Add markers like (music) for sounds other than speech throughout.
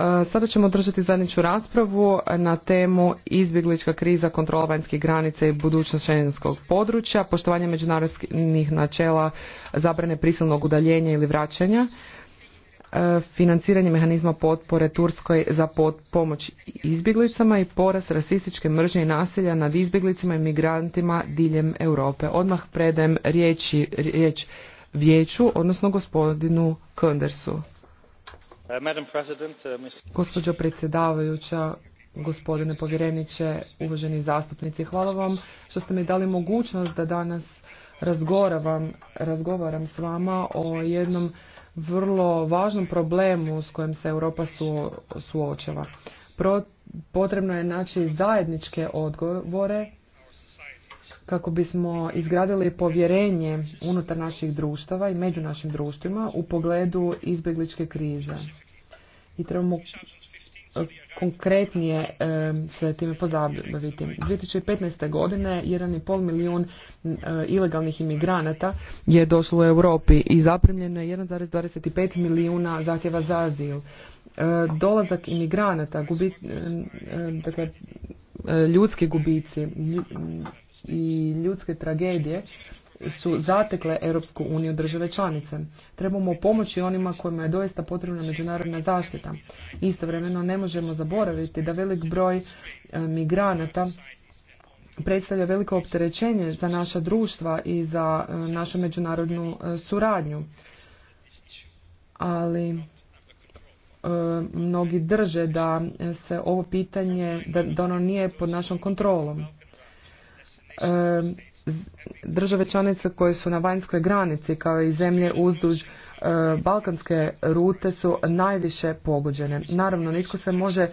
E, sada ćemo održati zadnjiću raspravu na temu izbjeglička kriza, kontrola vanjskih granica i budućnost šengenskog područja, poštovanje međunarodnih načela zabrane prisilnog udaljenja ili vraćanja, e, financiranje mehanizma potpore Turskoj za pomoć izbjeglicama i porast rasističke mržnje i nasilja nad izbjeglicima i migrantima diljem Europe. Odmah predajem riječ vijeću, odnosno gospodinu Kundersu. Uh, uh, Gospođo predsjedavajuća, gospodine povjereniče, uvaženi zastupnici, hvala vam što ste mi dali mogućnost da danas razgovaram, razgovaram s vama o jednom vrlo važnom problemu s kojim se Europa su, suočava. potrebno je naći zajedničke odgovore kako bismo izgradili povjerenje unutar naših društava i među našim društvima u pogledu izbjegličke krize. I trebamo e, konkretnije e, se time pozabaviti. 2015. godine 1,5 milijun e, ilegalnih imigranata je došlo u Europi i zaprimljeno je 1,25 milijuna zahtjeva za azil. Dolazak imigranata, gubit, dakle, ljudski gubici, i ljudske tragedije su zatekle Europsku uniju države članice. Trebamo pomoći onima kojima je doista potrebna međunarodna zaštita. Istovremeno ne možemo zaboraviti da velik broj e, migranata predstavlja veliko opterećenje za naša društva i za e, našu međunarodnu e, suradnju. Ali mnogi drže da se ovo pitanje, da ono nije pod našom kontrolom države članice koje su na vanjskoj granici kao i zemlje uzduž balkanske rute su najviše pogođene. Naravno, nitko se može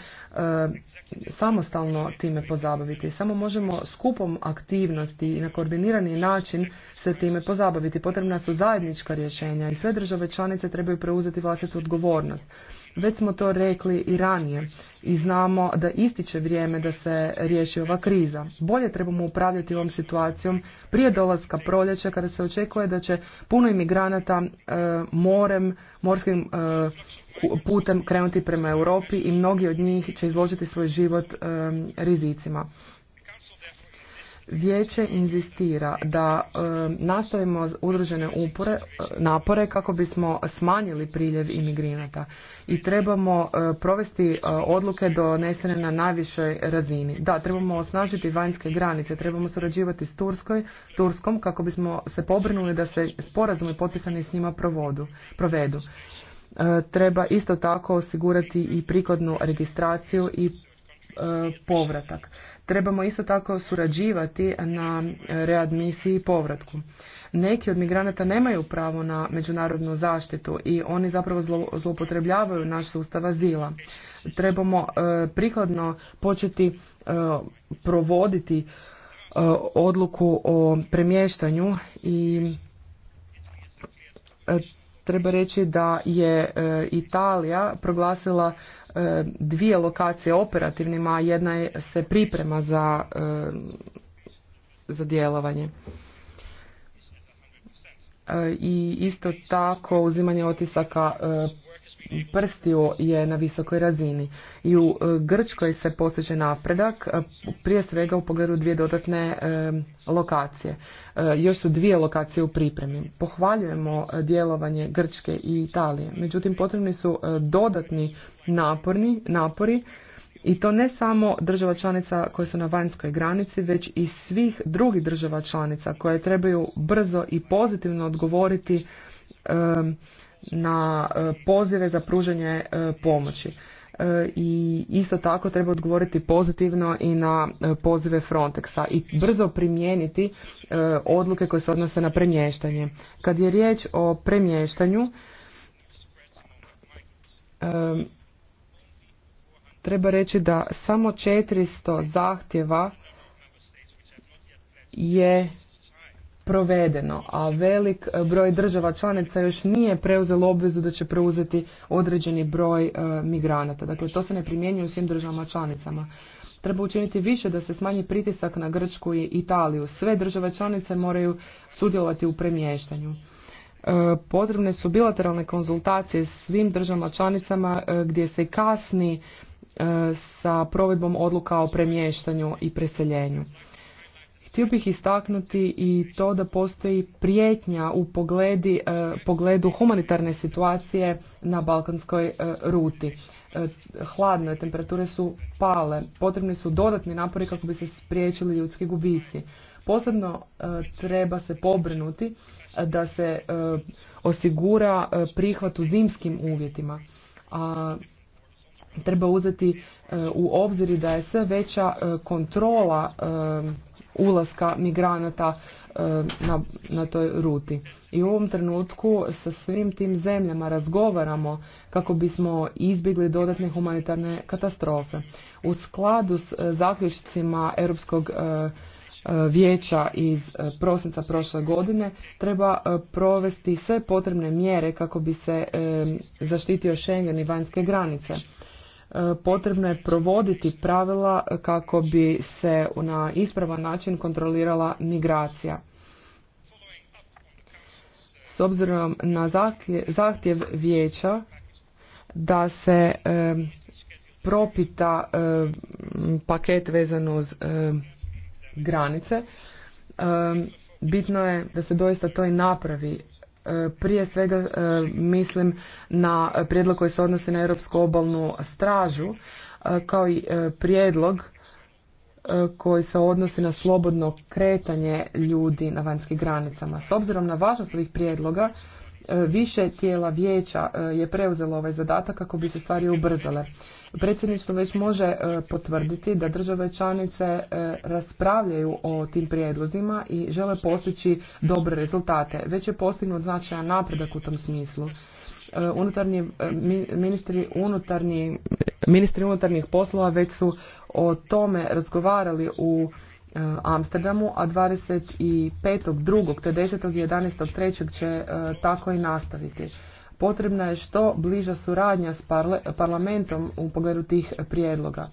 samostalno time pozabaviti. Samo možemo skupom aktivnosti i na koordinirani način se time pozabaviti. Potrebna su zajednička rješenja i sve države članice trebaju preuzeti vlastitu odgovornost. Već smo to rekli i ranije i znamo da ističe vrijeme da se riješi ova kriza. Bolje trebamo upravljati ovom situacijom prije dolaska proljeća kada se očekuje da će puno imigranata e, morem, morskim e, putem krenuti prema Europi i mnogi od njih će izložiti svoj život e, rizicima. Vijeće inzistira da e, nastavimo udružene upore, napore kako bismo smanjili priljev imigrinata i trebamo provesti odluke donesene na najvišoj razini. Da, trebamo osnažiti vanjske granice, trebamo surađivati s Turskoj, Turskom kako bismo se pobrinuli da se sporazumi potpisani s njima provodu, provedu. E, treba isto tako osigurati i prikladnu registraciju i e, povratak. Trebamo isto tako surađivati na readmisiji i povratku. Neki od migranata nemaju pravo na međunarodnu zaštitu i oni zapravo zloupotrebljavaju naš sustav azila. Trebamo e, prikladno početi e, provoditi e, odluku o premještanju i treba reći da je Italija proglasila E, dvije lokacije operativnima, a jedna je, se priprema za, e, za djelovanje. E, I isto tako uzimanje otisaka prstio je na visokoj razini. I u Grčkoj se postiže napredak, prije svega u pogledu dvije dodatne lokacije. Još su dvije lokacije u pripremi. Pohvaljujemo djelovanje Grčke i Italije. Međutim, potrebni su dodatni naporni, napori i to ne samo država članica koje su na vanjskoj granici, već i svih drugih država članica koje trebaju brzo i pozitivno odgovoriti na e, pozive za pružanje e, pomoći. E, I isto tako treba odgovoriti pozitivno i na pozive Frontexa i brzo primijeniti odluke koje se odnose na premještanje. Kad je riječ o premještanju, Treba reći da samo 400 zahtjeva je provedeno, a velik broj država članica još nije preuzelo obvezu da će preuzeti određeni broj e, migranata. Dakle, to se ne primjenjuje u svim državama članicama. Treba učiniti više da se smanji pritisak na Grčku i Italiju. Sve države članice moraju sudjelovati u premještanju. E, potrebne su bilateralne konzultacije s svim državama članicama e, gdje se kasni E, sa provedbom odluka o premještanju i preseljenju. Htio bih istaknuti i to da postoji prijetnja u pogledi, e, pogledu humanitarne situacije na balkanskoj e, ruti. hladne temperature su pale, potrebni su dodatni napori kako bi se spriječili ljudski gubici. Posebno treba se pobrinuti da se osigura prihvat u zimskim uvjetima. A treba uzeti e, u obzir da je sve veća e, kontrola e, ulaska migranata na, na toj ruti. I u ovom trenutku sa svim tim zemljama razgovaramo kako bismo izbjegli dodatne humanitarne katastrofe. U skladu s zaključcima Europskog vijeća iz prosinca prošle godine treba provesti sve potrebne mjere kako bi se zaštitio Schengen i vanjske granice. E, potrebno je provoditi pravila kako bi se na ispravan način kontrolirala migracija. S obzirom na zahtjev vijeća da se e, propita e, paket vezan uz granice, bitno je da se doista to i napravi prije svega e, mislim na prijedlog koji se odnosi na Europsku obalnu stražu e, kao i e, prijedlog koji se odnosi na slobodno kretanje ljudi na vanjskim granicama. S obzirom na važnost ovih prijedloga, više tijela vijeća je preuzelo ovaj zadatak kako bi se stvari ubrzale. Predsjedništvo već može e, potvrditi da države članice e, raspravljaju o tim prijedlozima i žele postići dobre rezultate. Već je postignut značajan napredak u tom smislu. E, unutarnji, ministri, unutarnji, ministri unutarnjih poslova već su o tome razgovarali u Amsterdamu, a 2. te 10. i 3. će tako i nastaviti. Potrebna je što bliža suradnja s parlamentom u pogledu tih prijedloga.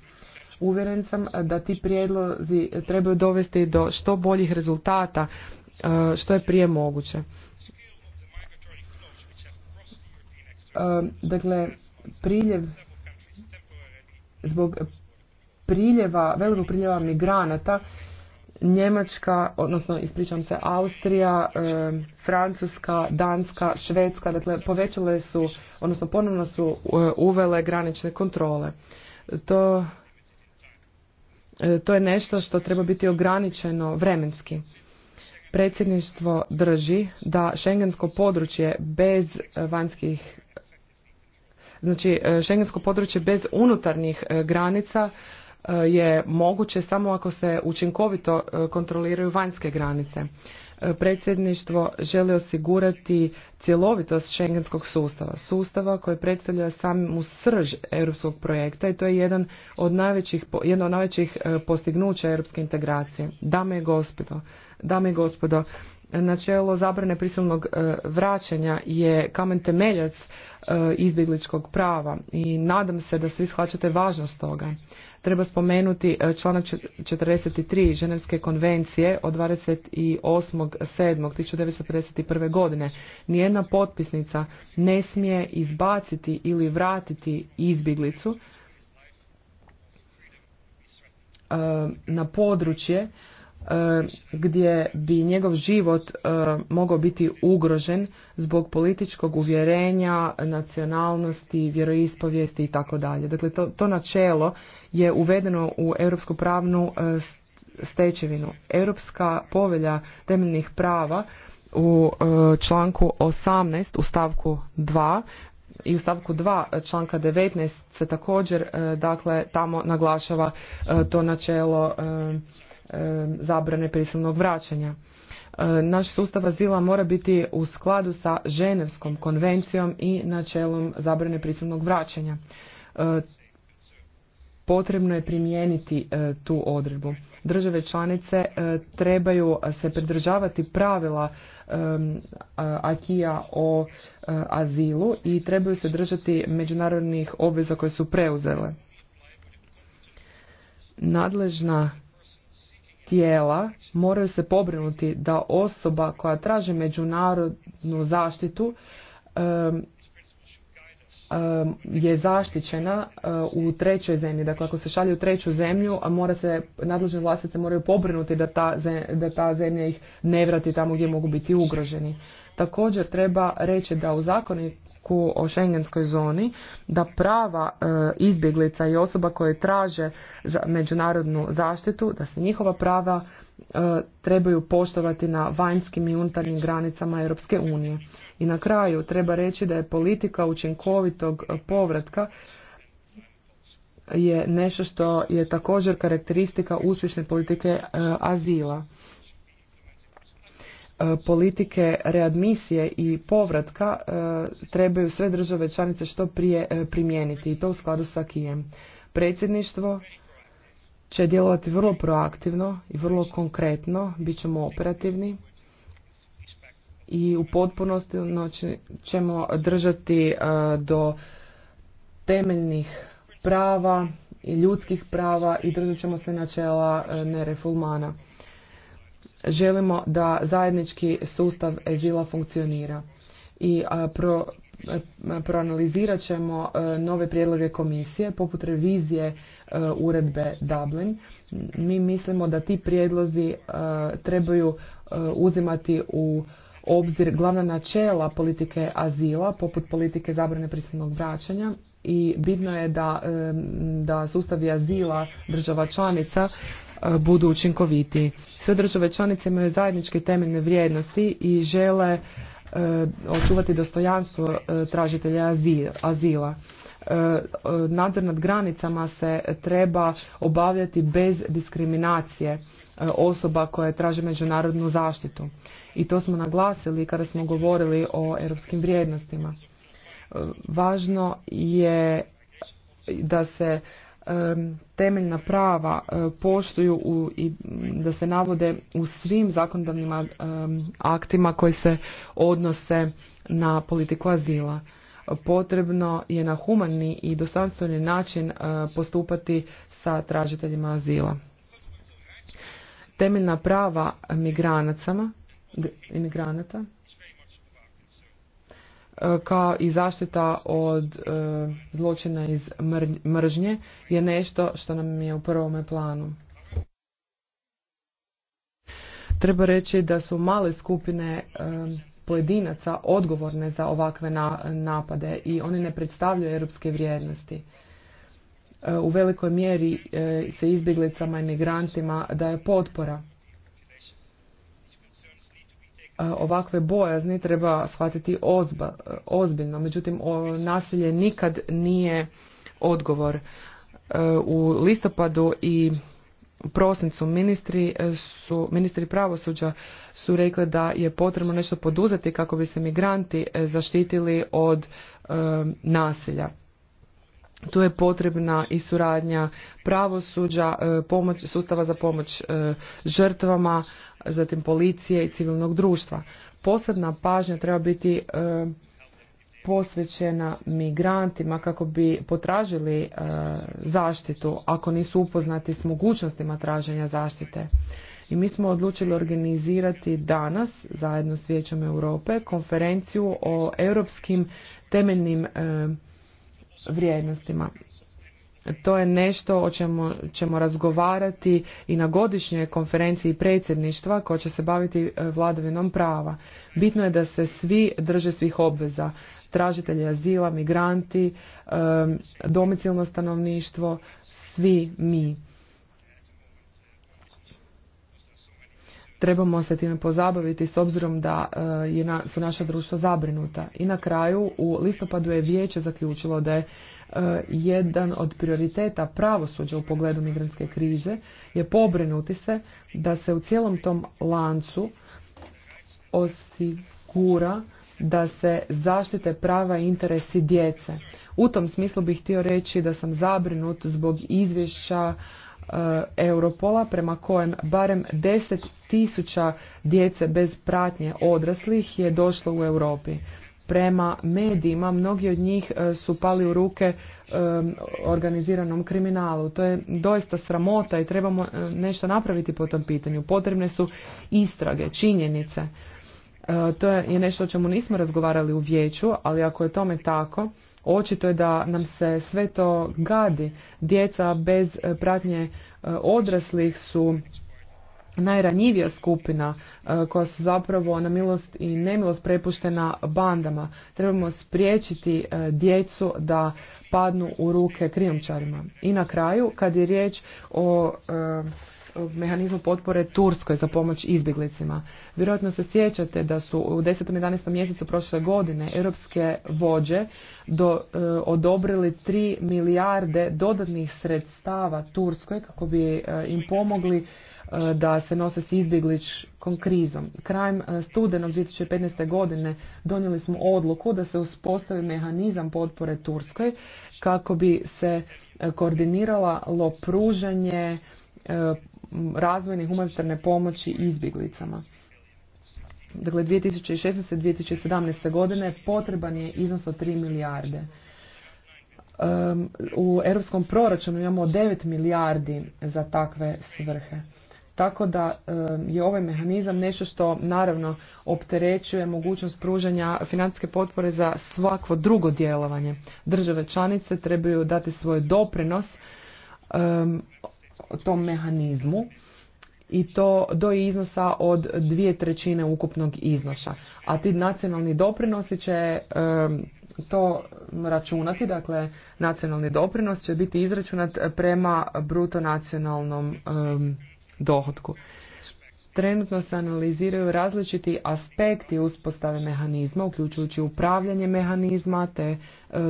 Uvjeren sam da ti prijedlozi trebaju dovesti do što boljih rezultata e, što je prije moguće. E, dakle, priljev zbog priljeva, velikog priljeva migranata Njemačka, odnosno ispričam se Austrija, e, Francuska, Danska, Švedska, dakle povećale su, odnosno ponovno su e, uvele granične kontrole. To, e, to je nešto što treba biti ograničeno vremenski. Predsjedništvo drži da šengensko područje bez vanjskih, znači šengensko područje bez unutarnjih granica Eh, je moguće samo ako se učinkovito eh, kontroliraju vanjske granice. Eh, predsjedništvo želi osigurati cjelovitost šengenskog sustava, sustava koji predstavlja samu srž europskog projekta i to je jedan od najvećih, jedno od najvećih postignuća europske integracije. Dame i gospodo, dame i gospodo, načelo zabrane prisilnog vraćanja je kamen temeljac izbjegličkog prava i nadam se da svi shvaćate važnost toga. Treba spomenuti e, članak 43 Ženevske konvencije od 28.7.1951. godine. Nijedna potpisnica ne smije izbaciti ili vratiti izbjeglicu e, na područje E, gdje bi njegov život e, mogao biti ugrožen zbog političkog uvjerenja, nacionalnosti, vjeroispovijesti i tako dalje. Dakle, to, to načelo je uvedeno u europsku pravnu e, stečevinu. Europska povelja temeljnih prava u članku 18 u stavku 2 i u stavku 2 članka 19 se također dakle tamo naglašava to načelo zabrane prisilnog vraćanja. E, naš sustav azila mora biti u skladu sa Ženevskom konvencijom i načelom zabrane prisilnog vraćanja. E, potrebno je primijeniti e, tu odredbu. Države članice trebaju se pridržavati pravila akija o azilu i trebaju se držati međunarodnih obveza koje su preuzele. Nadležna tijela moraju se pobrinuti da osoba koja traži međunarodnu zaštitu je zaštićena eh, u trećoj zemlji. Dakle, ako se šalje u treću zemlju, a mora se, nadležne vlastice moraju pobrinuti da ta, da ta zemlja ih ne vrati tamo gdje mogu biti ugroženi. Također treba reći da u zakonu u o šengenskoj zoni da prava e, izbjeglica i osoba koje traže međunarodnu zaštitu, da se njihova prava e, trebaju poštovati na vanjskim i unutarnjim granicama Europske unije. I na kraju treba reći da je politika učinkovitog povratka je nešto što je također karakteristika uspješne politike e, azila. E, politike readmisije i povratka e, trebaju sve države članice što prije e, primijeniti i to u skladu sa Kijem. Predsjedništvo će djelovati vrlo proaktivno i vrlo konkretno, bit ćemo operativni i u potpunosti ćemo držati do temeljnih prava i ljudskih prava i držat ćemo se načela nerefulmana želimo da zajednički sustav azila funkcionira i pro, proanalizirat ćemo e, nove prijedloge komisije poput revizije e, uredbe Dublin. Mi mislimo da ti prijedlozi e, trebaju uzimati u obzir glavna načela politike azila poput politike zabrane prisilnog vraćanja i bitno je da, da sustavi azila država članica E, budu učinkovitiji. Sve države članice imaju zajedničke temeljne vrijednosti i žele e, očuvati dostojanstvo e, tražitelja azila. Nadzor nad granicama se treba obavljati bez diskriminacije osoba koje traže međunarodnu zaštitu. I to smo naglasili kada smo govorili o europskim vrijednostima. Važno je da se temeljna prava e, poštuju u, i da se navode u svim zakonodavnim aktima koji se odnose na politiku azila. Potrebno je na humani i dostojanstveni način e, postupati sa tražiteljima azila. Temeljna prava imigranata E, kao i zaštita od e, zločina iz mržnje je nešto što nam je u prvome planu. Treba reći da su male skupine e, pojedinaca odgovorne za ovakve napade i oni ne predstavljaju europske vrijednosti. U velikoj mjeri se izbjeglicama i migrantima daje potpora ovakve bojazni treba shvatiti ozba, ozbiljno. Međutim, nasilje nikad nije odgovor. E, u listopadu i prosincu ministri, e, su, ministri pravosuđa su rekli da je potrebno nešto poduzeti kako bi se migranti e, zaštitili od nasilja tu je potrebna i suradnja pravosuđa, e, pomoć, sustava za pomoć e, žrtvama, zatim policije i civilnog društva. Posebna pažnja treba biti e, posvećena migrantima kako bi potražili zaštitu ako nisu upoznati s mogućnostima traženja zaštite. I mi smo odlučili organizirati danas, zajedno s Vijećom Europe, konferenciju o europskim temeljnim vrijednostima. To je nešto o čemu ćemo razgovarati i na godišnjoj konferenciji predsjedništva koja će se baviti e, vladavinom prava. Bitno je da se svi drže svih obveza. Tražitelji azila, migranti, e, domicilno stanovništvo, svi mi. trebamo se time pozabaviti s obzirom da e, je na, su naša društva zabrinuta. I na kraju u listopadu je vijeće zaključilo da je e, jedan od prioriteta pravosuđa u pogledu migrantske krize je pobrinuti se da se u cijelom tom lancu osigura da se zaštite prava i interesi djece. U tom smislu bih htio reći da sam zabrinut zbog izvješća e, Europola prema kojem barem deset tisuća djece bez pratnje odraslih je došlo u Europi. Prema medijima mnogi od njih e, su pali u ruke e, organiziranom kriminalu. To je doista sramota i trebamo e, nešto napraviti po tom pitanju. Potrebne su istrage, činjenice. to je nešto o čemu nismo razgovarali u vijeću, ali ako je tome tako, očito je da nam se sve to gadi. Djeca bez pratnje odraslih su najranjivija skupina e, koja su zapravo na milost i nemilost prepuštena bandama. Trebamo spriječiti e, djecu da padnu u ruke krijomčarima. I na kraju, kad je riječ e, o mehanizmu potpore Turskoj za pomoć izbjeglicima. Vjerojatno se sjećate da su u 10. i 11. mjesecu prošle godine europske vođe do, odobrili 3 milijarde dodatnih sredstava Turskoj kako bi im pomogli E, da se nose s izbjegličkom krizom. Krajem e, studenog 2015. godine donijeli smo odluku da se uspostavi mehanizam potpore Turskoj kako bi se e, koordiniralo pružanje razvojne humanitarne pomoći izbjeglicama. Dakle, 2016. 2017. godine potreban je iznos od 3 milijarde. u europskom proračunu imamo 9 milijardi za takve svrhe. Tako da e, je ovaj mehanizam nešto što naravno opterećuje mogućnost pružanja financijske potpore za svako drugo djelovanje. Države članice trebaju dati svoj doprinos tom mehanizmu i to do iznosa od dvije trećine ukupnog iznosa. A ti nacionalni doprinosi će to računati, dakle nacionalni doprinos će biti izračunat prema bruto nacionalnom dohodku. Trenutno se analiziraju različiti aspekti uspostave mehanizma, uključujući upravljanje mehanizma te e,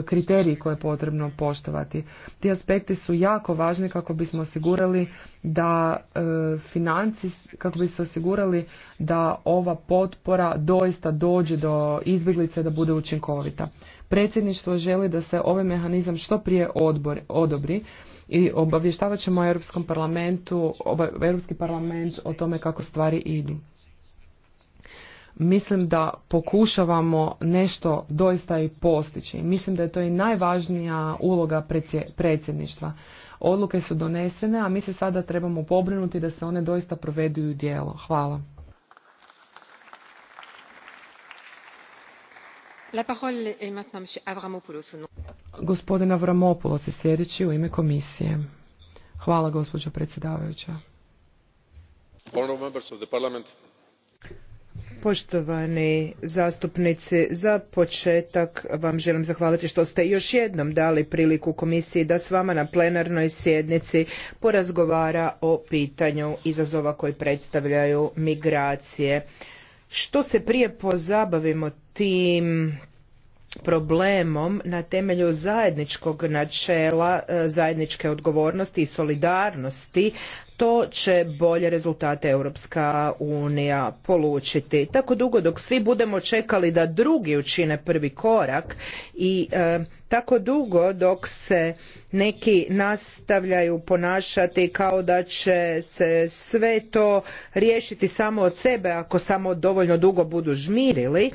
kriteriji koje je potrebno poštovati. Ti aspekti su jako važni kako bismo osigurali da e, financi, kako bi se osigurali da ova potpora doista dođe do izbjeglice da bude učinkovita. Predsjedništvo želi da se ovaj mehanizam što prije odbor, odobri i obavještavat ćemo Europskom parlamentu, Europski parlament o tome kako stvari idu. Mislim da pokušavamo nešto doista i postići. Mislim da je to i najvažnija uloga predsjedništva. Odluke su donesene, a mi se sada trebamo pobrinuti da se one doista provedu u djelo. Hvala. Gospodin Avramopoulos je sljedeći u ime komisije. Hvala, gospođo predsjedavajuća. Poštovani zastupnici, za početak vam želim zahvaliti što ste još jednom dali priliku komisiji da s vama na plenarnoj sjednici porazgovara o pitanju izazova koji predstavljaju migracije. Što se prije pozabavimo tim problemom na temelju zajedničkog načela e, zajedničke odgovornosti i solidarnosti to će bolje rezultate Europska unija polučiti. Tako dugo dok svi budemo čekali da drugi učine prvi korak i e, tako dugo dok se neki nastavljaju ponašati kao da će se sve to riješiti samo od sebe ako samo dovoljno dugo budu žmirili,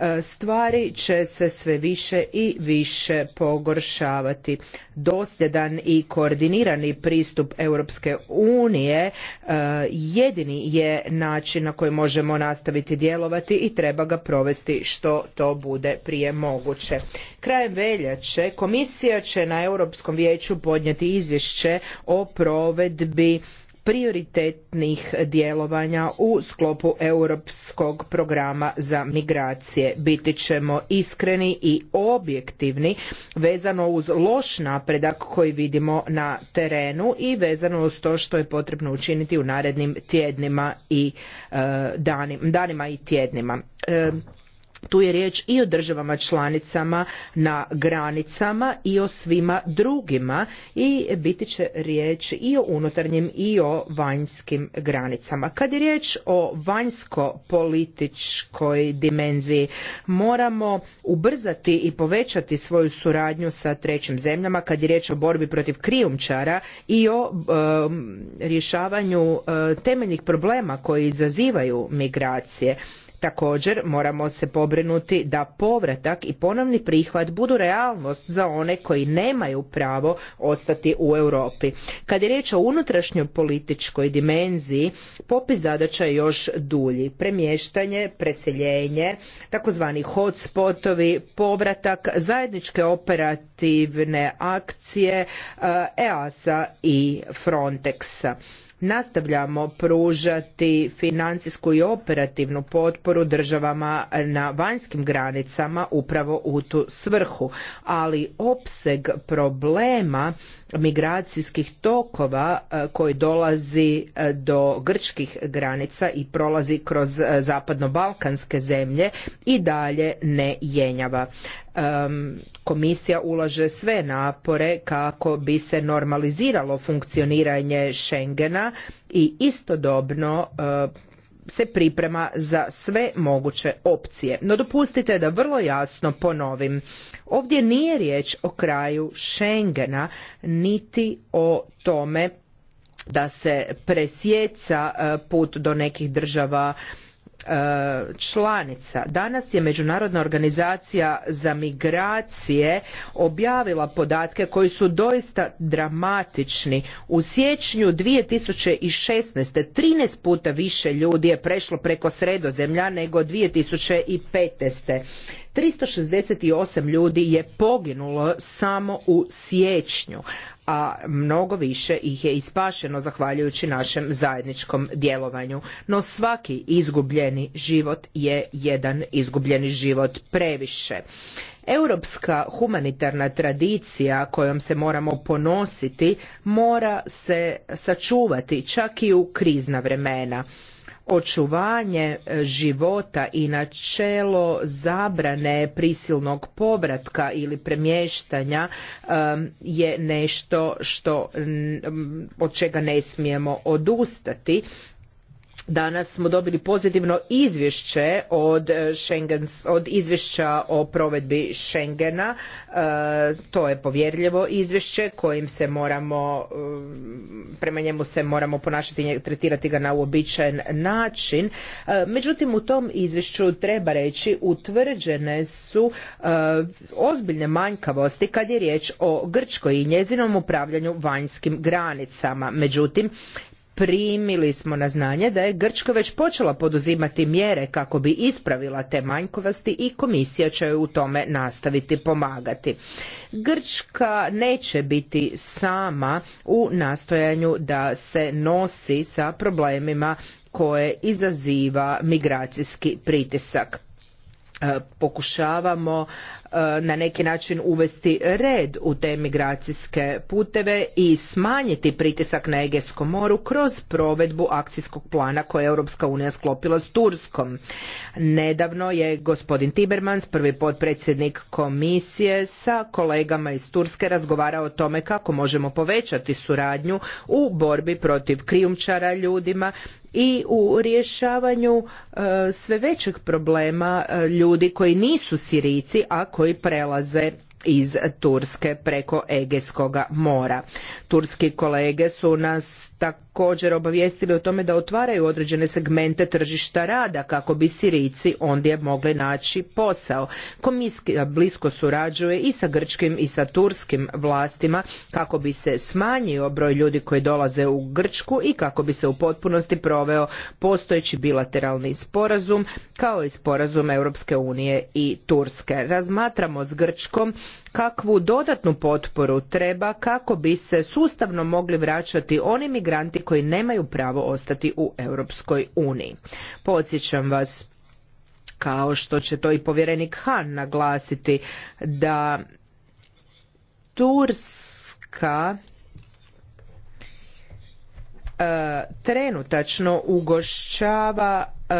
e, stvari će se sve više i više pogoršavati. Dosljedan i koordinirani pristup Europske unije e, jedini je način na koji možemo nastaviti djelovati i treba ga provesti što to bude prije moguće. Krajem veljače komisija će na Europskom vijeću podnijeti izvješće o provedbi prioritetnih djelovanja u sklopu europskog programa za migracije. Biti ćemo iskreni i objektivni vezano uz loš napredak koji vidimo na terenu i vezano uz to što je potrebno učiniti u narednim tjednima i e, danima i tjednima. E, tu je riječ i o državama članicama na granicama i o svima drugima i biti će riječ i o unutarnjim i o vanjskim granicama. Kad je riječ o vanjsko-političkoj dimenziji, moramo ubrzati i povećati svoju suradnju sa trećim zemljama kad je riječ o borbi protiv krijumčara i o rješavanju e, temeljnih problema koji izazivaju migracije Također moramo se pobrinuti da povratak i ponovni prihvat budu realnost za one koji nemaju pravo ostati u Europi. Kad je riječ o unutrašnjoj političkoj dimenziji, popis zadaća je još dulji. Premještanje, preseljenje, takozvani hotspotovi, povratak, zajedničke operativne akcije EASA eh, e i Frontexa. Nastavljamo pružati financijsku i operativnu potporu državama na vanjskim granicama upravo u tu svrhu, ali opseg problema migracijskih tokova e, koji dolazi e, do grčkih granica i prolazi kroz e, zapadno-balkanske zemlje i dalje ne jenjava. Komisija ulaže sve napore kako bi se normaliziralo funkcioniranje Schengena i istodobno se priprema za sve moguće opcije. No dopustite da vrlo jasno ponovim. Ovdje nije riječ o kraju Schengena niti o tome da se presjeca e, put do nekih država E, članica. Danas je Međunarodna organizacija za migracije objavila podatke koji su doista dramatični. U siječnju 2016. 13 puta više ljudi je prešlo preko sredozemlja nego 2015. 368 ljudi je poginulo samo u siječnju a mnogo više ih je ispašeno zahvaljujući našem zajedničkom djelovanju. No svaki izgubljeni život je jedan izgubljeni život previše. Europska humanitarna tradicija kojom se moramo ponositi mora se sačuvati čak i u krizna vremena očuvanje e, života i načelo zabrane prisilnog povratka ili premještanja je nešto što od čega ne smijemo odustati Danas smo dobili pozitivno izvješće od, e, od izvješća o provedbi Schengena. E, to je povjerljivo izvješće kojim se moramo, e, prema njemu se moramo ponašati i tretirati ga na uobičajen način. međutim, u tom izvješću treba reći utvrđene su ozbiljne manjkavosti kad je riječ o Grčkoj i njezinom upravljanju vanjskim granicama. Međutim, primili smo na znanje da je Grčka već počela poduzimati mjere kako bi ispravila te manjkovosti i komisija će joj u tome nastaviti pomagati. Grčka neće biti sama u nastojanju da se nosi sa problemima koje izaziva migracijski pritisak e, pokušavamo E, na neki način uvesti red u te migracijske puteve i smanjiti pritisak na Egejskom moru kroz provedbu akcijskog plana koje je Europska unija sklopila s Turskom. Nedavno je gospodin Timmermans, prvi potpredsjednik komisije, sa kolegama iz Turske razgovarao o tome kako možemo povećati suradnju u borbi protiv krijumčara ljudima i u rješavanju e, sve većeg problema e, ljudi koji nisu Sirici, ako koji prelaze iz Turske preko Egejskog mora. Turski kolege su nas također obavijestili o tome da otvaraju određene segmente tržišta rada kako bi Sirijci ondje mogli naći posao. Komisija blisko surađuje i sa grčkim i sa turskim vlastima kako bi se smanjio broj ljudi koji dolaze u Grčku i kako bi se u potpunosti proveo postojeći bilateralni sporazum kao i sporazum Europske unije i Turske. Razmatramo s Grčkom kakvu dodatnu potporu treba kako bi se sustavno mogli vraćati oni migranti migranti koji nemaju pravo ostati u Europskoj uniji. Podsjećam vas kao što će to i povjerenik Han naglasiti da Turska E, trenutačno ugošćava e,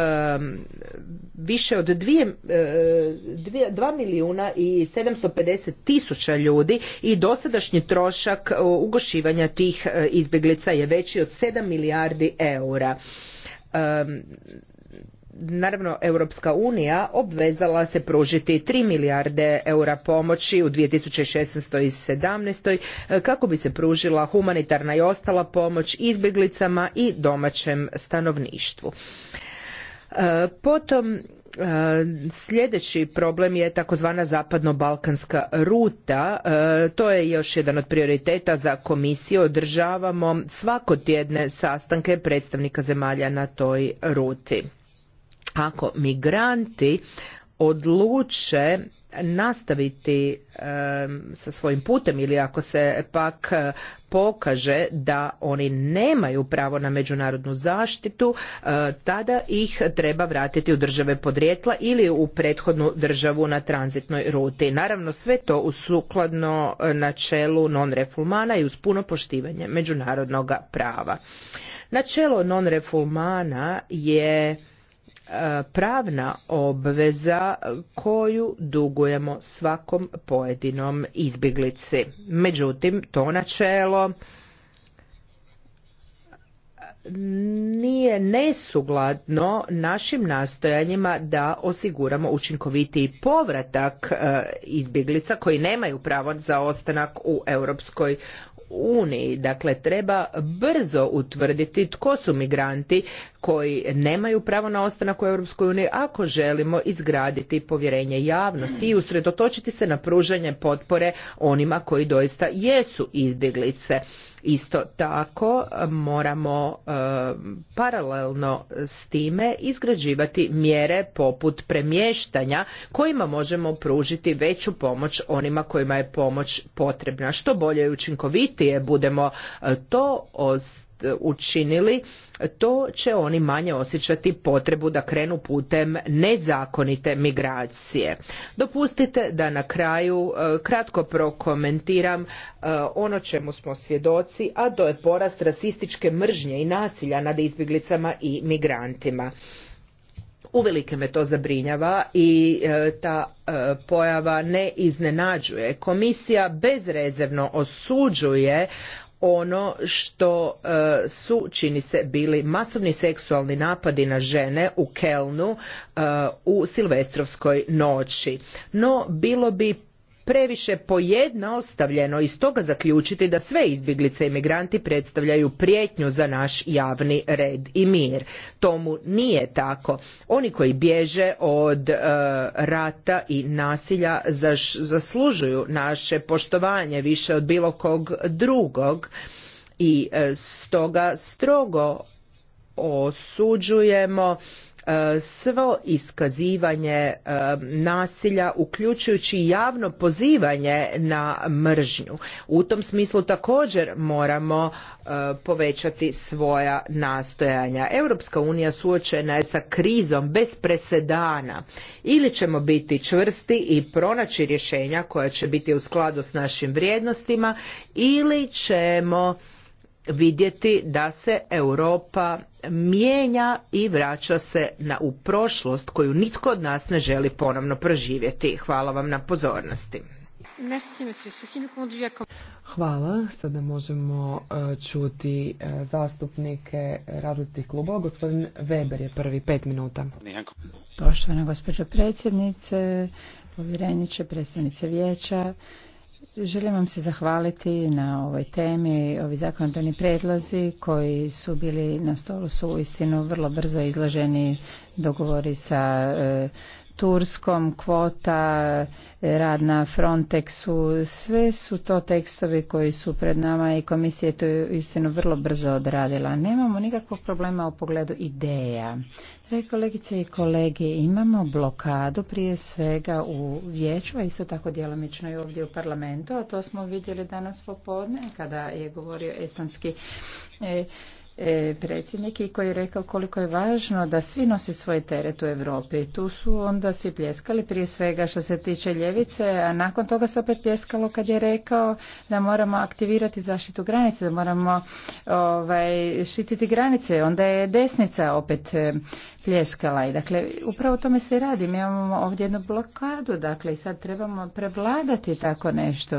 više od 2 e, milijuna i 750 tisuća ljudi i dosadašnji trošak ugošivanja tih izbjeglica je veći od 7 milijardi eura naravno Europska unija obvezala se pružiti 3 milijarde eura pomoći u 2016. i 2017. E, kako bi se pružila humanitarna i ostala pomoć izbjeglicama i domaćem stanovništvu. E, potom e, Sljedeći problem je takozvana zapadno-balkanska ruta. To je još jedan od prioriteta za komisiju. Održavamo svakotjedne sastanke predstavnika zemalja na toj ruti ako migranti odluče nastaviti sa svojim putem ili ako se pak pokaže da oni nemaju pravo na međunarodnu zaštitu e, tada ih treba vratiti u države podrijetla ili u prethodnu državu na tranzitnoj ruti naravno sve to u sukladno e, načelu non refulmana i uz puno poštivanje međunarodnog prava načelo non refulmana je pravna obveza koju dugujemo svakom pojedinom izbjeglici. Međutim, to načelo nije nesugladno našim nastojanjima da osiguramo učinkovitiji povratak e, izbjeglica koji nemaju pravo za ostanak u Europskoj uniji. Dakle, treba brzo utvrditi tko su migranti koji nemaju pravo na ostanak u Europskoj uniji ako želimo izgraditi povjerenje javnosti i usredotočiti se na pružanje potpore onima koji doista jesu izbjeglice. Isto tako moramo e, paralelno s time izgrađivati mjere poput premještanja kojima možemo pružiti veću pomoć onima kojima je pomoć potrebna. Što bolje i učinkovitije budemo e, to ostaviti učinili, to će oni manje osjećati potrebu da krenu putem nezakonite migracije. Dopustite da na kraju e, kratko prokomentiram e, ono čemu smo svjedoci, a to je porast rasističke mržnje i nasilja nad izbjeglicama i migrantima uvelike me to zabrinjava i e, ta pojava ne iznenađuje komisija bezrezervno osuđuje ono što e, su čini se bili masovni seksualni napadi na žene u Kelnu e, u Silvestrovskoj noći. No bilo bi previše pojednostavljeno ostavljeno i stoga zaključiti da sve izbjeglice i migranti predstavljaju prijetnju za naš javni red i mir. Tomu nije tako. Oni koji bježe od e, rata i nasilja zaslužuju naše poštovanje više od bilo kog drugog i e, stoga strogo osuđujemo E, svo iskazivanje e, nasilja uključujući javno pozivanje na mržnju. U tom smislu također moramo e, povećati svoja nastojanja. Europska unija suočena je sa krizom bez presedana. Ili ćemo biti čvrsti i pronaći rješenja koja će biti u skladu s našim vrijednostima ili ćemo vidjeti da se Europa mijenja i vraća se na u prošlost koju nitko od nas ne želi ponovno proživjeti. Hvala vam na pozornosti. Hvala. Sada možemo e, čuti e, zastupnike različitih klubova. Gospodin Weber je prvi pet minuta. Poštovana gospođo predsjednice, povjereniče, predsjednice vijeća, Želim vam se zahvaliti na ovoj temi. Ovi zakonodavni predlozi koji su bili na stolu su uistinu vrlo brzo izloženi dogovori sa e, Turskom, kvota, rad na Frontexu, sve su to tekstovi koji su pred nama i komisija je to istinu vrlo brzo odradila. Nemamo nikakvog problema u pogledu ideja. Dragi kolegice i kolege, imamo blokadu prije svega u vijeću, a isto tako djelomično i ovdje u parlamentu, a to smo vidjeli danas popodne kada je govorio estanski e, E, predsjednik i koji je rekao koliko je važno da svi nose svoj teret u Europi. Tu su onda svi pljeskali prije svega što se tiče ljevice, a nakon toga se opet pljeskalo kad je rekao da moramo aktivirati zaštitu granice, da moramo ovaj, štititi granice. Onda je desnica opet e, pljeskala i dakle upravo o tome se radi. Mi imamo ovdje jednu blokadu dakle i sad trebamo prevladati tako nešto.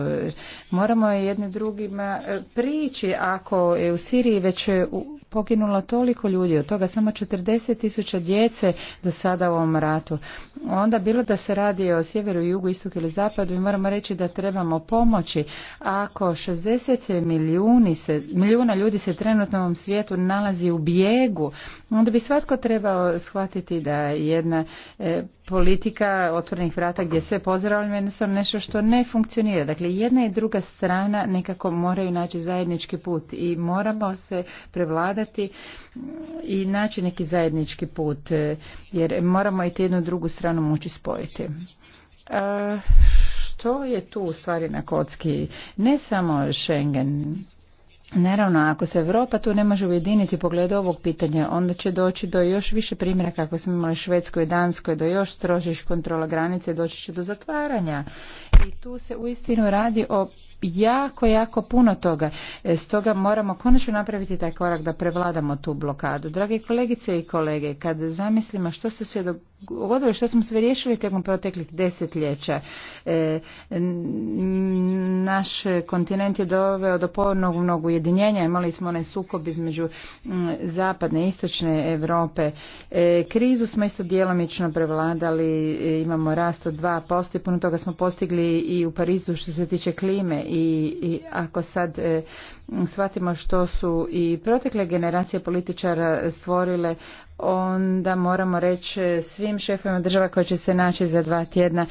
Moramo jedni drugima e, prići ako je u Siriji već u u poginulo toliko ljudi, od toga samo 40 tisuća djece do sada u ovom ratu. Onda bilo da se radi o sjeveru, jugu, istoku ili zapadu i moramo reći da trebamo pomoći. Ako 60 milijuna ljudi se trenutno u ovom svijetu nalazi u bijegu, onda bi svatko trebao shvatiti da jedna e, politika otvorenih vrata gdje sve pozdravljamo jednostavno nešto što ne funkcionira. Dakle, jedna i druga strana nekako moraju naći zajednički put i moramo se prevladati i naći neki zajednički put e, jer moramo i te jednu drugu stranu moći spojiti. E, što je tu u stvari na kocki? Ne samo Schengen, Naravno, ako se Europa tu ne može ujediniti pogled ovog pitanja, onda će doći do još više primjera kako smo imali Švedskoj i Danskoj, do još strožih kontrola granice, doći će do zatvaranja. I tu se uistinu radi o jako, jako puno toga. E, stoga moramo konačno napraviti taj korak da prevladamo tu blokadu. Drage kolegice i kolege, kad zamislimo što se sve dogodilo, što smo sve riješili tijekom proteklih desetljeća, e, naš kontinent je doveo do ponovnog ujedinjenja, imali smo onaj sukob između zapadne i istočne Europe. E, krizu smo isto djelomično prevladali, imamo rast od 2%, i puno toga smo postigli i u Parizu što se tiče klime i, i ako sad e, shvatimo što su i protekle generacije političara stvorile, onda moramo reći svim šefovima država koje će se naći za dva tjedna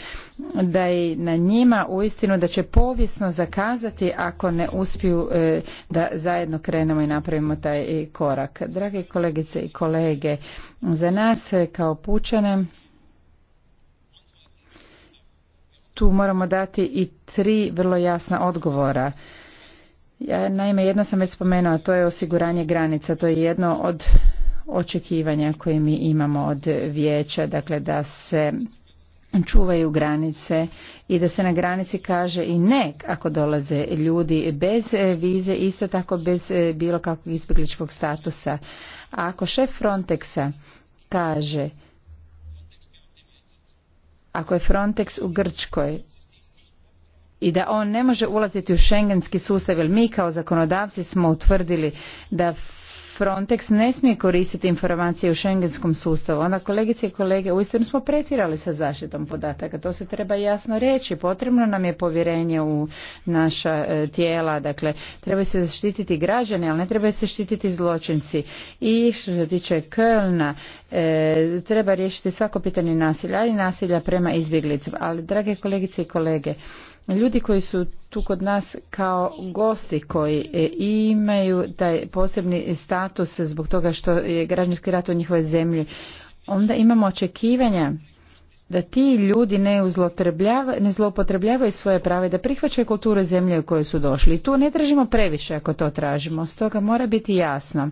da je na njima uistinu da će povijesno zakazati ako ne uspiju e, da zajedno krenemo i napravimo taj e, korak. Drage kolegice i kolege, za nas kao pučane tu moramo dati i tri vrlo jasna odgovora. Ja, naime, jedna sam već spomenula, to je osiguranje granica. To je jedno od očekivanja koje mi imamo od vijeća, dakle da se čuvaju granice i da se na granici kaže i ne ako dolaze ljudi bez vize, isto tako bez eh, bilo kakvog izbjegličkog statusa. A ako šef Frontexa kaže ako je Frontex u Grčkoj i da on ne može ulaziti u schengenski sustav jer mi kao zakonodavci smo utvrdili da Frontex ne smije koristiti informacije u šengenskom sustavu. Onda kolegice i kolege, uistinu smo pretirali sa zaštitom podataka. To se treba jasno reći. Potrebno nam je povjerenje u naša e, tijela. Dakle, treba se zaštititi građani, ali ne treba se štititi zločinci. I što se tiče Kölna, e, treba riješiti svako pitanje nasilja, ali nasilja prema izbjeglicama. Ali, drage kolegice i kolege, ljudi koji su tu kod nas kao gosti koji e, imaju taj posebni status zbog toga što je građanski rat u njihovoj zemlji, onda imamo očekivanja da ti ljudi ne, ne zloupotrebljavaju svoje prave, da prihvaćaju kulture zemlje u kojoj su došli. I tu ne tražimo previše ako to tražimo, stoga mora biti jasno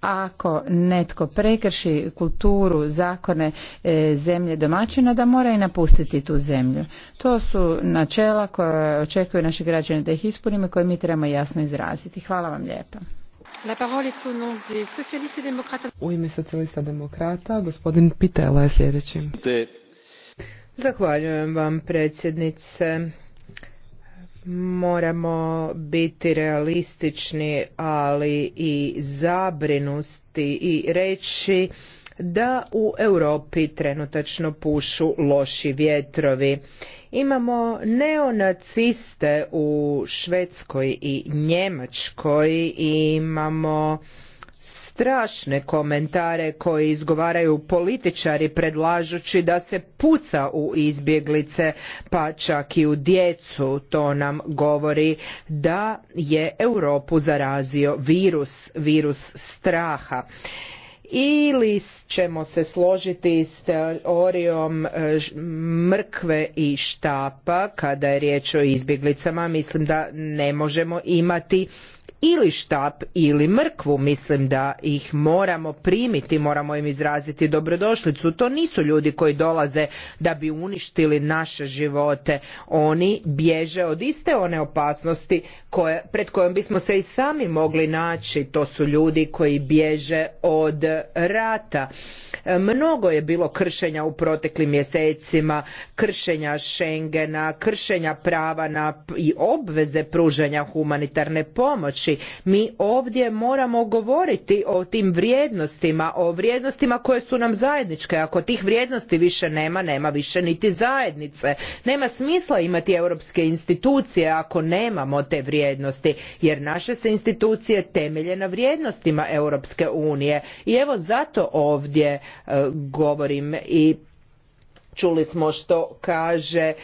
ako netko prekrši kulturu, zakone e, zemlje domaćina, da mora i napustiti tu zemlju. To su načela koje očekuju naši građani da ih ispunimo i koje mi trebamo jasno izraziti. Hvala vam lijepa. U ime socijalista demokrata, gospodin Pitela je sljedeći. Zahvaljujem vam predsjednice moramo biti realistični ali i zabrinuti i reći da u Europi trenutačno pušu loši vjetrovi. Imamo neonaciste u Švedskoj i Njemačkoj, imamo strašne komentare koje izgovaraju političari predlažući da se puca u izbjeglice pa čak i u djecu to nam govori da je Europu zarazio virus virus straha ili ćemo se složiti s teorijom e, mrkve i štapa kada je riječ o izbjeglicama mislim da ne možemo imati ili štap ili mrkvu mislim da ih moramo primiti moramo im izraziti dobrodošlicu to nisu ljudi koji dolaze da bi uništili naše živote oni bježe od iste one opasnosti koje, pred kojom bismo se i sami mogli naći to su ljudi koji bježe od rata e, mnogo je bilo kršenja u proteklim mjesecima kršenja schengena kršenja prava na i obveze pružanja humanitarne pomoći mi ovdje moramo govoriti o tim vrijednostima, o vrijednostima koje su nam zajedničke. Ako tih vrijednosti više nema, nema više niti zajednice. Nema smisla imati europske institucije ako nemamo te vrijednosti, jer naše se institucije temelje na vrijednostima Europske unije. I evo zato ovdje e, govorim i čuli smo što kaže e,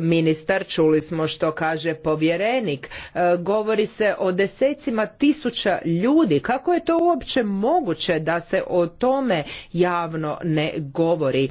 ministar, čuli smo što kaže povjerenik. E, govori se o desecima tisuća ljudi. Kako je to uopće moguće da se o tome javno ne govori?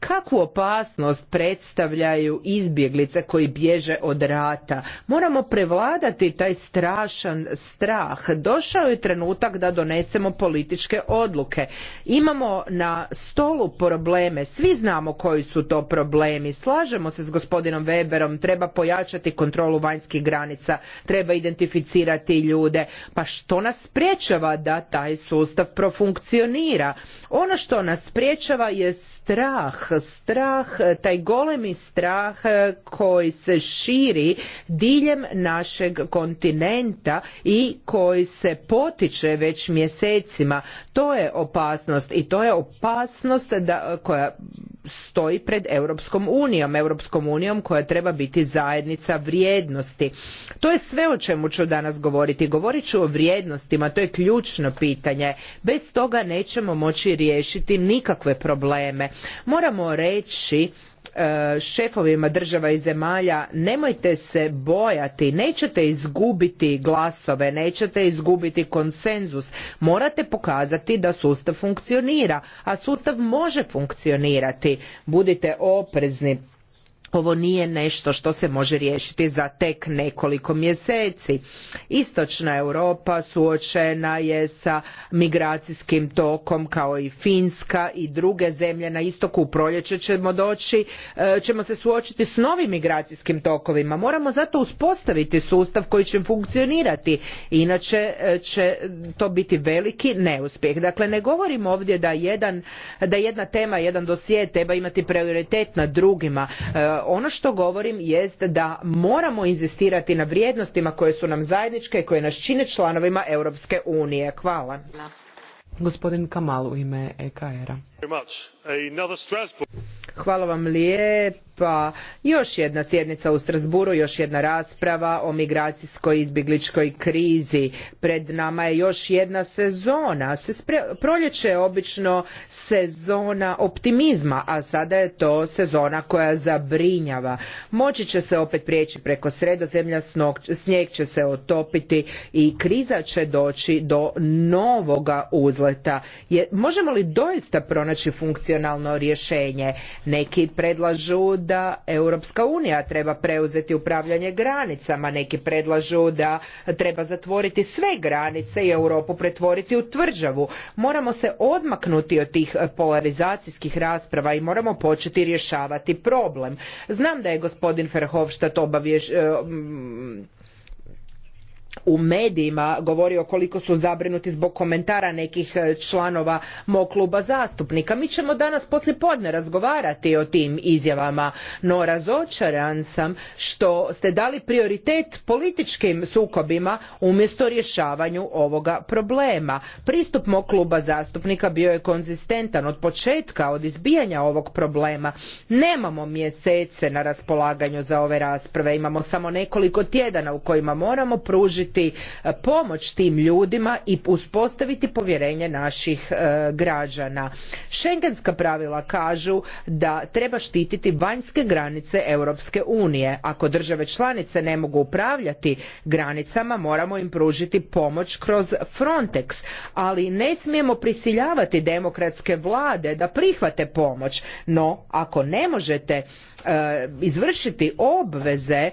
kakvu opasnost predstavljaju izbjeglice koji bježe od rata. Moramo prevladati taj strašan strah. Došao je trenutak da donesemo političke odluke. Imamo na stolu probleme, svi znamo koji su to problemi. Slažemo se s gospodinom Weberom, treba pojačati kontrolu vanjskih granica, treba identificirati ljude. Pa što nas sprječava da taj sustav profunkcionira? Ono što nas sprječava je strah, strah, taj golemi strah e, koji se širi diljem našeg kontinenta i koji se potiče već mjesecima. To je opasnost i to je opasnost da, koja stoji pred Europskom unijom, Europskom unijom koja treba biti zajednica vrijednosti. To je sve o čemu ću danas govoriti. Govorit ću o vrijednostima, to je ključno pitanje. Bez toga nećemo moći riješiti nikakve probleme. Moramo reći e, šefovima država i zemalja nemojte se bojati, nećete izgubiti glasove, nećete izgubiti konsenzus, morate pokazati da sustav funkcionira, a sustav može funkcionirati. Budite oprezni, ovo nije nešto što se može riješiti za tek nekoliko mjeseci. Istočna Europa suočena je sa migracijskim tokom kao i Finska i druge zemlje na istoku u proljeće ćemo doći, e, ćemo se suočiti s novim migracijskim tokovima. Moramo zato uspostaviti sustav koji će funkcionirati, inače e, će to biti veliki neuspjeh. Dakle, ne govorim ovdje da, jedan, da jedna tema, jedan dosije treba imati prioritet nad drugima e, ono što govorim jest da moramo inzistirati na vrijednostima koje su nam zajedničke i koje nas čine članovima Europske unije. Hvala. Gospodin Kamal u ime ekr Hvala vam lijepa. Još jedna sjednica u Strasburu, još jedna rasprava o migracijskoj izbjegličkoj krizi. Pred nama je još jedna sezona. Proljeće je obično sezona optimizma, a sada je to sezona koja zabrinjava. Moći će se opet prijeći preko sredozemlja, snijeg će se otopiti i kriza će doći do novoga uzleta. možemo li doista pronaći pronaći funkcionalno rješenje. Neki predlažu da Europska unija treba preuzeti upravljanje granicama, neki predlažu da treba zatvoriti sve granice i Europu pretvoriti u tvrđavu. Moramo se odmaknuti od tih polarizacijskih rasprava i moramo početi rješavati problem. Znam da je gospodin Verhofstadt obavješ, eh, u medijima govorio koliko su zabrinuti zbog komentara nekih e, članova mog kluba zastupnika. Mi ćemo danas podne razgovarati o tim izjavama, no razočaran sam što ste dali prioritet političkim sukobima umjesto rješavanju ovoga problema. Pristup mog kluba zastupnika bio je konzistentan od početka, od izbijanja ovog problema. Nemamo mjesece na raspolaganju za ove rasprave, imamo samo nekoliko tjedana u kojima moramo pružiti pružiti e, pomoć tim ljudima i uspostaviti povjerenje naših e, građana. Schengenska pravila kažu da treba štititi vanjske granice Europske unije. Ako države članice ne mogu upravljati granicama, moramo im pružiti pomoć kroz Frontex, ali ne smijemo prisiljavati demokratske vlade da prihvate pomoć. No, ako ne možete e, izvršiti obveze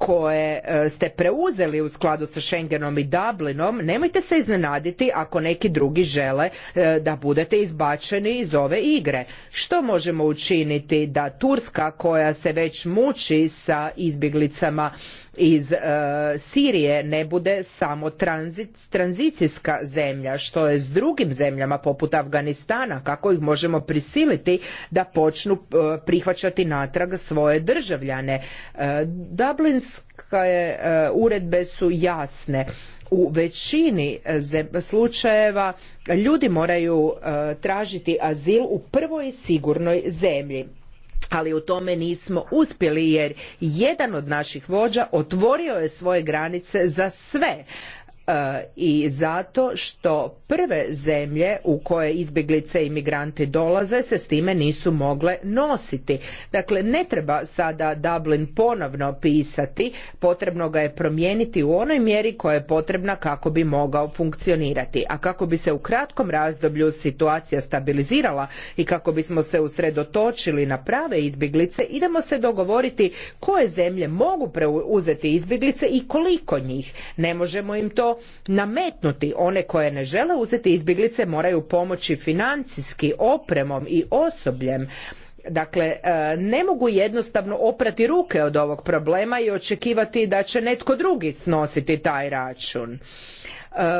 koje e, ste preuzeli u skladu sa Schengenom i Dublinom, nemojte se iznenaditi ako neki drugi žele e, da budete izbačeni iz ove igre. Što možemo učiniti da Turska koja se već muči sa izbjeglicama iz e, Sirije ne bude samo tranzicijska zemlja, što je s drugim zemljama poput Afganistana, kako ih možemo prisiliti da počnu e, prihvaćati natrag svoje državljane. E, Dublinske uredbe su jasne u većini slučajeva ljudi moraju tražiti azil u prvoj sigurnoj zemlji ali u tome nismo uspjeli jer jedan od naših vođa otvorio je svoje granice za sve E, i zato što prve zemlje u koje izbjeglice i migranti dolaze se s time nisu mogle nositi. Dakle, ne treba sada Dublin ponovno pisati, potrebno ga je promijeniti u onoj mjeri koja je potrebna kako bi mogao funkcionirati. A kako bi se u kratkom razdoblju situacija stabilizirala i kako bismo se usredotočili na prave izbjeglice, idemo se dogovoriti koje zemlje mogu preuzeti izbjeglice i koliko njih. Ne možemo im to nametnuti. One koje ne žele uzeti izbjeglice moraju pomoći financijski, opremom i osobljem. Dakle, e, ne mogu jednostavno oprati ruke od ovog problema i očekivati da će netko drugi snositi taj račun.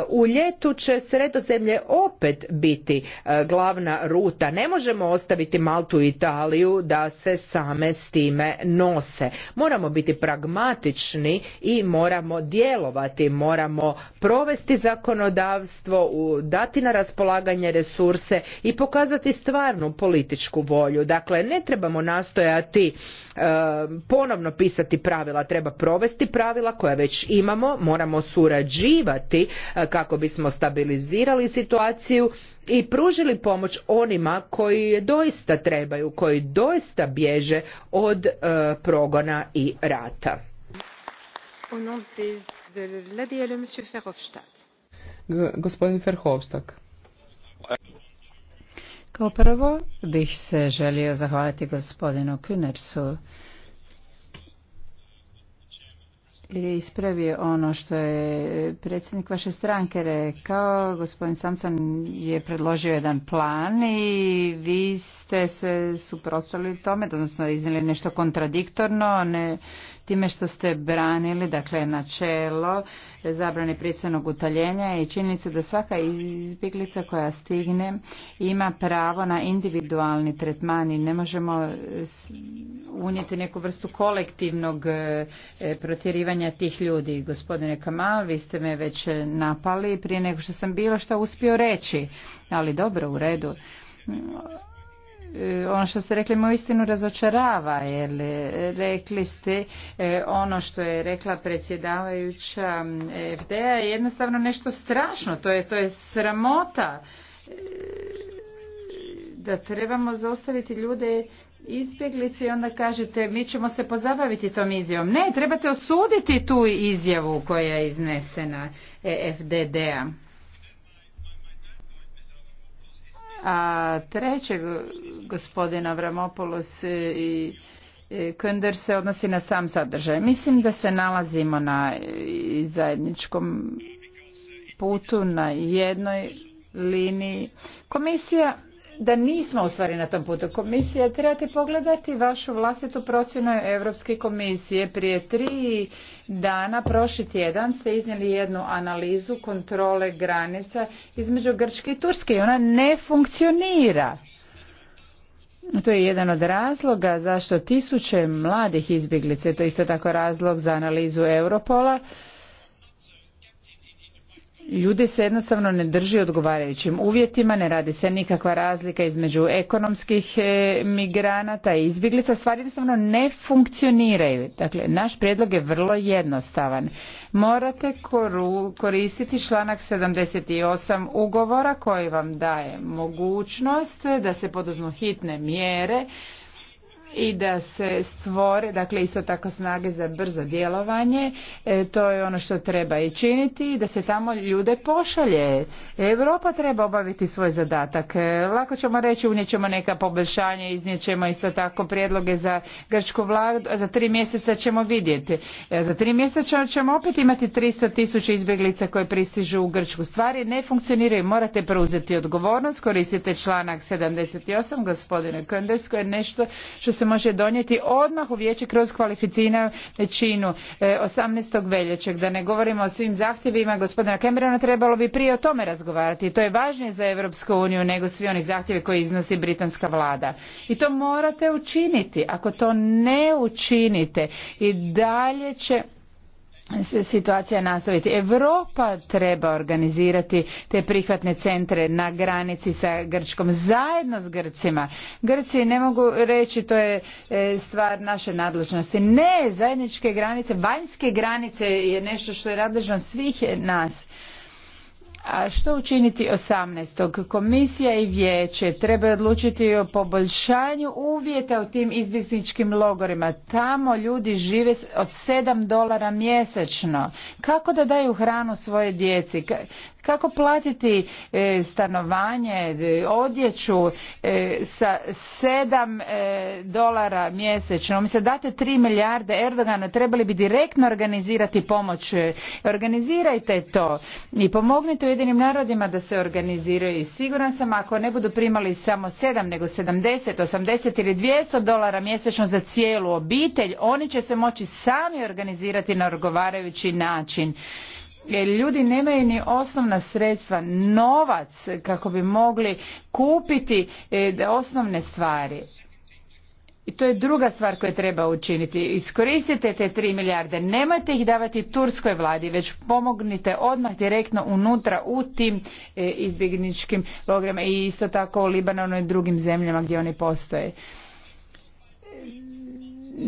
U ljetu će sredozemlje opet biti e, glavna ruta. Ne možemo ostaviti Maltu i Italiju da se same s time nose. Moramo biti pragmatični i moramo djelovati, moramo provesti zakonodavstvo, dati na raspolaganje resurse i pokazati stvarnu političku volju. Dakle, ne trebamo nastojati e, ponovno pisati pravila, treba provesti pravila koja već imamo, moramo surađivati E, kako bismo stabilizirali situaciju i pružili pomoć onima koji je doista trebaju, koji doista bježe od e, progona i rata. E, gospodin Verhofstadt. Kao prvo bih se želio zahvaliti gospodinu Künersu je ispravio ono što je predsjednik vaše stranke rekao. Gospodin Samson je predložio jedan plan i vi ste se suprotstavili tome, odnosno iznijeli nešto kontradiktorno, ne time što ste branili dakle načelo zabrane prisilnog utaljenja i činjenicu da svaka izbjeglica koja stigne ima pravo na individualni tretman i ne možemo unijeti neku vrstu kolektivnog e, protjerivanja tih ljudi. Gospodine Kamal, vi ste me već napali prije nego što sam bilo što uspio reći, ali dobro u redu E, ono što ste rekli moju istinu razočarava jer e, rekli ste e, ono što je rekla predsjedavajuća FDA je jednostavno nešto strašno to je to je sramota da trebamo zaustaviti ljude izbjeglici. i onda kažete mi ćemo se pozabaviti tom izjavom ne trebate osuditi tu izjavu koja je iznesena FDD-a A trećeg gospodina Avramopoulos i Kunder se odnosi na sam sadržaj. Mislim da se nalazimo na zajedničkom putu, na jednoj liniji. Komisija da nismo ustvari na tom putu komisije. Trebate pogledati vašu vlastitu procjenu Europske komisije. Prije tri dana, prošli tjedan, ste iznijeli jednu analizu kontrole granica između Grčke i Turske i ona ne funkcionira. To je jedan od razloga zašto tisuće mladih izbjeglice, to je isto tako razlog za analizu Europola, Ljudi se jednostavno ne drži odgovarajućim uvjetima, ne radi se nikakva razlika između ekonomskih e, migranata i izbjeglica, stvari jednostavno ne funkcioniraju. Dakle, naš prijedlog je vrlo jednostavan. Morate koristiti članak 78 ugovora koji vam daje mogućnost da se poduzmu hitne mjere i da se stvore dakle isto tako snage za brzo djelovanje e, to je ono što treba i činiti i da se tamo ljude pošalje europa treba obaviti svoj zadatak e, lako ćemo reći unijet ćemo neka poboljšanja iznijet ćemo isto tako prijedloge za grčku vladu a za tri mjeseca ćemo vidjeti e, za tri mjeseca ćemo opet imati 300 tisuća izbjeglica koje pristižu u grčku stvari ne funkcioniraju morate preuzeti odgovornost koristite članak 78 gospodine Kondes, je nešto što se može donijeti odmah u vijeće kroz kvalificiranu većinu 18. veljačeg. Da ne govorimo o svim zahtjevima gospodina Camerona, trebalo bi prije o tome razgovarati. To je važnije za Europsku uniju nego svi oni zahtjevi koje iznosi britanska vlada. I to morate učiniti. Ako to ne učinite i dalje će situacija nastaviti. Europa treba organizirati te prihvatne centre na granici sa Grčkom, zajedno s Grcima. Grci ne mogu reći to je e, stvar naše nadležnosti. Ne, zajedničke granice, vanjske granice je nešto što je nadležnost svih nas. A što učiniti 18. Komisija i vijeće treba odlučiti o poboljšanju uvjeta u tim izbjegličkim logorima. Tamo ljudi žive od 7 dolara mjesečno. Kako da daju hranu svoje djeci? Kako platiti e, stanovanje, e, odjeću e, sa 7 dolara mjesečno? Mi se date 3 milijarde Erdogana trebali bi direktno organizirati pomoć. Organizirajte to i pomognite Ujedinim narodima da se organiziraju i siguran sam ako ne budu primali samo 7 nego 70, 80 ili 200 dolara mjesečno za cijelu obitelj, oni će se moći sami organizirati na odgovarajući način. Jer ljudi nemaju ni osnovna sredstva, novac kako bi mogli kupiti e, osnovne stvari. I to je druga stvar koju treba učiniti. Iskoristite te 3 milijarde, nemojte ih davati turskoj vladi, već pomognite odmah direktno unutra u tim e, izbjegničkim programima i isto tako u Libanonu i drugim zemljama gdje oni postoje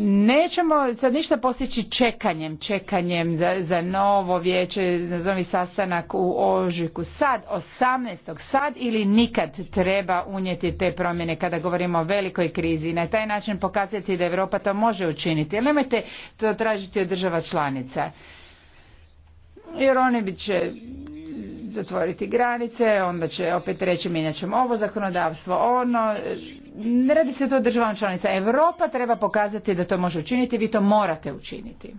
nećemo sad ništa postići čekanjem, čekanjem za, novo vijeće, nazovi sastanak u ožujku. Sad, 18. sad ili nikad treba unijeti te promjene kada govorimo o velikoj krizi i na taj način pokazati da Europa to može učiniti. Jer nemojte to tražiti od država članica. Jer oni bi će zatvoriti granice, onda će opet reći mijenjat ćemo ovo zakonodavstvo, ono, ne radi se to o državama članica. Europa treba pokazati da to može učiniti, vi to morate učiniti.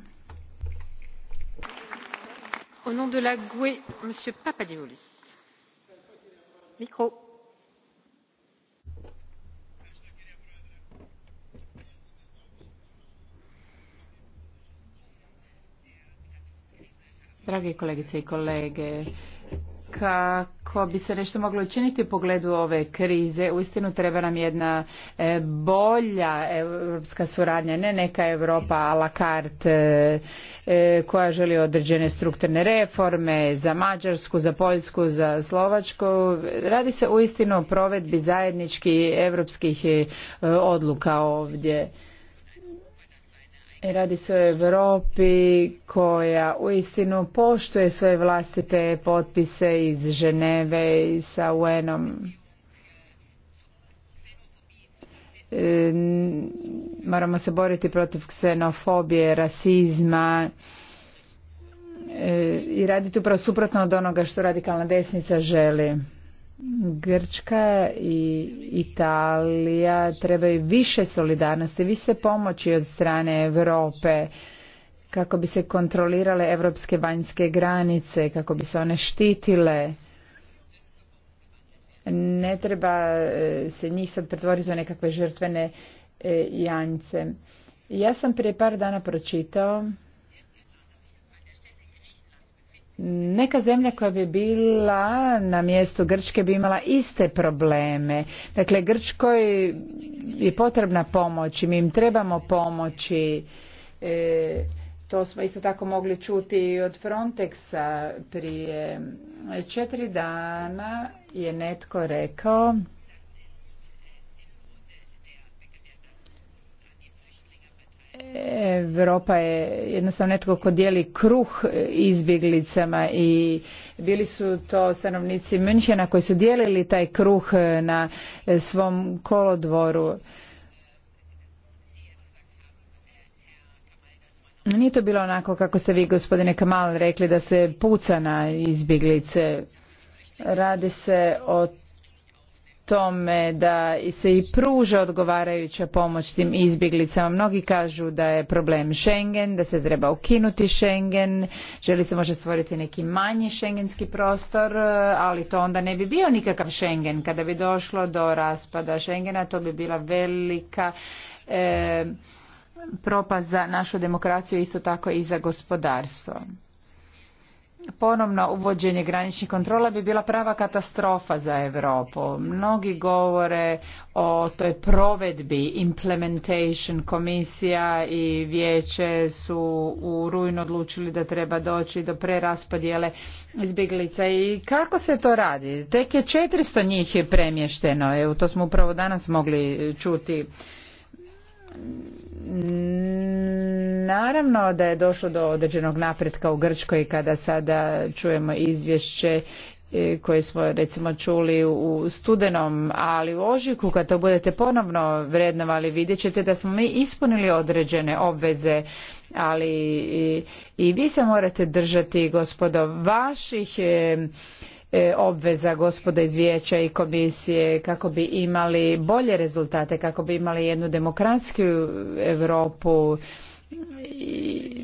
Au nom de la e, monsieur Drage kolegice i kolege, kako bi se nešto moglo učiniti u pogledu ove krize, uistinu treba nam jedna e, bolja europska suradnja, ne neka Europa a la carte e, e, koja želi određene strukturne reforme za Mađarsku, za Poljsku, za Slovačku. Radi se uistinu o provedbi zajedničkih europskih odluka ovdje. E, radi se o Europi koja uistinu poštuje svoje vlastite potpise iz Ženeve i sa UN-om. E, moramo se boriti protiv ksenofobije, rasizma e, i raditi upravo suprotno od onoga što radikalna desnica želi. Grčka i Italija trebaju više solidarnosti, više pomoći od strane Europe kako bi se kontrolirale europske vanjske granice, kako bi se one štitile. Ne treba e, se njih sad pretvoriti u nekakve žrtvene e, janjce. Ja sam prije par dana pročitao neka zemlja koja bi bila na mjestu Grčke bi imala iste probleme. Dakle, Grčkoj je potrebna pomoć i mi im trebamo pomoći. E, to smo isto tako mogli čuti i od Frontexa prije četiri dana je netko rekao Europa je jednostavno netko ko dijeli kruh izbjeglicama i bili su to stanovnici Münchena koji su dijelili taj kruh na svom kolodvoru. Nije to bilo onako kako ste vi gospodine Kamal rekli da se puca na izbjeglice. Radi se o tome da se i pruža odgovarajuća pomoć tim izbjeglicama. Mnogi kažu da je problem Schengen, da se treba ukinuti Schengen, želi se može stvoriti neki manji šengenski prostor, ali to onda ne bi bio nikakav Schengen. Kada bi došlo do raspada Schengena, to bi bila velika e, propast za našu demokraciju, isto tako i za gospodarstvo ponovno uvođenje graničnih kontrola bi bila prava katastrofa za Europu. Mnogi govore o toj provedbi, implementation komisija i vijeće su u rujnu odlučili da treba doći do preraspodjele izbjeglica. I kako se to radi? Tek je 400 njih je premješteno. to smo upravo danas mogli čuti Naravno da je došlo do određenog napretka u Grčkoj kada sada čujemo izvješće e, koje smo recimo čuli u studenom, ali u ožiku kad to budete ponovno vrednovali vidjet ćete da smo mi ispunili određene obveze ali i, vi se morate držati gospodo vaših e, E, obveza gospoda iz vijeća i komisije kako bi imali bolje rezultate, kako bi imali jednu demokratsku Europu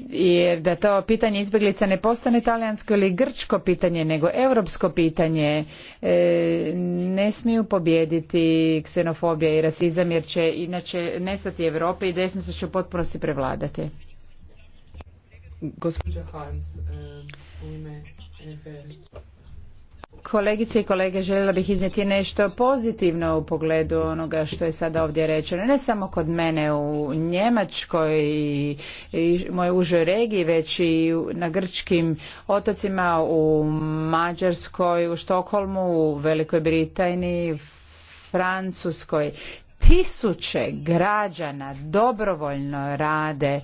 jer da to pitanje izbjeglica ne postane talijansko ili grčko pitanje nego europsko pitanje e, ne smiju pobijediti ksenofobija i rasizam jer će inače nestati Europe i se će u potpunosti prevladati. E, Kolegice i kolege, željela bih iznijeti nešto pozitivno u pogledu onoga što je sada ovdje rečeno. Ne samo kod mene u Njemačkoj i, moje užoj regiji, već i na grčkim otocima, u Mađarskoj, u Štokholmu, u Velikoj Britaniji, Francuskoj. Tisuće građana dobrovoljno rade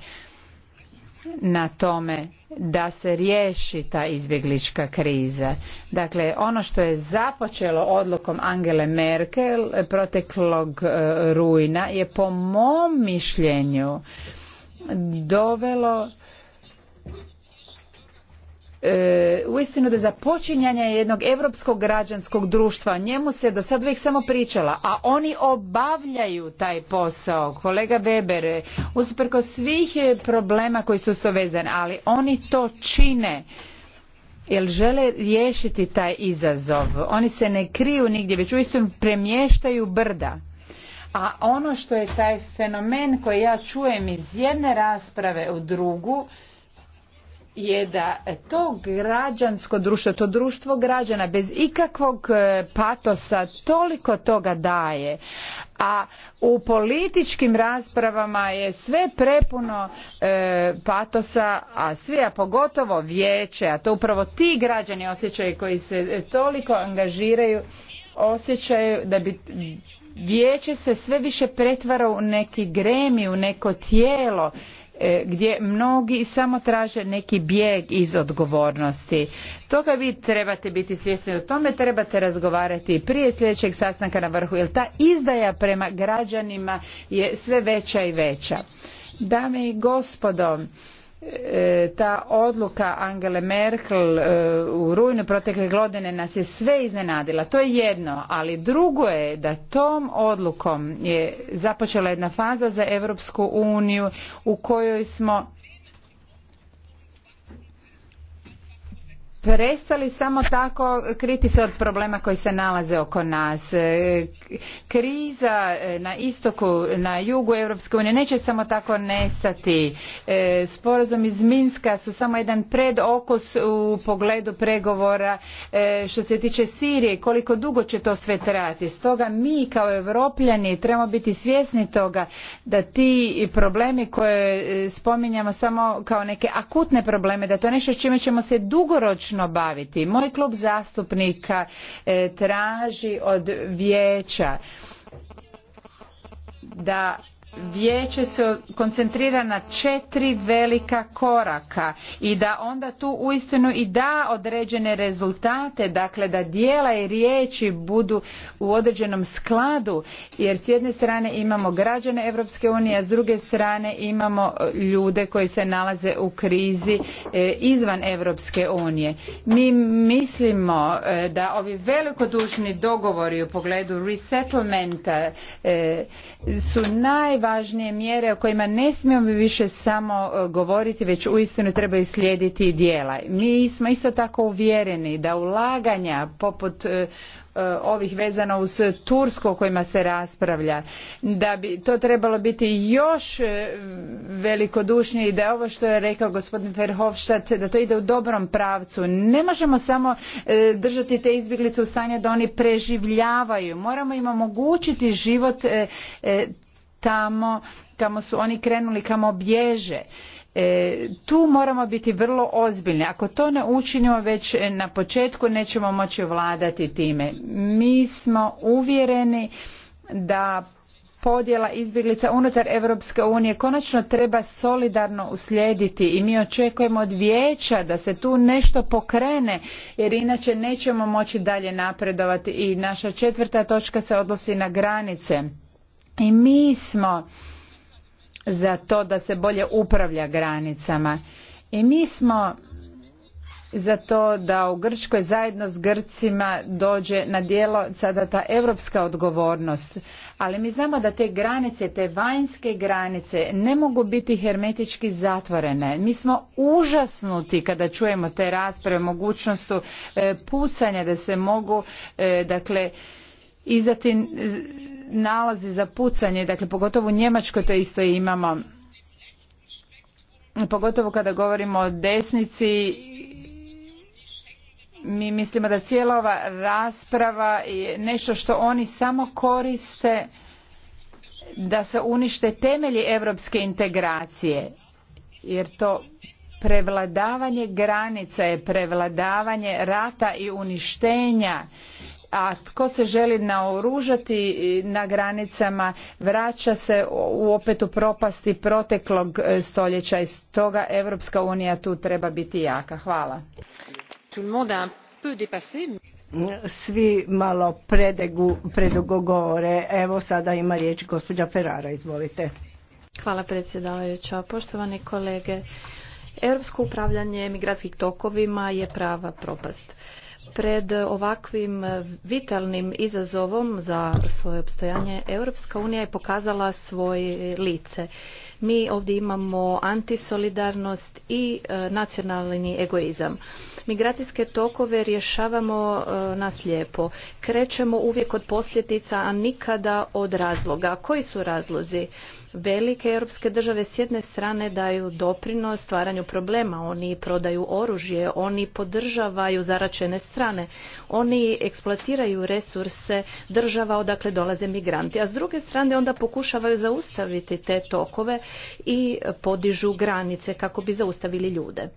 na tome da se riješi ta izbjeglička kriza. Dakle, ono što je započelo odlukom Angele Merkel proteklog e, rujna je po mom mišljenju dovelo E, uistinu da počinjanje jednog europskog građanskog društva, njemu se do sad uvijek samo pričala, a oni obavljaju taj posao, kolega Weber, e, usprko svih e, problema koji su to vezani, ali oni to čine jer žele riješiti taj izazov. Oni se ne kriju nigdje, već uistinu premještaju brda. A ono što je taj fenomen koji ja čujem iz jedne rasprave u drugu, je da to građansko društvo, to društvo građana bez ikakvog e, patosa toliko toga daje, a u političkim raspravama je sve prepuno e, patosa, a svi, a pogotovo vijeće, a to upravo ti građani osjećaju koji se e, toliko angažiraju, osjećaju da bi vijeće se sve više pretvara u neki gremi, u neko tijelo E, gdje mnogi samo traže neki bijeg iz odgovornosti. Toga vi trebate biti svjesni o tome, trebate razgovarati prije sljedećeg sastanka na vrhu, jer ta izdaja prema građanima je sve veća i veća. Dame i gospodo, E, ta odluka Angele Merkel e, u rujnu protekle godine nas je sve iznenadila. To je jedno, ali drugo je da tom odlukom je započela jedna faza za Europsku uniju u kojoj smo prestali samo tako kriti se od problema koji se nalaze oko nas. E, kriza e, na istoku, na jugu EU neće samo tako nestati. E, sporazum iz Minska su samo jedan predokos u pogledu pregovora što se tiče Sirije. Koliko dugo će to sve trajati? Stoga mi kao europljani trebamo biti svjesni toga da ti problemi koje spominjamo samo kao neke akutne probleme, da to nešto s čime ćemo se dugoročno baviti. Moj klub zastupnika e, traži od vijeća da vijeće se koncentrira na četiri velika koraka i da onda tu uistinu i da određene rezultate, dakle da dijela i riječi budu u određenom skladu, jer s jedne strane imamo građane Europske unije, a s druge strane imamo e, ljude koji se nalaze u krizi e, izvan Europske unije. Mi mislimo e, da ovi velikodušni dogovori u pogledu resettlementa su najvažniji važnije mjere o kojima ne smijemo više samo e, govoriti već uistinu trebaju slijediti i djela. Mi smo isto tako uvjereni da ulaganja poput e, e, ovih vezano uz Tursku o kojima se raspravlja, da bi to trebalo biti još velikodušnije i da je ovo što je rekao gospodin Verhofstadt, da to ide u dobrom pravcu. Ne možemo samo držati te izbjeglice u stanju da oni preživljavaju. Moramo im omogućiti život tamo kamo su oni krenuli, kamo bježe. E, tu moramo biti vrlo ozbiljni. Ako to ne učinimo već na početku nećemo moći vladati time. Mi smo uvjereni da podjela izbjeglica unutar Europske unije konačno treba solidarno uslijediti i mi očekujemo od vijeća da se tu nešto pokrene jer inače nećemo moći dalje napredovati i naša četvrta točka se odnosi na granice i mi smo za to da se bolje upravlja granicama. I mi smo za to da u Grčkoj zajedno s Grcima dođe na dijelo sada ta europska odgovornost. Ali mi znamo da te granice, te vanjske granice ne mogu biti hermetički zatvorene. Mi smo užasnuti kada čujemo te rasprave, mogućnostu e, pucanja da se mogu e, dakle izdati nalazi za pucanje, dakle pogotovo u Njemačkoj to isto imamo, pogotovo kada govorimo o desnici, mi mislimo da cijela ova rasprava je nešto što oni samo koriste da se unište temelji europske integracije, jer to prevladavanje granica je prevladavanje rata i uništenja a tko se želi naoružati na granicama vraća se u opet u propasti proteklog e, stoljeća i stoga Europska unija tu treba biti jaka. Hvala. Svi malo predugo govore. Evo sada ima riječ gospođa Ferrara, izvolite. Hvala predsjedavajuća. Poštovani kolege, europsko upravljanje migratskih tokovima je prava propast pred ovakvim vitalnim izazovom za svoje opstojanje, Europska unija je pokazala svoje lice. Mi ovdje imamo antisolidarnost i e, nacionalni egoizam. Migracijske tokove rješavamo e, nas lijepo. Krećemo uvijek od posljedica, a nikada od razloga. Koji su razlozi? Velike europske države s jedne strane daju doprinos stvaranju problema, oni prodaju oružje, oni podržavaju zaračene strane, oni eksploatiraju resurse država odakle dolaze migranti, a s druge strane onda pokušavaju zaustaviti te tokove i podižu granice kako bi zaustavili ljude.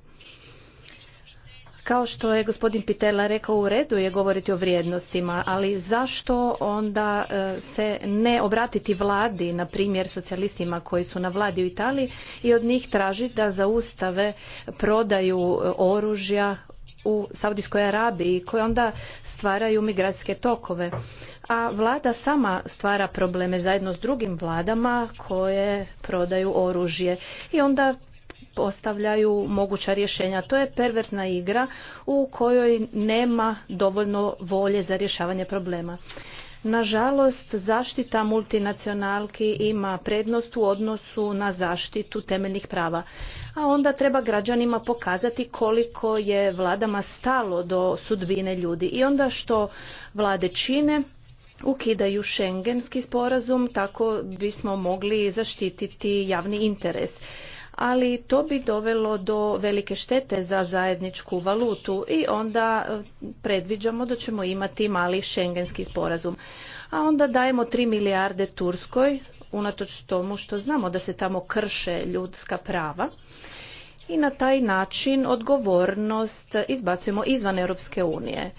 Kao što je gospodin Pitela rekao u redu je govoriti o vrijednostima, ali zašto onda e, se ne obratiti vladi, na primjer socijalistima koji su na vladi u Italiji i od njih tražiti da zaustave prodaju e, oružja u Saudijskoj Arabiji koje onda stvaraju migratske tokove. A vlada sama stvara probleme zajedno s drugim vladama koje prodaju oružje. I onda postavljaju moguća rješenja. To je pervertna igra u kojoj nema dovoljno volje za rješavanje problema. Nažalost, zaštita multinacionalki ima prednost u odnosu na zaštitu temeljnih prava. A onda treba građanima pokazati koliko je vladama stalo do sudbine ljudi. I onda što vlade čine, ukidaju šengenski sporazum, tako bismo mogli zaštititi javni interes ali to bi dovelo do velike štete za zajedničku valutu i onda e, predviđamo da ćemo imati mali šengenski sporazum. A onda dajemo 3 milijarde Turskoj, unatoč tomu što znamo da se tamo krše ljudska prava i na taj način odgovornost izbacujemo izvan Europske unije.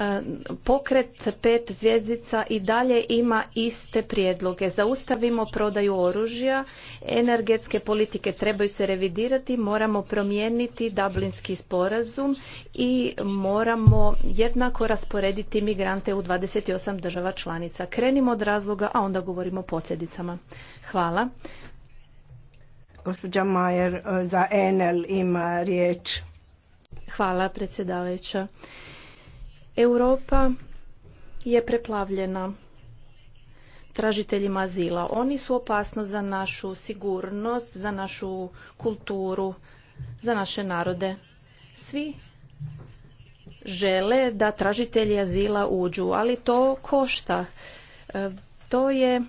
E, pokret pet zvjezdica i dalje ima iste prijedloge. Zaustavimo prodaju oružja, energetske politike trebaju se revidirati, moramo promijeniti Dublinski sporazum i moramo jednako rasporediti migrante u 28 država članica. Krenimo od razloga, a onda govorimo o posljedicama. Hvala. Gospođa Majer e, za Enel ima riječ. Hvala predsjedavajuća. Europa je preplavljena tražiteljima azila. Oni su opasnost za našu sigurnost, za našu kulturu, za naše narode. Svi žele da tražitelji azila uđu, ali to košta. E, to je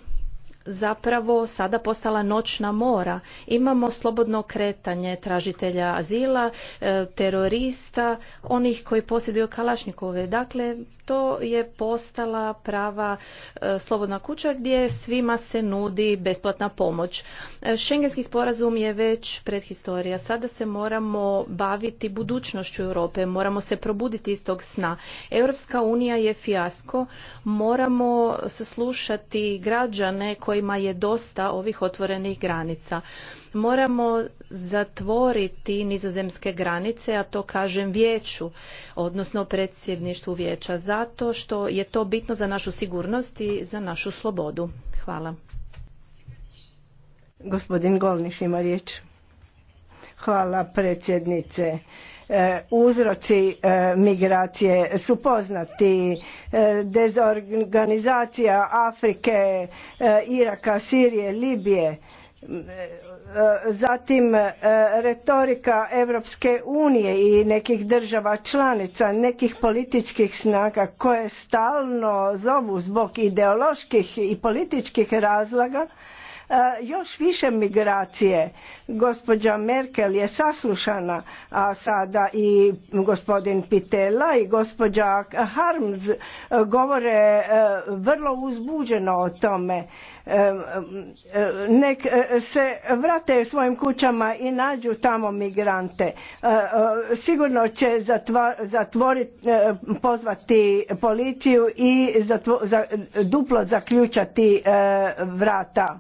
zapravo sada postala noćna mora. Imamo slobodno kretanje tražitelja azila, e, terorista, onih koji posjeduju kalašnikove. Dakle, to je postala prava e, slobodna kuća gdje svima se nudi besplatna pomoć. Šengenski e, sporazum je već predhistorija. Sada se moramo baviti budućnošću Europe, moramo se probuditi iz tog sna. Europska unija je fijasko, moramo saslušati građane kojima je dosta ovih otvorenih granica moramo zatvoriti nizozemske granice, a to kažem vijeću, odnosno predsjedništvu vijeća, zato što je to bitno za našu sigurnost i za našu slobodu. Hvala. Gospodin Golniš ima riječ. Hvala predsjednice. E, uzroci e, migracije su poznati. E, dezorganizacija Afrike, Iraka, Sirije, Libije zatim e, retorika Europske unije i nekih država članica, nekih političkih snaga koje stalno zovu zbog ideoloških i političkih razloga e, još više migracije. Gospođa Merkel je saslušana, a sada i gospodin Pitela i gospođa Harms govore e, vrlo uzbuđeno o tome nek e, se vrate svojim kućama i nađu tamo migrante. E, e, sigurno će zatvoriti, pozvati policiju i duplo zaključati vrata.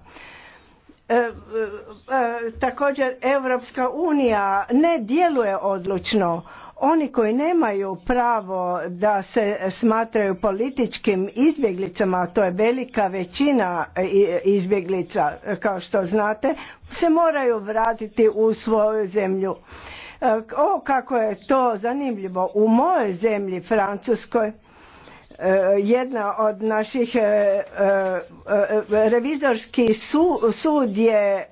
Također Europska unija ne djeluje odlučno oni koji nemaju pravo da se smatraju političkim izbjeglicama, a to je velika većina e, e, izbjeglica e, kao što znate, se moraju vratiti u svoju zemlju. O kako je to zanimljivo. U mojoj zemlji Francuskoj jedna od naših revizorski sud je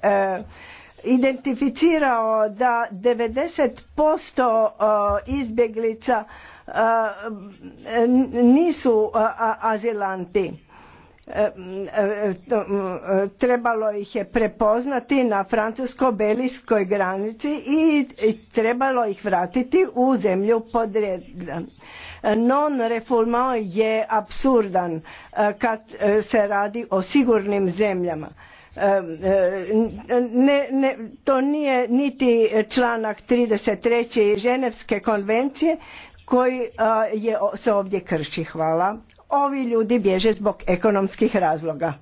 identificirao da 90% uh, izbjeglica uh, nisu uh, azilanti. Trebalo ih je prepoznati na francusko-belijskoj granici i trebalo ih vratiti u zemlju podrijedla. Non-refoulement je absurdan kad se radi o sigurnim zemljama E, ne, ne, to nije niti članak 33. Ženevske konvencije koji e, je, se ovdje krši. Hvala. Ovi ljudi bježe zbog ekonomskih razloga.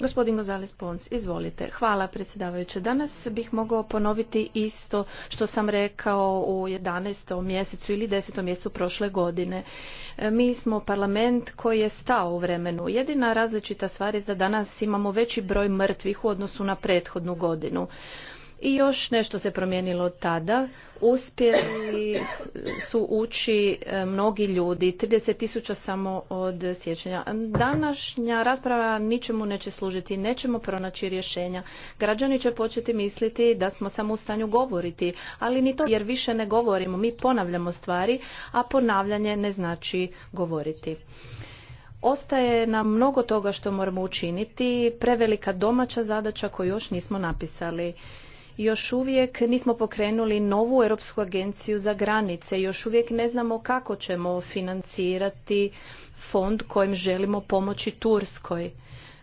Gospodin Gozales Pons, izvolite. Hvala predsjedavajuće. Danas bih mogao ponoviti isto što sam rekao u 11. mjesecu ili 10. mjesecu prošle godine. E, mi smo parlament koji je stao u vremenu. Jedina različita stvar je da danas imamo veći broj mrtvih u odnosu na prethodnu godinu. I još nešto se promijenilo tada. Uspjeli su ući e, mnogi ljudi, 30 tisuća samo od sjećanja. Današnja rasprava ničemu neće služiti, nećemo pronaći rješenja. Građani će početi misliti da smo samo u stanju govoriti, ali ni to jer više ne govorimo. Mi ponavljamo stvari, a ponavljanje ne znači govoriti. Ostaje nam mnogo toga što moramo učiniti, prevelika domaća zadaća koju još nismo napisali još uvijek nismo pokrenuli novu Europsku agenciju za granice. Još uvijek ne znamo kako ćemo financirati fond kojim želimo pomoći Turskoj.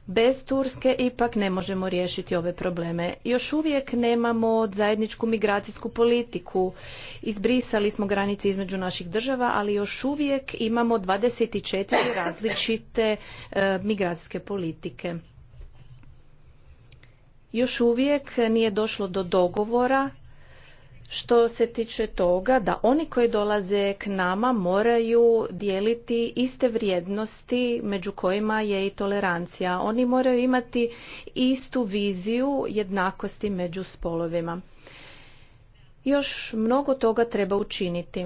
Bez Turske ipak ne možemo riješiti ove probleme. Još uvijek nemamo zajedničku migracijsku politiku. Izbrisali smo granice između naših država, ali još uvijek imamo 24 različite e, migracijske politike još uvijek nije došlo do dogovora što se tiče toga da oni koji dolaze k nama moraju dijeliti iste vrijednosti među kojima je i tolerancija. Oni moraju imati istu viziju jednakosti među spolovima. Još mnogo toga treba učiniti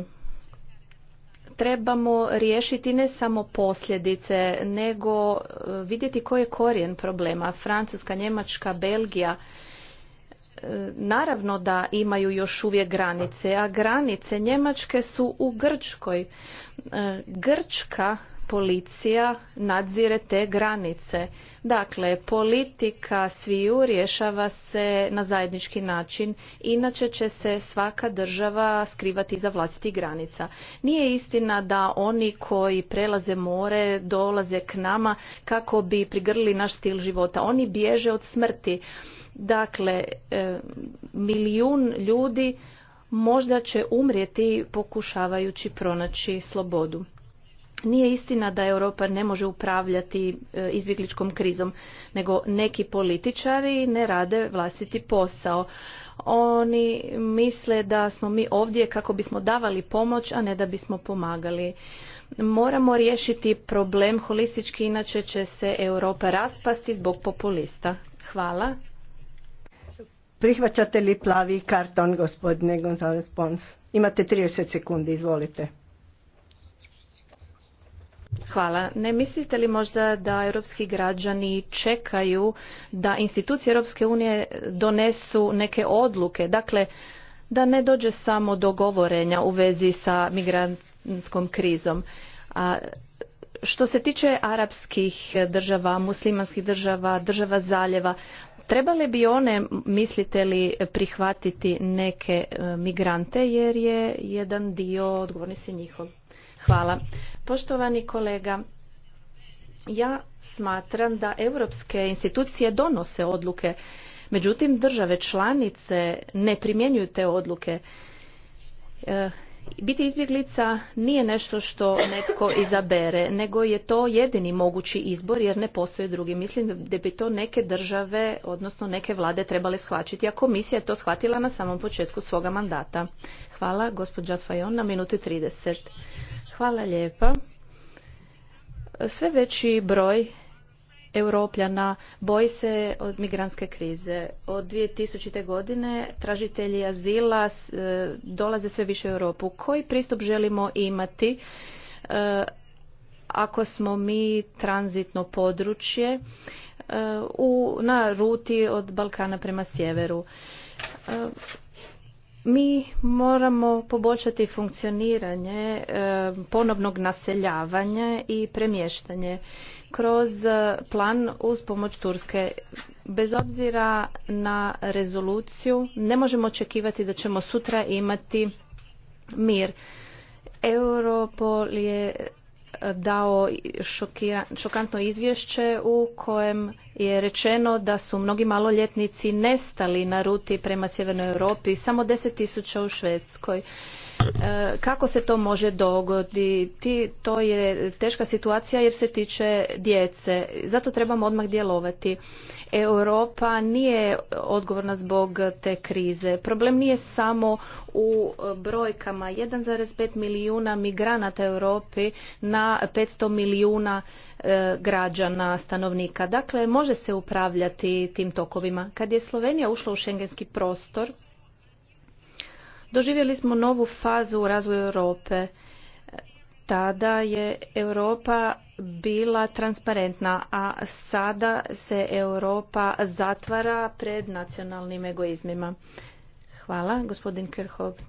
trebamo riješiti ne samo posljedice, nego e, vidjeti koji je korijen problema. Francuska, Njemačka, Belgija, e, naravno da imaju još uvijek granice, a granice Njemačke su u Grčkoj. E, Grčka policija nadzire te granice. Dakle, politika sviju rješava se na zajednički način, inače će se svaka država skrivati za vlastitih granica. Nije istina da oni koji prelaze more dolaze k nama kako bi prigrlili naš stil života. Oni bježe od smrti. Dakle, e, milijun ljudi možda će umrijeti pokušavajući pronaći slobodu. Nije istina da Europa ne može upravljati e, izbjegličkom krizom, nego neki političari ne rade vlastiti posao. Oni misle da smo mi ovdje kako bismo davali pomoć, a ne da bismo pomagali. Moramo riješiti problem holistički, inače će se Europa raspasti zbog populista. Hvala. Prihvaćate li plavi karton, gospodine González Pons? Imate 30 sekundi, izvolite. Hvala. Ne mislite li možda da europski građani čekaju da institucije Europske unije donesu neke odluke? Dakle, da ne dođe samo do govorenja u vezi sa migrantskom krizom. A što se tiče arapskih država, muslimanskih država, država zaljeva, trebale bi one, mislite li, prihvatiti neke e, migrante jer je jedan dio odgovorni se njihov? Hvala. Poštovani kolega, ja smatram da europske institucije donose odluke, međutim države članice ne primjenjuju te odluke. E, biti izbjeglica nije nešto što netko izabere, nego je to jedini mogući izbor jer ne postoje drugi. Mislim da bi to neke države, odnosno neke vlade trebale shvaćiti, a komisija je to shvatila na samom početku svoga mandata. Hvala, gospođa Fajon, na minutu 30. Hvala lijepa. Sve veći broj europljana boji se od migrantske krize. Od 2000. godine tražitelji azila e, dolaze sve više u Europu. Koji pristup želimo imati e, ako smo mi tranzitno područje e, na ruti od Balkana prema sjeveru? mi moramo poboljšati funkcioniranje e, ponovnog naseljavanja i premještanje kroz plan uz pomoć Turske. Bez obzira na rezoluciju ne možemo očekivati da ćemo sutra imati mir. Europol je dao šokantno izvješće u kojem je rečeno da su mnogi maloljetnici nestali na ruti prema Sjevernoj Europi, samo 10.000 u Švedskoj. E, kako se to može dogoditi? To je teška situacija jer se tiče djece. Zato trebamo odmah djelovati. Europa nije odgovorna zbog te krize. Problem nije samo u brojkama. 1,5 milijuna migranata Europi na 500 milijuna e, građana, stanovnika. Dakle, može se upravljati tim tokovima. Kad je Slovenija ušla u šengenski prostor, Doživjeli smo novu fazu u razvoju Europe. Tada je Europa bila transparentna, a sada se Europa zatvara pred nacionalnim egoizmima. Hvala, gospodin Kirchhoff.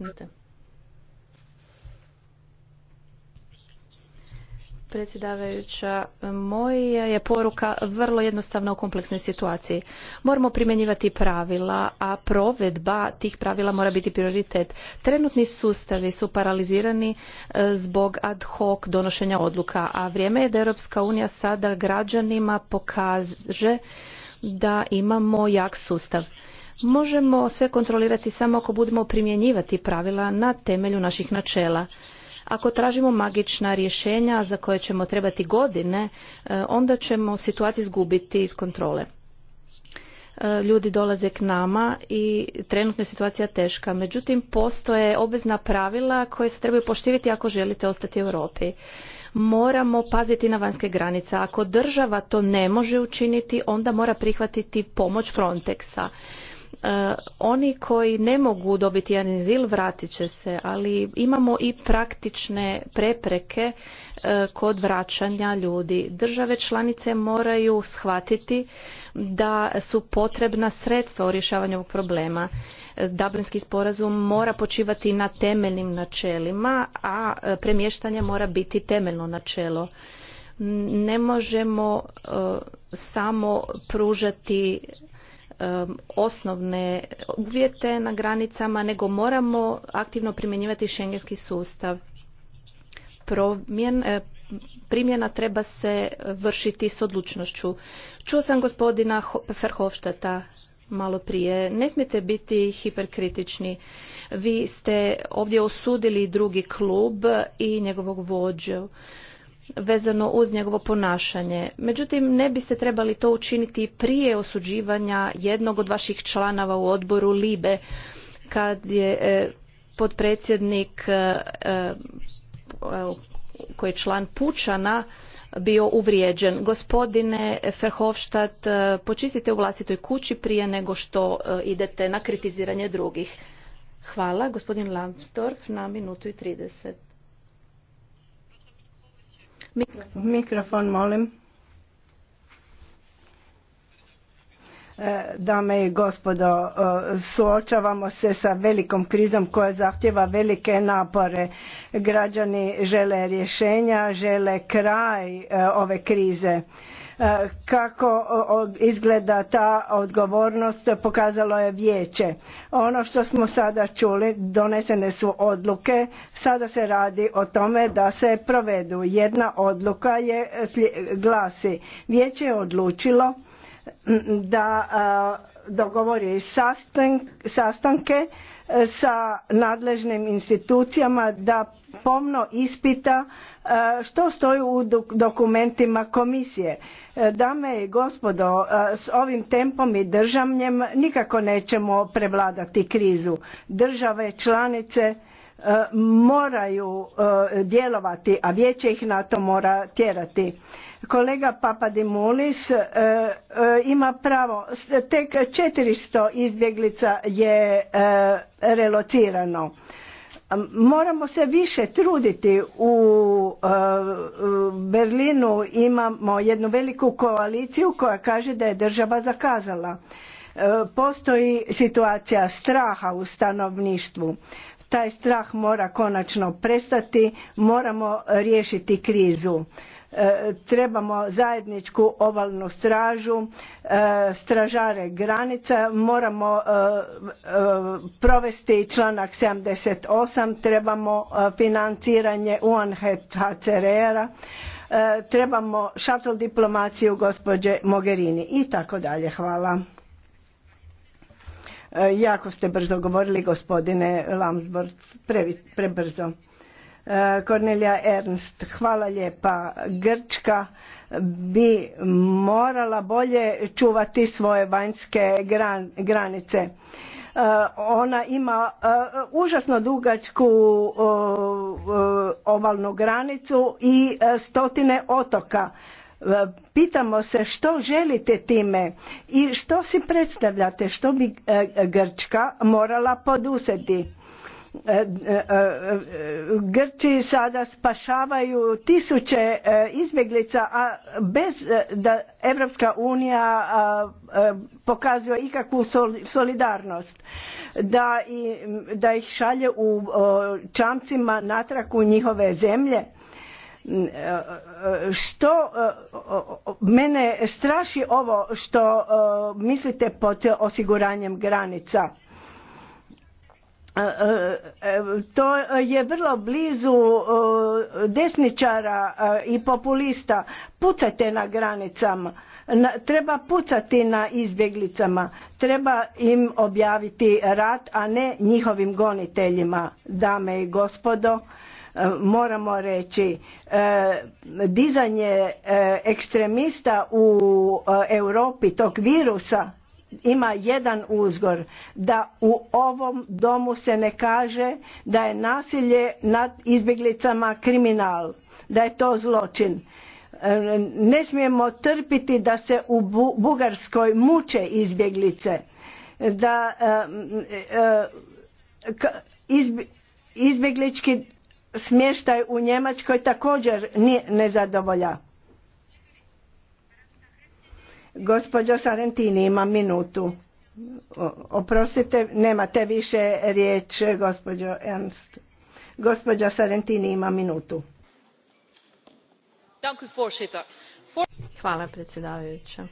predsjedavajuća. Moja je poruka vrlo jednostavna u kompleksnoj situaciji. Moramo primjenjivati pravila, a provedba tih pravila mora biti prioritet. Trenutni sustavi su paralizirani e, zbog ad hoc donošenja odluka, a vrijeme je da Europska unija sada građanima pokaže da imamo jak sustav. Možemo sve kontrolirati samo ako budemo primjenjivati pravila na temelju naših načela. Ako tražimo magična rješenja za koje ćemo trebati godine, e, onda ćemo situaciju izgubiti iz kontrole. E, ljudi dolaze k nama i trenutno je situacija teška. Međutim, postoje obvezna pravila koje se trebaju poštiviti ako želite ostati u Europi moramo paziti na vanjske granice. Ako država to ne može učiniti, onda mora prihvatiti pomoć Frontexa. E, oni koji ne mogu dobiti jedan azil vratit će se, ali imamo i praktične prepreke e, kod vraćanja ljudi. Države članice moraju shvatiti da su potrebna sredstva u rješavanju ovog problema. E, Dublinski sporazum mora počivati na temeljnim načelima, a premještanje mora biti temeljno načelo ne možemo samo pružati osnovne uvjete na granicama, nego moramo aktivno primjenjivati schengenski sustav. E, primjena treba se vršiti s odlučnošću. Čuo sam gospodina Ferhofštata malo prije. Ne smijete biti hiperkritični. Vi ste ovdje osudili drugi klub i njegovog vođu vezano uz njegovo ponašanje. Međutim, ne biste trebali to učiniti prije osuđivanja jednog od vaših članova u odboru Libe, kad je e, potpredsjednik podpredsjednik koji je član Pučana bio uvrijeđen. Gospodine Ferhofstadt, e, počistite u vlastitoj kući prije nego što e, idete na kritiziranje drugih. Hvala, gospodin Lambsdorff, na minutu i trideset. Mikrofon, molim. E, dame i gospodo, e, suočavamo se sa velikom krizom koja zahtjeva velike napore. Građani žele rješenja, žele kraj e, ove krize E, kako izgleda ta odgovornost pokazalo je vijeće. Ono što smo sada čuli, donesene su odluke, sada se radi o tome da se provedu. Jedna odluka je glasi, vijeće je odlučilo da dogovori sastanke e, sa nadležnim institucijama da pomno ispita E, što stoji u dokumentima komisije. E, dame i gospodo, e, s ovim tempom i državnjem nikako nećemo prevladati krizu. Države, članice moraju djelovati, a vijeće ih na to mora tjerati. Kolega Papadimulis ima pravo, tek 400 izbjeglica je relocirano Moramo se više truditi. E, u Berlinu imamo jednu veliku koaliciju koja kaže da je država zakazala. E, postoji situacija straha u stanovništvu. Taj strah mora konačno prestati, moramo riješiti krizu. E, trebamo zajedničku ovalnu stražu, e, stražare granica, moramo e, provesti članak 78, trebamo financiranje UNHCR-a, trebamo šatel diplomaciju gospođe Mogherini i tako dalje. Hvala. Jako ste brzo govorili gospodine Lamsbord, prebrzo. Kornelija eh, Ernst, hvala lijepa. Grčka bi morala bolje čuvati svoje vanjske granice. Eh, ona ima eh, užasno dugačku ovalnu granicu i stotine otoka. Pitamo se što želite time i što si predstavljate, što bi Grčka morala poduzeti E, e, e, Grci sada spašavaju tisuće izbjeglica, a bez da Evropska unija pokazuje ikakvu solidarnost, da, i, da ih šalje u čamcima natrag u njihove zemlje mm, što mene straši ovo što mislite pod osiguranjem granica to je vrlo blizu desničara i populista pucajte na granicama treba pucati na izbjeglicama treba im objaviti rat a ne njihovim goniteljima dame i gospodo e, moramo reći e, dizanje e, ekstremista u Europi tog virusa ima jedan uzgor da u ovom domu se ne kaže da je nasilje nad izbjeglicama kriminal da je to zločin e, ne smijemo trpiti da se u Bugarskoj muče izbjeglice da e, e, izbjeglički smještaj u Njemačkoj također ne zadovolja Gospođo Sarentini ima minutu. Oprostite, nemate više riječ, gospođo Ernst. Gospođa Sarentini ima minutu. Hvala predsjedavajuća.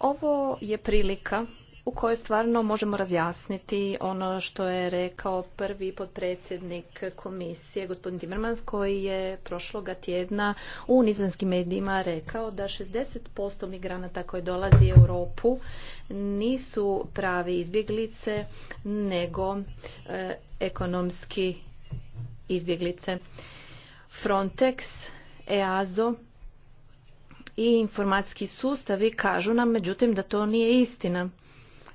Ovo je prilika u kojoj stvarno možemo razjasniti ono što je rekao prvi potpredsjednik komisije, gospodin Timmermans, koji je prošloga tjedna u nizanskim medijima rekao da 60% migranata koji dolazi u Europu nisu pravi izbjeglice, nego e, ekonomski izbjeglice. Frontex, EASO, i informacijski sustavi kažu nam međutim da to nije istina.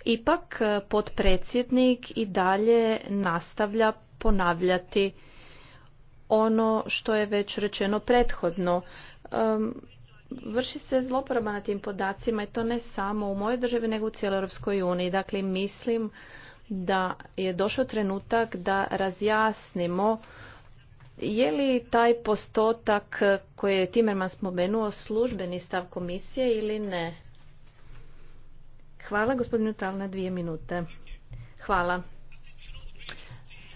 Ipak e, potpredsjednik i dalje nastavlja ponavljati ono što je već rečeno prethodno. vrši se zloporaba na tim podacima i to ne samo u mojoj državi nego u cijeloj Europskoj uniji. Dakle, mislim da je došao trenutak da razjasnimo je li taj postotak e, koji je Timerman spomenuo službeni stav komisije ili ne? Hvala gospodinu Tal na dvije minute. Hvala.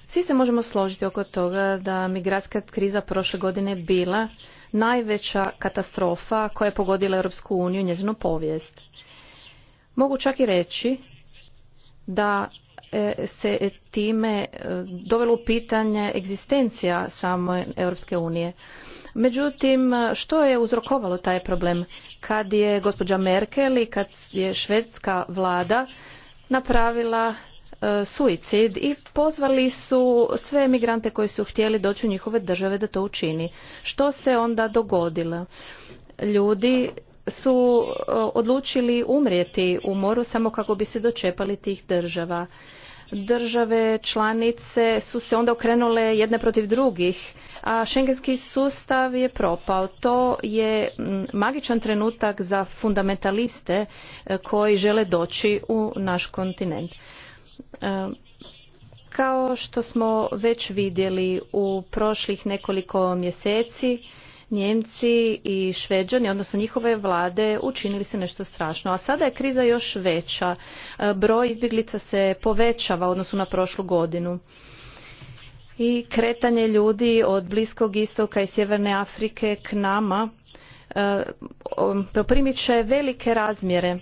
Svi se možemo složiti oko toga da migratska kriza prošle godine bila najveća katastrofa koja je pogodila Europsku uniju i njezinu povijest. Mogu čak i reći da e, se time e, dovelo u pitanje egzistencija samo Europske unije. Međutim, što je uzrokovalo taj problem? Kad je gospođa Merkel i kad je švedska vlada napravila e, suicid i pozvali su sve emigrante koji su htjeli doći u njihove države da to učini. Što se onda dogodilo? Ljudi su e, odlučili umrijeti u moru samo kako bi se dočepali tih država države članice su se onda okrenule jedne protiv drugih, a šengenski sustav je propao. To je mm, magičan trenutak za fundamentaliste e, koji žele doći u naš kontinent. E, kao što smo već vidjeli u prošlih nekoliko mjeseci, Njemci i Šveđani, odnosno njihove vlade, učinili se nešto strašno. A sada je kriza još veća. E, broj izbjeglica se povećava u odnosu na prošlu godinu i kretanje ljudi od Bliskog istoka i Sjeverne Afrike k nama proprimit e, će velike razmjere.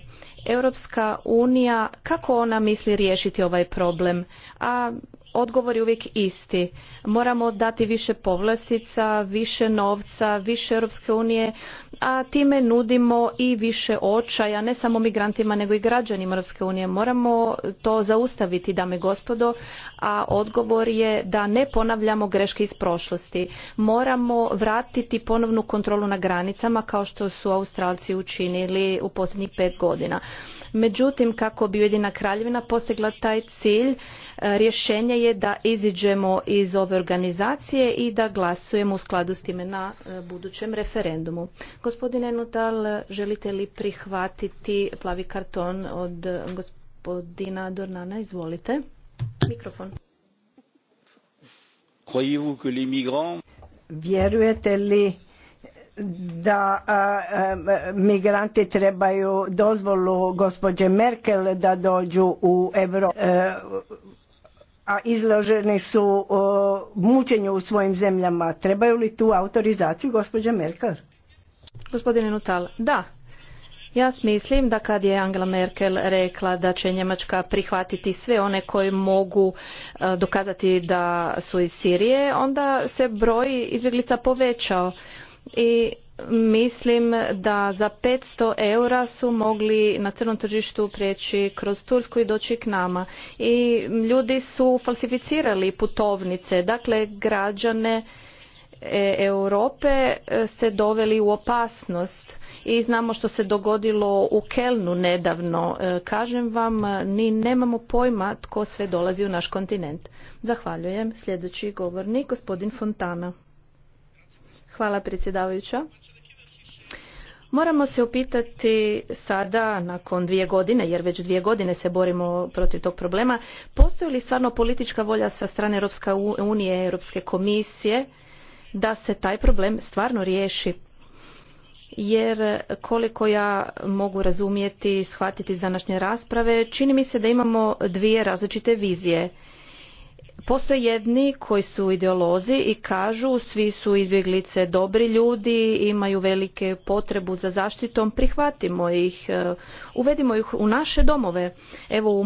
Europska unija, kako ona misli riješiti ovaj problem? A odgovor je uvijek isti. Moramo dati više povlastica, više novca, više Europske unije, a time nudimo i više očaja, ne samo migrantima, nego i građanima Europske unije. Moramo to zaustaviti, dame i gospodo, a odgovor je da ne ponavljamo greške iz prošlosti. Moramo vratiti ponovnu kontrolu na granicama, kao što su Australci učinili u posljednjih pet godina. Međutim, kako bi Ujedina Kraljevina postigla taj cilj, e, rješenje je da iziđemo iz ove organizacije i da glasujemo u skladu s time na e, budućem referendumu. Gospodine Nutal, želite li prihvatiti plavi karton od e, gospodina Dornana? Izvolite. Mikrofon. Vjerujete li da migranti trebaju dozvolu gospođe Merkel da dođu u Europu e, a izloženi su mučenju u svojim zemljama. Trebaju li tu autorizaciju gospođe Merkel? Gospodine Nutal, da. Ja smislim da kad je Angela Merkel rekla da će Njemačka prihvatiti sve one koji mogu e, dokazati da su iz Sirije, onda se broj izbjeglica povećao i mislim da za 500 eura su mogli na crnom tržištu prijeći kroz Tursku i doći k nama. I ljudi su falsificirali putovnice, dakle građane e, Europe e, ste doveli u opasnost i znamo što se dogodilo u Kelnu nedavno. E, kažem vam, ni nemamo pojma tko sve dolazi u naš kontinent. Zahvaljujem. Sljedeći govornik, gospodin Fontana. Hvala predsjedavajuća. Moramo se upitati sada, nakon dvije godine, jer već dvije godine se borimo protiv tog problema, postoji li stvarno politička volja sa strane Europske unije, Europske komisije, da se taj problem stvarno riješi? Jer koliko ja mogu razumjeti, shvatiti iz današnje rasprave, čini mi se da imamo dvije različite vizije Postoje jedni koji su ideolozi i kažu svi su izbjeglice dobri ljudi, imaju velike potrebu za zaštitom, prihvatimo ih, e, uvedimo ih u naše domove. Evo u,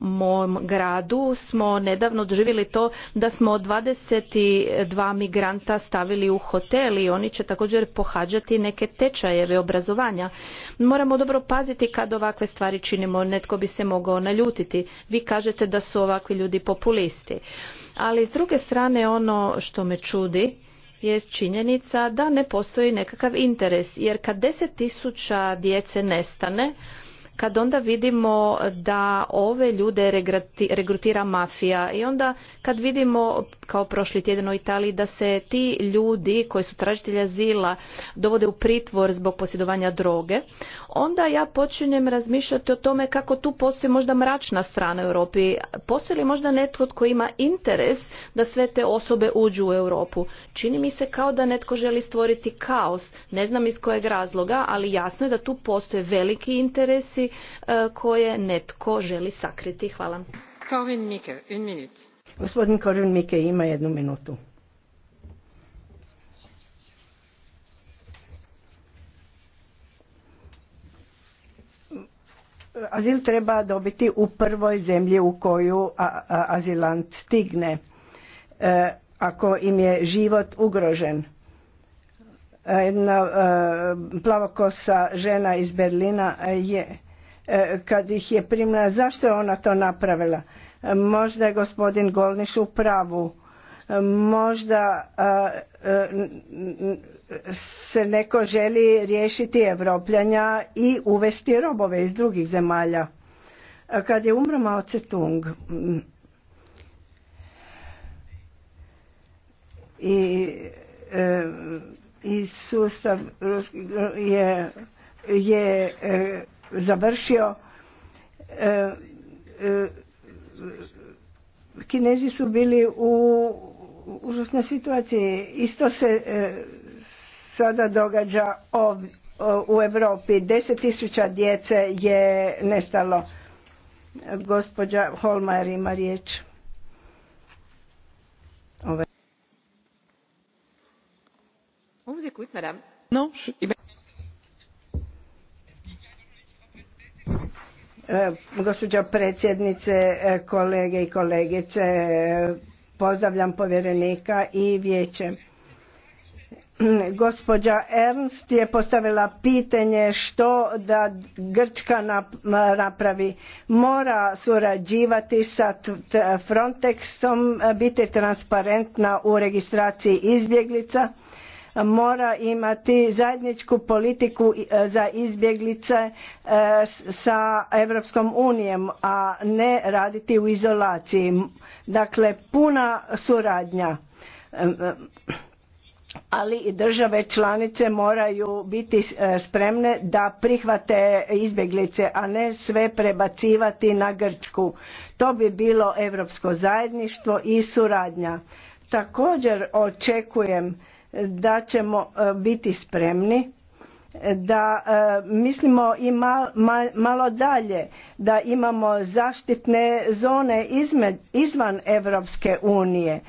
mom gradu smo nedavno doživjeli to da smo 22 migranta stavili u hotel i oni će također pohađati neke tečajeve obrazovanja. Moramo dobro paziti kad ovakve stvari činimo, netko bi se mogao naljutiti. Vi kažete da su ovakvi ljudi populisti ali s druge strane ono što me čudi je činjenica da ne postoji nekakav interes jer kad tisuća djece nestane kad onda vidimo da ove ljude regrutira mafija i onda kad vidimo kao prošli tjedan u Italiji da se ti ljudi koji su tražitelji azila dovode u pritvor zbog posjedovanja droge onda ja počinjem razmišljati o tome kako tu postoji možda mračna strana u Europi. Postoji li možda netko tko ima interes da sve te osobe uđu u Europu? Čini mi se kao da netko želi stvoriti kaos. Ne znam iz kojeg razloga, ali jasno je da tu postoje veliki interesi e, koje netko želi sakriti. Hvala. Gospodin Korvin Mike ima jednu minutu. azil treba dobiti u prvoj zemlji u koju azilant stigne e, ako im je život ugrožen e, jedna e, plavokosa žena iz Berlina je kad ih je primila zašto je ona to napravila možda je gospodin Golniš u pravu možda se neko želi riješiti evropljanja i uvesti robove iz drugih zemalja. Kad je umro Mao Tse-tung i, e, i sustav je, je e, završio e, Kinezi su bili u užasnoj situaciji. Isto se sada događa u Europi. Deset tisuća djece je nestalo. Gospođa Holmajer ima riječ. Ove. E, predsjednice, e, kolege i kolegice, e, pozdravljam povjerenika i vijeće Gospođa Ernst je postavila pitanje što da Grčka napravi. Mora surađivati sa Frontexom, biti transparentna u registraciji izbjeglica, mora imati zajedničku politiku e, za izbjeglice e, sa Europskom unijom, a ne raditi u izolaciji. Dakle, puna suradnja ali i države članice moraju biti e, spremne da prihvate izbjeglice, a ne sve prebacivati na Grčku. To bi bilo europsko zajedništvo i suradnja. Također očekujem e, da ćemo e, biti spremni da mislimo i malo dalje, da imamo zaštitne zone izvan Europske unije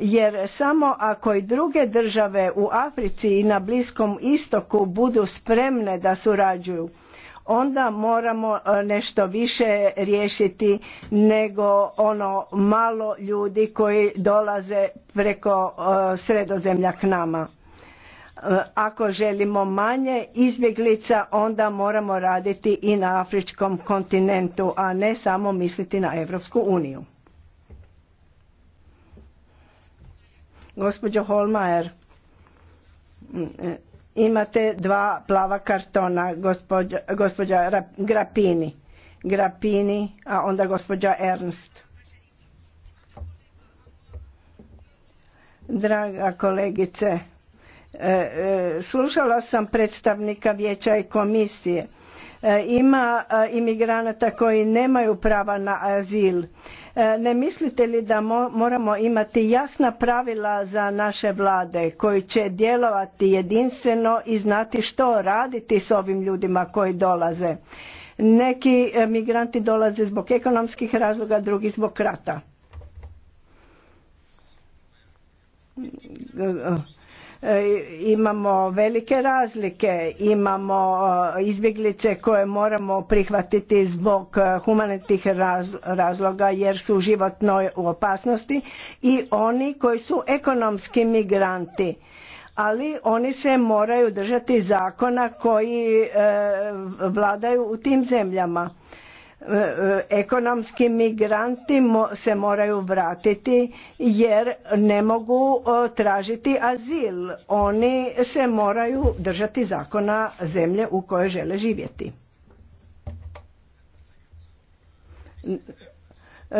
jer samo ako i druge države u Africi i na Bliskom istoku budu spremne da surađuju onda moramo e, nešto više riješiti nego ono malo ljudi koji dolaze preko e, sredozemlja k nama. E, ako želimo manje izbjeglica, onda moramo raditi i na afričkom kontinentu, a ne samo misliti na Europsku uniju. Gospođo Holmajer, e, imate dva plava kartona, gospođa, Grapini. Grapini, a onda gospođa Ernst. Draga kolegice, e, e, slušala sam predstavnika vijeća i komisije E, ima e, imigranata koji nemaju prava na azil. E, ne mislite li da moramo imati jasna pravila za naše vlade koji će djelovati jedinstveno i znati što raditi s ovim ljudima koji dolaze? Neki migranti dolaze zbog ekonomskih razloga, drugi zbog rata E, imamo velike razlike, imamo e, izbjeglice koje moramo prihvatiti zbog e, humanitih razloga jer su u životnoj opasnosti i oni koji su ekonomski migranti. Ali oni se moraju držati zakona koji vladaju u tim zemljama ekonomski migranti se moraju vratiti jer ne mogu tražiti azil. Oni se moraju držati zakona zemlje u kojoj žele živjeti.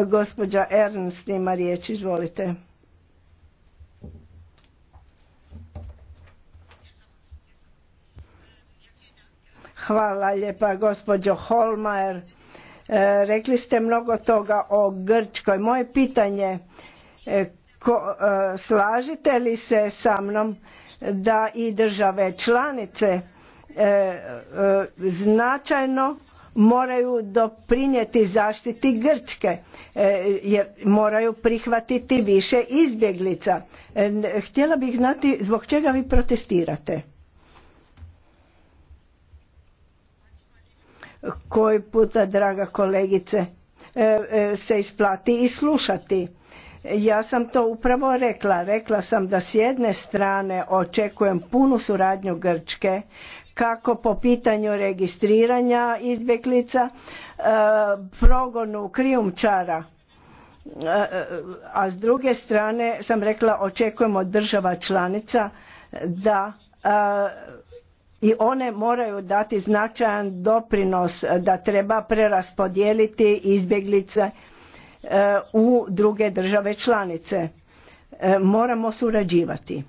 Gospođa Ernst ima riječ, izvolite. Hvala lijepa gospođo Holmajer E, rekli ste mnogo toga o Grčkoj. Moje pitanje, e, ko, e, slažete li se sa mnom da i države članice značajno moraju doprinijeti zaštiti Grčke jer moraju prihvatiti više izbjeglica. Htjela bih znati zbog čega vi protestirate. koji puta, draga kolegice, e, e, se isplati i slušati. Ja sam to upravo rekla. Rekla sam da s jedne strane očekujem punu suradnju Grčke kako po pitanju registriranja izbjeglica, e, progonu krijumčara, a s druge strane sam rekla očekujemo od država članica da i one moraju dati značajan doprinos da treba preraspodijeliti izbjeglice e, u druge države članice. E, moramo surađivati.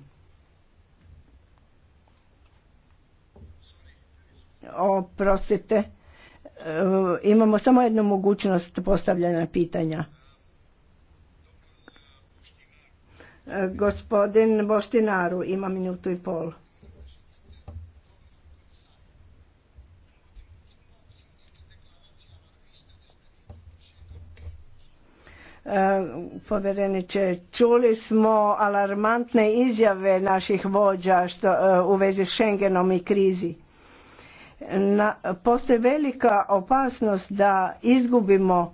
Oprostite, e, imamo samo jednu mogućnost postavljanja pitanja. Gospodin Boštinaru ima minutu i pol. povjereniče, čuli smo alarmantne izjave naših vođa što, e, u vezi s Schengenom i krizi. Na, postoji velika opasnost da izgubimo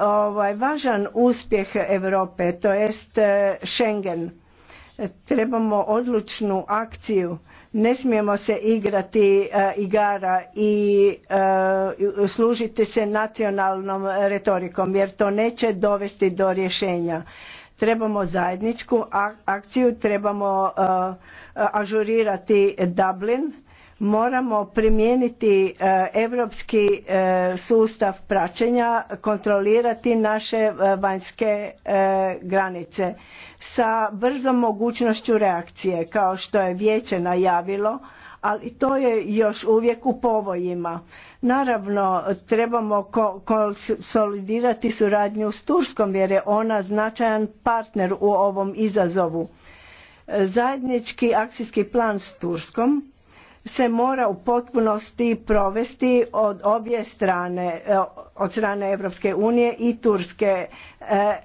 ovaj važan uspjeh Europe, to jest e, Schengen. Trebamo odlučnu akciju ne smijemo se igrati e, igara e, i služiti se nacionalnom retorikom jer to neće dovesti do rješenja. Trebamo zajedničku akciju, trebamo e, ažurirati Dublin, moramo primijeniti europski sustav praćenja, kontrolirati naše vanjske granice sa brzom mogućnošću reakcije kao što je vijeće najavilo ali to je još uvijek u povojima. Naravno, trebamo konsolidirati suradnju s Turskom jer je ona značajan partner u ovom izazovu. Zajednički akcijski plan s Turskom se mora u potpunosti provesti od obje strane, e, od strane Europske unije i Turske.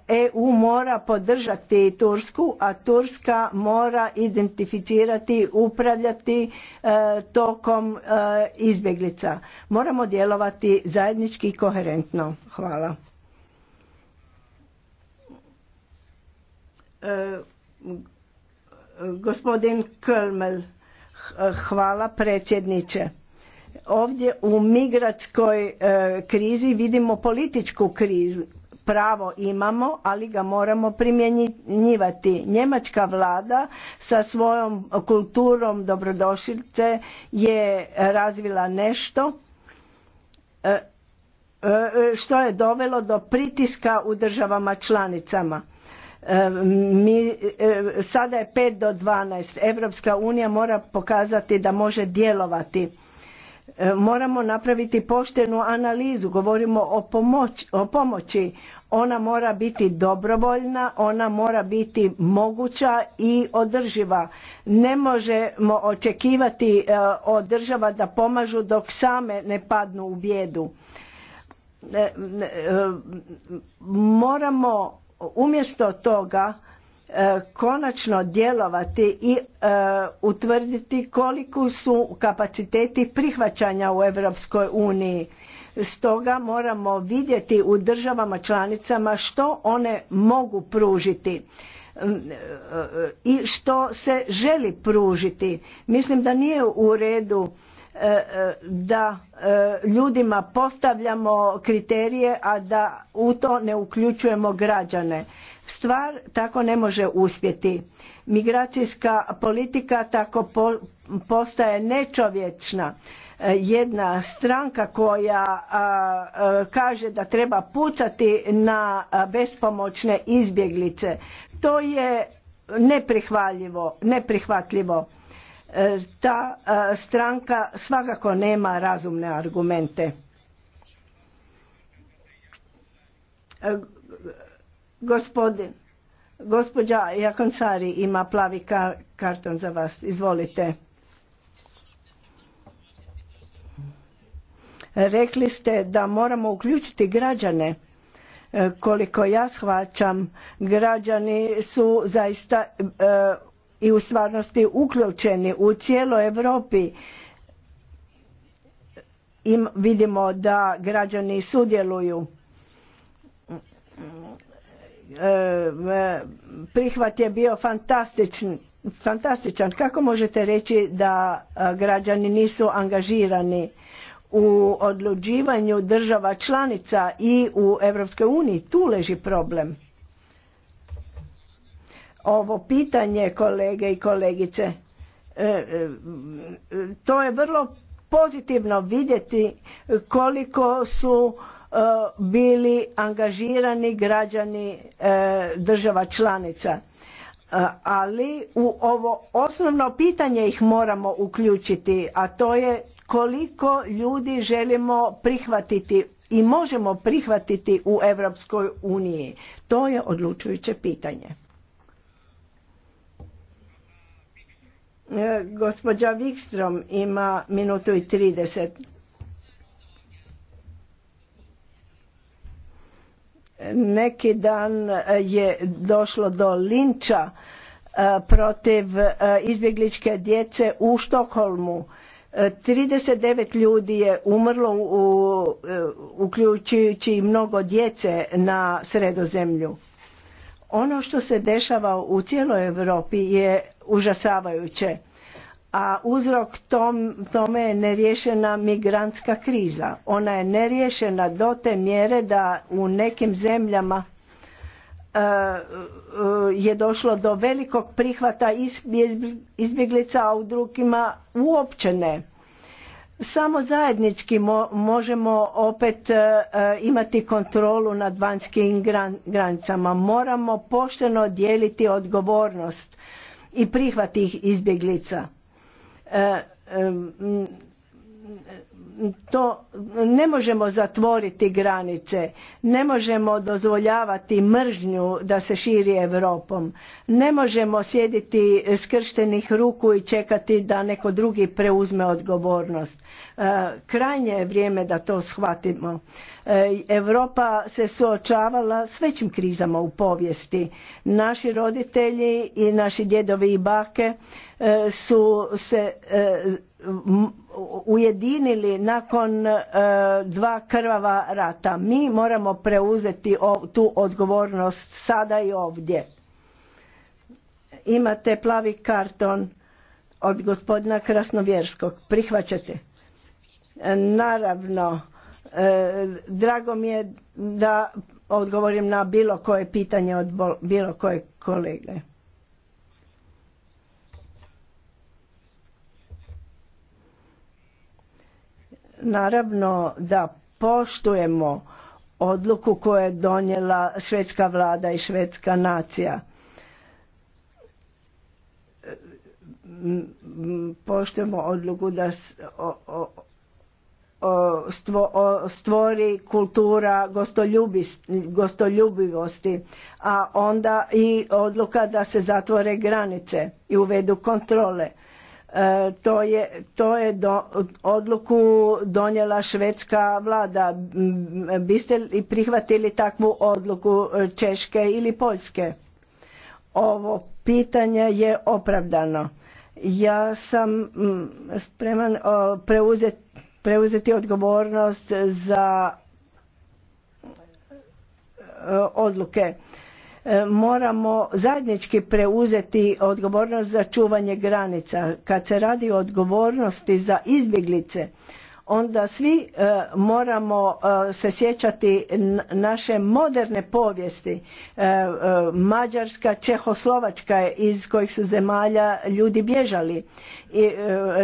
EU e mora podržati Tursku, a Turska mora identificirati, upravljati e, tokom izbjeglica. Moramo djelovati zajednički i koherentno. Hvala. Gospodin Kölmel Eh, hvala predsjedniče. Ovdje u migratskoj eh, krizi vidimo političku krizu. Pravo imamo, ali ga moramo primjenjivati. Njemačka vlada sa svojom kulturom dobrodošlice je razvila nešto eh, što je dovelo do pritiska u državama članicama E, mi, e, sada je 5 do 12. Evropska unija mora pokazati da može djelovati. E, moramo napraviti poštenu analizu. Govorimo o, o pomoći. Ona mora biti dobrovoljna, ona mora biti moguća i održiva. Ne možemo očekivati od država da pomažu dok same ne padnu u bijedu. Moramo umjesto toga e, konačno djelovati i e, utvrditi koliko su kapaciteti prihvaćanja u Europskoj uniji. Stoga moramo vidjeti u državama članicama što one mogu pružiti e, i što se želi pružiti. Mislim da nije u redu E, da e, ljudima postavljamo kriterije, a da u to ne uključujemo građane. Stvar tako ne može uspjeti. Migracijska politika tako postaje nečovječna. E, jedna stranka koja kaže da treba pucati na bespomoćne izbjeglice, to je neprihvatljivo. neprihvatljivo ta stranka svakako nema razumne argumente. E, gospodin, gospođa Jakoncari ima plavi karton za vas. Izvolite. Rekli ste da moramo uključiti građane. E, koliko ja shvaćam, građani su zaista e, i u stvarnosti uključeni u cijeloj Europi vidimo da građani sudjeluju e, e, prihvat je bio fantastičan kako možete reći da e, građani nisu angažirani u odluđivanju država članica i u Europskoj uniji tu leži problem ovo pitanje kolege i kolegice. E, e, to je vrlo pozitivno vidjeti koliko su e, bili angažirani građani država članica. Ali u ovo osnovno pitanje ih moramo uključiti, a to je koliko ljudi želimo prihvatiti i možemo prihvatiti u Europskoj uniji. To je odlučujuće pitanje. E, gospođa Wikstrom ima minutu i 30. Neki dan e, je došlo do linča e, protiv izbjegličke djece u Štokholmu. 39 ljudi je umrlo uključujući mnogo djece na sredozemlju. Ono što se dešava u cijeloj Europi je užasavajuće, a uzrok tom, tome je neriješena migrantska kriza. Ona je neriješena do te mjere da u nekim zemljama e, e, je došlo do velikog prihvata izbjeglica, a u drugima uopće ne. Samo zajednički možemo opet e, imati kontrolu nad vanjskim granicama. Moramo pošteno dijeliti odgovornost i ih izbjeglica. E, e, to ne možemo zatvoriti granice, ne možemo dozvoljavati mržnju da se širi Europom, ne možemo sjediti skrštenih ruku i čekati da neko drugi preuzme odgovornost. E, krajnje je vrijeme da to shvatimo. Europa se suočavala s većim krizama u povijesti. Naši roditelji i naši djedovi i bake E, su se e, ujedinili nakon e, dva krvava rata. Mi moramo preuzeti tu odgovornost sada i ovdje. Imate plavi karton od gospodina Krasnovjerskog. Prihvaćate? Naravno, drago mi je da odgovorim na bilo koje pitanje od bilo koje kolege. Naravno da poštujemo odluku koju je donijela švedska vlada i švedska nacija. Poštujemo odluku da stvori kultura gostoljubivosti, a onda i odluka da se zatvore granice i uvedu kontrole. E, to je, to je do, odluku donijela švedska vlada. Biste li prihvatili takvu odluku e, Češke ili Poljske? Ovo pitanje je opravdano. Ja sam spreman preuzeti odgovornost za e, odluke E, moramo zajednički preuzeti odgovornost za čuvanje granica. Kad se radi o odgovornosti za izbjeglice, onda svi e, moramo e, se sjećati naše moderne povijesti. Mađarska, Čehoslovačka iz kojih su zemalja ljudi bježali. I,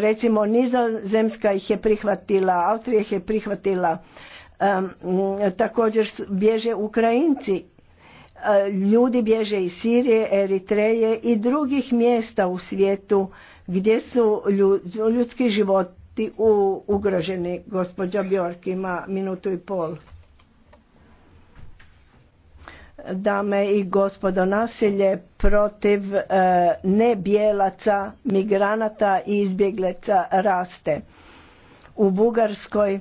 recimo Nizozemska ih je prihvatila, Austrija ih je prihvatila. Također bježe Ukrajinci E, ljudi bježe iz Sirije, Eritreje i drugih mjesta u svijetu gdje su ljudski životi ugroženi. Gospođa Bjork ima minutu i pol. Dame i gospodo, nasilje protiv e, nebijelaca, migranata i izbjeglica raste. U Bugarskoj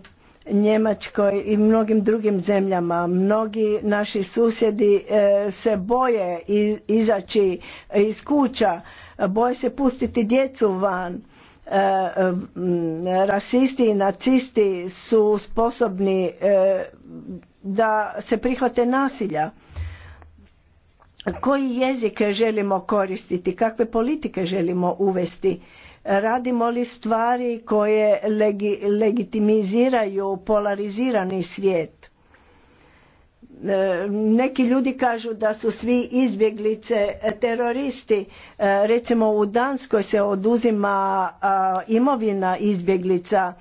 Njemačkoj i mnogim drugim zemljama. Mnogi naši susjedi e, se boje izaći iz kuća, boje se pustiti djecu van. E, rasisti i nacisti su sposobni e, da se prihvate nasilja. Koji jezike želimo koristiti, kakve politike želimo uvesti? radimo li stvari koje legitimiziraju polarizirani svijet e, neki ljudi kažu da su svi izbjeglice e, teroristi e, recimo u Danskoj se oduzima imovina izbjeglica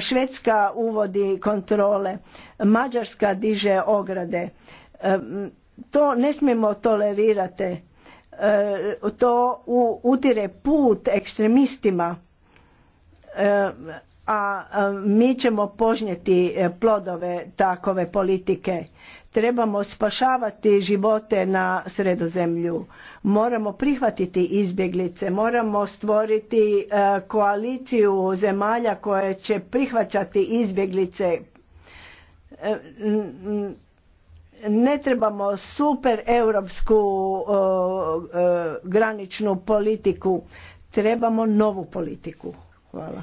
Švedska uvodi kontrole Mađarska diže ograde to ne smijemo tolerirati E, to utire put ekstremistima e, a mi ćemo požnjeti e, plodove takove politike. Trebamo spašavati živote na sredozemlju. Moramo prihvatiti izbjeglice, moramo stvoriti koaliciju zemalja koje će prihvaćati izbjeglice ne trebamo super europsku e, graničnu politiku, trebamo novu politiku. Hvala.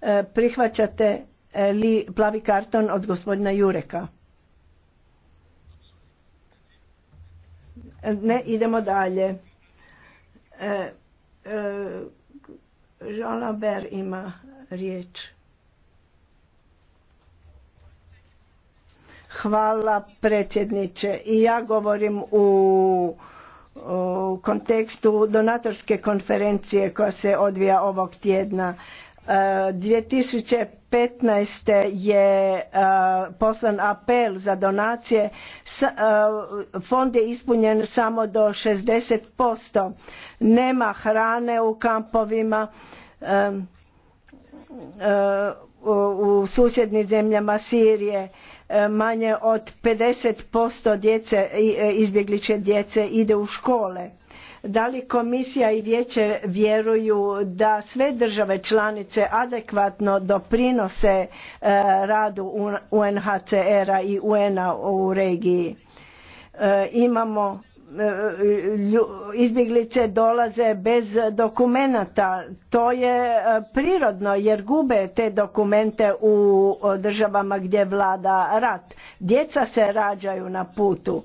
E, prihvaćate e, li plavi karton od gospodina Jureka? Ne, idemo dalje. Jean Lambert ima riječ. Hvala predsjedniče. I ja govorim u, kontekstu donatorske konferencije koja se odvija ovog tjedna. 2015. E, je e, poslan apel za donacije. E, fond je ispunjen samo do 60%. Nema hrane u kampovima. U susjednim zemljama Sirije E, manje od 50% djece, e, izbjegličke djece ide u škole. Da li komisija i vijeće vjeruju da sve države članice adekvatno doprinose e, radu UNHCR-a i UN-a u regiji? Imamo E, e, izbjeglice dolaze bez dokumenata. To je e, prirodno jer gube te dokumente u državama gdje vlada rat. Djeca se rađaju na putu.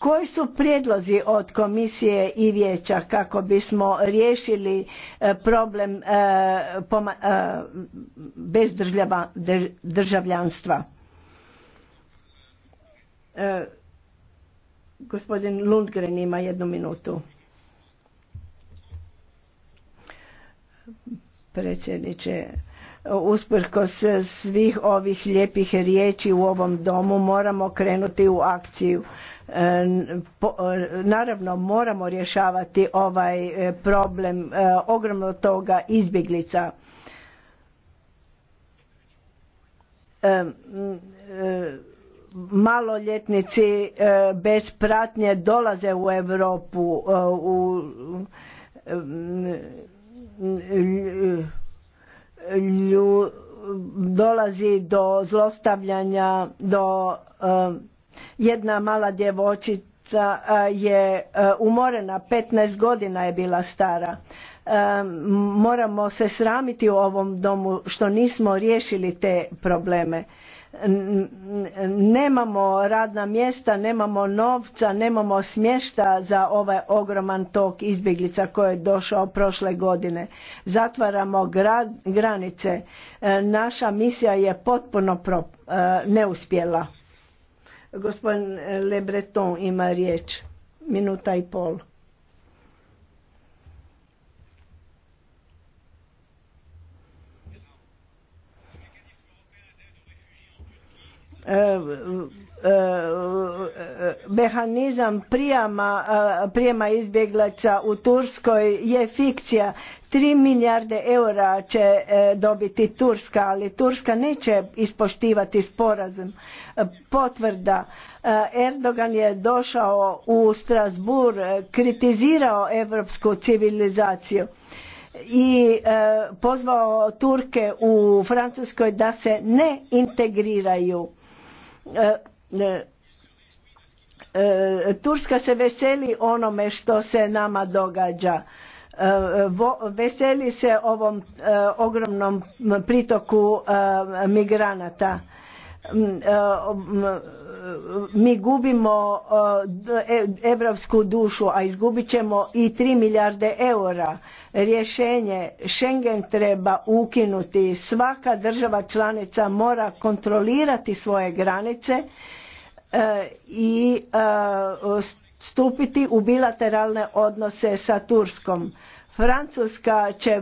Koji su prijedlozi od komisije i vijeća kako bismo riješili problem bez državljanstva? Gospodin Lundgren ima jednu minutu. Predsjedniče, usprkos svih ovih lijepih riječi u ovom domu moramo krenuti u akciju. E, naravno moramo rješavati ovaj e, problem, e, ogromno toga izbjeglica maloljetnici e, bez pratnje dolaze u Europu e, u e, dolazi do zlostavljanja do jedna mala djevojčica je umorena 15 godina je bila stara moramo se sramiti u ovom domu što nismo riješili te probleme nemamo radna mjesta, nemamo novca, nemamo smješta za ovaj ogroman tok izbjeglica koji je došao prošle godine. Zatvaramo granice. E, naša misija je potpuno e, neuspjela. Gospodin Le Breton ima riječ. Minuta i pol. E, e, e, mehanizam prijama, prijema izbjeglaca u Turskoj je fikcija. 3 milijarde eura će dobiti Turska, ali Turska neće ispoštivati sporazum. Potvrda. Erdogan je došao u Strasbur, kritizirao europsku civilizaciju i pozvao Turke u Francuskoj da se ne integriraju E, e, e, Turska se veseli onome što se nama događa. Veseli se ovom ogromnom pritoku migranata. Mi gubimo evropsku dušu, a izgubit ćemo i 3 milijarde eura rješenje Schengen treba ukinuti svaka država članica mora kontrolirati svoje granice e, i e, stupiti u bilateralne odnose sa Turskom Francuska će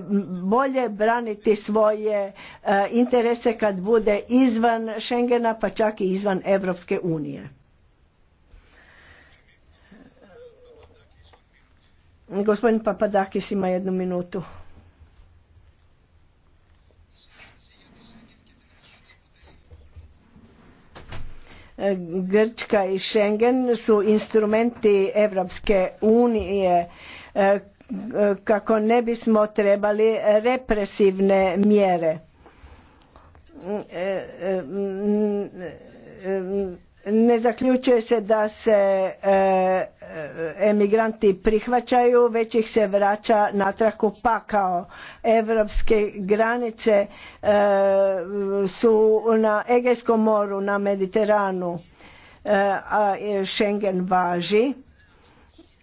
bolje braniti svoje e, interese kad bude izvan Schengena pa čak i izvan Europske unije Gospodin Papadakis ima jednu minutu. E, Grčka i Schengen su instrumenti Evropske unije e, kako ne bismo trebali represivne mjere e, ne zaključuje se da se e, e, emigranti prihvaćaju već ih se vraća natrag u pakao europske granice e, su na egejskom moru na mediteranu a schengen važi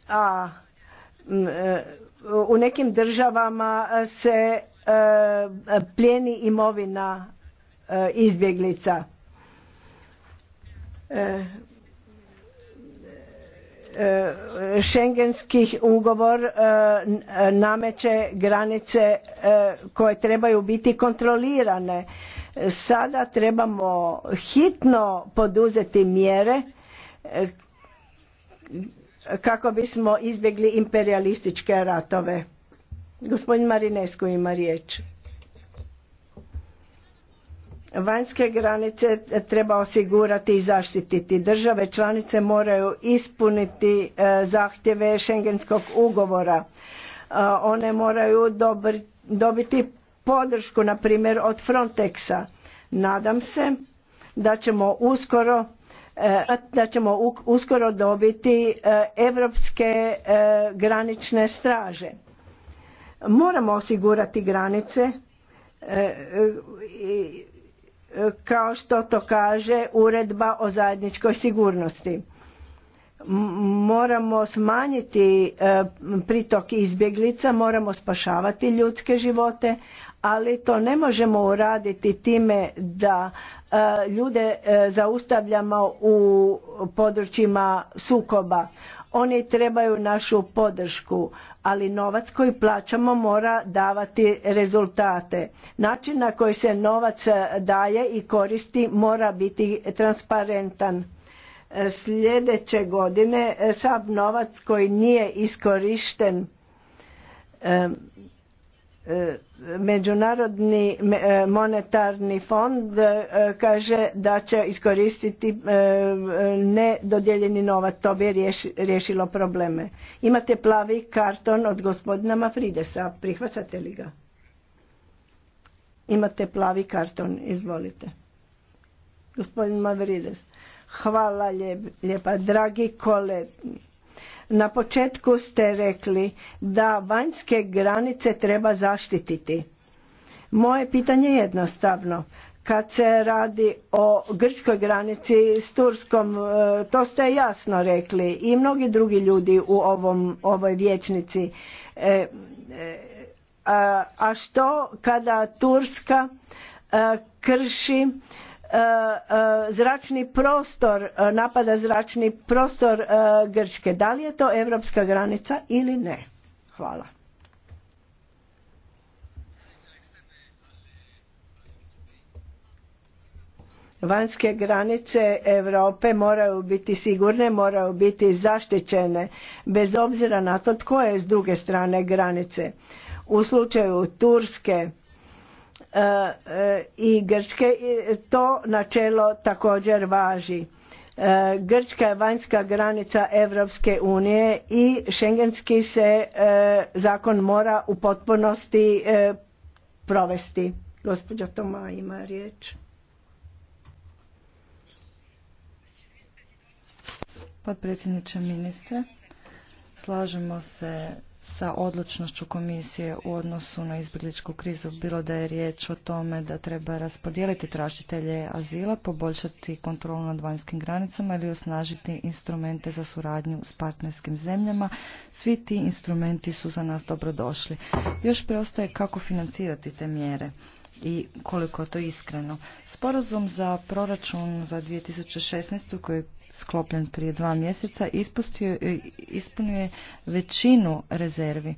a u nekim državama se plijeni imovina izbjeglica Schengenski e, e, ugovor e, nameće granice koje trebaju biti kontrolirane. Sada trebamo hitno poduzeti mjere kako bismo izbjegli imperialističke ratove. Gospodin Marinesko ima riječ. Vanjske granice treba osigurati i zaštititi. Države članice moraju ispuniti e, zahtjeve Schengenskog ugovora. E, one moraju dobiti podršku, na primjer, od Frontexa. Nadam se da ćemo uskoro e, da ćemo uskoro dobiti europske granične straže. Moramo osigurati granice i kao što to kaže uredba o zajedničkoj sigurnosti. Moramo smanjiti e, pritok izbjeglica, moramo spašavati ljudske živote, ali to ne možemo uraditi time da e, ljude e, zaustavljamo u područjima sukoba. Oni trebaju našu podršku ali novac koji plaćamo mora davati rezultate. Način na koji se novac e, daje i koristi mora biti transparentan. E, sljedeće godine e, sav novac koji nije iskorišten Međunarodni e, monetarni fond e, kaže da će iskoristiti e, nedodjeljeni novac, to bi riješilo probleme. Imate plavi karton od gospodina Mafridesa, prihvaćate li ga? Imate plavi karton, izvolite. Gospodin mafrides hvala lijepa, dragi kolegi na početku ste rekli da vanjske granice treba zaštititi. Moje pitanje je jednostavno. Kad se radi o grčkoj granici s Turskom, e, to ste jasno rekli i mnogi drugi ljudi u ovom, ovoj vječnici. E, e, a što kada Turska krši E, e, zračni prostor, e, napada zračni prostor Grčke. Da li je to europska granica ili ne? Hvala. vanjske granice Europe moraju biti sigurne, moraju biti zaštićene, bez obzira na to tko je s druge strane granice. U slučaju Turske E, e, i Grčke to načelo također važi. E, Grčka je vanjska granica Europske unije i šengenski se zakon mora u potpunosti provesti. Gospođa Toma ima riječ. Potpredsjedniče ministre, slažemo se sa odlučnošću komisije u odnosu na izbjegličku krizu, bilo da je riječ o tome da treba raspodijeliti tražitelje azila, poboljšati kontrolu nad vanjskim granicama ili osnažiti instrumente za suradnju s partnerskim zemljama. Svi ti instrumenti su za nas dobrodošli. Još preostaje kako financirati te mjere i koliko to iskreno. Sporazum za proračun za 2016. koji je sklopljen prije dva mjeseca e, ispunio je većinu rezervi.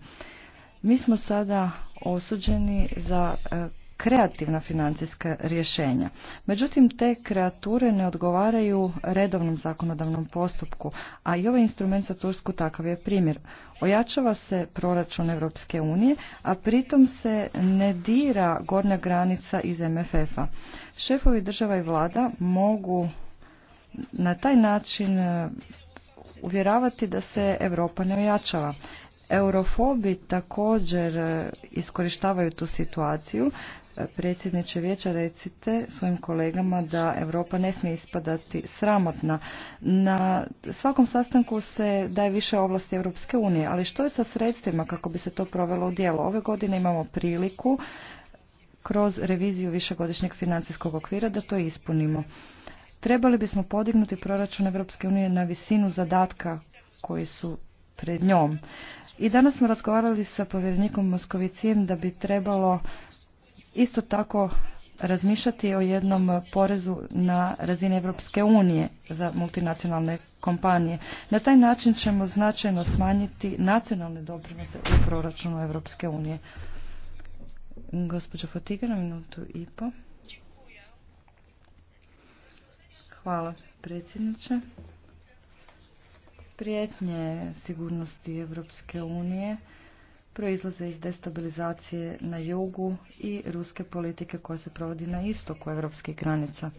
Mi smo sada osuđeni za e, kreativna financijska rješenja. Međutim, te kreature ne odgovaraju redovnom zakonodavnom postupku, a i ovaj instrument za Tursku takav je primjer. Ojačava se proračun Europske unije, a pritom se ne dira gornja granica iz MFF-a. Šefovi država i vlada mogu na taj način e, uvjeravati da se Europa ne ojačava. Eurofobi također e, iskorištavaju tu situaciju predsjedniče vijeća recite svojim kolegama da Europa ne smije ispadati sramotna. Na svakom sastanku se daje više ovlasti Europske unije, ali što je sa sredstvima kako bi se to provelo u djelo? Ove godine imamo priliku kroz reviziju višegodišnjeg financijskog okvira da to ispunimo. Trebali bismo podignuti proračun Europske unije na visinu zadatka koji su pred njom. I danas smo razgovarali sa povjerenikom Moskovicijem da bi trebalo isto tako razmišljati o jednom porezu na razini Europske unije za multinacionalne kompanije. Na taj način ćemo značajno smanjiti nacionalne doprinose u proračunu Europske unije. Gospođo Fotiga, na minutu i po. Hvala, predsjedniče. Prijetnje sigurnosti Europske unije proizlaze iz destabilizacije na jugu i ruske politike koja se provodi na istoku evropskih granica.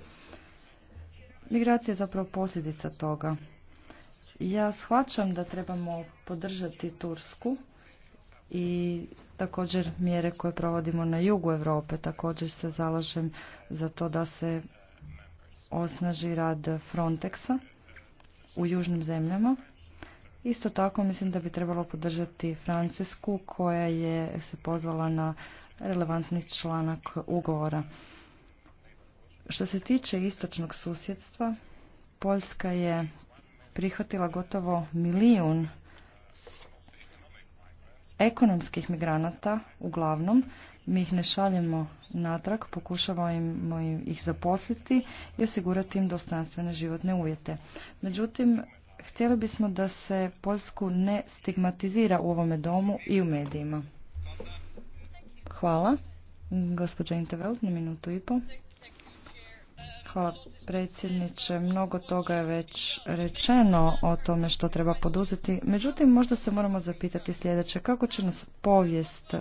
Migracija je zapravo posljedica toga. Ja shvaćam da trebamo podržati Tursku i također mjere koje provodimo na jugu Europe. Također se zalažem za to da se osnaži rad Frontexa u južnim zemljama Isto tako mislim da bi trebalo podržati Francusku koja je se pozvala na relevantni članak ugovora. Što se tiče istočnog susjedstva, Poljska je prihvatila gotovo milijun ekonomskih migranata uglavnom. Mi ih ne šaljemo natrag, pokušavamo ih zaposliti i osigurati im dostojanstvene životne uvjete. Međutim, Htjeli bismo da se Poljsku ne stigmatizira u ovome domu i u medijima. Hvala. Gospođa Intervelt, na minutu i po. Hvala predsjedniče. Mnogo toga je već rečeno o tome što treba poduzeti. Međutim, možda se moramo zapitati sljedeće. Kako će nas povijest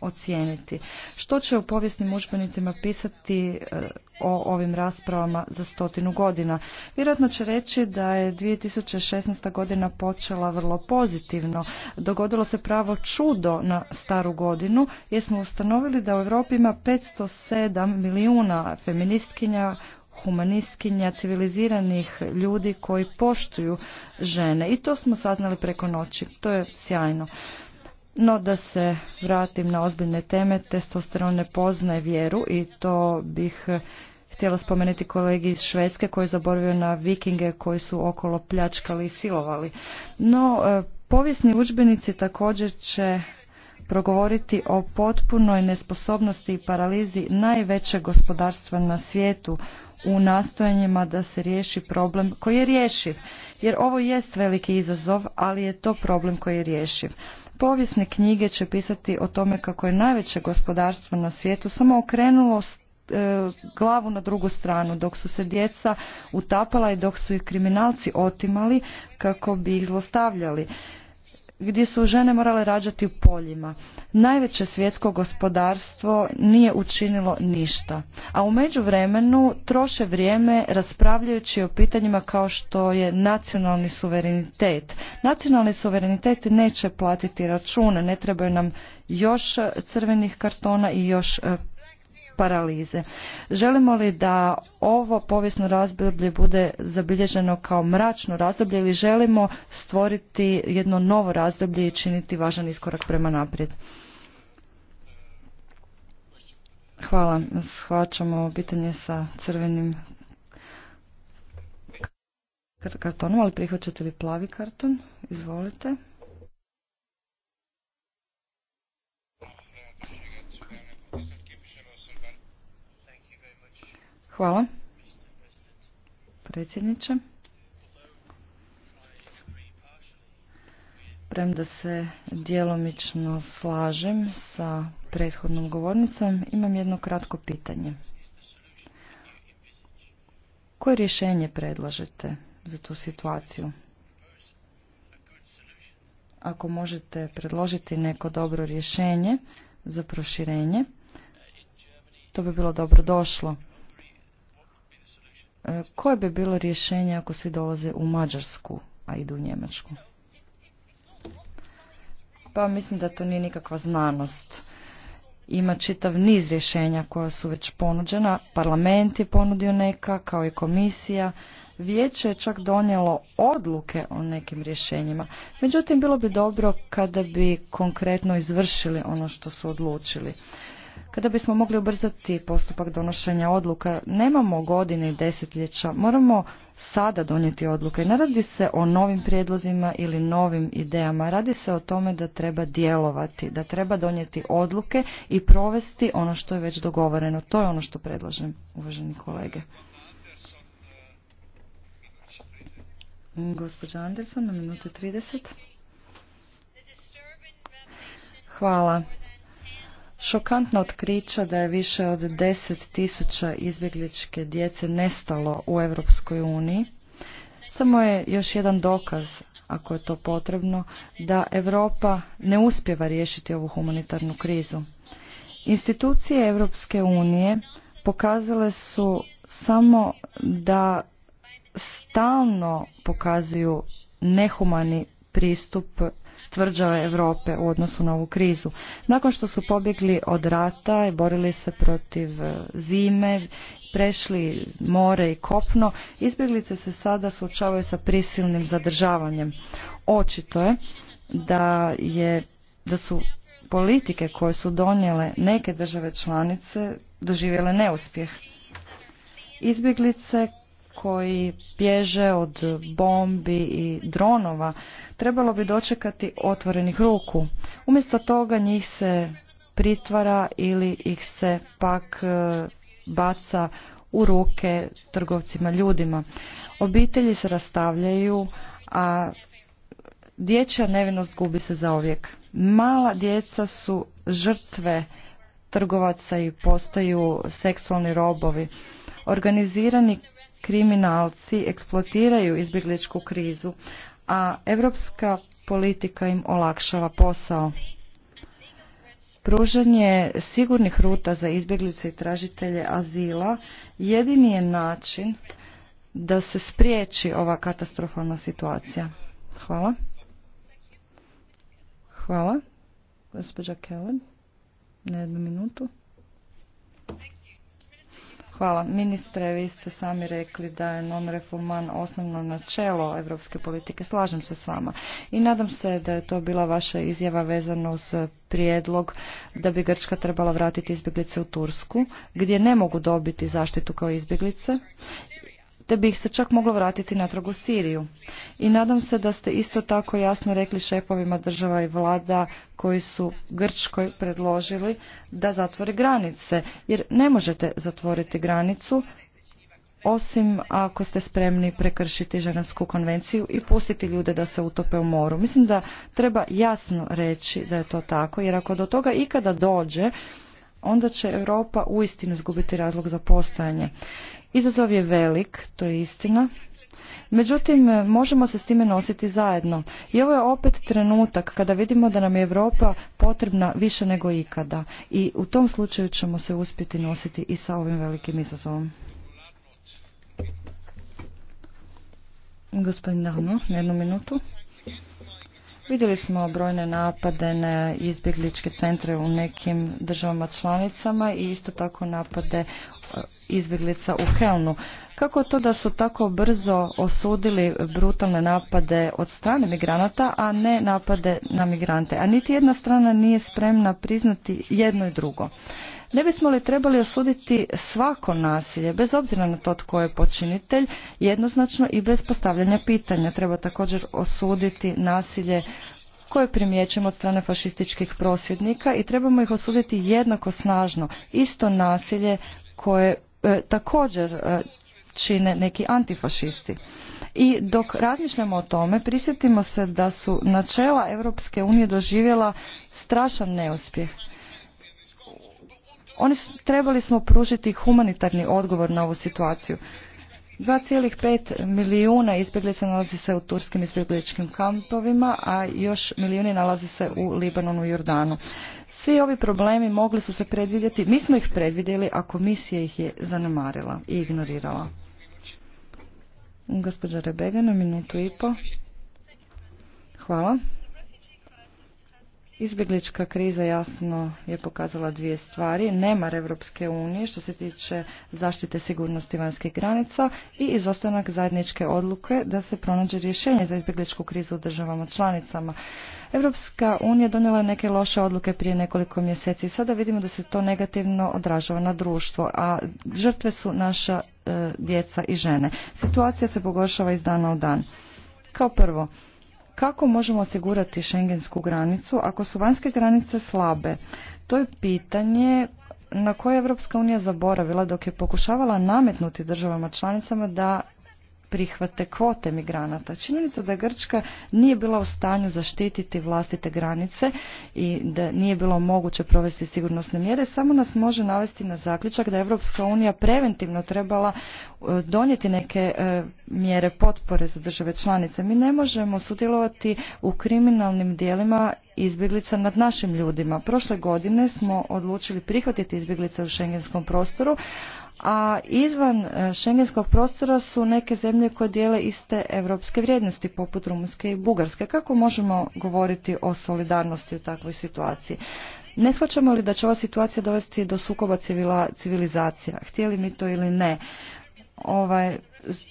ocijeniti. Što će u povijesnim učbenicima pisati e, o ovim raspravama za stotinu godina? Vjerojatno će reći da je 2016. godina počela vrlo pozitivno. Dogodilo se pravo čudo na staru godinu jer smo ustanovili da u Europi ima 507 milijuna feministkinja humanistkinja, civiliziranih ljudi koji poštuju žene. I to smo saznali preko noći. To je sjajno. No da se vratim na ozbiljne teme, testosteron ne poznaje vjeru i to bih eh, htjela spomenuti kolegi iz Švedske koji je zaboravio na vikinge koji su okolo pljačkali i silovali. No, eh, povijesni učbenici također će progovoriti o potpunoj nesposobnosti i paralizi najvećeg gospodarstva na svijetu u nastojanjima da se riješi problem koji je rješiv. Jer ovo jest veliki izazov, ali je to problem koji je rješiv. Povijesne knjige će pisati o tome kako je najveće gospodarstvo na svijetu samo okrenulo e, glavu na drugu stranu, dok su se djeca utapala i dok su ih kriminalci otimali kako bi ih zlostavljali gdje su žene morale rađati u poljima. Najveće svjetsko gospodarstvo nije učinilo ništa, a u međuvremenu troše vrijeme raspravljajući o pitanjima kao što je nacionalni suverenitet. Nacionalni suverenitet neće platiti račune, ne trebaju nam još crvenih kartona i još e, paralize. Želimo li da ovo povijesno razdoblje bude zabilježeno kao mračno razdoblje ili želimo stvoriti jedno novo razdoblje i činiti važan iskorak prema naprijed? Hvala. Shvaćamo pitanje sa crvenim kartonom, ali prihvaćate li plavi karton? Izvolite. Hvala, predsjedniče. Premda se djelomično slažem sa prethodnom govornicom, imam jedno kratko pitanje. Koje rješenje predlažete za tu situaciju? Ako možete predložiti neko dobro rješenje za proširenje, to bi bilo dobro došlo. E, koje bi bilo rješenje ako svi dolaze u Mađarsku, a idu u Njemačku? Pa mislim da to nije nikakva znanost. Ima čitav niz rješenja koja su već ponuđena. Parlament je ponudio neka, kao i komisija. Vijeće je čak donijelo odluke o nekim rješenjima. Međutim, bilo bi dobro kada bi konkretno izvršili ono što su odlučili kada bismo mogli ubrzati postupak donošenja odluka, nemamo godine i desetljeća, moramo sada donijeti odluke. Ne radi se o novim prijedlozima ili novim idejama, radi se o tome da treba djelovati, da treba donijeti odluke i provesti ono što je već dogovoreno. To je ono što predlažem, uvaženi kolege. Gospođa Anderson, na minutu 30. Hvala. Šokantno otkrića da je više od tisuća izbjegličke djece nestalo u Europskoj uniji samo je još jedan dokaz ako je to potrebno da Europa ne uspjeva riješiti ovu humanitarnu krizu. Institucije Europske unije pokazale su samo da stalno pokazuju nehumani pristup tvrđave Europe u odnosu na ovu krizu. Nakon što su pobjegli od rata i borili se protiv e, zime, prešli more i kopno, izbjeglice se sada suočavaju sa prisilnim zadržavanjem. Očito je da je da su politike koje su donijele neke države članice doživjele neuspjeh. Izbjeglice koji pježe od bombi i dronova trebalo bi dočekati otvorenih ruku. Umjesto toga njih se pritvara ili ih se pak e, baca u ruke trgovcima ljudima. Obitelji se rastavljaju, a dječja nevinost gubi se ovijek. Mala djeca su žrtve trgovaca i postaju seksualni robovi. Organizirani kriminalci eksploatiraju izbjegličku krizu, a europska politika im olakšava posao. Pružanje sigurnih ruta za izbjeglice i tražitelje azila jedini je način da se spriječi ova katastrofalna situacija. Hvala. Hvala. Gospođa Kellen, na jednu minutu. Hvala. Ministre, vi ste sami rekli da je non reforman osnovno načelo evropske politike. Slažem se s vama. I nadam se da je to bila vaša izjava vezano uz prijedlog da bi Grčka trebala vratiti izbjeglice u Tursku, gdje ne mogu dobiti zaštitu kao izbjeglice bi ih se čak moglo vratiti natrag u Siriju. I nadam se da ste isto tako jasno rekli šefovima država i vlada koji su Grčkoj predložili da zatvori granice, jer ne možete zatvoriti granicu osim ako ste spremni prekršiti Ženevsku konvenciju i pustiti ljude da se utope u moru. Mislim da treba jasno reći da je to tako, jer ako do toga ikada dođe, onda će Europa uistinu izgubiti razlog za postojanje. Izazov je velik, to je istina. Međutim, možemo se s time nositi zajedno. I ovo je opet trenutak kada vidimo da nam je Europa potrebna više nego ikada. I u tom slučaju ćemo se uspjeti nositi i sa ovim velikim izazovom. Gospodin Dano, jednu minutu. Vidjeli smo brojne napade na izbjegličke centre u nekim državama članicama i isto tako napade izbjeglica u Helnu. Kako to da su tako brzo osudili brutalne napade od strane migranata, a ne napade na migrante? A niti jedna strana nije spremna priznati jedno i drugo. Ne bismo li trebali osuditi svako nasilje, bez obzira na to tko je počinitelj, jednoznačno i bez postavljanja pitanja. Treba također osuditi nasilje koje primjećujemo od strane fašističkih prosvjednika i trebamo ih osuditi jednako snažno. Isto nasilje koje e, također e, čine neki antifašisti. I dok razmišljamo o tome, prisjetimo se da su načela Europske unije doživjela strašan neuspjeh. Oni trebali smo pružiti humanitarni odgovor na ovu situaciju. 2,5 milijuna izbjeglica nalazi se u turskim izbjegličkim kampovima, a još milijuni nalazi se u Libanonu i Jordanu. Svi ovi problemi mogli su se predvidjeti, mi smo ih predvidjeli, a komisija ih je zanemarila i ignorirala. Gospođa Rebega na minutu i po. Hvala. Izbjeglička kriza jasno je pokazala dvije stvari. Nemar Evropske unije što se tiče zaštite sigurnosti vanjskih granica i izostanak zajedničke odluke da se pronađe rješenje za izbjegličku krizu u državama članicama. Europska unija donijela neke loše odluke prije nekoliko mjeseci i sada vidimo da se to negativno odražava na društvo, a žrtve su naša e, djeca i žene. Situacija se pogoršava iz dana u dan. Kao prvo, kako možemo osigurati šengensku granicu ako su vanjske granice slabe? To je pitanje na koje je Europska unija zaboravila dok je pokušavala nametnuti državama članicama da prihvate kvote migranata. Činjenica da Grčka nije bila u stanju zaštititi vlastite granice i da nije bilo moguće provesti sigurnosne mjere samo nas može navesti na zaključak da je Europska unija preventivno trebala e, donijeti neke e, mjere potpore za države članice. Mi ne možemo sudjelovati u kriminalnim dijelima izbjeglica nad našim ljudima. Prošle godine smo odlučili prihvatiti izbjeglice u šengenskom prostoru, a izvan šengenskog e, prostora su neke zemlje koje dijele iste evropske vrijednosti poput rumunske i Bugarske. Kako možemo govoriti o solidarnosti u takvoj situaciji? Ne shvaćamo li da će ova situacija dovesti do sukoba civila, civilizacija, htjeli mi to ili ne? Ovaj,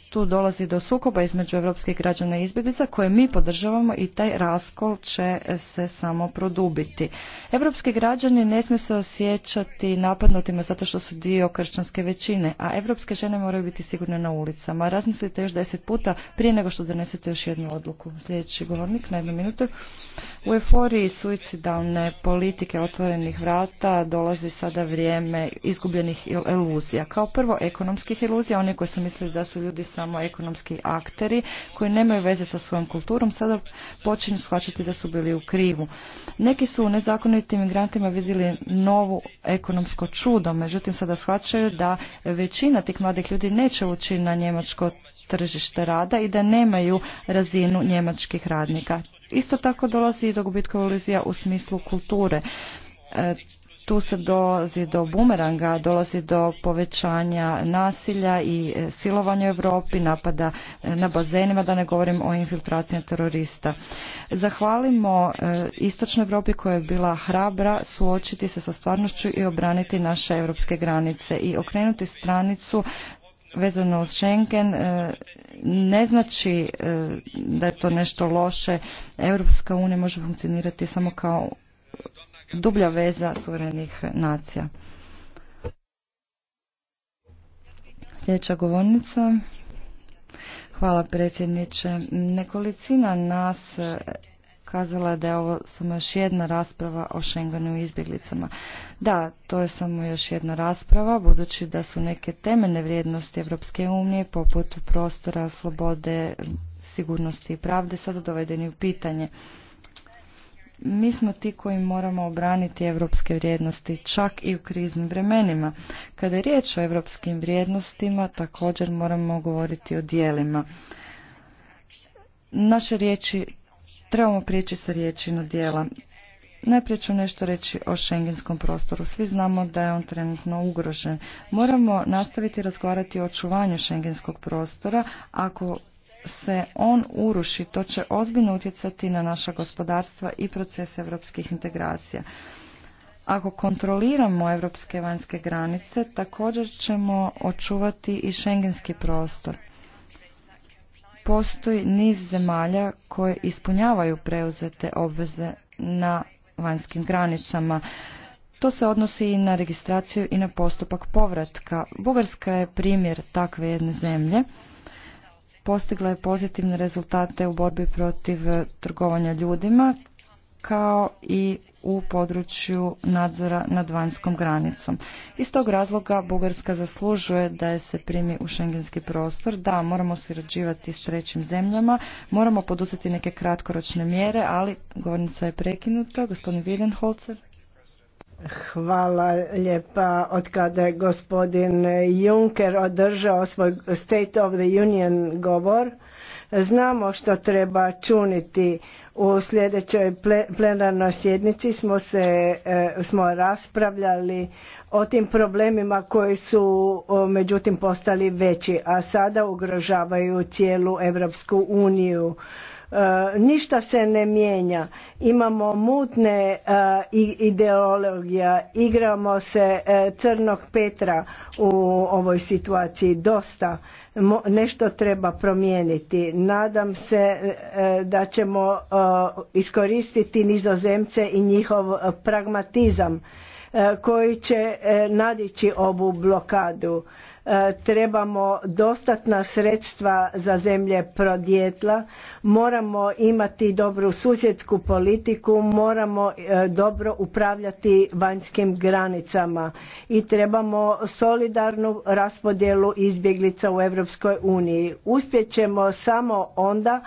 tu dolazi do sukoba između evropskih građana i izbjeglica koje mi podržavamo i taj raskol će se samo produbiti. Evropski građani ne smiju se osjećati napadnutima zato što su dio kršćanske većine, a europske žene moraju biti sigurne na ulicama. Razmislite još deset puta prije nego što donesete još jednu odluku. Sljedeći govornik na jednu minutu. U euforiji suicidalne politike otvorenih vrata dolazi sada vrijeme izgubljenih iluzija. Kao prvo ekonomskih iluzija, oni koji su mislili da su ljudi samo ekonomski akteri koji nemaju veze sa svojom kulturom sada počinju shvaćati da su bili u krivu. Neki su u nezakonitim migrantima vidjeli novu ekonomsko čudo, međutim sada shvaćaju da većina tih mladih ljudi neće ući na njemačko tržište rada i da nemaju razinu njemačkih radnika. Isto tako dolazi i do gubitka u smislu kulture. E, tu se dolazi do bumeranga, dolazi do povećanja nasilja i e, silovanja u Europi, napada e, na bazenima, da ne govorim o infiltraciji terorista. Zahvalimo e, Istočnoj Europi koja je bila hrabra suočiti se sa stvarnošću i obraniti naše europske granice i okrenuti stranicu vezano s Schengen ne znači da je to nešto loše. Europska unija može funkcionirati samo kao dublja veza suverenih nacija. Sljedeća govornica. Hvala predsjedniče. Nekolicina nas e, kazala da je ovo samo još jedna rasprava o Schengenu i izbjeglicama. Da, to je samo još jedna rasprava, budući da su neke temeljne vrijednosti Europske unije, poput prostora, slobode, sigurnosti i pravde, sada dovedeni u pitanje mi smo ti koji moramo obraniti europske vrijednosti, čak i u kriznim vremenima. Kada je riječ o europskim vrijednostima, također moramo govoriti o dijelima. Naše riječi trebamo prijeći sa riječi na dijela. Najprije ću nešto reći o šengenskom prostoru. Svi znamo da je on trenutno ugrožen. Moramo nastaviti razgovarati o očuvanju šengenskog prostora ako se on uruši, to će ozbiljno utjecati na naša gospodarstva i proces europskih integracija. Ako kontroliramo europske vanjske granice, također ćemo očuvati i šengenski prostor. Postoji niz zemalja koje ispunjavaju preuzete obveze na vanjskim granicama. To se odnosi i na registraciju i na postupak povratka. Bugarska je primjer takve jedne zemlje postigla je pozitivne rezultate u borbi protiv eh, trgovanja ljudima kao i u području nadzora nad vanjskom granicom. Iz tog razloga Bugarska zaslužuje da je se primi u šengenski prostor. Da, moramo surađivati s trećim zemljama, moramo poduzeti neke kratkoročne mjere, ali govornica je prekinuta. Gospodin Willenholzer. Hvala lijepa. Od kada je gospodin Juncker održao svoj State of the Union govor, znamo što treba čuniti. U sljedećoj plenarnoj sjednici smo, se, e, smo raspravljali o tim problemima koji su međutim postali veći, a sada ugrožavaju cijelu Europsku uniju Eh, ništa se ne mijenja. Imamo mutne eh, ideologije, igramo se eh, crnog Petra u ovoj situaciji dosta. Nešto treba promijeniti. Nadam se da ćemo iskoristiti nizozemce i njihov pragmatizam koji će nadići ovu blokadu E, trebamo dostatna sredstva za zemlje prodjetla, moramo imati dobru susjedsku politiku, moramo e, dobro upravljati vanjskim granicama i trebamo solidarnu raspodjelu izbjeglica u Europskoj uniji. Uspjećemo samo onda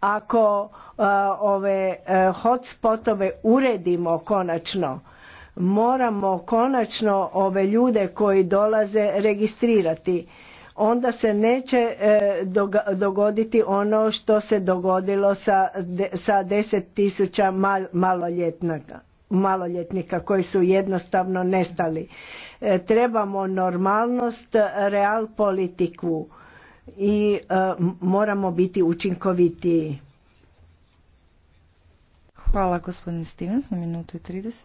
ako e, ove hotspotove uredimo konačno moramo konačno ove ljude koji dolaze registrirati onda se neće e, dogoditi ono što se dogodilo sa deset tisuća maloljetnika koji su jednostavno nestali. E, trebamo normalnost, real politiku i e, moramo biti učinkovitiji. Hvala gospodin Stevens na minutu 30.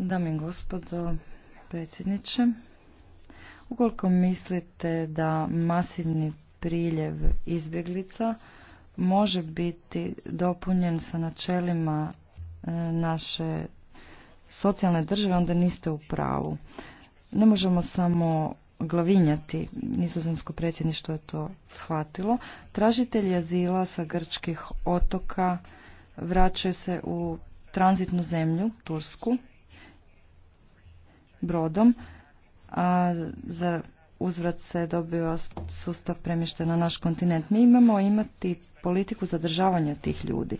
Dame i gospodo, predsjedniče, ukoliko mislite da masivni priljev izbjeglica može biti dopunjen sa načelima e, naše socijalne države, onda niste u pravu. Ne možemo samo glavinjati, nizozemsko predsjedništvo je to shvatilo. Tražitelji azila sa grčkih otoka vraćaju se u tranzitnu zemlju, Tursku, brodom, a za uzvrat se dobio sustav premješten na naš kontinent. Mi imamo imati politiku zadržavanja tih ljudi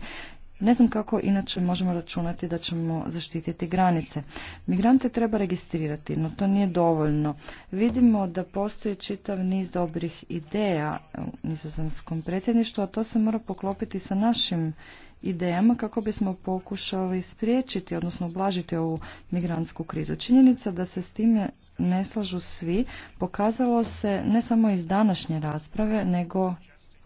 ne znam kako inače možemo računati da ćemo zaštititi granice. Migrante treba registrirati, no to nije dovoljno. Vidimo da postoji čitav niz dobrih ideja u nizozemskom predsjedništvu, a to se mora poklopiti sa našim idejama kako bismo pokušali spriječiti, odnosno ublažiti ovu migrantsku krizu. Činjenica da se s time ne slažu svi pokazalo se ne samo iz današnje rasprave, nego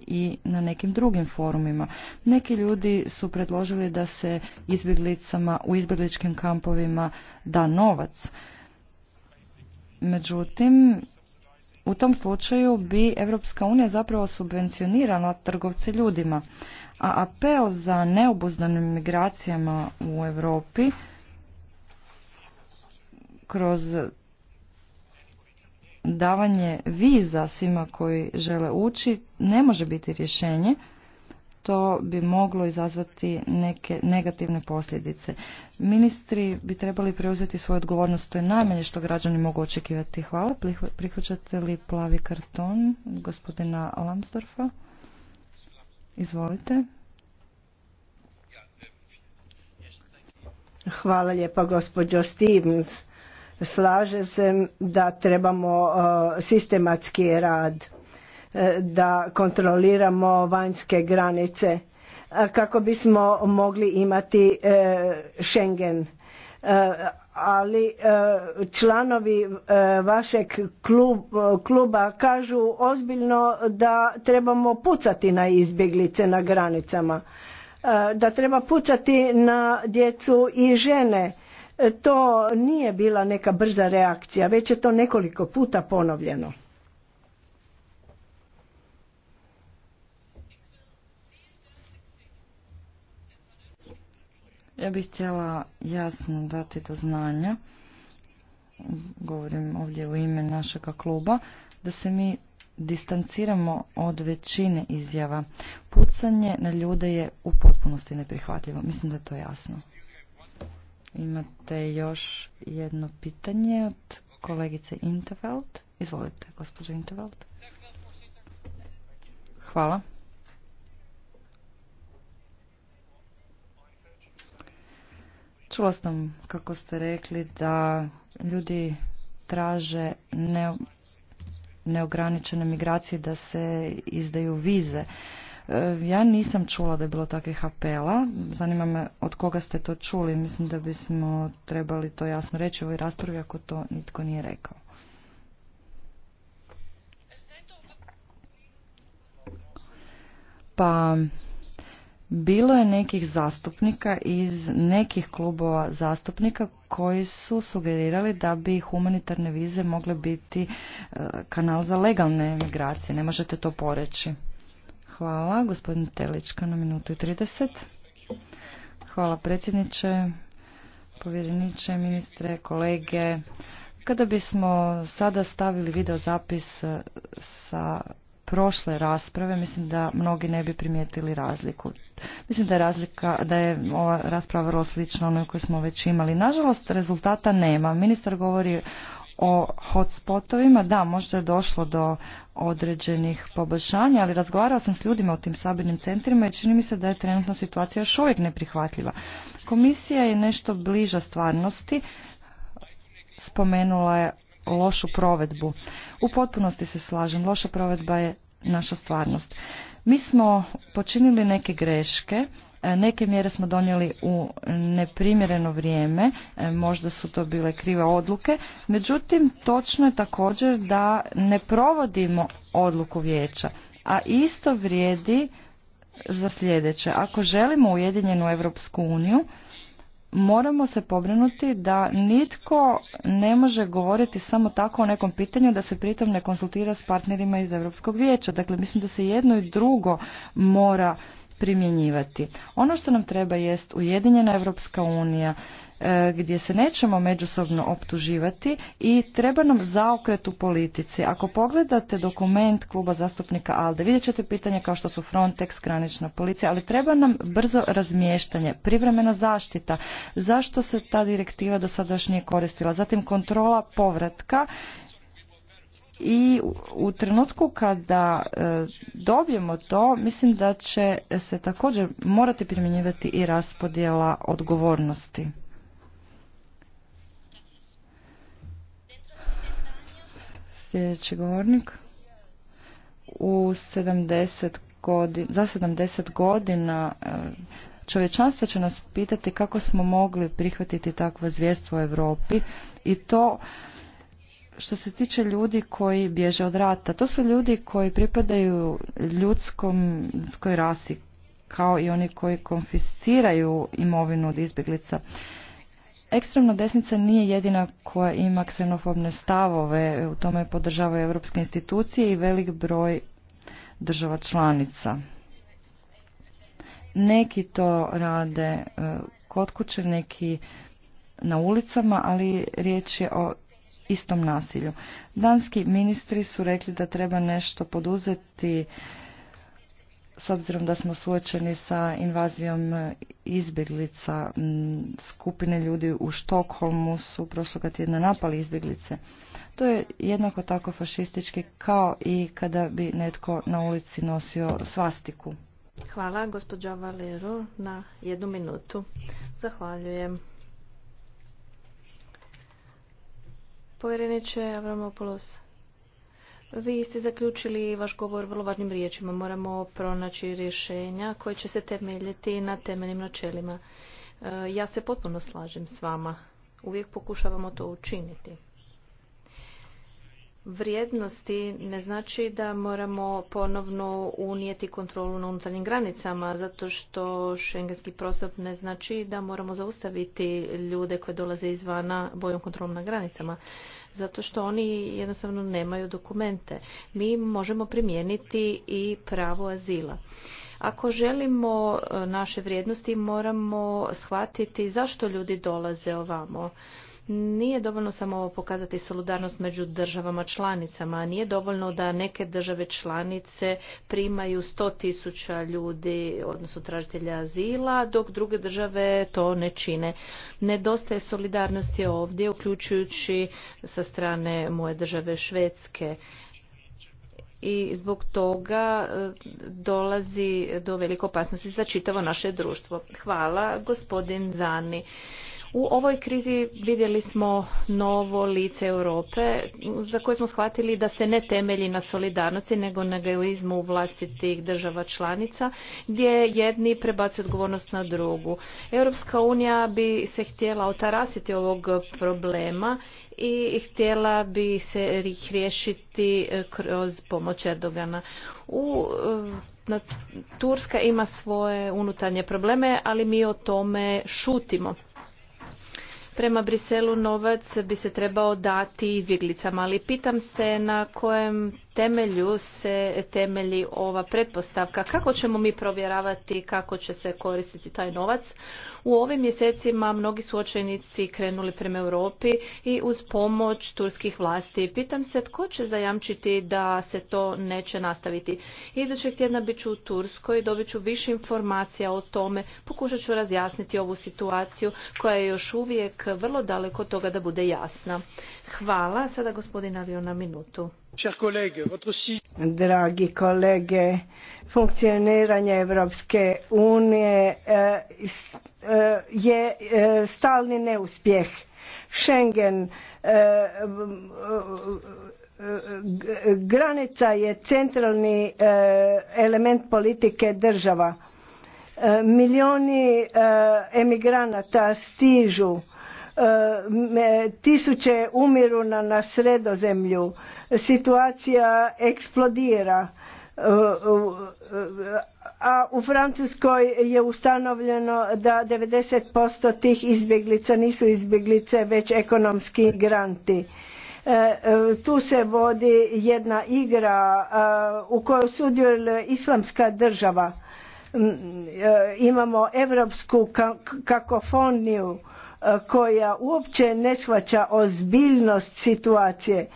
i na nekim drugim forumima. Neki ljudi su predložili da se izbjeglicama u izbjegličkim kampovima da novac. Međutim, u tom slučaju bi Europska unija zapravo subvencionirala trgovce ljudima, a apel za neobuzdanim migracijama u Europi kroz davanje viza svima koji žele ući ne može biti rješenje. To bi moglo izazvati neke negativne posljedice. Ministri bi trebali preuzeti svoju odgovornost, to je najmanje što građani mogu očekivati. Hvala. Prihvaćate li plavi karton gospodina Lamsdorfa? Izvolite. Hvala lijepa gospođo Stevens Slaže se da trebamo uh, sistematski rad, uh, da kontroliramo vanjske granice uh, kako bismo mogli imati Schengen. Ali članovi vašeg kluba kažu ozbiljno da trebamo pucati na izbjeglice na granicama da treba pucati na djecu i žene E, to nije bila neka brza reakcija, već je to nekoliko puta ponovljeno. Ja bih htjela jasno dati do znanja, govorim ovdje u ime našega kluba, da se mi distanciramo od većine izjava. Pucanje na ljude je u potpunosti neprihvatljivo. Mislim da je to jasno. Imate još jedno pitanje od kolegice Interveld. Izvolite, gospođo Interveld. Hvala. Čula sam kako ste rekli da ljudi traže ne, neograničene migracije da se izdaju vize. E, ja nisam čula da je bilo takvih apela. Zanima me od koga ste to čuli. Mislim da bismo trebali to jasno reći u ovoj raspravi ako to nitko nije rekao. Pa bilo je nekih zastupnika iz nekih klubova zastupnika koji su sugerirali da bi humanitarne vize mogle biti e, kanal za legalne migracije. Ne možete to poreći. Hvala. Gospodin Telička na minutu i 30. Hvala predsjedniče, povjereniče, ministre, kolege. Kada bismo sada stavili video zapis e, sa prošle rasprave, mislim da mnogi ne bi primijetili razliku. Mislim da je razlika, da je ova rasprava vrlo slična onoj koju smo već imali. Nažalost, rezultata nema. Ministar govori o hotspotovima, da, možda je došlo do određenih poboljšanja, ali razgovarao sam s ljudima u tim sabirnim centrima i čini mi se da je trenutna situacija još uvijek neprihvatljiva. Komisija je nešto bliža stvarnosti, spomenula je lošu provedbu. U potpunosti se slažem, loša provedba je naša stvarnost. Mi smo počinili neke greške E, neke mjere smo donijeli u neprimjereno vrijeme, e, možda su to bile krive odluke, međutim točno je također da ne provodimo odluku vijeća, a isto vrijedi za sljedeće. Ako želimo ujedinjenu Europsku uniju, moramo se pobrinuti da nitko ne može govoriti samo tako o nekom pitanju da se pritom ne konsultira s partnerima iz Europskog vijeća. Dakle, mislim da se jedno i drugo mora primjenjivati. Ono što nam treba jest Ujedinjena Europska unija e, gdje se nećemo međusobno optuživati i treba nam zaokret u politici. Ako pogledate dokument kluba zastupnika ALDE, vidjet ćete pitanje kao što su Frontex, granična policija, ali treba nam brzo razmještanje, privremena zaštita, zašto se ta direktiva do sada još nije koristila, zatim kontrola povratka i u trenutku kada e, dobijemo to, mislim da će se također morati primjenjivati i raspodjela odgovornosti. Sljedeći govornik. U 70 za 70 godina e, čovječanstvo će nas pitati kako smo mogli prihvatiti takvo zvijestvo u Europi i to što se tiče ljudi koji bježe od rata, to su ljudi koji pripadaju ljudskom ljudskoj rasi, kao i oni koji konfisciraju imovinu od izbjeglica. Ekstremna desnica nije jedina koja ima ksenofobne stavove, u tome podržavaju europske institucije i velik broj država članica. Neki to rade eh, kod kuće, neki na ulicama, ali riječ je o istom nasilju. Danski ministri su rekli da treba nešto poduzeti s obzirom da smo suočeni sa invazijom izbjeglica. Skupine ljudi u Štokholmu su prošloga tjedna napali izbjeglice. To je jednako tako fašistički kao i kada bi netko na ulici nosio svastiku. Hvala, gospođa Valero, na jednu minutu. Zahvaljujem. Povjereniče Avramopoulos, vi ste zaključili vaš govor vrlo važnim riječima. Moramo pronaći rješenja koje će se temeljiti na temeljnim načelima. E, ja se potpuno slažem s vama. Uvijek pokušavamo to učiniti vrijednosti ne znači da moramo ponovno unijeti kontrolu na unutarnjim granicama, zato što šengenski prostor ne znači da moramo zaustaviti ljude koji dolaze izvana bojom kontrolom na granicama, zato što oni jednostavno nemaju dokumente. Mi možemo primijeniti i pravo azila. Ako želimo e, naše vrijednosti, moramo shvatiti zašto ljudi dolaze ovamo. Nije dovoljno samo pokazati solidarnost među državama članicama, nije dovoljno da neke države članice primaju sto tisuća ljudi, odnosno tražitelja azila, dok druge države to ne čine. Nedostaje solidarnosti ovdje, uključujući sa strane moje države Švedske i zbog toga e, dolazi do velike opasnosti za čitavo naše društvo. Hvala gospodin Zani. U ovoj krizi vidjeli smo novo lice Europe za koje smo shvatili da se ne temelji na solidarnosti nego na egoizmu vlastitih država članica gdje jedni prebacuju odgovornost na drugu. Europska unija bi se htjela otarasiti ovog problema i htjela bi se ih riješiti e, kroz pomoć Erdogana. U e, Turska ima svoje unutarnje probleme, ali mi o tome šutimo. Prema Briselu novac bi se trebao dati izbjeglicama, ali pitam se na kojem temelju se temelji ova pretpostavka kako ćemo mi provjeravati kako će se koristiti taj novac. U ovim mjesecima mnogi su krenuli prema Europi i uz pomoć turskih vlasti. Pitam se tko će zajamčiti da se to neće nastaviti. Idućeg tjedna bit ću u Turskoj, dobit ću više informacija o tome, pokušat ću razjasniti ovu situaciju koja je još uvijek vrlo daleko od toga da bude jasna. Hvala. Sada gospodin Avio na minutu. Dragi kolege, funkcioniranje Europske unije e, e, je e, stalni neuspjeh. Schengen granica je centralni element politike država. milijuni emigranata stižu E, e, tisuće umiru na sredozemlju, situacija eksplodira, e, a u Francuskoj je ustanovljeno da 90% tih izbjeglica nisu izbjeglice već ekonomski granti Tu se vodi jedna igra u kojoj sudjeluje islamska država. Imamo evropsku kakofoniju koja uopće ne shvaća ozbiljnost situacije.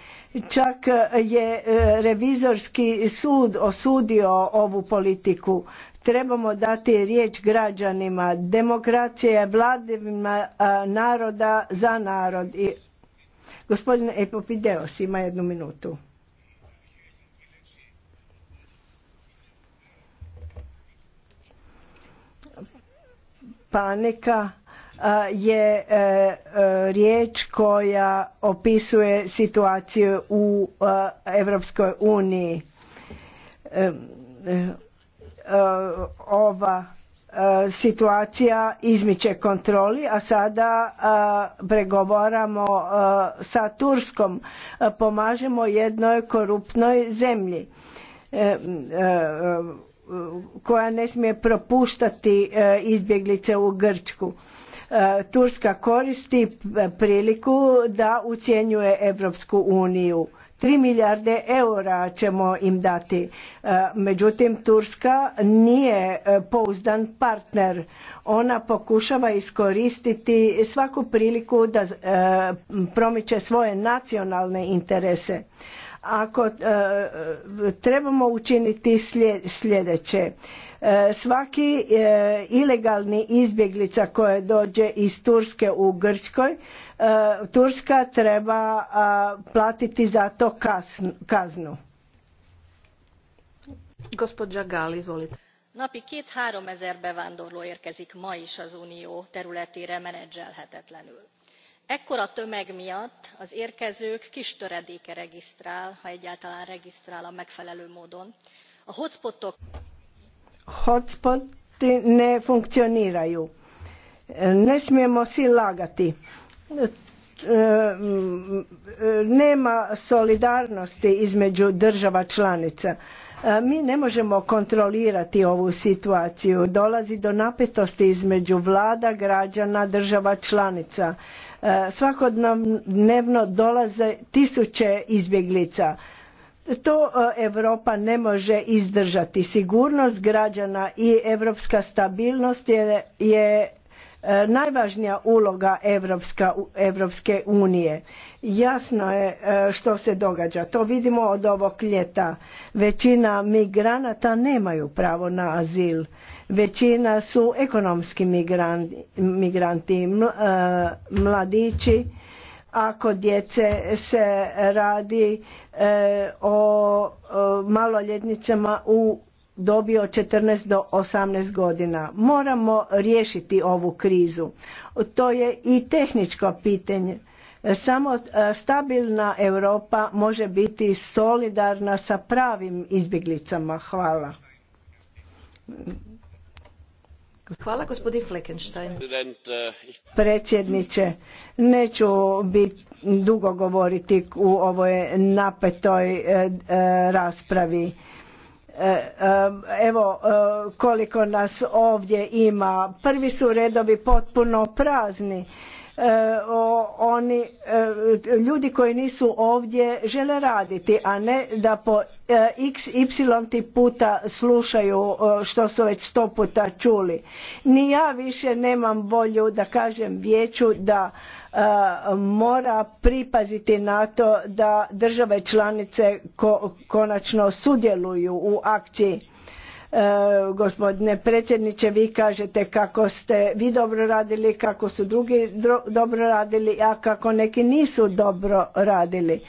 Čak e, je e, revizorski sud osudio ovu politiku. Trebamo dati riječ građanima. Demokracija je e, naroda za narod. I gospodin Epopideos ima jednu minutu. Panika je e, e, riječ koja opisuje situaciju u Europskoj uniji. E, ova situacija izmiče kontroli, a sada pregovaramo sa Turskom, pomažemo jednoj korupnoj zemlji koja ne smije propuštati izbjeglice u Grčku E, Turska koristi e, priliku da ucjenjuje Europsku uniju. 3 milijarde eura ćemo im dati. E, međutim, Turska nije pouzdan partner. Ona pokušava iskoristiti svaku priliku da promiče svoje nacionalne interese. Ako trebamo učiniti sljedeće, E, svaki e, ilegalni izbjeglica koja dođe iz Turske u Grčkoj, e, Turska treba platiti za to kaznu. Gospođa Gali, izvolite. Napi 2 három ezer bevándorló érkezik ma is az Unió területére menedzselhetetlenül. Ekkora tömeg miatt az érkezők kis töredéke regisztrál, ha egyáltalán regisztrál a megfelelő módon. A hotspotok hotspoti ne funkcioniraju. Ne smijemo si lagati. E, nema solidarnosti između država članica. E, mi ne možemo kontrolirati ovu situaciju. Dolazi do napetosti između vlada, građana, država članica. E, svakodnevno dolaze tisuće izbjeglica to e, Europa ne može izdržati. Sigurnost građana i europska stabilnost je, je e, najvažnija uloga Evropska, Evropske unije. Jasno je e, što se događa. To vidimo od ovog ljeta. Većina migranata nemaju pravo na azil. Većina su ekonomski migranti, mladići, ako djece se radi e, o maloljetnicama u dobi od 14 do 18 godina. Moramo riješiti ovu krizu. To je i tehničko pitanje. Samo e, stabilna Europa može biti solidarna sa pravim izbjeglicama. Hvala. Hvala gospodin eh, neću dugo govoriti u ovoj napetoj eh, eh, raspravi. Evo koliko nas ovdje ima. Prvi su redovi potpuno prazni E, oni e, ljudi koji nisu ovdje žele raditi a ne da po e, x y puta slušaju što su već sto puta čuli ni ja više nemam volju da kažem vijeću da mora pripaziti na to da države članice konačno sudjeluju u akciji E, gospodine predsjedniče vi kažete kako ste vi dobro radili kako su drugi dobro radili a kako neki nisu dobro radili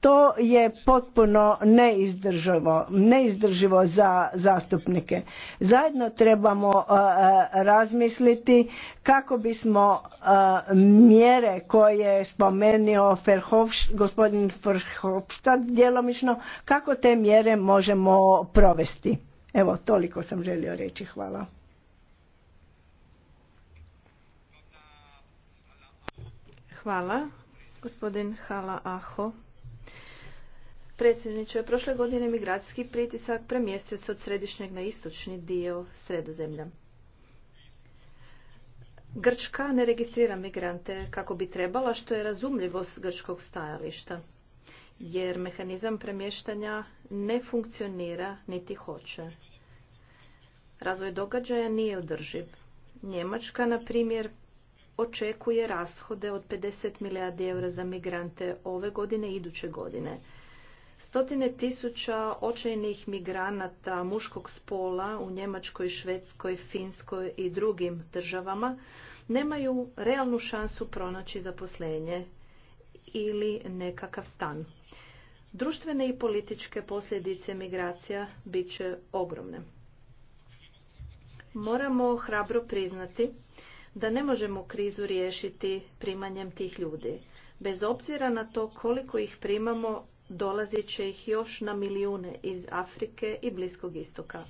to je potpuno neizdrživo, neizdrživo za zastupnike. Zajedno trebamo e, razmisliti kako bismo e, mjere koje je spomenuo gospodin Verhofstadt djelomično, kako te mjere možemo provesti. Evo, toliko sam želio reći. Hvala. Hvala. Gospodin Hala Aho. Predsjedniče, prošle godine migracijski pritisak premjestio se od središnjeg na istočni dio sredozemlja. Grčka ne registrira migrante kako bi trebala, što je razumljivost grčkog stajališta jer mehanizam premještanja ne funkcionira niti hoće. Razvoj događaja nije održiv. Njemačka, na primjer, očekuje rashode od 50 milijardi eura za migrante ove godine i iduće godine. Stotine tisuća očajnih migranata muškog spola u Njemačkoj, Švedskoj, Finskoj i drugim državama nemaju realnu šansu pronaći zaposlenje ili nekakav stan. Društvene i političke posljedice migracija bit će ogromne. Moramo hrabro priznati da ne možemo krizu riješiti primanjem tih ljudi. Bez obzira na to koliko ih primamo, dolazit će ih još na milijune iz Afrike i Bliskog istoka.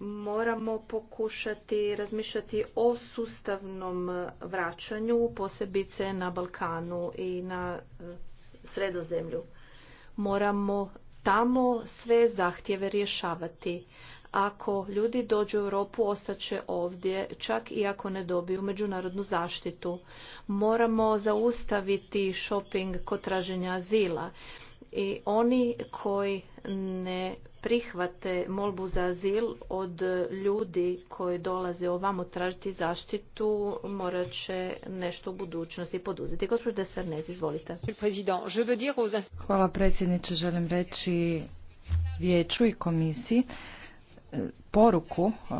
Moramo pokušati razmišljati o sustavnom vraćanju, posebice na Balkanu i na sredozemlju. Moramo tamo sve zahtjeve rješavati. Ako ljudi dođu u Europu, ostaće ovdje, čak i ako ne dobiju međunarodnu zaštitu. Moramo zaustaviti shopping kod traženja azila i oni koji ne prihvate molbu za azil od ljudi koji dolaze ovamo tražiti zaštitu morat će nešto u budućnosti poduzeti. Gospođo Desarnez, izvolite. Hvala predsjedniče, želim reći vijeću i komisiji e, poruku e,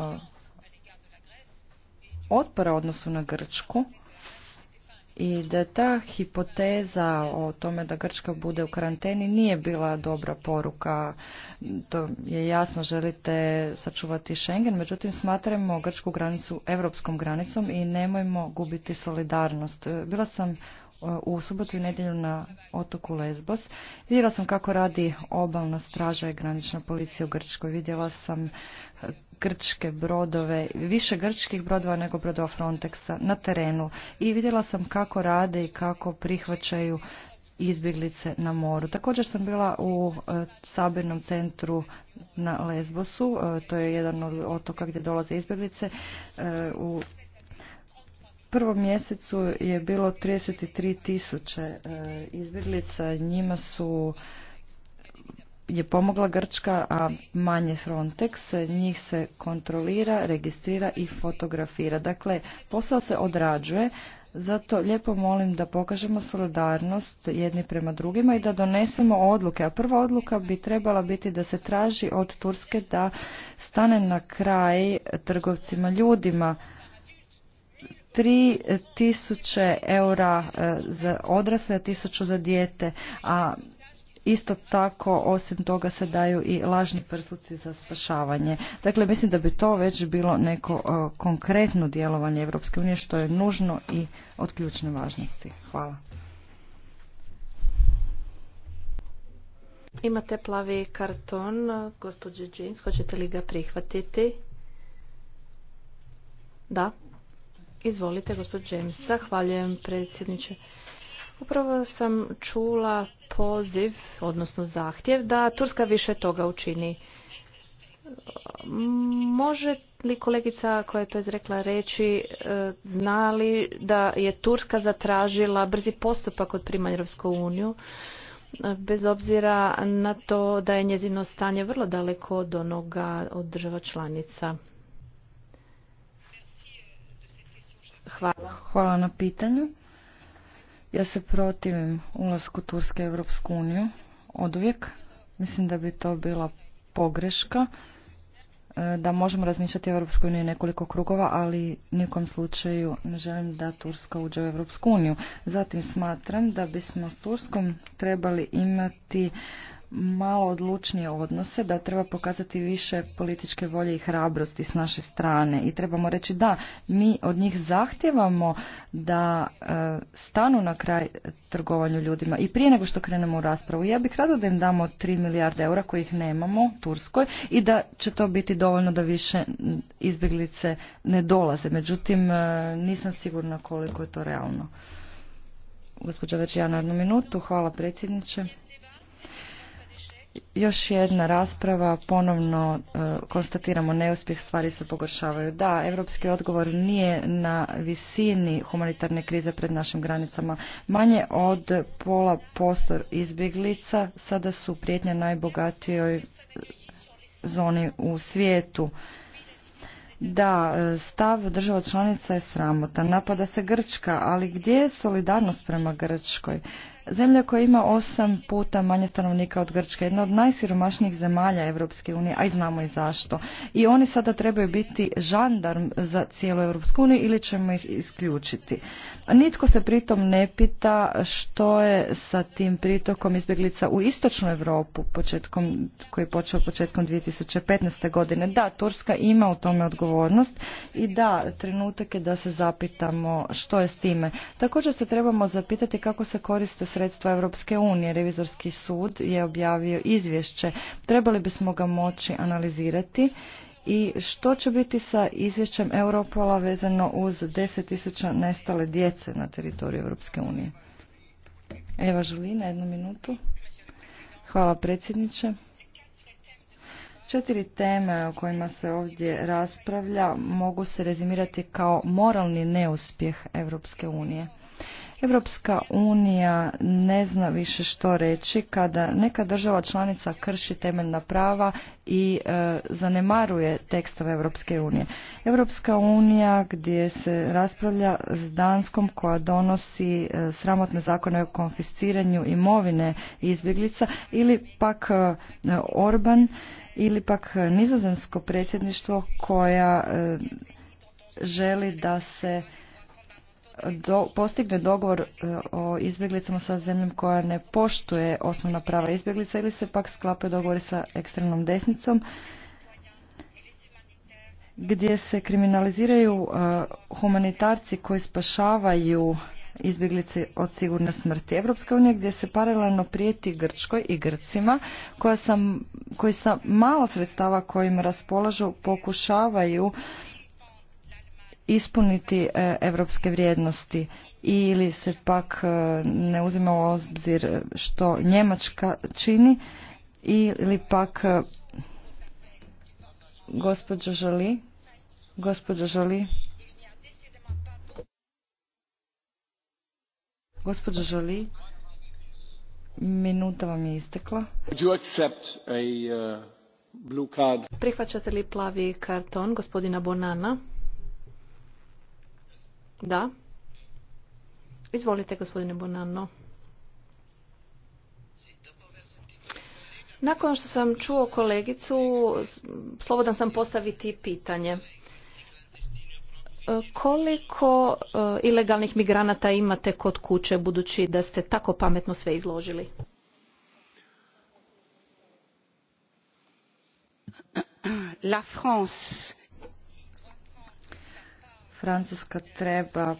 otpora odnosu na Grčku i da ta hipoteza o tome da Grčka bude u karanteni nije bila dobra poruka. To je jasno, želite sačuvati Schengen, međutim smatramo Grčku granicu europskom granicom i nemojmo gubiti solidarnost. Bila sam u subotu i nedjelju na otoku Lesbos. Vidjela sam kako radi obalna straža i granična policija u Grčkoj. Vidjela sam e, grčke brodove, više grčkih brodova nego brodova Frontexa na terenu. I vidjela sam kako rade i kako prihvaćaju izbjeglice na moru. Također sam bila u e, sabirnom centru na Lesbosu, e, to je jedan od otoka gdje dolaze izbjeglice. U prvom mjesecu je bilo 33 tisuće e, izbjeglica, njima su je pomogla Grčka, a manje Frontex, njih se kontrolira, registrira i fotografira. Dakle, posao se odrađuje, zato lijepo molim da pokažemo solidarnost jedni prema drugima i da donesemo odluke. A prva odluka bi trebala biti da se traži od Turske da stane na kraj trgovcima ljudima, 3000 eura e, za odrasle, 1000 za dijete, a isto tako osim toga se daju i lažni prsluci za spašavanje. Dakle, mislim da bi to već bilo neko e, konkretno djelovanje Europske unije što je nužno i od ključne važnosti. Hvala. Imate plavi karton, gospođo Džins, hoćete li ga prihvatiti? Da. Izvolite, gospod James. Zahvaljujem, predsjedniče. Upravo sam čula poziv, odnosno zahtjev, da Turska više toga učini. Može li kolegica koja je to izrekla reći, e, zna li da je Turska zatražila brzi postupak od prima Europsku uniju, bez obzira na to da je njezino stanje vrlo daleko od onoga od država članica Hvala. na pitanju. Ja se protivim ulasku Turske u Europsku uniju od uvijek. Mislim da bi to bila pogreška e, da možemo razmišljati o Europskoj uniji nekoliko krugova, ali nikom slučaju ne želim da Turska uđe u Europsku uniju. Zatim smatram da bismo s Turskom trebali imati malo odlučnije odnose, da treba pokazati više političke volje i hrabrosti s naše strane i trebamo reći da, mi od njih zahtjevamo da e, stanu na kraj trgovanju ljudima i prije nego što krenemo u raspravu. Ja bih rado da im damo 3 milijarde eura kojih nemamo Turskoj i da će to biti dovoljno da više izbjeglice ne dolaze. Međutim, e, nisam sigurna koliko je to realno. Gospođa već ja na jednu minutu. Hvala predsjedniče još jedna rasprava, ponovno e, konstatiramo neuspjeh, stvari se pogoršavaju. Da, evropski odgovor nije na visini humanitarne krize pred našim granicama. Manje od pola postor izbjeglica sada su prijetnja najbogatijoj zoni u svijetu. Da, e, stav država članica je sramotan. Napada se Grčka, ali gdje je solidarnost prema Grčkoj? Zemlja koja ima osam puta manje stanovnika od Grčke, jedna od najsiromašnijih zemalja Europske unije, a i znamo i zašto. I oni sada trebaju biti žandarm za cijelu Evropsku uniju ili ćemo ih isključiti. Nitko se pritom ne pita što je sa tim pritokom izbjeglica u istočnu Europu početkom, koji je počeo početkom 2015. godine. Da, Turska ima u tome odgovornost i da, trenutak je da se zapitamo što je s time. Također se trebamo zapitati kako se koriste sredstva Europske unije. Revizorski sud je objavio izvješće. Trebali bismo ga moći analizirati i što će biti sa izvješćem Europola vezano uz 10.000 nestale djece na teritoriju Europske unije? Eva Žulina, jednu minutu. Hvala predsjedniče. Četiri teme o kojima se ovdje raspravlja mogu se rezimirati kao moralni neuspjeh Europske unije. Europska unija ne zna više što reći kada neka država članica krši temeljna prava i e, zanemaruje tekstove Europske unije. Europska unija gdje se raspravlja s Danskom koja donosi e, sramotne zakone o konfisciranju imovine izbjeglica ili pak e, Orban ili pak nizozemsko predsjedništvo koja želi da se do, postigne dogovor e, o izbjeglicama sa zemljom koja ne poštuje osnovna prava izbjeglica ili se pak sklapaju dogovori sa ekstremnom desnicom gdje se kriminaliziraju e, humanitarci koji spašavaju izbjeglice od sigurne smrti Evropske unije gdje se paralelno prijeti Grčkoj i Grcima koji sa malo sredstava kojim raspolažu pokušavaju ispuniti europske vrijednosti ili se pak e, ne uzima u obzir što Njemačka čini ili pak e, gospođo Žali gospođo Žali gospođo Žali minuta vam je istekla e, prihvaćate li plavi karton gospodina Bonana da. Izvolite, gospodine Bonanno. Nakon što sam čuo kolegicu, slobodan sam postaviti pitanje. Koliko e, ilegalnih migranata imate kod kuće, budući da ste tako pametno sve izložili? La France Francuska treba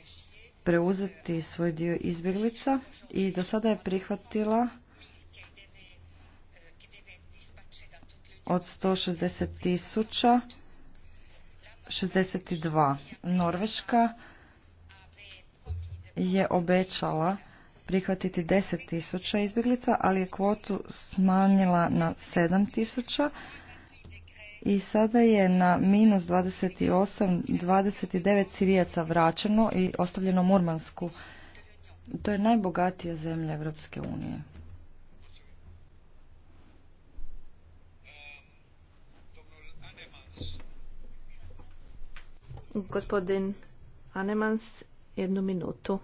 preuzeti svoj dio izbjeglica i do sada je prihvatila od 160 tisuća 62. Norveška je obećala prihvatiti 10 tisuća izbjeglica, ali je kvotu smanjila na 7 tisuća i sada je na minus 28, 29 Sirijaca vraćeno i ostavljeno Murmansku. To je najbogatija zemlja Evropske unije. Gospodin Anemans, jednu minutu.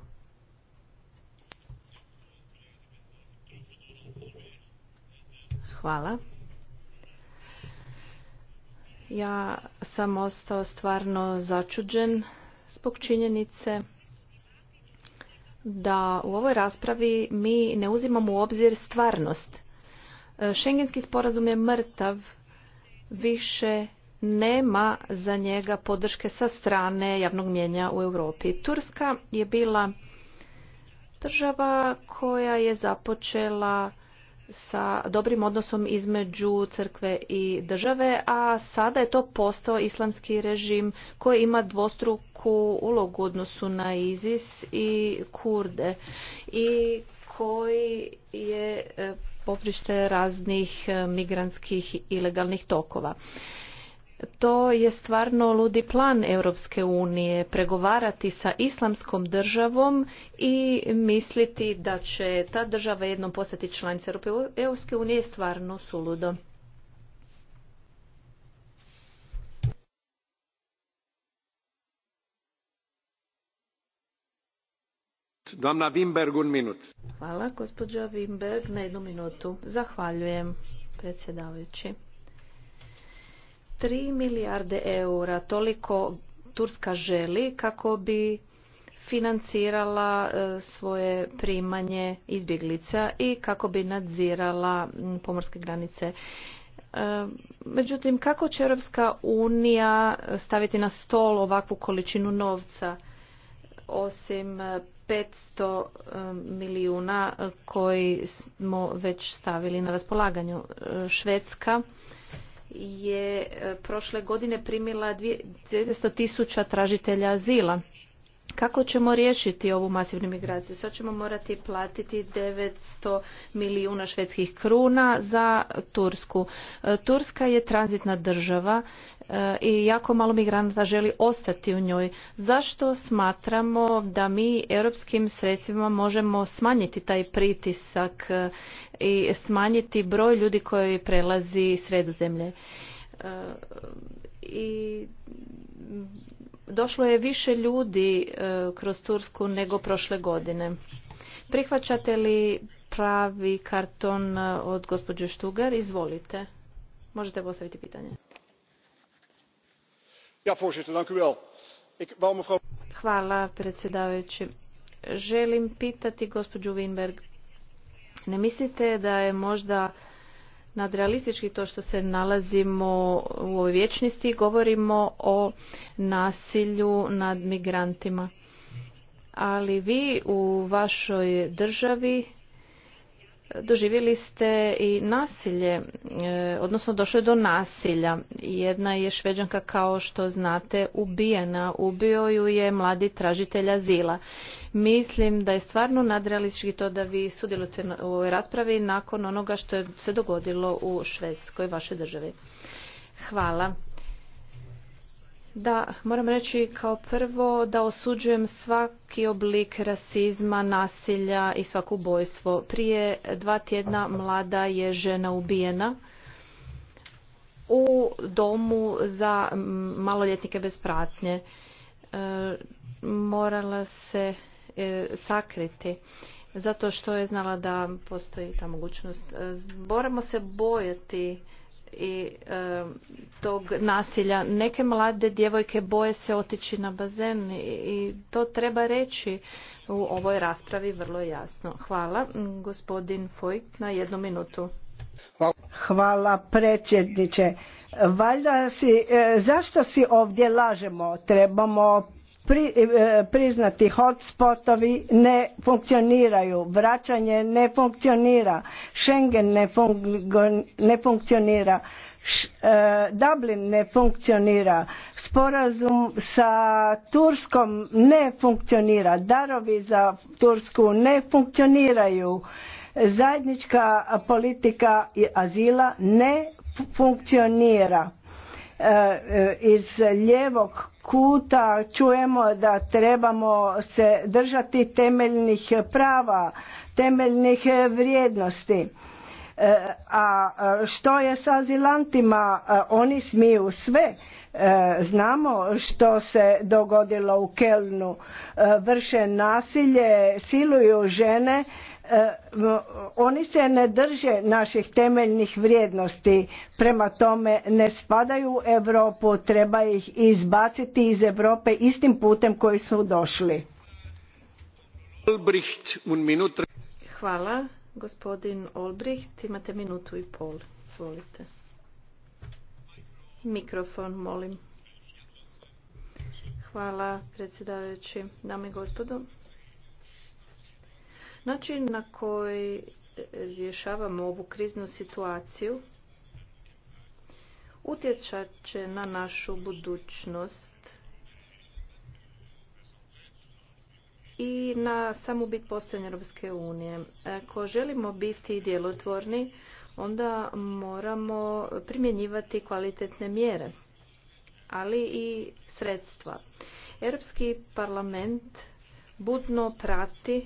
Hvala. Ja sam ostao stvarno začuđen zbog činjenice da u ovoj raspravi mi ne uzimamo u obzir stvarnost. Šengenski e, sporazum je mrtav, više nema za njega podrške sa strane javnog mjenja u Europi. Turska je bila država koja je započela sa dobrim odnosom između crkve i države, a sada je to postao islamski režim koji ima dvostruku ulogu odnosu na ISIS i kurde i koji je e, poprište raznih e, migranskih ilegalnih tokova to je stvarno ludi plan Europske unije pregovarati sa islamskom državom i misliti da će ta država jednom postati članica Europske unije stvarno suludo. Damna Wimberg, un minut. Hvala, gospođa Wimberg, na jednu minutu. Zahvaljujem, predsjedavajući. 3 milijarde eura, toliko Turska želi kako bi financirala e, svoje primanje izbjeglica i kako bi nadzirala pomorske granice. E, međutim, kako će Europska unija staviti na stol ovakvu količinu novca osim 500 e, milijuna koji smo već stavili na raspolaganju? Švedska je e, prošle godine primila devetsto tisuća tražitelja azila kako ćemo riješiti ovu masivnu migraciju? Sad ćemo morati platiti 900 milijuna švedskih kruna za Tursku. E, Turska je tranzitna država e, i jako malo migranata želi ostati u njoj. Zašto smatramo da mi europskim sredstvima možemo smanjiti taj pritisak e, i smanjiti broj ljudi koji prelazi sredozemlje? i došlo je više ljudi e, kroz Tursku nego prošle godine. Prihvaćate li pravi karton e, od gospođe Štugar? Izvolite. Možete postaviti pitanje. Ja, dank u Hvala, predsjedavajući. Želim pitati gospođu Winberg. Ne mislite da je možda nadrealistički to što se nalazimo u ovoj vječnosti govorimo o nasilju nad migrantima. Ali vi u vašoj državi doživjeli ste i nasilje, e, odnosno došlo je do nasilja. Jedna je šveđanka, kao što znate, ubijena. Ubio ju je mladi tražitelj azila. Mislim da je stvarno nadrealistički to da vi sudjelujete u ovoj raspravi nakon onoga što je se dogodilo u Švedskoj, vašoj državi. Hvala. Da, moram reći kao prvo da osuđujem svaki oblik rasizma, nasilja i svako ubojstvo. Prije dva tjedna mlada je žena ubijena u domu za maloljetnike bez pratnje. E, morala se e, sakriti zato što je znala da postoji ta mogućnost. E, moramo se bojati i e, tog nasilja. Neke mlade djevojke boje se otići na bazen i to treba reći u ovoj raspravi vrlo jasno. Hvala. Gospodin Fojk na jednu minutu. Hvala predsjedniče. Valjda si, e, zašto si ovdje lažemo? Trebamo E, priznati hotspotovi ne funkcioniraju, vraćanje ne funkcionira, Schengen ne, funkcionira, e, Dublin ne funkcionira, sporazum sa Turskom ne funkcionira, darovi za Tursku ne funkcioniraju, zajednička politika i azila ne funkcionira. E, e, iz ljevog kuta čujemo da trebamo se držati temeljnih prava, temeljnih vrijednosti. E, a što je sa azilantima? Oni smiju sve. Znamo što se dogodilo u Kelnu. Vrše nasilje, siluju žene, E, oni se ne drže naših temeljnih vrijednosti prema tome ne spadaju u Europu treba ih izbaciti iz Europe istim putem koji su došli Hvala gospodin Olbricht imate minutu i pol svolite Mikrofon molim Hvala predsjedavajući dame i gospodo Način na koji rješavamo ovu kriznu situaciju utjecat će na našu budućnost i na samu bit postojanja Europske unije. Ako želimo biti djelotvorni, onda moramo primjenjivati kvalitetne mjere, ali i sredstva. Europski parlament budno prati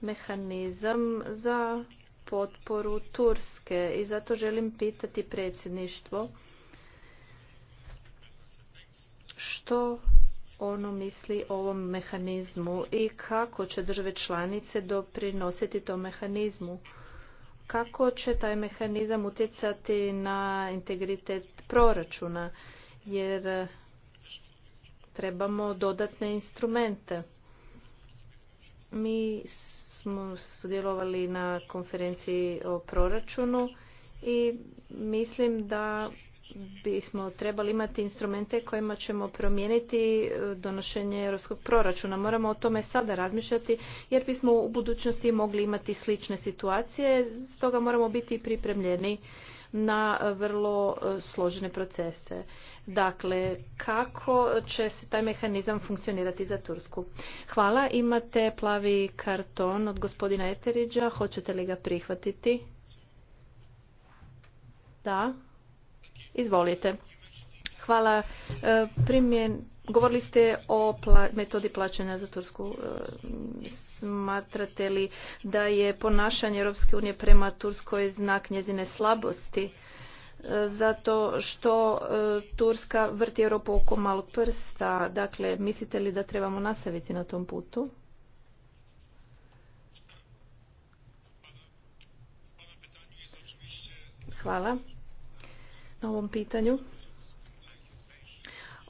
mehanizam za potporu Turske i zato želim pitati predsjedništvo što ono misli o ovom mehanizmu i kako će države članice doprinositi tom mehanizmu. Kako će taj mehanizam utjecati na integritet proračuna jer trebamo dodatne instrumente. Mi smo sudjelovali na konferenciji o proračunu i mislim da bismo trebali imati instrumente kojima ćemo promijeniti e, donošenje europskog proračuna. Moramo o tome sada razmišljati jer bismo u budućnosti mogli imati slične situacije, stoga moramo biti pripremljeni na vrlo e, složene procese. Dakle, kako će se taj mehanizam funkcionirati za Tursku? Hvala, imate plavi karton od gospodina Eteriđa, hoćete li ga prihvatiti? Da, izvolite. Hvala. E, primjen, Govorili ste o metodi plaćanja za Tursku. E, smatrate li da je ponašanje Europske unije prema Turskoj znak njezine slabosti? E, zato što e, Turska vrti Europu oko malog prsta. Dakle, mislite li da trebamo nastaviti na tom putu? Hvala na ovom pitanju.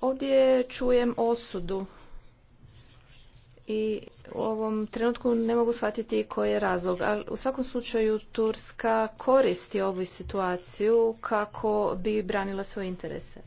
Ovdje čujem osudu i u ovom trenutku ne mogu shvatiti koji je razlog. Ali u svakom slučaju Turska koristi ovu situaciju kako bi branila svoje interese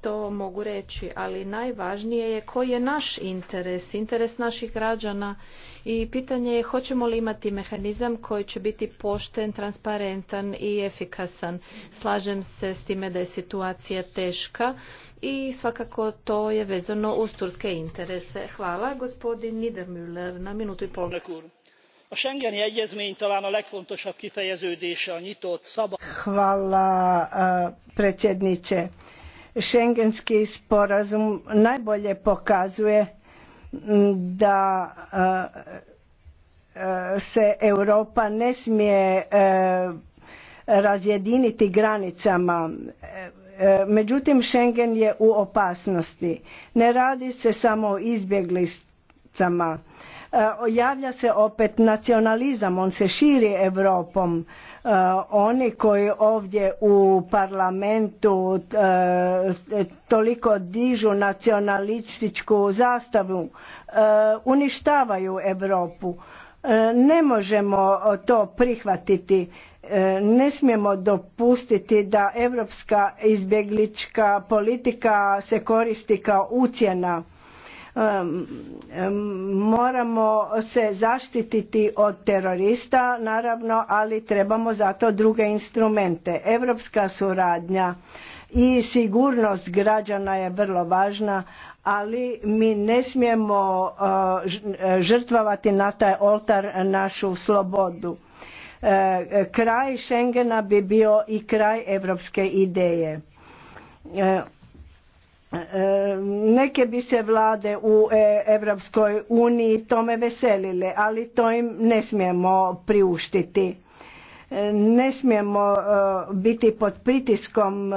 to mogu reći, ali najvažnije je koji je naš interes, interes naših građana i pitanje je hoćemo li imati mehanizam koji će biti pošten, transparentan i efikasan. Slažem se s time da je situacija teška i svakako to je vezano uz turske interese. Hvala, gospodin Niedermüller, na minutu i pol. a Hvala, eh, predsjedniče Schengenski sporazum najbolje pokazuje da e, e, se Europa ne smije e, razjediniti granicama. Međutim, Schengen je u opasnosti. Ne radi se samo o izbjeglicama. Javlja se opet nacionalizam, on se širi Europom E, oni koji ovdje u parlamentu e, toliko dižu nacionalističku zastavu e, uništavaju Europu. Ne možemo to prihvatiti ne smijemo dopustiti da europska izbjeglička politika se koristi kao ucjena moramo se zaštititi od terorista naravno ali trebamo zato druge instrumente europska suradnja i sigurnost građana je vrlo važna ali mi ne smijemo e, e, žrtvovati na taj oltar našu slobodu e, kraj schengena bi bio i kraj europske ideje E, neke bi se vlade u Europskoj uniji tome veselile, ali to im ne smijemo priuštiti. E, ne smijemo e, biti pod pritiskom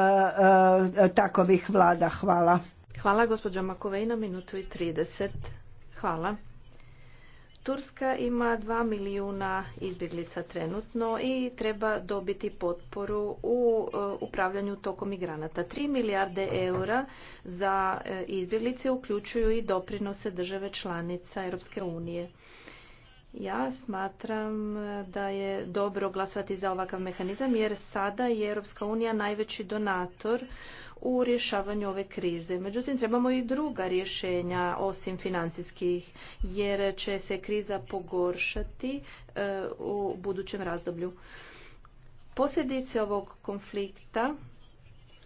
takovih vlada. Hvala. Hvala gospođo minutu i 30. Hvala. Turska ima 2 milijuna izbjeglica trenutno i treba dobiti potporu u e, upravljanju tokom migranata. 3 milijarde eura za e, izbjeglice uključuju i doprinose države članica Europske unije. Ja smatram e, da je dobro glasovati za ovakav mehanizam jer sada je Europska unija najveći donator u rješavanju ove krize. Međutim, trebamo i druga rješenja osim financijskih, jer će se kriza pogoršati e, u budućem razdoblju. Posljedice ovog konflikta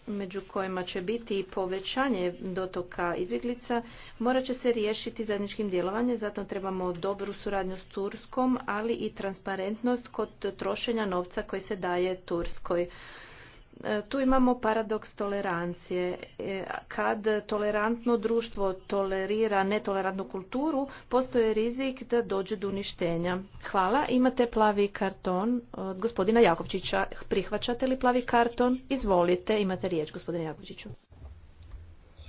među kojima će biti i povećanje dotoka izbjeglica, morat će se riješiti zajedničkim djelovanjem, zato trebamo dobru suradnju s Turskom, ali i transparentnost kod trošenja novca koji se daje Turskoj. E, tu imamo paradoks tolerancije. E, kad tolerantno društvo tolerira netolerantnu kulturu, postoje rizik da dođe do uništenja. Hvala. Imate plavi karton gospodina Jakovčića. Prihvaćate li plavi karton? Izvolite, imate riječ gospodine Jakovčiću.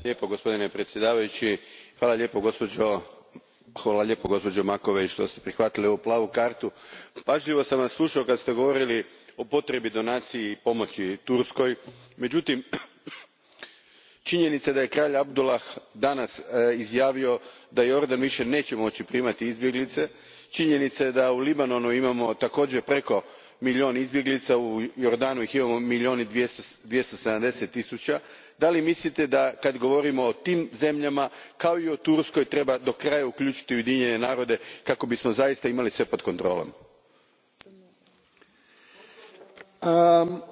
Lijepo gospodine predsjedavajući, hvala lijepo gospođo hvala lijepo gospođo Makovej što ste prihvatili ovu plavu kartu. Pažljivo sam vas slušao kad ste govorili o potrebi donacije i pomoći turskoj međutim činjenica je da je kralj abdullah danas e, izjavio da jordan više neće moći primati izbjeglice činjenica je da u libanonu imamo također preko milijun izbjeglica u jordanu ih imamo milijun i dvjesto sedamdeset tisuća da li mislite da kad govorimo o tim zemljama kao i o turskoj treba do kraja uključiti ujedinjene narode kako bismo zaista imali sve pod kontrolom? Um,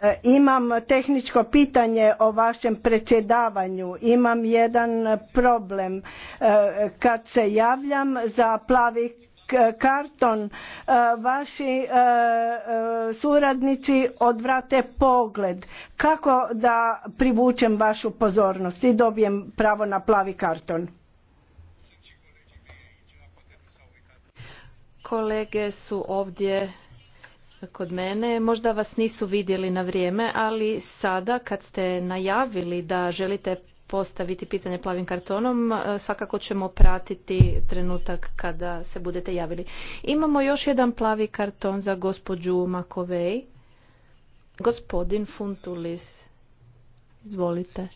e, imam tehničko pitanje o vašem predsjedavanju. Imam jedan problem. E, kad se javljam za plavi E, karton e, vaši e, suradnici odvrate pogled kako da privučem vašu pozornost i dobijem pravo na plavi karton kolege su ovdje kod mene. Možda vas nisu vidjeli na vrijeme, ali sada kad ste najavili da želite postaviti pitanje plavim kartonom. E, svakako ćemo pratiti trenutak kada se budete javili. Imamo još jedan plavi karton za gospođu Makovej. Gospodin Funtulis, izvolite.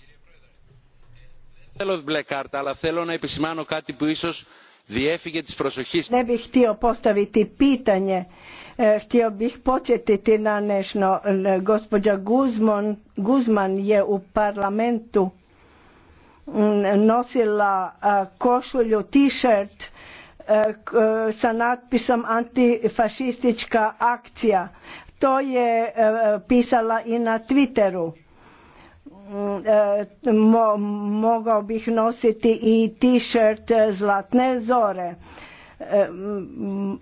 Ne bih htio postaviti pitanje, htio bih podsjetiti na nešto. Gospođa Guzman je u parlamentu Mm, nosila košulju, t-shirt e, e, sa natpisom antifašistička akcija. To je e, pisala i na Twitteru. Mm, mogao bih nositi i t-shirt Zlatne zore.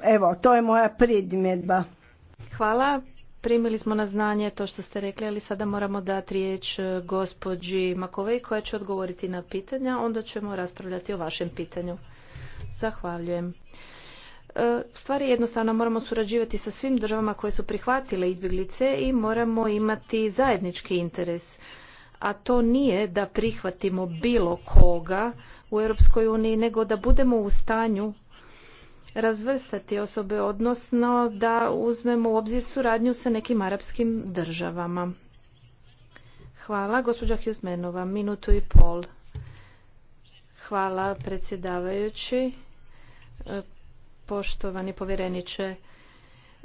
Evo, to je moja pridmjedba. Hvala. Primili smo na znanje to što ste rekli, ali sada moramo dati riječ e, gospođi Makovej koja će odgovoriti na pitanja, onda ćemo raspravljati o vašem pitanju. Zahvaljujem. E, stvari jednostavno moramo surađivati sa svim državama koje su prihvatile izbjeglice i moramo imati zajednički interes a to nije da prihvatimo bilo koga u Europskoj uniji, nego da budemo u stanju razvrstati osobe, odnosno da uzmemo u obzir suradnju sa nekim arapskim državama. Hvala, gospođa Hjuzmenova, minutu i pol. Hvala, predsjedavajući, e, poštovani povjereniče.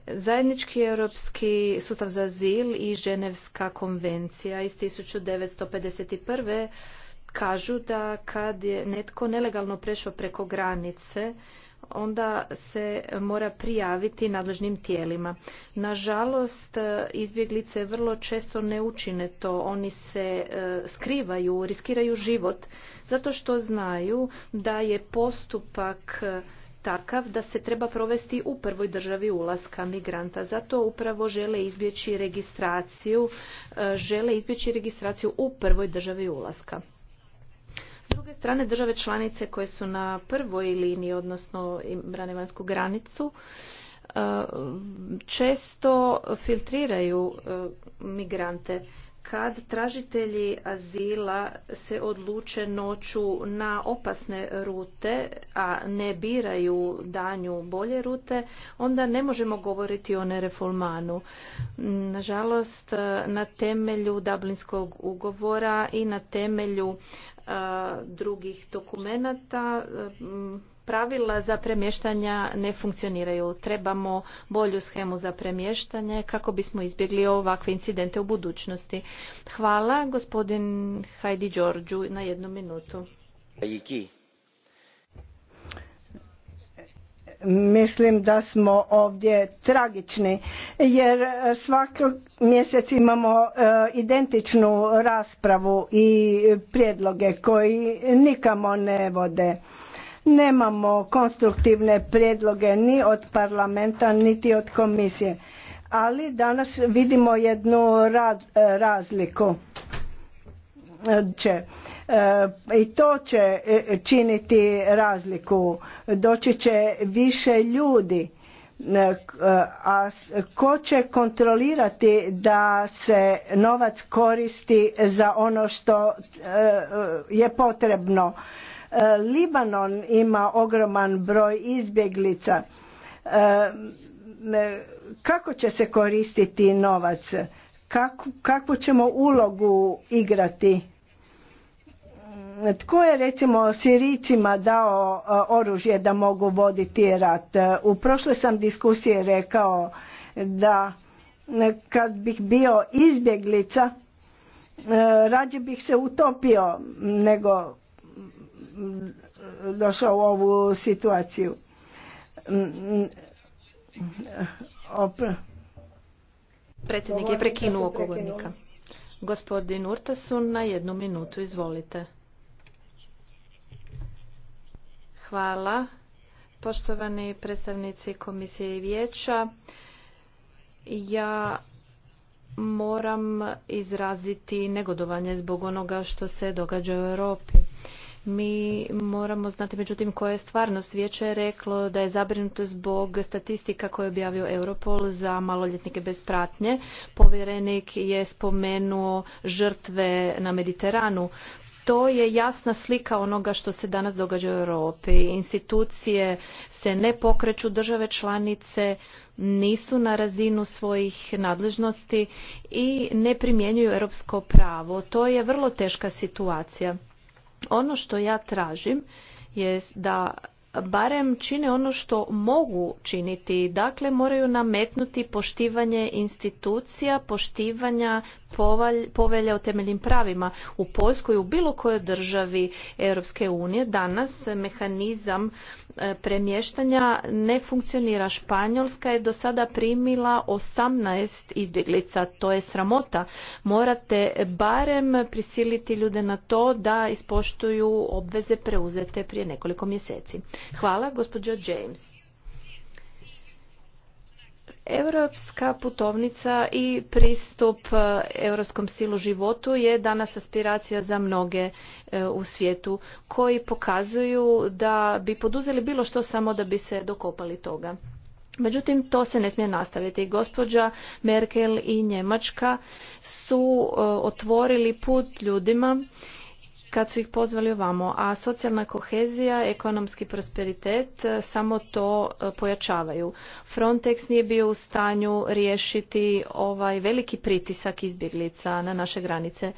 Zajednički europski sustav za azil i Ženevska konvencija iz 1951. kažu da kad je netko nelegalno prešao preko granice, onda se mora prijaviti nadležnim tijelima. Nažalost, izbjeglice vrlo često ne učine to. Oni se e, skrivaju, riskiraju život, zato što znaju da je postupak e, takav da se treba provesti u prvoj državi ulaska migranta. Zato upravo žele izbjeći registraciju, e, žele izbjeći registraciju u prvoj državi ulaska. S druge strane, države članice koje su na prvoj liniji, odnosno brane vanjsku granicu, e, često filtriraju e, migrante kad tražitelji azila se odluče noću na opasne rute, a ne biraju danju bolje rute, onda ne možemo govoriti o nereformanu. Nažalost, na temelju Dublinskog ugovora i na temelju drugih dokumenata pravila za premještanja ne funkcioniraju. Trebamo bolju schemu za premještanje kako bismo izbjegli ovakve incidente u budućnosti. Hvala gospodin Hajdi Đorđu na jednu minutu. Mislim da smo ovdje tragični jer e, svaki mjesec imamo e, identičnu raspravu i prijedloge koji nikamo ne vode. Nemamo konstruktivne prijedloge ni od parlamenta niti od komisije. Ali danas vidimo jednu e, razliku. E, i to će e, činiti razliku. Doći će više ljudi e, a ko će kontrolirati da se novac koristi za ono što je potrebno. Libanon ima ogroman broj izbjeglica. Kako će se koristiti novac? Kakvu ćemo ulogu igrati? Tko je recimo Sirijcima dao e, oružje da mogu voditi rat? E, u prošloj sam diskusije rekao da e, kad bih bio izbjeglica rađe bih se utopio nego došao u ovu situaciju. Predsjednik je prekinuo govornika. Gospodin Urtasun na jednu minutu, izvolite. Hvala. Poštovani predstavnici Komisije i Vijeća, ja moram izraziti negodovanje zbog onoga što se događa u Europi. Mi moramo znati međutim koja je stvarnost. Vijeće je reklo da je zabrinuto zbog statistika koje je objavio Europol za maloljetnike bez pratnje. Povjerenik je spomenuo žrtve na Mediteranu to je jasna slika onoga što se danas događa u Europi. Institucije se ne pokreću, države članice nisu na razinu svojih nadležnosti i ne primjenjuju europsko pravo. To je vrlo teška situacija. Ono što ja tražim je da barem čine ono što mogu činiti. Dakle, moraju nametnuti poštivanje institucija, poštivanja povelja o temeljnim pravima u Poljskoj u bilo kojoj državi Europske unije danas mehanizam e, premještanja ne funkcionira. Španjolska je do sada primila 18 izbjeglica. To je sramota. Morate barem prisiliti ljude na to da ispoštuju obveze preuzete prije nekoliko mjeseci. Hvala, gospođo James. Europska putovnica i pristup europskom stilu životu je danas aspiracija za mnoge e, u svijetu koji pokazuju da bi poduzeli bilo što samo da bi se dokopali toga. Međutim, to se ne smije nastaviti. Gospođa Merkel i Njemačka su e, otvorili put ljudima kad su ih pozvali ovamo, a socijalna kohezija, ekonomski prosperitet e, samo to e, pojačavaju. Frontex nije bio u stanju riješiti ovaj veliki pritisak izbjeglica na naše granice.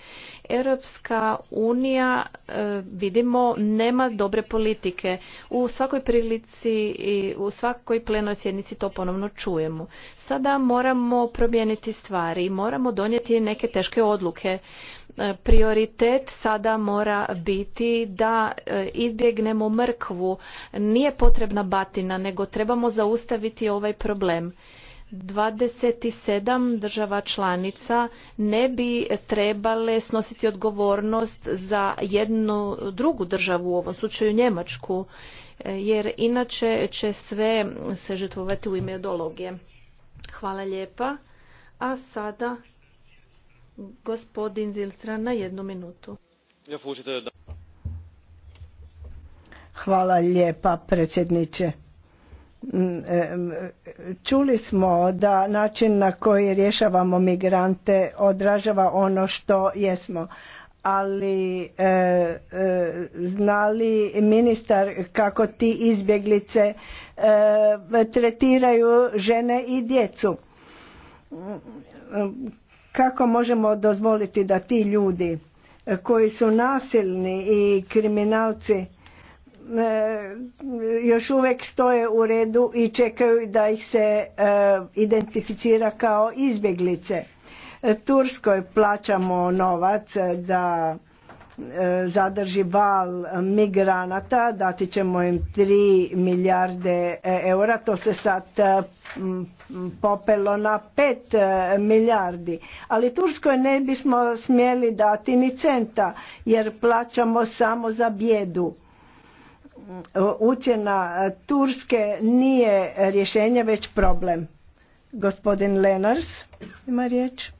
Europska unija e, vidimo nema dobre politike. U svakoj prilici i u svakoj plenoj sjednici to ponovno čujemo. Sada moramo promijeniti stvari, i moramo donijeti neke teške odluke E, prioritet sada mora biti da e, izbjegnemo mrkvu. Nije potrebna batina, nego trebamo zaustaviti ovaj problem. 27 država članica ne bi trebale snositi odgovornost za jednu drugu državu, u ovom slučaju Njemačku, e, jer inače će sve se žrtvovati u ime ideologije. Hvala lijepa. A sada Gospodin Zilstra na jednu minutu. Hvala lijepa predsjedniče. Mm, e, čuli smo da način na koji rješavamo migrante odražava ono što jesmo. Ali e, e, zna li znali ministar kako ti izbjeglice tretiraju žene i djecu mm, kako možemo dozvoliti da ti ljudi e, koji su nasilni i kriminalci e, još uvijek stoje u redu i čekaju da ih se e, identificira kao izbjeglice. Turskoj plaćamo novac da E, zadrži val migranata, dati ćemo im 3 milijarde e, eura, to se sad e, popelo na 5 milijardi. Ali Turskoj ne bismo smjeli dati ni centa, jer plaćamo samo za bjedu. Ucjena Turske nije rješenje, već problem. Gospodin Lenars ima riječ.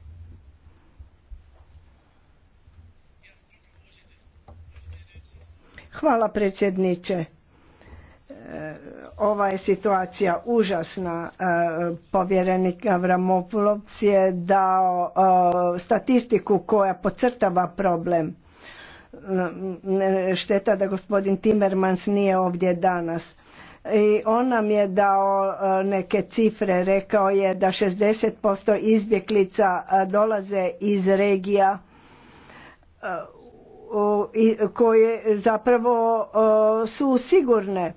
Hvala predsjedniče. E, ova je situacija užasna. E, povjerenik Avramopulovc je dao e, statistiku koja pocrtava problem. Šteta da gospodin Timmermans nije ovdje danas. I on nam je dao neke cifre, rekao je da 60% izbjeglica dolaze iz regija koje zapravo su sigurne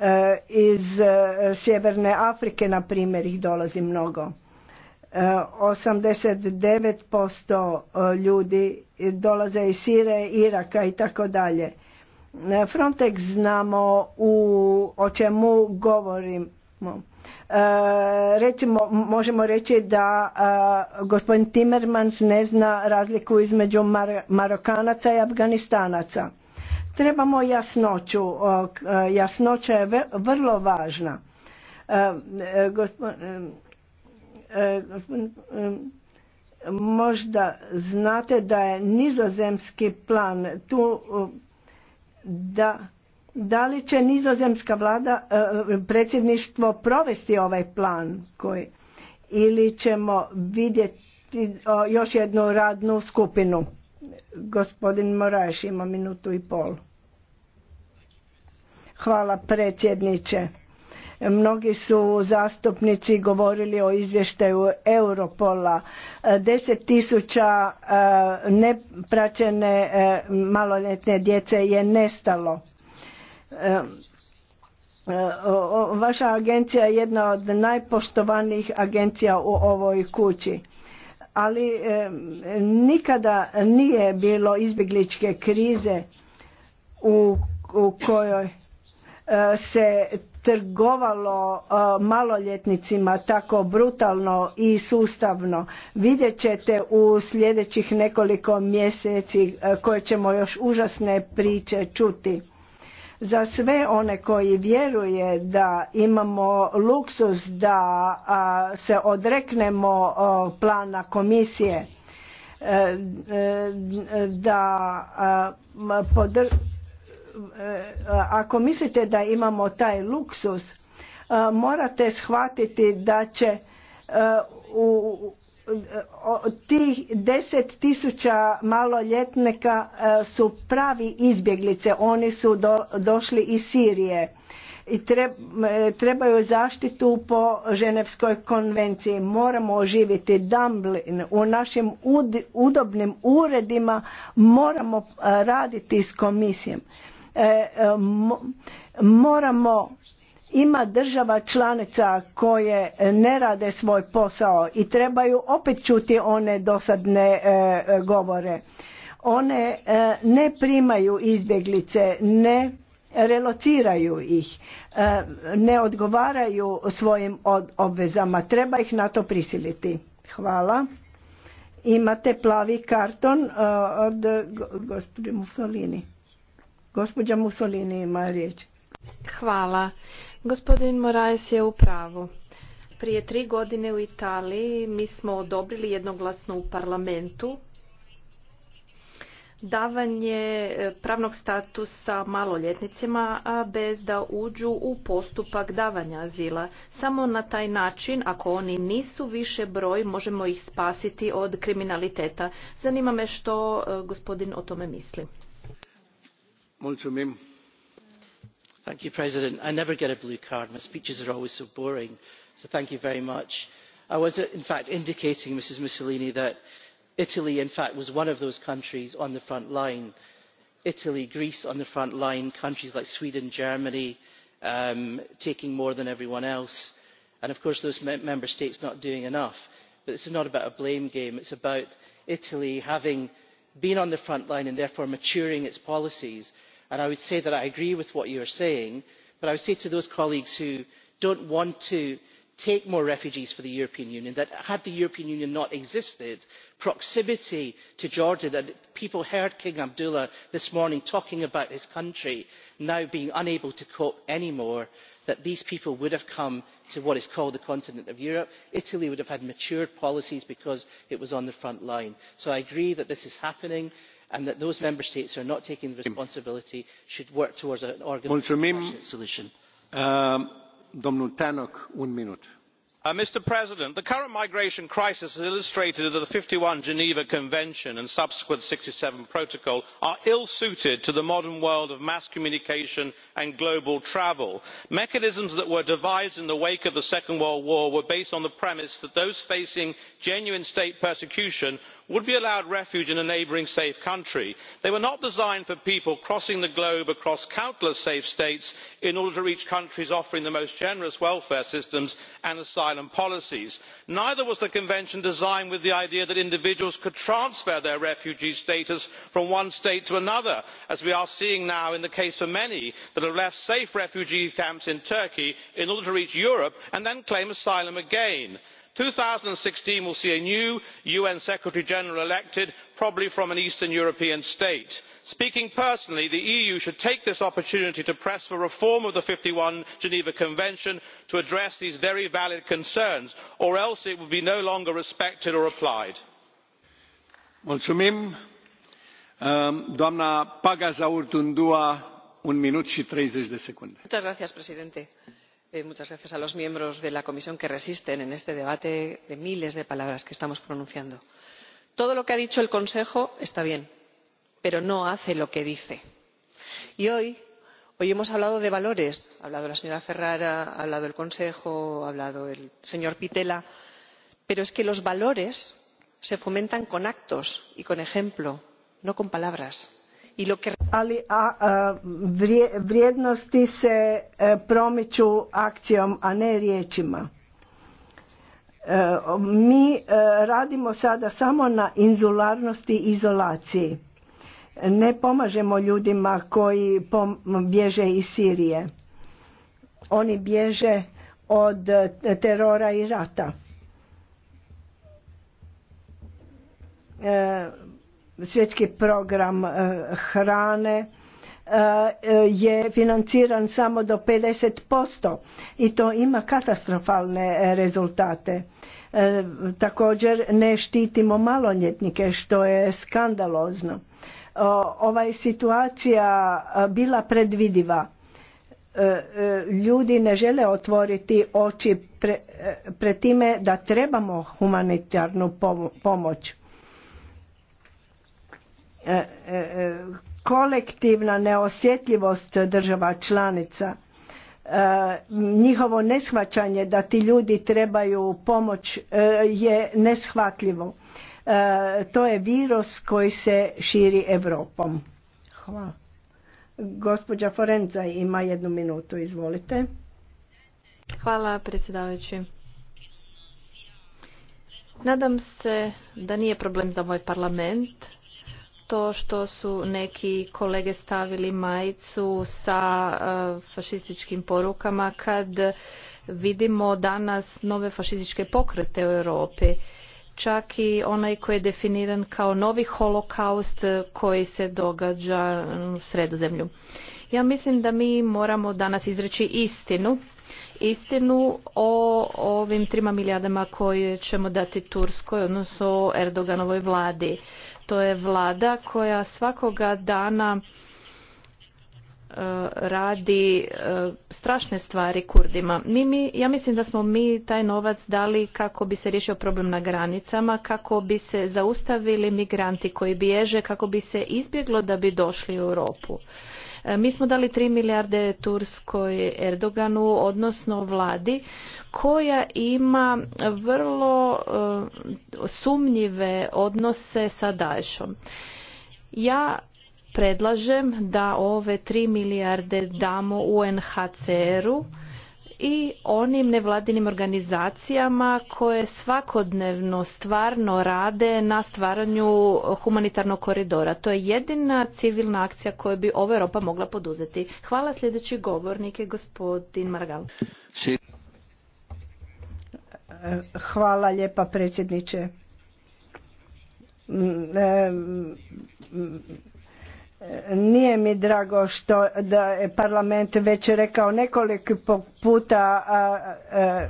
e, iz e, Sjeverne Afrike, na primjer, ih dolazi mnogo. 89% e, ljudi dolaze iz Sire, Iraka i tako dalje. Frontex znamo u, o čemu govorimo. E, recimo možemo reći da e, gospodin Timmermans ne zna razliku između Marokanaca i Afganistanaca. Trebamo jasnoću, e, jasnoća je vrlo važna. možda znate da je nizozemski plan tu da da li će nizozemska vlada, e, predsjedništvo provesti ovaj plan koji ili ćemo vidjeti još jednu radnu skupinu? Gospodin Moraš ima minutu i pol. Hvala predsjedniče. Mnogi su zastupnici govorili o izvještaju Europola. E, deset tisuća e, nepraćene maloljetne djece je nestalo E, vaša agencija je jedna od najpoštovanijih agencija u ovoj kući. Ali nikada nije bilo izbjegličke krize u, kojoj e, se trgovalo e, maloljetnicima tako brutalno i sustavno. Vidjet ćete u sljedećih nekoliko mjeseci koje ćemo još užasne priče čuti za sve one koji vjeruje da imamo luksus da se odreknemo plana komisije e, e, da podr... E, ako mislite da imamo taj luksus morate shvatiti da će u tih deset tisuća maloljetnika e, su pravi izbjeglice oni su došli iz Sirije i e, trebaju zaštitu po Ženevskoj konvenciji. Moramo oživiti Dublin u našim udobnim uredima, moramo e, raditi s komisijom. Moramo ima država članica koje ne rade svoj posao i trebaju opet čuti one dosadne e, e, govore. One e, ne primaju izbjeglice, ne relociraju ih, ne odgovaraju svojim obvezama. Treba ih na to prisiliti. Hvala. Imate plavi karton od gospođe Mussolini. Gospođa Mussolini ima riječ. Hvala. Gospodin Moraes je u pravu. Prije tri godine u Italiji mi smo odobrili jednoglasno u parlamentu davanje e, pravnog statusa maloljetnicima bez da uđu u postupak davanja azila. Samo na taj način, ako oni nisu više broj, možemo ih spasiti od kriminaliteta. Zanima me što e, gospodin o tome misli mr president i never get a blue card my speeches are always so boring so thank you very much. i was in fact indicating ms mussolini that italy in fact was one of those countries on the front line italy greece on the front line countries like sweden germany um, taking more than everyone else and of course those member states not doing enough but this is not about a blame game it is about italy having been on the front line and therefore maturing its policies i would say that i agree with what you are saying but i would say to those colleagues who do not want to take more refugees for the european union that had the european union not existed proximity to jordan and people heard king abdullah this morning talking about his country now being unable to cope any more that these people would have come to what is called the continent of europe. italy would have had mature policies because it was on the front line. so i agree that this is happening and that those member states who are not taking responsibility should work towards an organised solution. mr um, uh, president the current migration crisis has illustrated that the fifty one geneva convention and subsequent sixty seven protocol are ill suited to the modern world of mass communication and global travel. mechanisms that were devised in the wake of the second world war were based on the premise that those facing genuine state persecution would be allowed refuge in a neighbouring safe country. they were not designed for people crossing the globe across countless safe states in order to reach countries offering the most generous welfare systems and asylum policies. neither was the convention designed with the idea that individuals could transfer their refugee status from one state to another as we are seeing now in the case of many that have left safe refugee camps in turkey in order to reach europe and then claim asylum again two thousand and sixteen will see a new un secretary general elected probably from an eastern european state. speaking personally the eu should take this opportunity to press for reform of the fifty one geneva convention to address these very valid concerns or else it will be no longer respected or applied. Mr um, presidente Eh, muchas gracias a los miembros de la comisión que resisten en este debate de miles de palabras que estamos pronunciando. todo lo que ha dicho el consejo está bien pero no hace lo que dice. y hoy hemos hablado de valores ha hablado la señora ferrara ha hablado el consejo ha hablado el señor pittella pero es que los valores se fomentan con actos y con ejemplo no con palabras ali a, a, vrijednosti se e, promiču akcijom a ne riječima e, mi e, radimo sada samo na inzularnosti i izolaciji ne pomažemo ljudima koji bježe iz Sirije oni bježe od terora i rata svjetski program e, hrane e, e, je financiran samo do 50% i to ima katastrofalne rezultate. Također ne štitimo maloljetnike što je skandalozno. Ova je situacija bila predvidiva. Ljudi ne žele otvoriti oči pred time da trebamo humanitarnu pomoć E, e, e, kolektivna neosjetljivost država članica njihovo neshvaćanje da ti ljudi trebaju pomoć je neshvatljivo to je virus koji se širi Europom hvala gospođa Forenza ima jednu minutu izvolite hvala predsjedavajući nadam se da nije problem za ovaj parlament to što su neki kolege stavili majicu sa e, fašističkim porukama kad vidimo danas nove fašističke pokrete u Europi čak i onaj koji je definiran kao novi holokaust koji se događa u sredozemlju. Ja mislim da mi moramo danas izreći istinu, istinu o ovim trima milijardama koje ćemo dati Turskoj, odnosno Erdoganovoj vladi. To je vlada koja svakoga dana e, radi e, strašne stvari Kurdima. ja mislim da smo mi taj novac dali kako bi se riješio problem na granicama, kako bi se zaustavili migranti koji bježe, kako bi se izbjeglo da bi došli u Europu. E, mi smo dali 3 milijarde Turskoj Erdoganu, odnosno vladi, koja ima vrlo e, sumnjive odnose sa Daješom. Ja predlažem da ove 3 milijarde damo UNHCR-u i onim nevladinim organizacijama koje svakodnevno stvarno rade na stvaranju humanitarnog koridora. To je jedina civilna akcija koju bi ova Europa mogla poduzeti. Hvala sljedeći govornik je gospodin Margal. Hvala lijepa predsjedniče nije mi drago što da je parlament već rekao nekoliko puta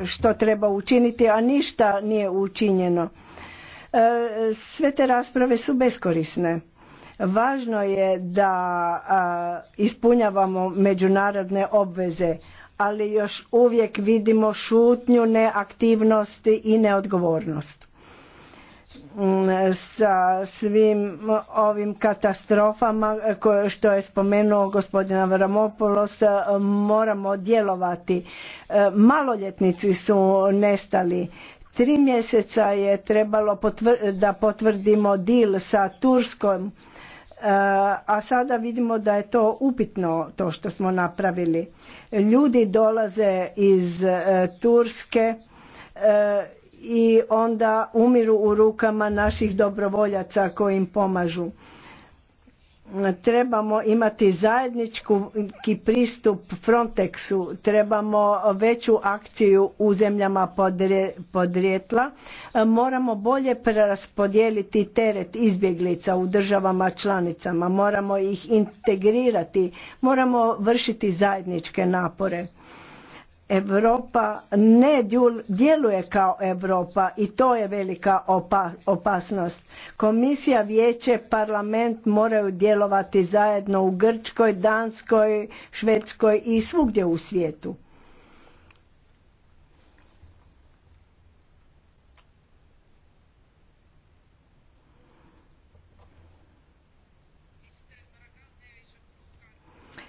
što treba učiniti, a ništa nije učinjeno. E, sve te rasprave su beskorisne. Važno je da ispunjavamo međunarodne obveze, ali još uvijek vidimo šutnju, neaktivnosti i neodgovornost sa svim ovim katastrofama e, što je spomenuo gospodina Avramopoulos e, moramo djelovati. E, maloljetnici su nestali. Tri mjeseca je trebalo da potvrdimo dil sa Turskom, a sada vidimo da je to upitno to što smo napravili. Ljudi dolaze iz Turske i onda umiru u rukama naših dobrovoljaca koji im pomažu. Trebamo imati zajednički pristup Frontexu, trebamo veću akciju u zemljama podrijetla, moramo bolje preraspodijeliti teret izbjeglica u državama članicama, moramo ih integrirati, moramo vršiti zajedničke napore Europa ne djeluje kao Europa i to je velika opasnost. Komisija, vijeće, parlament moraju djelovati zajedno u Grčkoj, Danskoj, Švedskoj i svugdje u svijetu.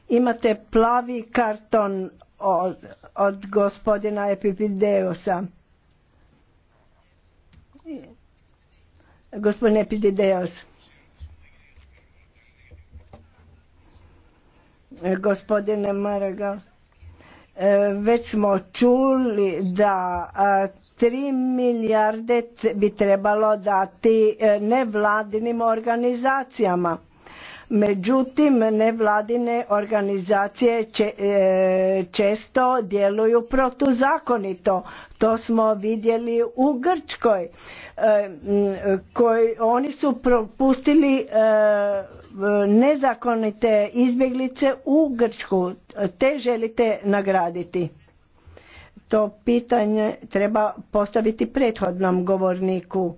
Imate plavi karton od, od gospodina Epipideusa. Gospodin Epipideus. Gospodine Maragal. E, već smo čuli da tri milijarde bi trebalo dati e, nevladinim organizacijama. Međutim, nevladine organizacije e, često djeluju protuzakonito. To smo vidjeli u Grčkoj. E, koji, oni su propustili e, nezakonite izbjeglice u Grčku. Te želite nagraditi. To pitanje treba postaviti prethodnom govorniku.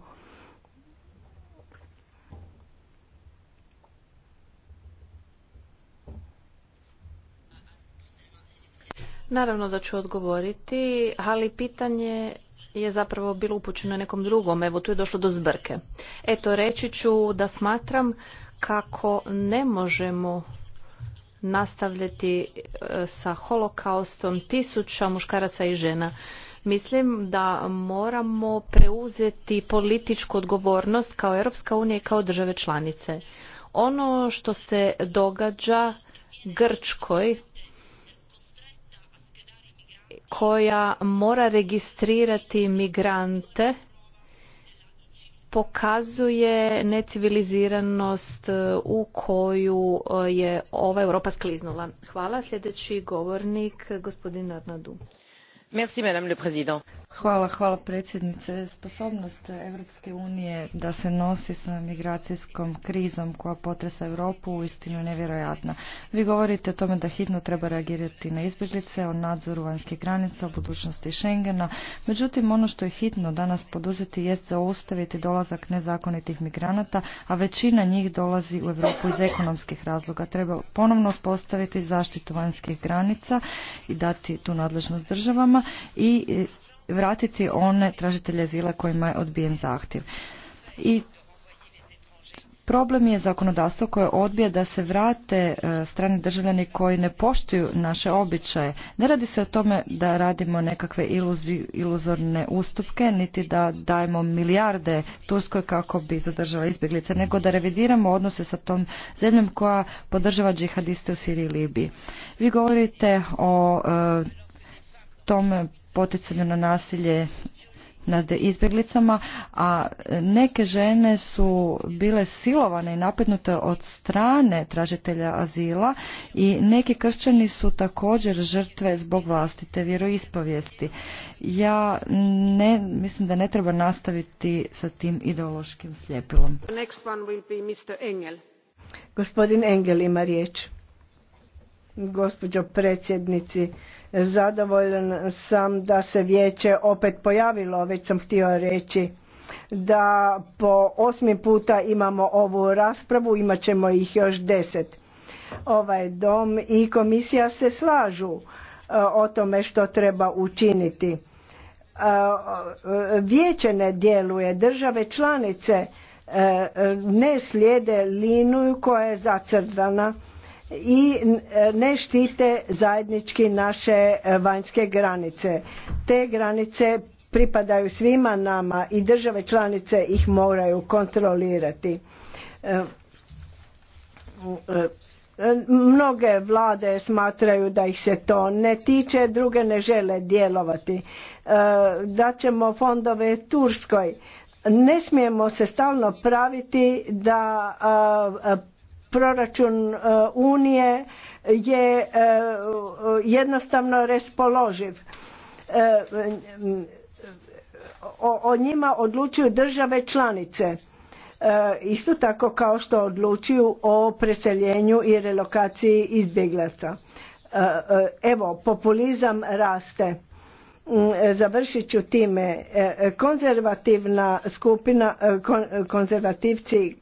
Naravno da ću odgovoriti, ali pitanje je zapravo bilo upućeno nekom drugom. Evo, tu je došlo do zbrke. Eto, reći ću da smatram kako ne možemo nastavljati e, sa holokaustom tisuća muškaraca i žena. Mislim da moramo preuzeti političku odgovornost kao Europska unija i kao države članice. Ono što se događa Grčkoj koja mora registrirati migrante pokazuje neciviliziranost e, u koju e, je ova Europa skliznula. Hvala. Sljedeći govornik, gospodin Arnadu. Hvala, hvala predsjednice. Sposobnost Europske unije da se nosi sa migracijskom krizom koja potresa Europu uistinu je nevjerojatna. Vi govorite o tome da hitno treba reagirati na izbjeglice, o nadzoru vanjskih granica, o budućnosti Schengena. Međutim, ono što je hitno danas poduzeti jest zaustaviti dolazak nezakonitih migranata, a većina njih dolazi u Europu iz ekonomskih razloga. Treba ponovno uspostaviti zaštitu vanjskih granica i dati tu nadležnost državama i e, vratiti one tražitelje azila kojima je odbijen zahtjev. I Problem je zakonodavstvo koje odbija da se vrate e, strani državljani koji ne poštuju naše običaje. Ne radi se o tome da radimo nekakve iluzi, iluzorne ustupke, niti da dajemo milijarde Turskoj kako bi zadržala izbjeglice, nego da revidiramo odnose sa tom zemljom koja podržava džihadiste u Siriji i Libiji. Vi govorite o e, tome poticanju na nasilje nad izbjeglicama, a neke žene su bile silovane i napetnute od strane tražitelja azila i neki kršćani su također žrtve zbog vlastite vjeroispovijesti. Ja ne, mislim da ne treba nastaviti sa tim ideološkim sljepilom. Engel. Gospodin Engel ima riječ. Gospođo predsjednici, Zadovoljan sam da se vijeće opet pojavilo, već sam htio reći da po osmi puta imamo ovu raspravu, imat ćemo ih još deset. Ovaj dom i komisija se slažu e, o tome što treba učiniti. E, vijeće ne djeluje, države članice e, ne slijede liniju koja je zacrtana i e, ne štite zajednički naše e, vanjske granice. Te granice pripadaju svima nama i države članice ih moraju kontrolirati. E, mnoge vlade smatraju da ih se to ne tiče, druge ne žele djelovati. Da ćemo fondove Turskoj. Ne smijemo se stalno praviti da proračun e, Unije je e, jednostavno raspoloživ. E, o njima odlučuju države članice. Isto tako kao što odlučuju o preseljenju i relokaciji izbjeglaca. Evo, populizam raste. Mm, završit ću time. Konzervativna skupina, konzervativci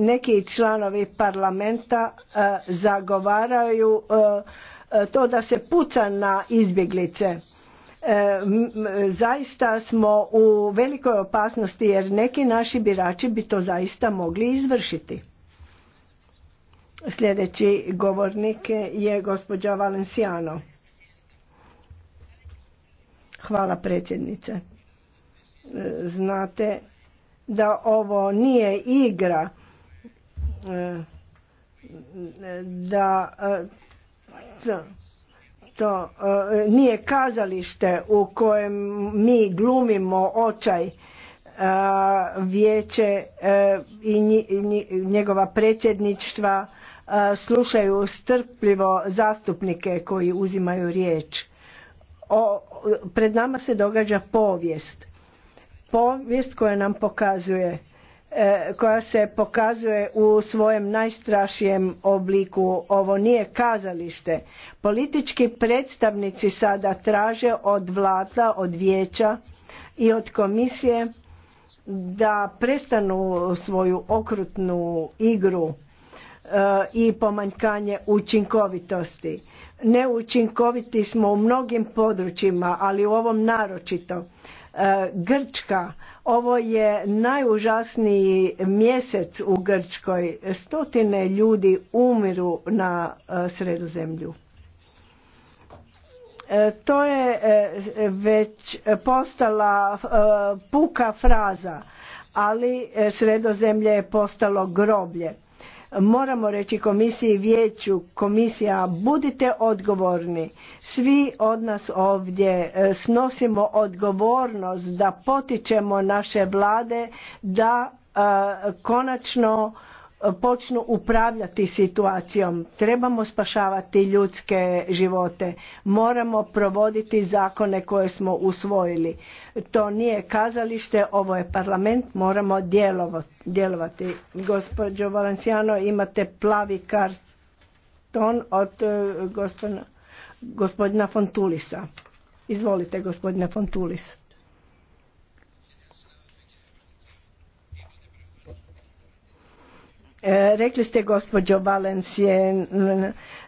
neki članovi parlamenta e, zagovaraju e, to da se puca na izbjeglice. E, zaista smo u velikoj opasnosti jer neki naši birači bi to zaista mogli izvršiti. Sljedeći govornik je gospođa Valenciano. Hvala predsjednice znate da ovo nije igra e, da e, to, to e, nije kazalište u kojem mi glumimo očaj vijeće i njegova predsjedništva slušaju strpljivo zastupnike koji uzimaju riječ o, pred nama se događa povijest povijest koja nam pokazuje e, koja se pokazuje u svojem najstrašijem obliku. Ovo nije kazalište. Politički predstavnici sada traže od vlada, od vijeća i od komisije da prestanu svoju okrutnu igru e, i pomanjkanje učinkovitosti. Neučinkoviti smo u mnogim područjima, ali u ovom naročito. Grčka, ovo je najužasniji mjesec u Grčkoj. Stotine ljudi umiru na e, sredozemlju. E, to je e, već postala puka fraza, ali sredozemlje je postalo groblje moramo reći komisiji vijeću komisija budite odgovorni svi od nas ovdje e, snosimo odgovornost da potičemo naše vlade da e, konačno počnu upravljati situacijom. Trebamo spašavati ljudske živote. Moramo provoditi zakone koje smo usvojili. To nije kazalište, ovo je parlament, moramo djelovati. Gospođo Valenciano, imate plavi karton od e, gospodina Fontulisa. Izvolite gospodine Fontulis. E, rekli ste gospođo Valencije,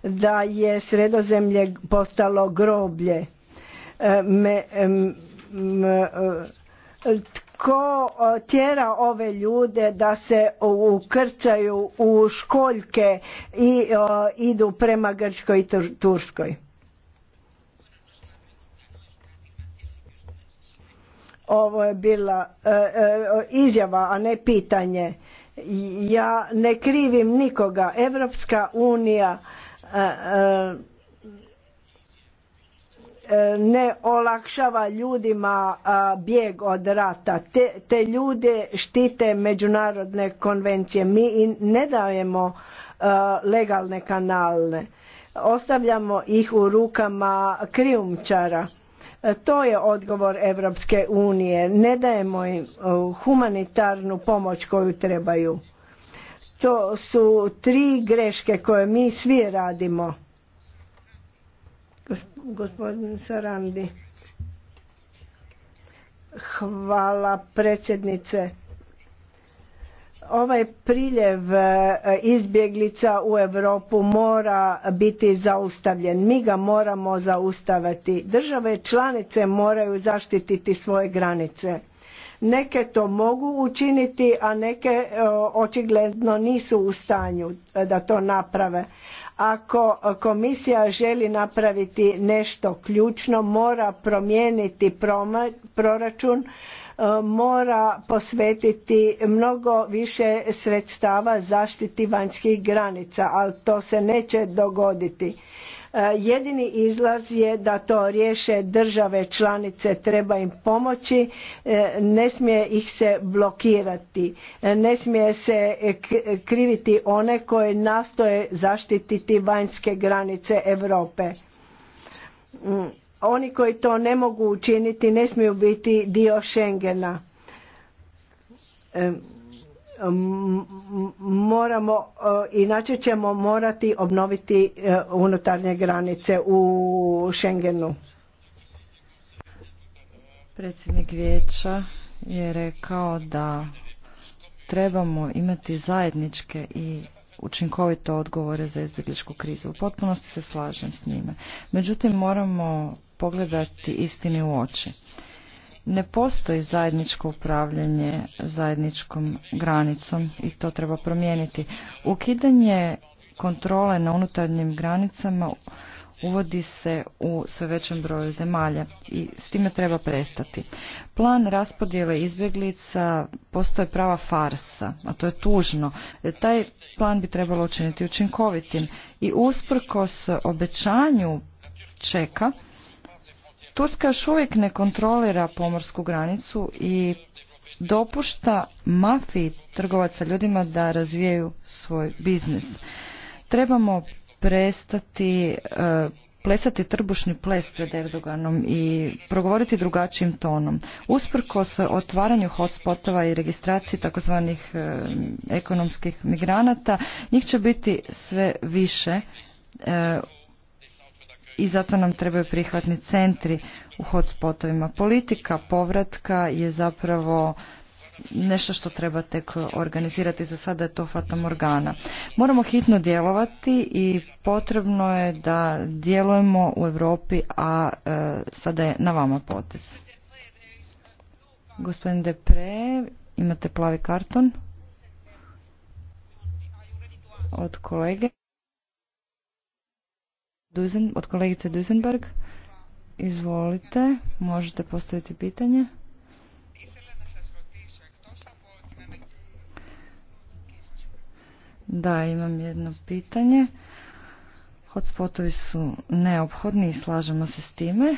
da je sredozemlje postalo groblje. E, me, e, tko tjera ove ljude da se ukrcaju u školjke i idu prema Grčkoj i Turskoj? Ovo je bila izjava, a ne pitanje ja ne krivim nikoga Evropska unija e, e, e, ne olakšava ljudima bijeg od rata. Te, te ljude štite međunarodne konvencije. Mi i ne dajemo legalne kanale. Ostavljamo ih u rukama krijumčara E, to je odgovor Europske unije. Ne dajemo im e, humanitarnu pomoć koju trebaju. To su tri greške koje mi svi radimo. Gospodin Sarandi. Hvala predsjednice ovaj priljev e, izbjeglica u Europu mora biti zaustavljen. Mi ga moramo zaustaviti. Države članice moraju zaštititi svoje granice. Neke to mogu učiniti, a neke e, očigledno nisu u stanju e, da to naprave. Ako komisija želi napraviti nešto ključno, mora promijeniti proračun E, mora posvetiti mnogo više sredstava zaštiti vanjskih granica, ali to se neće dogoditi. E, jedini izlaz je da to riješe države članice, treba im pomoći, e, ne smije ih se blokirati, ne smije se kriviti one koje nastoje zaštititi vanjske granice Europe mm. Oni koji to ne mogu učiniti ne smiju biti dio Schengena. E, moramo, e, inače ćemo morati obnoviti e, unutarnje granice u Schengenu. Predsjednik vijeća je rekao da trebamo imati zajedničke i učinkovite odgovore za izbjegličku krizu. U potpunosti se slažem s njime. Međutim, moramo pogledati istini u oči. Ne postoji zajedničko upravljanje zajedničkom granicom i to treba promijeniti. Ukidanje kontrole na unutarnjim granicama uvodi se u sve većem broju zemalja i s time treba prestati. Plan raspodjele izbjeglica postoje prava farsa, a to je tužno. E, taj plan bi trebalo učiniti učinkovitim i usprkos obećanju čeka Turska još uvijek ne kontrolira pomorsku granicu i dopušta mafiji trgovaca ljudima da razvijaju svoj biznis. Trebamo prestati e, plesati trbušni ples pred Erdoganom i progovoriti drugačijim tonom. Usprkos otvaranju hotspotova i registraciji takozvanih e, ekonomskih migranata, njih će biti sve više e, i zato nam trebaju prihvatni centri u hotspotovima. Politika povratka je zapravo nešto što treba tek organizirati za sada je to Fata Morgana. Moramo hitno djelovati i potrebno je da djelujemo u Europi, a e, sada je na vama potez. Gospodin Depre, imate plavi karton od kolege. Duzen, od kolegice Duzenberg. Izvolite, možete postaviti pitanje. Da, imam jedno pitanje. Hotspotovi su neophodni i slažemo se s time,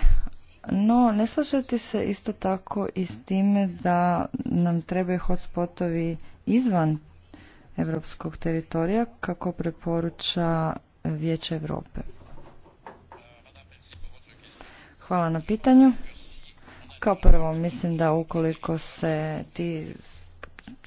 no ne slažete se isto tako i s time da nam trebaju hotspotovi izvan evropskog teritorija kako preporuča Vijeće Europe. Hvala na pitanju. Kao prvo, mislim da ukoliko se ti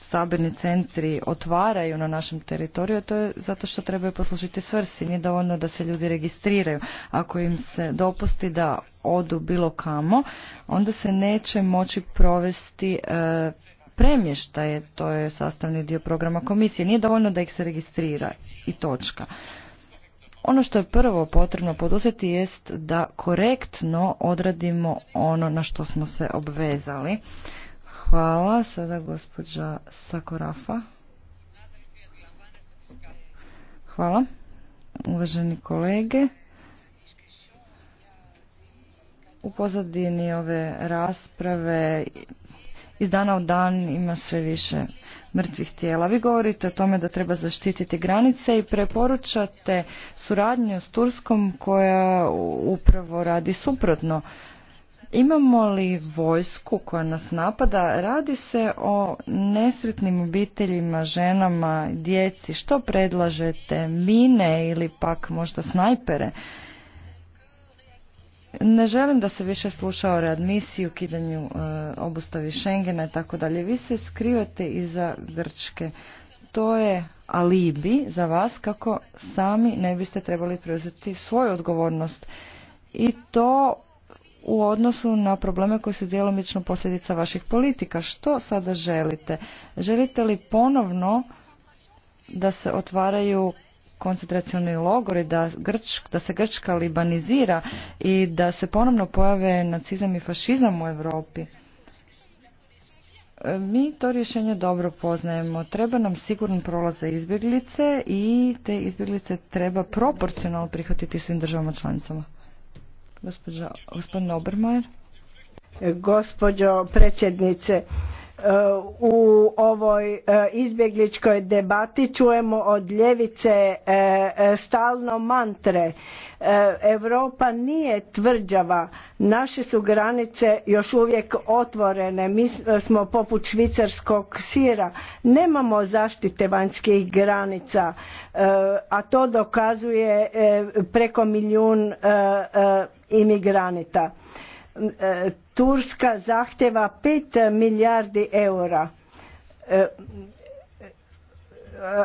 sabirni centri otvaraju na našem teritoriju, to je zato što trebaju poslužiti svrsi. Nije dovoljno da se ljudi registriraju. Ako im se dopusti da odu bilo kamo, onda se neće moći provesti e, premještaje, to je sastavni dio programa komisije. Nije dovoljno da ih se registrira i točka. Ono što je prvo potrebno poduzeti jest da korektno odradimo ono na što smo se obvezali Hvala. Sada gospođa Sakorafa. Hvala. Uvaženi kolege, u pozadini ove rasprave iz dana u dan ima sve više mrtvih tijela. Vi govorite o tome da treba zaštititi granice i preporučate suradnju s Turskom koja upravo radi suprotno. Imamo li vojsku koja nas napada? Radi se o nesretnim obiteljima, ženama, djeci. Što predlažete? Mine ili pak možda snajpere? Ne želim da se više sluša o readmisiji, ukidanju e, obustavi Schengena i tako dalje. Vi se skrivate iza Grčke. To je alibi za vas kako sami ne biste trebali preuzeti svoju odgovornost. I to u odnosu na probleme koji su djelomično posljedica vaših politika. Što sada želite? Želite li ponovno da se otvaraju koncentracioni logori, da, Grč, da se Grčka libanizira i da se ponovno pojave nacizam i fašizam u Europi? E, mi to rješenje dobro poznajemo. Treba nam sigurno prolaz za izbjeglice i te izbjeglice treba proporcionalno prihvatiti svim državama članicama. Gospođo, gospodine Obermajer. Gospođo predsjednice, u ovoj e, izbjegličkoj debati čujemo od ljevice e, e, stalno mantre Europa nije tvrđava naše su granice još uvijek otvorene mi smo poput švicarskog sira nemamo zaštite vanjskih granica a to dokazuje preko milijun imigranata E, Turska zahtjeva 5 milijardi eura, e, e,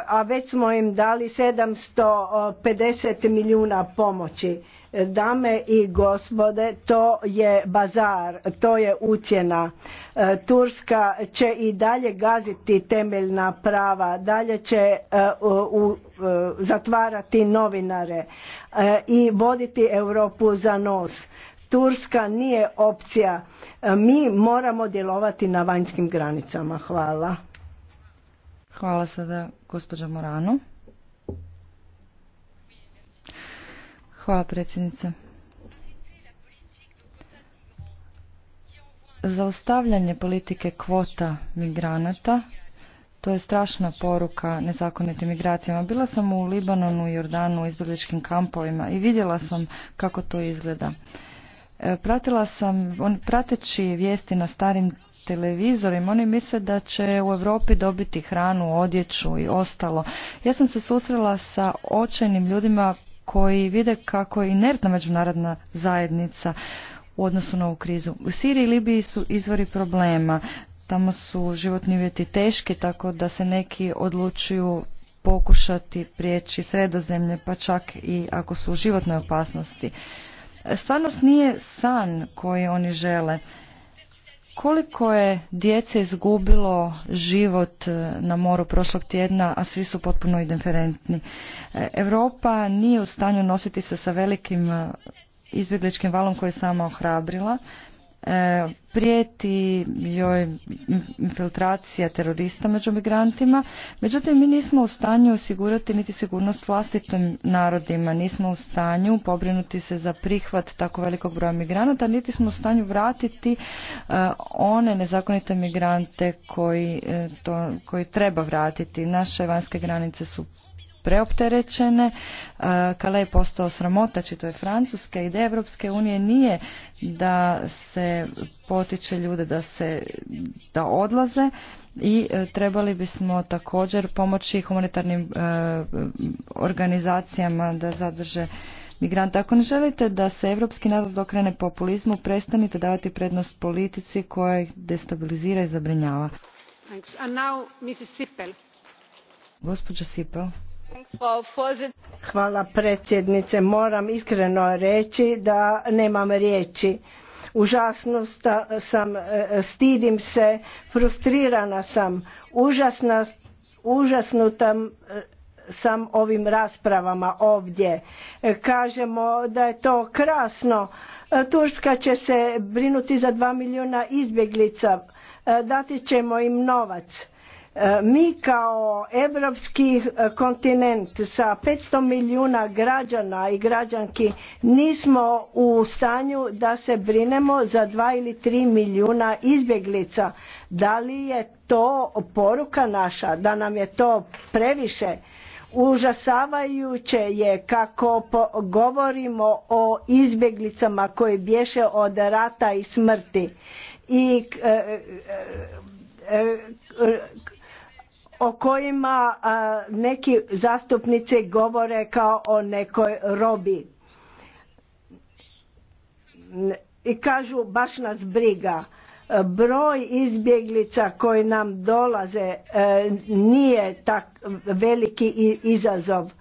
a već smo im dali 750 milijuna pomoći. Dame i gospode, to je bazar, to je ucjena. Turska će i dalje gaziti temeljna prava, dalje će zatvarati novinare i voditi Europu za nos Turska nije opcija. E, mi moramo djelovati na vanjskim granicama. Hvala. Hvala sada gospođa Morano. Hvala predsjednice. Zaostavljanje politike kvota migranata, to je strašna poruka nezakonitim migracijama. Bila sam u Libanonu, Jordanu, izbjegličkim kampovima i vidjela sam kako to izgleda. E, pratila sam, on, prateći vijesti na starim televizorima, oni misle da će u Europi dobiti hranu, odjeću i ostalo. Ja sam se susrela sa očajnim ljudima koji vide kako je inertna međunarodna zajednica u odnosu na ovu krizu. U Siriji i Libiji su izvori problema. Tamo su životni uvjeti teški, tako da se neki odlučuju pokušati prijeći sredozemlje, pa čak i ako su u životnoj opasnosti. Stvarnost nije san koji oni žele. Koliko je djece izgubilo život e, na moru prošlog tjedna, a svi su potpuno indiferentni. E, Europa nije u stanju nositi se sa velikim e, izbjegličkim valom koji je sama ohrabrila. E, prijeti joj infiltracija terorista među migrantima. Međutim, mi nismo u stanju osigurati niti sigurnost vlastitim narodima, nismo u stanju pobrinuti se za prihvat tako velikog broja migranata, niti smo u stanju vratiti e, one nezakonite migrante koji, e, koji treba vratiti. Naše vanjske granice su preopterećene. Kale e, je postao sramota je Francuske. Ideja Evropske unije nije da se potiče ljude da, se, da odlaze i e, trebali bismo također pomoći humanitarnim e, organizacijama da zadrže migranta. Ako ne želite da se evropski narod okrene populizmu, prestanite davati prednost politici koja ih destabilizira i zabrinjava. Gospođa Sipel. Hvala predsjednice. Moram iskreno reći da nemam riječi. Užasno sam, e, stidim se, frustrirana sam, užasna, užasnuta e, sam ovim raspravama ovdje. E, kažemo da je to krasno. Turska će se brinuti za dva milijuna izbjeglica. Dati ćemo im novac E, mi kao evropski e, kontinent sa 500 milijuna građana i građanki nismo u stanju da se brinemo za 2 ili 3 milijuna izbjeglica. Da li je to poruka naša, da nam je to previše? Užasavajuće je kako govorimo o izbjeglicama koje bješe od rata i smrti. I e, o kojima neki zastupnici govore kao o nekoj robi i kažu baš nas briga broj izbjeglica koji nam dolaze e, nije tak veliki izazov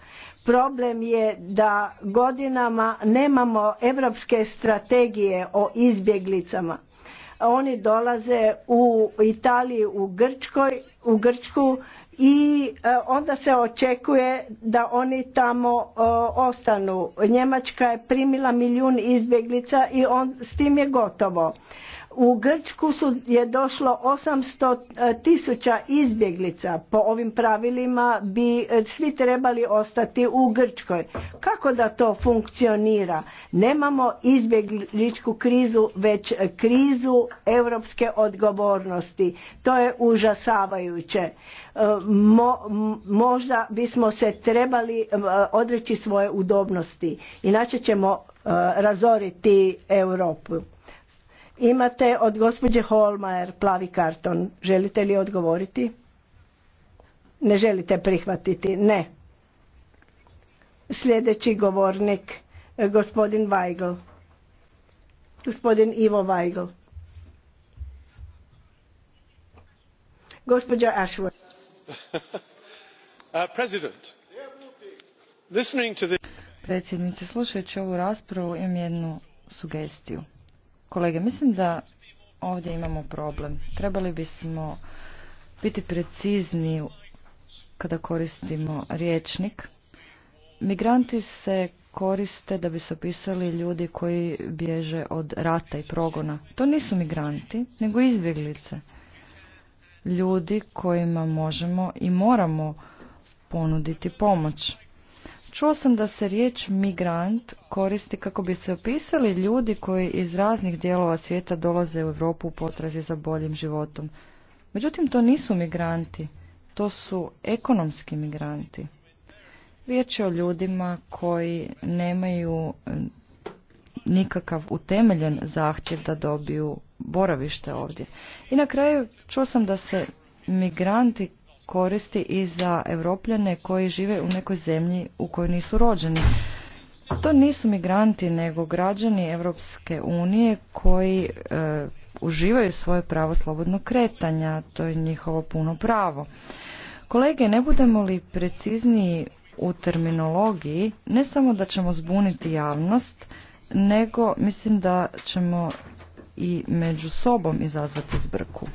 problem je da godinama nemamo europske strategije o izbjeglicama oni dolaze u Italiji u, Grčkoj, u Grčku i e, onda se očekuje da oni tamo e, ostanu. Njemačka je primila milijun izbjeglica i on, s tim je gotovo. U Grčku su, je došlo 800 e, tisuća izbjeglica. Po ovim pravilima bi e, svi trebali ostati u Grčkoj. Kako da to funkcionira? Nemamo izbjegličku krizu, već krizu europske odgovornosti. To je užasavajuće. E, možda bismo se trebali odreći svoje udobnosti. Inače ćemo razoriti Europu. Imate od gospođe Holmajer plavi karton. Želite li odgovoriti? Ne želite prihvatiti? Ne. Sljedeći govornik, gospodin Weigl. Gospodin Ivo Weigl. Gospođa Ashworth. (laughs) Uh, Predsjednice, slušajući ovu raspravu imam jednu sugestiju. Kolege, mislim da ovdje imamo problem. Trebali bismo biti precizni kada koristimo riječnik. Migranti se koriste da bi se opisali ljudi koji bježe od rata i progona. To nisu migranti, nego izbjeglice. Ljudi kojima možemo i moramo ponuditi pomoć. Čuo sam da se riječ migrant koristi kako bi se opisali ljudi koji iz raznih dijelova svijeta dolaze u Europu u potrazi za boljim životom. Međutim, to nisu migranti, to su ekonomski migranti. Riječ je o ljudima koji nemaju eh, nikakav utemeljen zahtjev da dobiju boravište ovdje. I na kraju čuo sam da se migranti koristi i za evropljane koji žive u nekoj zemlji u kojoj nisu rođeni. To nisu migranti, nego građani Europske unije koji e, uživaju svoje pravo slobodnog kretanja, to je njihovo puno pravo. Kolege, ne budemo li precizniji u terminologiji, ne samo da ćemo zbuniti javnost, nego mislim da ćemo i među sobom izazvati zbrku.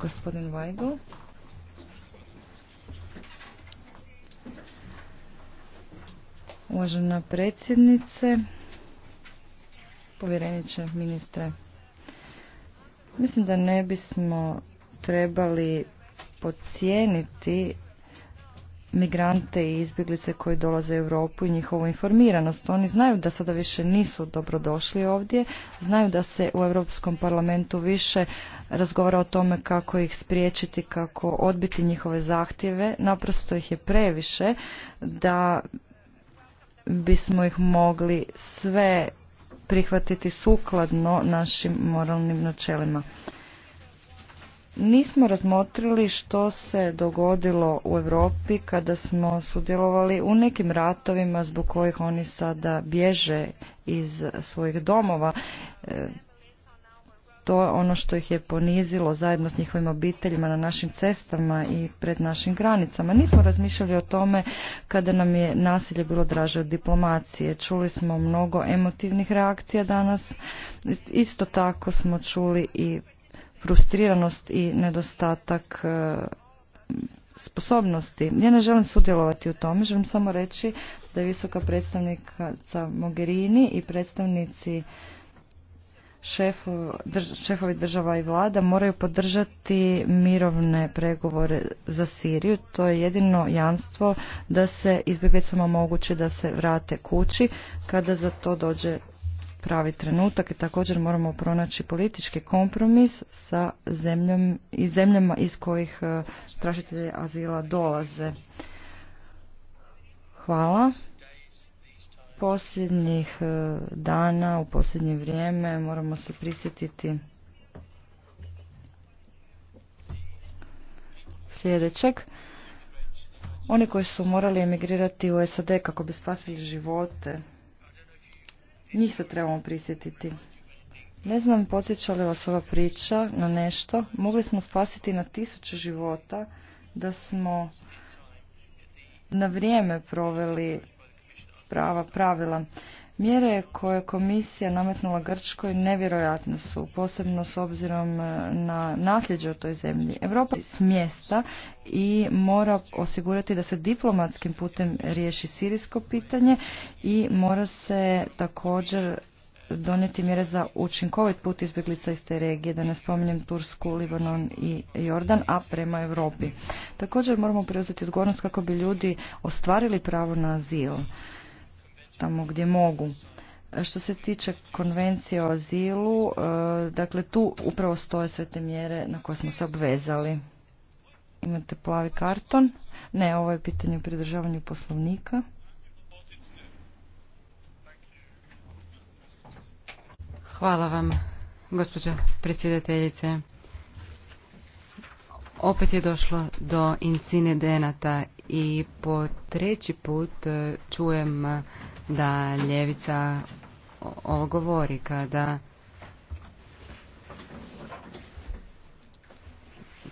Gospodin Weigl. Uvažena predsjednice, povjereniče ministre, mislim da ne bismo trebali podcijeniti migrante i izbjeglice koji dolaze u Europu i njihovu informiranost. Oni znaju da sada više nisu dobrodošli ovdje, znaju da se u Europskom parlamentu više razgovara o tome kako ih spriječiti, kako odbiti njihove zahtjeve. Naprosto ih je previše da bismo ih mogli sve prihvatiti sukladno našim moralnim načelima. Nismo razmotrili što se dogodilo u Europi kada smo sudjelovali u nekim ratovima zbog kojih oni sada bježe iz svojih domova. E, to je ono što ih je ponizilo zajedno s njihovim obiteljima na našim cestama i pred našim granicama. Nismo razmišljali o tome kada nam je nasilje bilo draže od diplomacije. Čuli smo mnogo emotivnih reakcija danas. Isto tako smo čuli i frustriranost i nedostatak e, sposobnosti. Ja ne želim sudjelovati u tome, želim samo reći da je visoka predstavnica Mogherini i predstavnici šefovi država i vlada moraju podržati mirovne pregovore za Siriju. To je jedino jamstvo da se izbjeglicama moguće da se vrate kući kada za to dođe pravi trenutak i također moramo pronaći politički kompromis sa zemljom i zemljama iz kojih eh, tražitelji azila dolaze. Hvala posljednjih e, dana, u posljednje vrijeme moramo se prisjetiti sljedećeg. Oni koji su morali emigrirati u SAD kako bi spasili živote, njih se trebamo prisjetiti. Ne znam podsjeća li vas ova priča na nešto. Mogli smo spasiti na tisuće života da smo na vrijeme proveli prava pravila. Mjere koje je komisija nametnula Grčkoj nevjerojatne su, posebno s obzirom e, na nasljeđe u toj zemlji. Europa s mjesta i mora osigurati da se diplomatskim putem riješi sirijsko pitanje i mora se također donijeti mjere za učinkovit put izbjeglica iz te regije, da ne spominjem Tursku, Libanon i Jordan, a prema Europi. Također moramo preuzeti odgovornost kako bi ljudi ostvarili pravo na azil tamo gdje mogu. E, što se tiče konvencije o azilu, e, dakle tu upravo stoje sve te mjere na koje smo se obvezali. Imate plavi karton? Ne, ovo je pitanje o pridržavanju poslovnika. Hvala vam, gospođo predsjedateljice. Opet je došlo do incidenata i po treći put e, čujem e, da ljevica ovo govori kada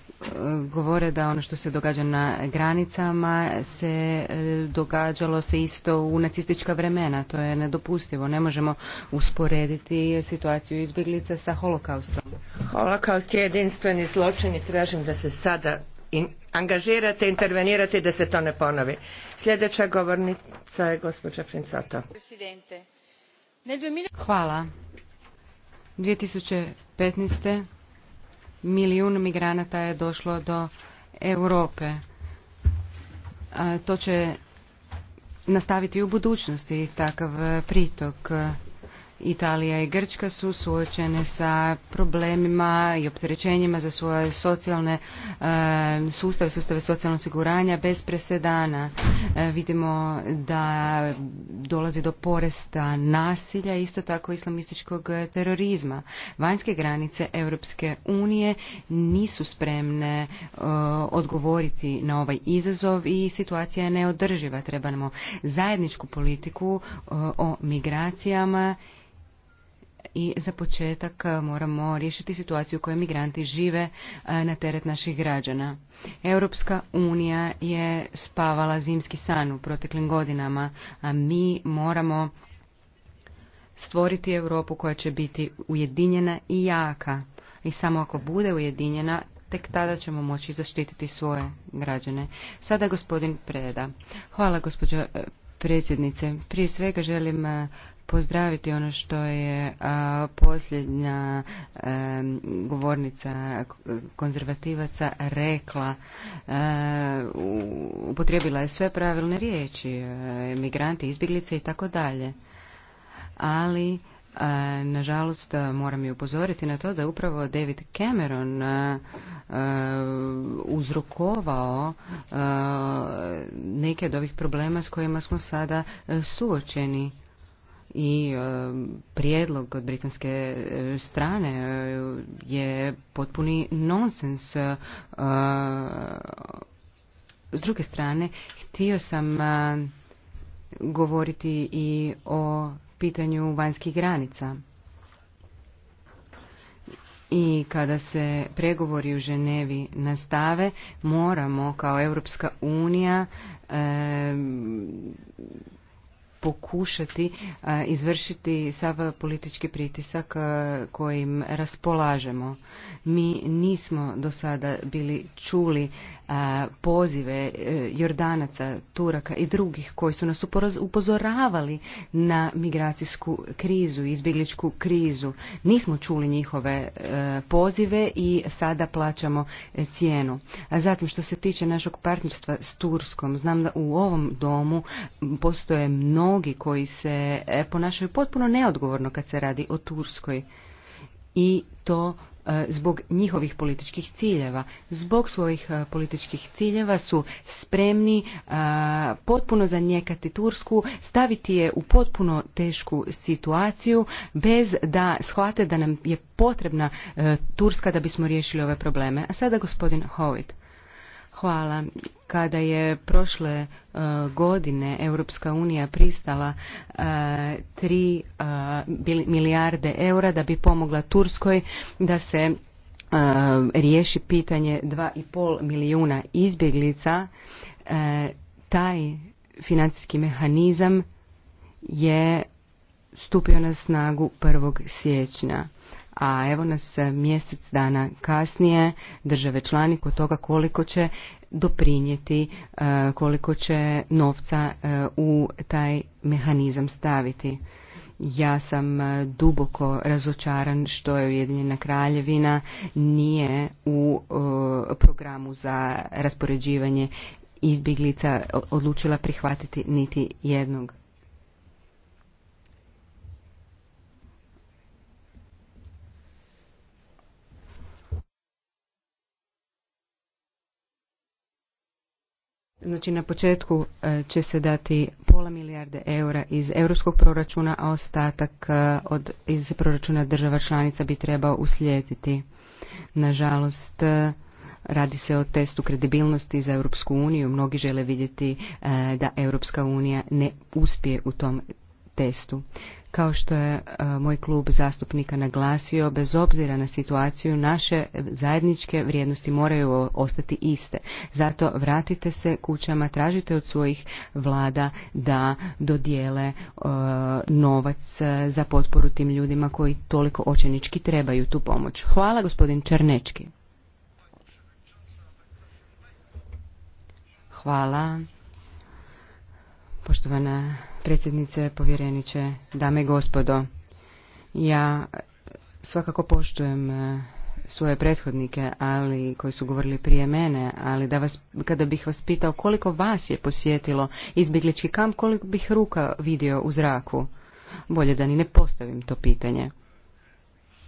e, govore da ono što se događa na granicama se događalo se isto u nacistička vremena. To je nedopustivo. Ne možemo usporediti situaciju izbjeglica sa holokaustom. Holokaust je jedinstveni zločin i tražim da se sada in, angažirate, intervenirate da se to ne ponovi. Sljedeća govornica je gospođa Princato. Hvala. 2015. milijun migranata je došlo do Europe. To će nastaviti u budućnosti takav pritok Italija i Grčka su suočene sa problemima i opterećenjima za svoje socijalne e, sustave, sustave socijalnog osiguranja bez presedana. E, vidimo da dolazi do poresta nasilja, isto tako islamističkog terorizma. Vanjske granice Europske unije nisu spremne e, odgovoriti na ovaj izazov i situacija je neodrživa. Trebamo zajedničku politiku o migracijama i za početak e, moramo riješiti situaciju u kojoj migranti žive e, na teret naših građana. Europska unija je spavala zimski san u proteklim godinama, a mi moramo stvoriti Europu koja će biti ujedinjena i jaka. I samo ako bude ujedinjena, tek tada ćemo moći zaštititi svoje građane. Sada gospodin Preda. Hvala gospođo e, predsjednice. Prije svega želim pozdraviti ono što je posljednja govornica konzervativaca rekla. Upotrijebila je sve pravilne riječi, emigranti, izbjeglice i tako dalje. Ali, nažalost, moram i upozoriti na to da je upravo David Cameron uzrokovao neke od ovih problema s kojima smo sada suočeni i e, prijedlog od britanske e, strane e, je potpuni nonsens. S druge strane, htio sam govoriti i o pitanju vanjskih granica. I kada se pregovori u Ženevi nastave, moramo kao Europska unija pokušati e, izvršiti sav politički pritisak e, kojim raspolažemo. Mi nismo do sada bili čuli e, pozive Jordanaca, Turaka i drugih koji su nas upozoravali na migracijsku krizu, izbjegličku krizu. Nismo čuli njihove pozive i sada plaćamo cijenu. Zatim što se tiče našeg partnerstva s Turskom, znam da u ovom domu postoje mnogo mnogi koji se e, ponašaju potpuno neodgovorno kad se radi o Turskoj i to e, zbog njihovih političkih ciljeva. Zbog svojih e, političkih ciljeva su spremni potpuno zanijekati Tursku, staviti je u potpuno tešku situaciju bez da shvate da nam je potrebna Turska da bismo riješili ove probleme. A sada gospodin Howitt. Hvala. Kada je prošle e, godine Europska unija pristala e, tri 3 e, milijarde eura da bi pomogla Turskoj da se riješi pitanje 2,5 milijuna izbjeglica, taj financijski mehanizam je stupio na snagu 1. siječnja a evo nas e, mjesec dana kasnije države članik toga koliko će doprinijeti, e, koliko će novca e, u taj mehanizam staviti. Ja sam duboko razočaran što je Ujedinjena kraljevina nije u programu za raspoređivanje izbjeglica odlučila prihvatiti niti jednog Znači na početku e, će se dati pola milijarde eura iz europskog proračuna, a ostatak e, od, iz proračuna država članica bi trebao uslijediti. Nažalost, e, radi se o testu kredibilnosti za Europsku uniju. Mnogi žele vidjeti da Europska unija ne uspije u tom testu. Kao što je e, moj klub zastupnika naglasio, bez obzira na situaciju, naše zajedničke vrijednosti moraju ostati iste. Zato vratite se kućama, tražite od svojih vlada da dodijele e, novac e, za potporu tim ljudima koji toliko očenički trebaju tu pomoć. Hvala gospodin Črnečki. Hvala. Poštovana predsjednice, povjereniče, dame i gospodo, ja e, svakako poštujem e, svoje prethodnike, ali koji su govorili prije mene, ali da vas, kada bih vas pitao koliko vas je posjetilo izbjeglički kamp, koliko bih ruka vidio u zraku, bolje da ni ne postavim to pitanje.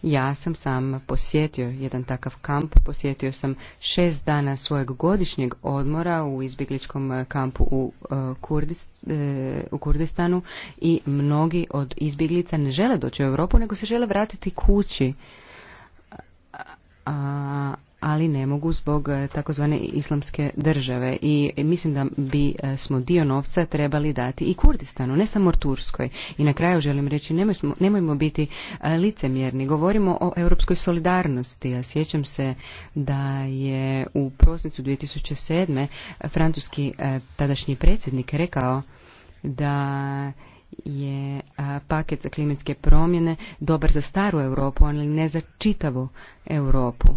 Ja sam sam posjetio jedan takav kamp, posjetio sam šest dana svojeg godišnjeg odmora u izbjegličkom kampu u, e, e, u Kurdistanu i mnogi od izbjeglica ne žele doći u Europu, nego se žele vratiti kući. A, ali ne mogu zbog e, takozvane islamske države i mislim da bi e, smo dio novca trebali dati i Kurdistanu, ne samo Turskoj. I na kraju želim reći, nemojmo, nemojmo biti e, licemjerni, govorimo o europskoj solidarnosti. a sjećam se da je u prosincu 2007. francuski tadašnji predsjednik rekao da je paket za klimatske promjene dobar za staru Europu, ali ne za čitavu Europu.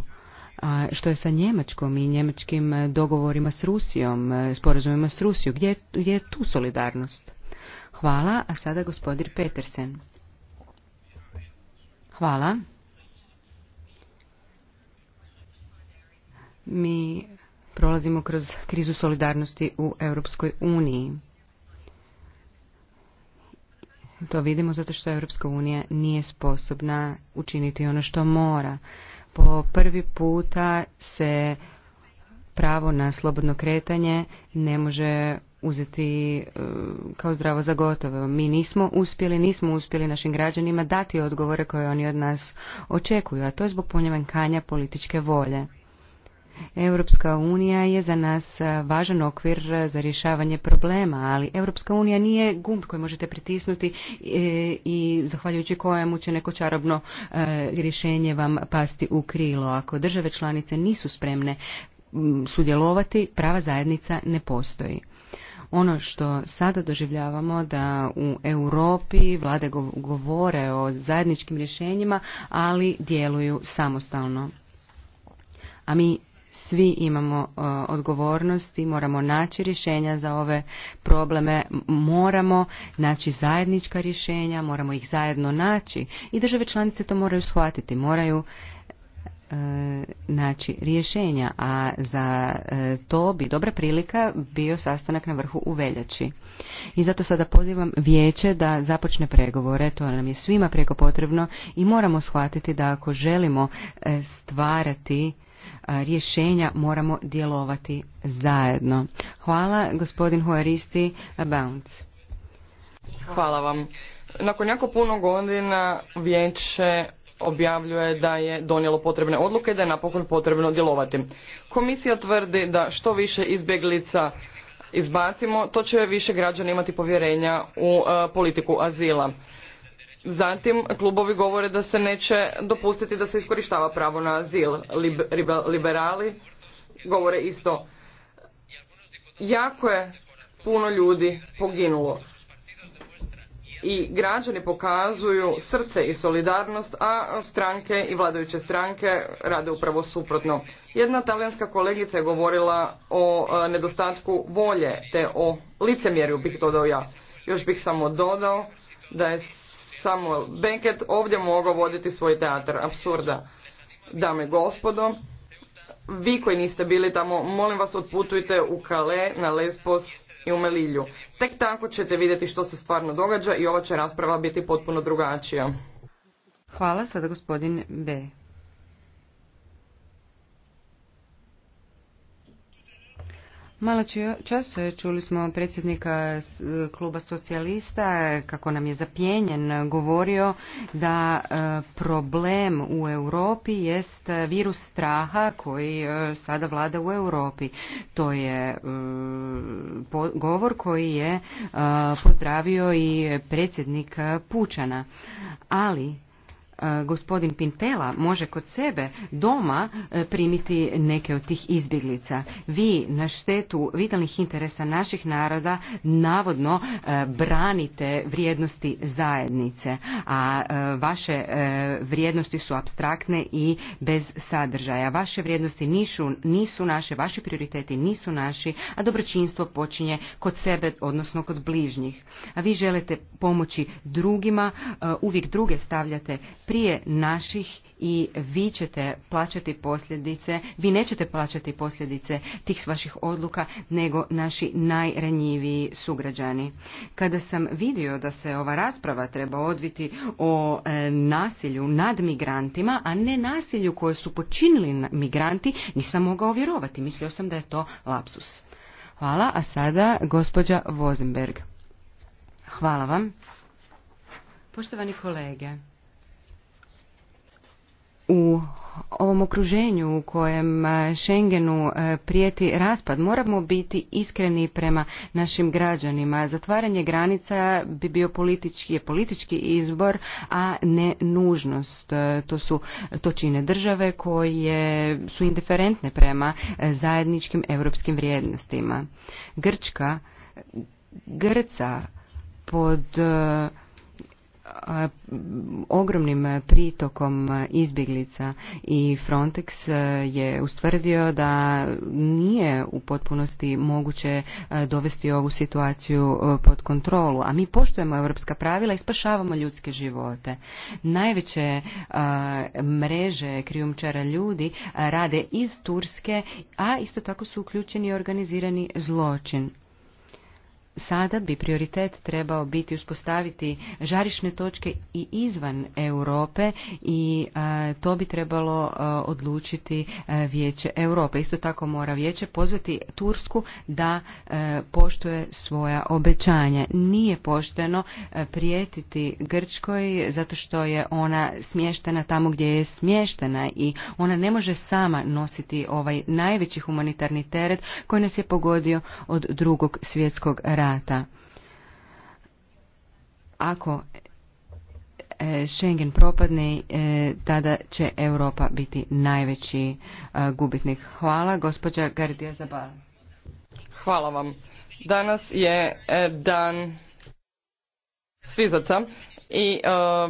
A što je sa Njemačkom i njemačkim e, dogovorima s Rusijom, e, sporazumima s Rusijom? Gdje, gdje je tu solidarnost? Hvala, a sada gospodin Petersen. Hvala. Mi prolazimo kroz krizu solidarnosti u Europskoj uniji. To vidimo zato što Europska unija nije sposobna učiniti ono što mora po prvi puta se pravo na slobodno kretanje ne može uzeti e, kao zdravo za gotovo. Mi nismo uspjeli, nismo uspjeli našim građanima dati odgovore koje oni od nas očekuju, a to je zbog ponjevankanja političke volje. Europska unija je za nas važan okvir za rješavanje problema, ali Europska unija nije gumb koji možete pritisnuti e, i, zahvaljujući kojemu će neko čarobno rješenje vam pasti u krilo. Ako države članice nisu spremne sudjelovati, prava zajednica ne postoji. Ono što sada doživljavamo da u Europi vlade govore o zajedničkim rješenjima, ali djeluju samostalno. A mi svi imamo e, odgovornost i moramo naći rješenja za ove probleme, moramo naći zajednička rješenja, moramo ih zajedno naći i države članice to moraju shvatiti, moraju e, naći rješenja, a za e, to bi dobra prilika bio sastanak na vrhu u veljači. I zato sada pozivam vijeće da započne pregovore, to nam je svima preko potrebno i moramo shvatiti da ako želimo stvarati rješenja moramo djelovati zajedno. Hvala gospodin Huaristi Bounce. Hvala vam. Nakon jako puno godina vijeće objavljuje da je donijelo potrebne odluke i da je napokon potrebno djelovati. Komisija tvrdi da što više izbjeglica izbacimo, to će više građana imati povjerenja u politiku azila. Zatim, klubovi govore da se neće dopustiti da se iskorištava pravo na azil. Liberali govore isto. Jako je puno ljudi poginulo. I građani pokazuju srce i solidarnost, a stranke i vladajuće stranke rade upravo suprotno. Jedna talijanska kolegica je govorila o e, nedostatku volje, te o licemjerju bih dodao ja. Još bih samo dodao da je Samuel Beckett ovdje mogao voditi svoj teatar Apsurda. Dame i gospodo, vi koji niste bili tamo, molim vas otputujte u Kale, na Lesbos i u Melilju. Tek tako ćete vidjeti što se stvarno događa i ova će rasprava biti potpuno drugačija. Hvala sada gospodin B. Malo čas čuli smo predsjednika kluba socijalista kako nam je zapjenjen, govorio da e, problem u Europi jest virus straha koji e, sada vlada u Europi. To je e, govor koji je pozdravio i predsjednik Pučana. Ali gospodin Pintela može kod sebe doma e, primiti neke od tih izbjeglica. Vi na štetu vitalnih interesa naših naroda navodno e, branite vrijednosti zajednice, a e, vaše vrijednosti su abstraktne i bez sadržaja. Vaše vrijednosti nisu, nisu naše, vaši prioriteti nisu naši, a dobročinstvo počinje kod sebe, odnosno kod bližnjih. A vi želite pomoći drugima, uvijek druge stavljate prije naših i vi ćete plaćati posljedice, vi nećete plaćati posljedice tih vaših odluka, nego naši najranjiviji sugrađani. Kada sam vidio da se ova rasprava treba odviti o e, nasilju nad migrantima, a ne nasilju koje su počinili migranti, nisam mogao vjerovati. Mislio sam da je to lapsus. Hvala, a sada gospođa Vozenberg. Hvala vam. Poštovani kolege, u ovom okruženju u kojem e, Schengenu e, prijeti raspad moramo biti iskreni prema našim građanima. Zatvaranje granica bi bio politički, je politički izbor, a ne nužnost. E, to, su, to čine države koje su indiferentne prema zajedničkim europskim vrijednostima. Grčka, Grca pod ogromnim pritokom izbjeglica i Frontex je ustvrdio da nije u potpunosti moguće e, dovesti ovu situaciju e, pod kontrolu, a mi poštujemo europska pravila i spašavamo ljudske živote. Najveće e, mreže krijumčara ljudi rade iz Turske, a isto tako su uključeni i organizirani zločin Sada bi prioritet trebao biti uspostaviti žarišne točke i izvan Europe i e, to bi trebalo e, odlučiti e, Vijeće Europe. Isto tako mora Vijeće pozvati Tursku da poštuje svoja obećanja. Nije pošteno prijetiti Grčkoj zato što je ona smještena tamo gdje je smještena i ona ne može sama nositi ovaj najveći humanitarni teret koji nas je pogodio od drugog svjetskog rata rata. Ako e, Schengen propadne, e, tada će Europa biti najveći e, gubitnik. Hvala, gospođa Gardija Zabal. Hvala vam. Danas je dan svizaca i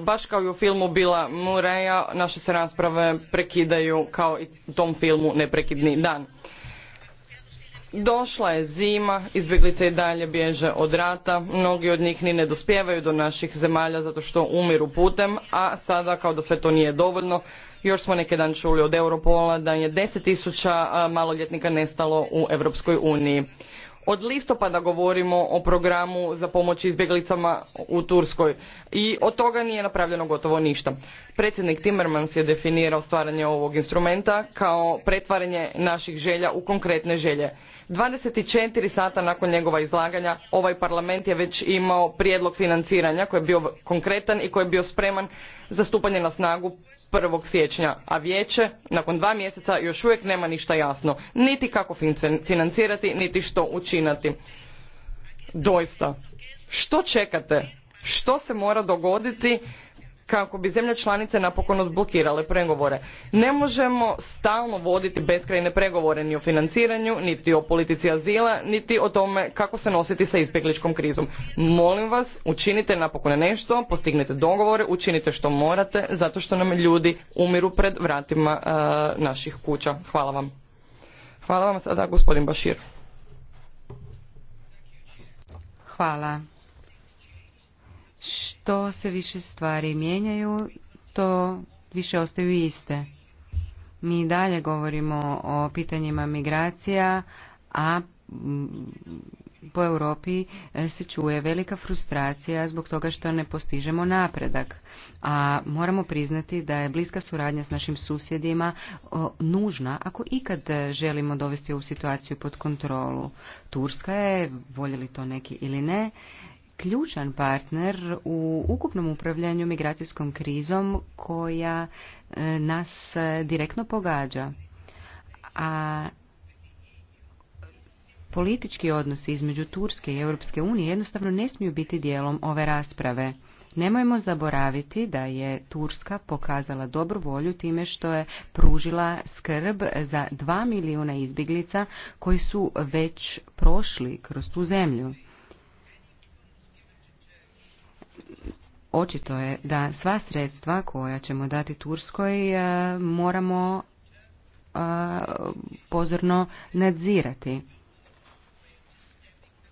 baš kao i u filmu Bila Mureja, naše se rasprave prekidaju kao i u tom filmu Neprekidni dan. Došla je zima, izbjeglice i dalje bježe od rata, mnogi od njih ni ne dospjevaju do naših zemalja zato što umiru putem, a sada kao da sve to nije dovoljno, još smo neki dan čuli od Europola da je tisuća maloljetnika nestalo u Europskoj uniji. Od listopada govorimo o programu za pomoć izbjeglicama u Turskoj i od toga nije napravljeno gotovo ništa. Predsjednik Timmermans je definirao stvaranje ovog instrumenta kao pretvaranje naših želja u konkretne želje. 24 sata nakon njegova izlaganja ovaj parlament je već imao prijedlog financiranja koji je bio konkretan i koji je bio spreman za stupanje na snagu 1. siječnja, a vijeće nakon dva mjeseca još uvijek nema ništa jasno, niti kako financirati, niti što učiniti. Doista, što čekate? Što se mora dogoditi kako bi zemlje članice napokon odblokirale pregovore. Ne možemo stalno voditi beskrajne pregovore ni o financiranju, niti o politici azila, niti o tome kako se nositi sa izbjegličkom krizom. Molim vas, učinite napokon nešto, postignite dogovore, učinite što morate, zato što nam ljudi umiru pred vratima e, naših kuća. Hvala vam. Hvala vam sada, gospodin Bašir. Hvala. Što se više stvari mijenjaju, to više ostaju iste. Mi dalje govorimo o pitanjima migracija, a po Europi e, se čuje velika frustracija zbog toga što ne postižemo napredak. A moramo priznati da je bliska suradnja s našim susjedima nužna ako ikad želimo dovesti ovu situaciju pod kontrolu. Turska je, voljeli to neki ili ne, ključan partner u ukupnom upravljanju migracijskom krizom koja e, nas e, direktno pogađa. A politički odnosi između Turske i Europske unije jednostavno ne smiju biti dijelom ove rasprave. Nemojmo zaboraviti da je Turska pokazala dobru volju time što je pružila skrb za dva milijuna izbjeglica koji su već prošli kroz tu zemlju. očito je da sva sredstva koja ćemo dati Turskoj e, moramo e, pozorno nadzirati.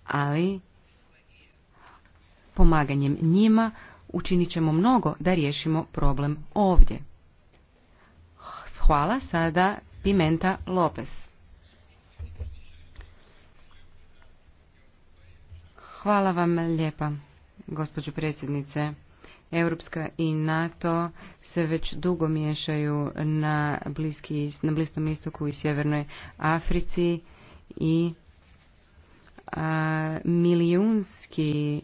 Ali pomaganjem njima učinit ćemo mnogo da riješimo problem ovdje. Hvala sada Pimenta Lopez. Hvala vam lijepa, gospođo predsjednice. Europska i NATO se već dugo miješaju na, bliski, na Bliskom istoku i Sjevernoj Africi i milijunski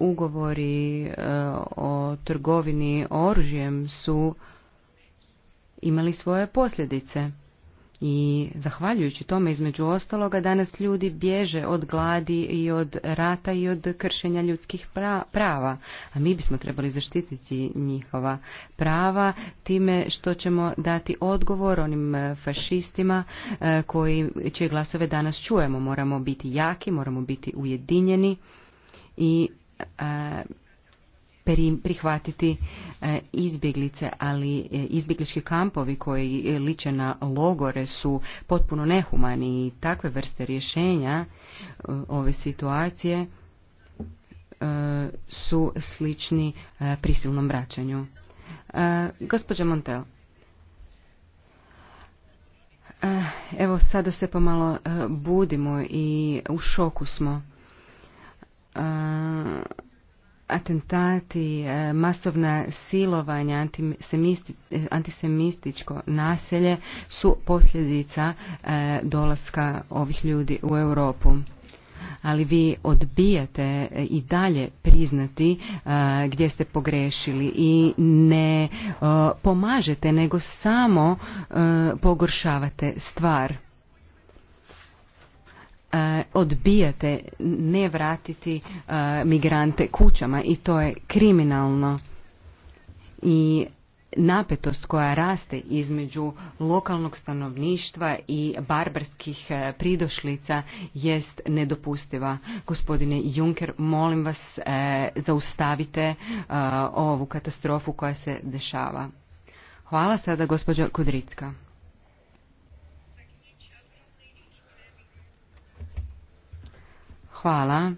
ugovori o trgovini oružjem su imali svoje posljedice. I zahvaljujući tome između ostaloga danas ljudi bježe od gladi i od rata i od kršenja ljudskih prava, a mi bismo trebali zaštititi njihova prava time što ćemo dati odgovor onim e, fašistima e, koji čije glasove danas čujemo. Moramo biti jaki, moramo biti ujedinjeni i e, prihvatiti e, izbjeglice, ali e, izbjeglički kampovi koji e, liče na logore su potpuno nehumani i takve vrste rješenja ove situacije su slični prisilnom vraćanju. Gospođa Montel. Evo sada se pomalo budimo i u šoku smo atentati, e, masovna silovanja, e, antisemističko naselje su posljedica e, dolaska ovih ljudi u Europu. Ali vi odbijate i dalje priznati gdje ste pogrešili i ne pomažete nego samo pogoršavate stvar. Eh, odbijate ne vratiti eh, migrante kućama i to je kriminalno i napetost koja raste između lokalnog stanovništva i barbarskih eh, pridošlica jest nedopustiva. Gospodine Juncker, molim vas zaustavite ovu katastrofu koja se dešava. Hvala sada gospođa Kudricka. Hvala.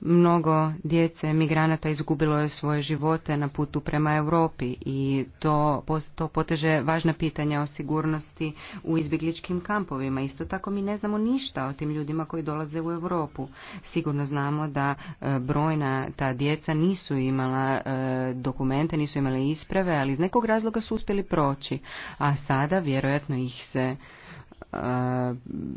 Mnogo djece migranata izgubilo je svoje živote na putu prema Europi i to, to poteže važna pitanja o sigurnosti u izbjegličkim kampovima. Isto tako mi ne znamo ništa o tim ljudima koji dolaze u Europu. Sigurno znamo da e, brojna ta djeca nisu imala e, dokumente, nisu imale isprave, ali iz nekog razloga su uspjeli proći, a sada vjerojatno ih se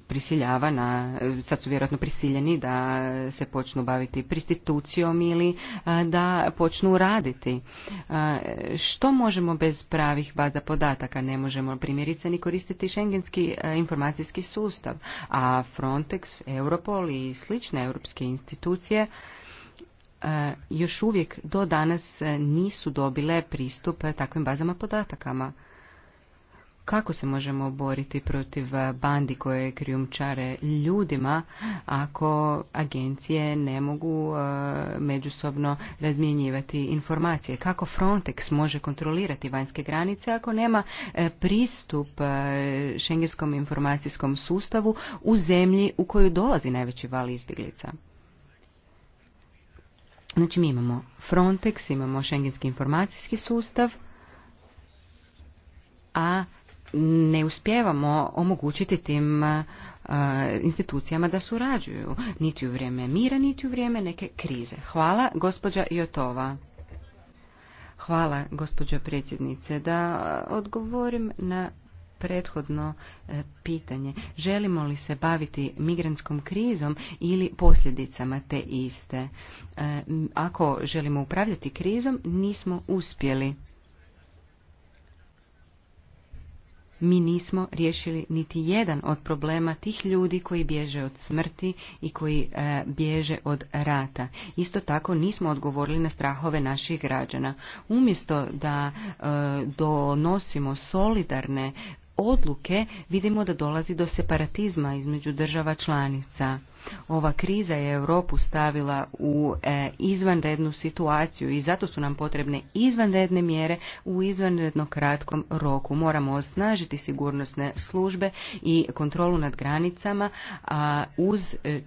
prisiljava na, sad su vjerojatno prisiljeni da se počnu baviti prostitucijom ili da počnu raditi. Što možemo bez pravih baza podataka? Ne možemo primjerice ni koristiti šengenski informacijski sustav, a Frontex, Europol i slične europske institucije još uvijek do danas nisu dobile pristup takvim bazama podatakama. Kako se možemo boriti protiv e, bandi koje krijumčare ljudima ako agencije ne mogu e, međusobno razmjenjivati informacije? Kako Frontex može kontrolirati vanjske granice ako nema e, pristup šengenskom informacijskom sustavu u zemlji u koju dolazi najveći val izbjeglica? Znači mi imamo Frontex, imamo šengenski informacijski sustav, a ne uspijevamo omogućiti tim e, institucijama da surađuju, niti u vrijeme mira, niti u vrijeme neke krize. Hvala, gospođa Jotova. Hvala, gospođo predsjednice, da odgovorim na prethodno e, pitanje. Želimo li se baviti migrantskom krizom ili posljedicama te iste? E, ako želimo upravljati krizom, nismo uspjeli. mi nismo riješili niti jedan od problema tih ljudi koji bježe od smrti i koji e, bježe od rata. Isto tako nismo odgovorili na strahove naših građana. Umjesto da e, donosimo solidarne odluke, vidimo da dolazi do separatizma između država članica. Ova kriza je Europu stavila u e, izvanrednu situaciju i zato su nam potrebne izvanredne mjere u izvanredno kratkom roku. Moramo osnažiti sigurnosne službe i kontrolu nad granicama a uz e,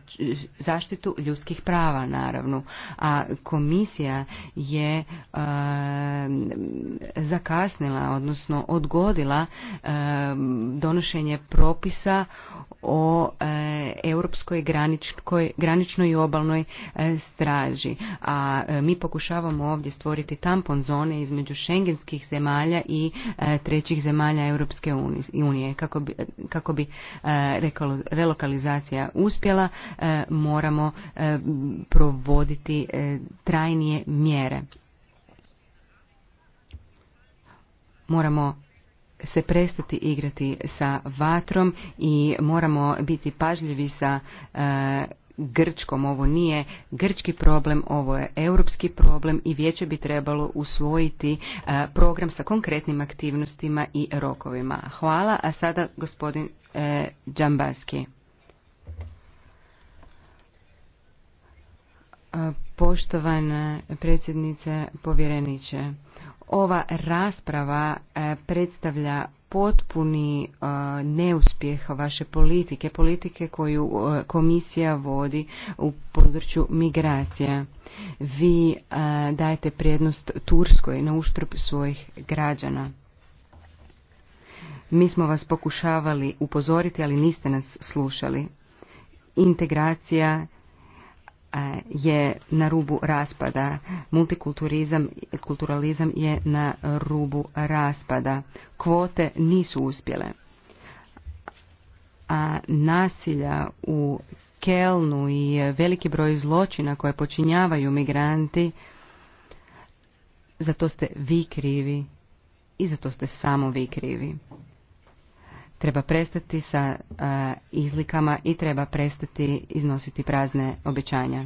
zaštitu ljudskih prava naravno. A komisija je e, zakasnila, odnosno odgodila donošenje propisa o europskoj granici graničnoj i obalnoj e, straži. A e, mi pokušavamo ovdje stvoriti tampon zone između šengenskih zemalja i e, trećih zemalja Europske unije. Kako bi, kako bi relokalizacija uspjela, moramo provoditi trajnije mjere. Moramo se prestati igrati sa vatrom i moramo biti pažljivi sa e, Grčkom. Ovo nije grčki problem, ovo je europski problem i vijeće bi trebalo usvojiti e, program sa konkretnim aktivnostima i rokovima. Hvala, a sada gospodin e, Džambaski. E, poštovana predsjednice povjereniče, ova rasprava e, predstavlja potpuni e, neuspjeh vaše politike, politike koju e, komisija vodi u području migracija. Vi dajete prijednost Turskoj na uštrb svojih građana. Mi smo vas pokušavali upozoriti, ali niste nas slušali. Integracija je na rubu raspada. Multikulturizam kulturalizam je na rubu raspada. Kvote nisu uspjele. A nasilja u Kelnu i veliki broj zločina koje počinjavaju migranti, za to ste vi krivi i za to ste samo vi krivi. Treba prestati sa izlikama i treba prestati iznositi prazne obećanja.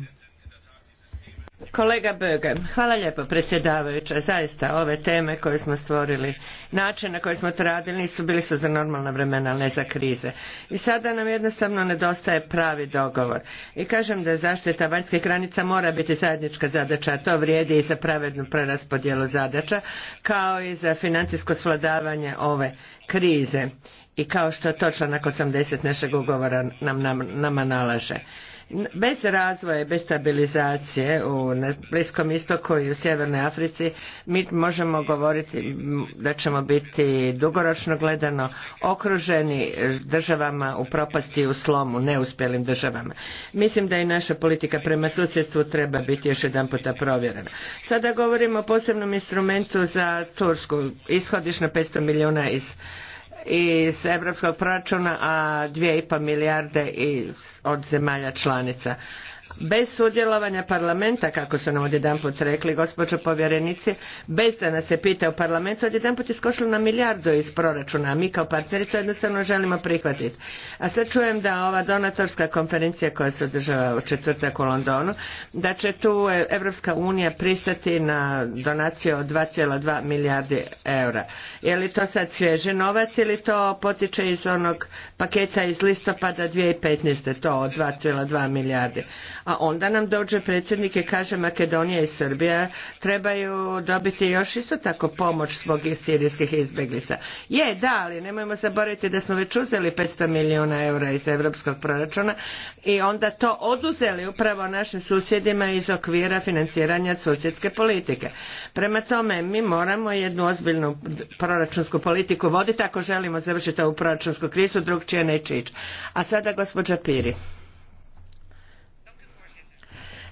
Kolega Böge, hvala lijepo predsjedavajuća. Zaista ove teme koje smo stvorili, način na koji smo to radili nisu bili su za normalna vremena, ali ne za krize. I sada nam jednostavno nedostaje pravi dogovor. I kažem da zaštita vanjskih granica mora biti zajednička zadaća, a to vrijedi i za pravednu preraspodjelu zadaća, kao i za financijsko svladavanje ove krize i kao što je to članak 80 našeg ugovora nam, nam, nama nalaže. Bez razvoja i bez stabilizacije u Bliskom istoku i u Sjevernoj Africi mi možemo govoriti da ćemo biti dugoročno gledano okruženi državama u propasti i u slomu, neuspjelim državama. Mislim da i naša politika prema susjedstvu treba biti još jedan puta provjerena. Sada govorimo o posebnom instrumentu za Tursku, ishodišno 500 milijuna iz iz europskog proračuna, a pol milijarde iz, od zemalja članica bez sudjelovanja parlamenta kako su nam odjedanput rekli gospođo povjerenice bez da nas se pita u parlamentu odjedanput je skočilo na milijardu iz proračuna a mi kao partneri to jednostavno želimo prihvatiti a sad čujem da ova donatorska konferencija koja se održava u četvrtak u londonu da će tu europska unija pristati na donaciju od 2,2 milijardi eura je li to sad svježi novac ili to potiče iz onog paketa iz listopada 2015. to od 2,2 milijarde a onda nam dođe predsjednik i kaže Makedonija i Srbija trebaju dobiti još isto tako pomoć zbog sirijskih izbjeglica. Je, da, ali nemojmo zaboraviti da smo već uzeli 500 milijuna eura iz europskog proračuna i onda to oduzeli upravo našim susjedima iz okvira financiranja susjedske politike. Prema tome, mi moramo jednu ozbiljnu proračunsku politiku voditi ako želimo završiti ovu proračunsku krizu, drugčije neće ići. A sada gospođa Piri.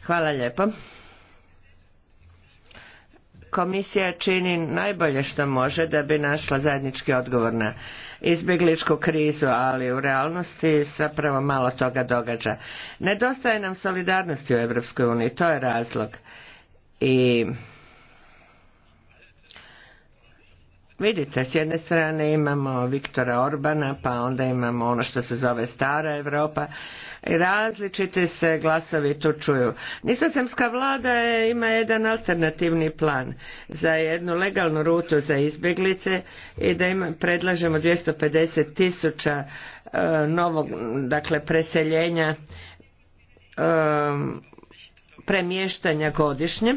Hvala lijepo. Komisija čini najbolje što može da bi našla zajednički odgovor na izbjegličku krizu, ali u realnosti zapravo malo toga događa. Nedostaje nam solidarnosti u EU, to je razlog. I Vidite, s jedne strane imamo Viktora Orbana, pa onda imamo ono što se zove Stara Europa. I različiti se glasovi tu čuju. Nisozemska vlada ima jedan alternativni plan za jednu legalnu rutu za izbjeglice i da im predlažemo 250 tisuća e, novog, dakle, preseljenja, e, premještanja godišnje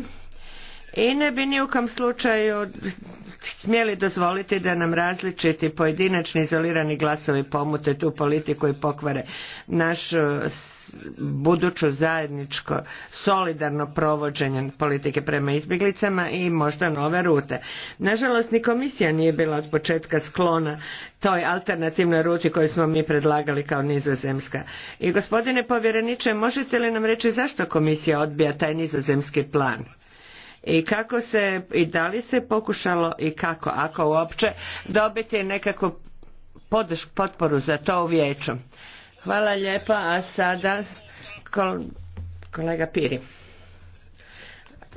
i ne bi ni u kom slučaju smjeli dozvoliti da nam različiti pojedinačni izolirani glasovi pomute tu politiku i pokvare naš e, buduću zajedničko solidarno provođenje politike prema izbjeglicama i možda nove rute. Nažalost ni komisija nije bila od početka sklona toj alternativnoj ruti koju smo mi predlagali kao nizozemska. I gospodine povjereniče, možete li nam reći zašto komisija odbija taj nizozemski plan? i kako se i da li se pokušalo i kako ako uopće dobiti nekakvu potporu za to u vijeću. Hvala lijepa, a sada kolega Piri.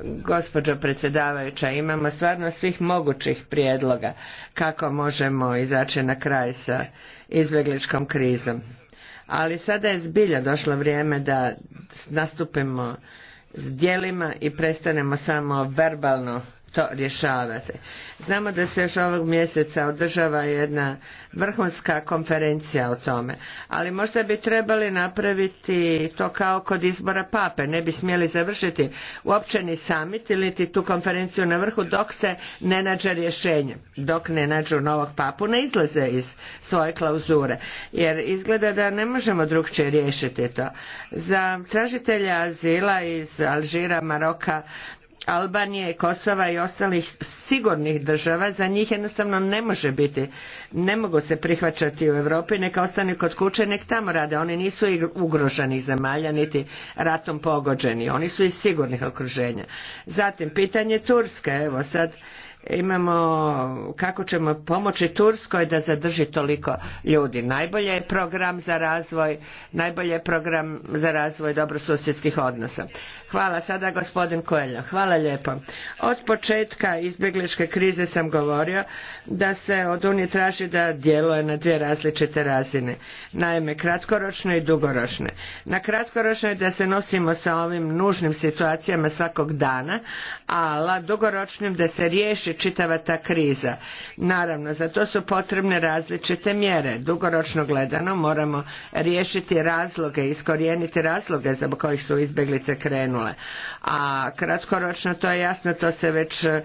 Gospođo predsjedavajuća, imamo stvarno svih mogućih prijedloga kako možemo izaći na kraj sa izbjegličkom krizom. Ali sada je zbilja došlo vrijeme da nastupimo s djelima i prestanemo samo verbalno to rješavati. Znamo da se još ovog mjeseca održava jedna vrhunska konferencija o tome, ali možda bi trebali napraviti to kao kod izbora pape, ne bi smjeli završiti uopće ni summit ili ti tu konferenciju na vrhu dok se ne nađe rješenje, dok ne nađu novog papu, ne izlaze iz svoje klauzure, jer izgleda da ne možemo drugčije riješiti to. Za tražitelja azila iz Alžira, Maroka, Albanije, Kosova i ostalih sigurnih država, za njih jednostavno ne može biti, ne mogu se prihvaćati u Europi, neka ostane kod kuće, nek tamo rade. Oni nisu ugroženih zemalja, niti ratom pogođeni. Oni su iz sigurnih okruženja. Zatim, pitanje Turske, evo sad, imamo kako ćemo pomoći Turskoj da zadrži toliko ljudi. Najbolje je program za razvoj, najbolje je program za razvoj dobrosusjedskih odnosa. Hvala sada gospodin Koeljo. Hvala lijepo. Od početka izbjegličke krize sam govorio da se od Unije traži da djeluje na dvije različite razine. Naime, kratkoročne i dugoročne. Na kratkoročno je da se nosimo sa ovim nužnim situacijama svakog dana, a dugoročnim da se riješi čitava ta kriza. Naravno, za to su potrebne različite mjere. Dugoročno gledano moramo riješiti razloge, iskorijeniti razloge za kojih su izbjeglice krenule. A kratkoročno to je jasno, to se već e,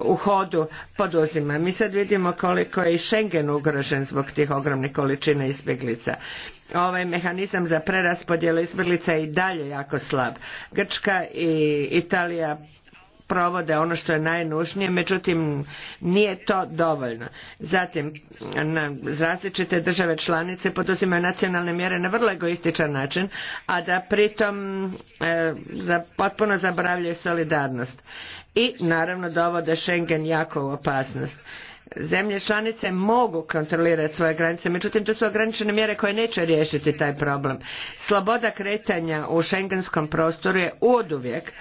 u hodu poduzima. Mi sad vidimo koliko je i Schengen ugrožen zbog tih ogromnih količina izbjeglica ovaj mehanizam za preraspodjelu izbjeglica je i dalje jako slab. Grčka i Italija provode ono što je najnužnije, međutim nije to dovoljno. Zatim, na različite države članice poduzimaju nacionalne mjere na vrlo egoističan način, a da pritom e, za, potpuno zaboravljaju solidarnost. I naravno dovode Schengen jako u opasnost zemlje članice mogu kontrolirati svoje granice međutim to su ograničene mjere koje neće riješiti taj problem sloboda kretanja u schengenskom prostoru je oduvijek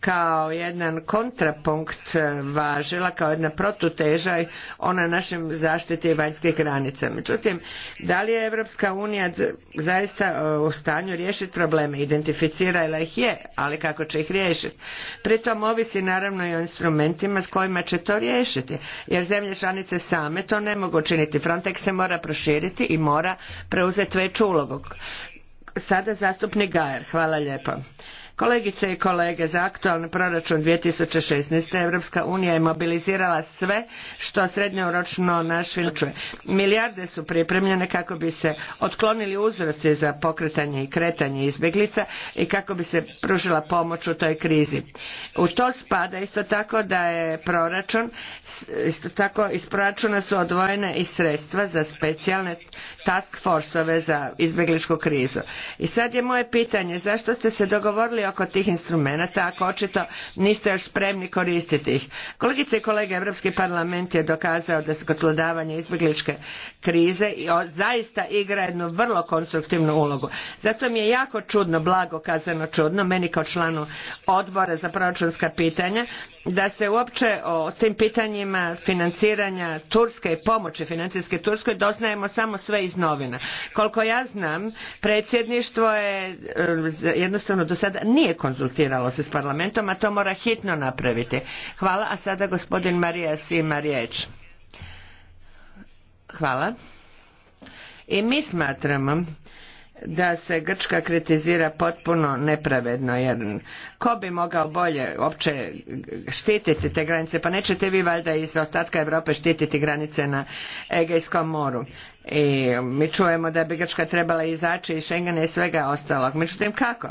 kao jedan kontrapunkt e, važila, kao jedna protutežaj ona našem zaštiti vanjskih granica. Međutim, da li je Evropska unija zaista e, u stanju riješiti probleme? Identificirala ih je, ali kako će ih riješiti? Pritom ovisi naravno i o instrumentima s kojima će to riješiti, jer zemlje članice same to ne mogu činiti. Frontex se mora proširiti i mora preuzeti veću ulogu. Sada zastupnik Gajer, hvala lijepo. Kolegice i kolege, za aktualni proračun 2016. Europska unija je mobilizirala sve što srednjoročno našim finančuje. Milijarde su pripremljene kako bi se otklonili uzroci za pokretanje i kretanje izbjeglica i kako bi se pružila pomoć u toj krizi. U to spada isto tako da je proračun, isto tako iz proračuna su odvojene i sredstva za specijalne task forceove za izbjegličku krizu. I sad je moje pitanje zašto ste se dogovorili oko tih instrumenata ako očito niste još spremni koristiti ih. Kolegice i kolege, Europski parlament je dokazao da se kod izbjegličke krize i zaista igra jednu vrlo konstruktivnu ulogu. Zato mi je jako čudno, blago kazano čudno, meni kao članu odbora za proračunska pitanja, da se uopće o tim pitanjima financiranja Turske i pomoći financijske Turskoj doznajemo samo sve iz novina. Koliko ja znam, predsjedništvo je e, jednostavno do sada nije konzultiralo se s parlamentom, a to mora hitno napraviti. Hvala, a sada gospodin Marijas ima riječ. Hvala. I mi smatramo da se Grčka kritizira potpuno nepravedno jer ko bi mogao bolje uopće štititi te granice pa nećete vi valjda iz ostatka Europe štititi granice na Egejskom moru i mi čujemo da bi Grčka trebala izaći iz Schengena i svega ostalog. Međutim, kako?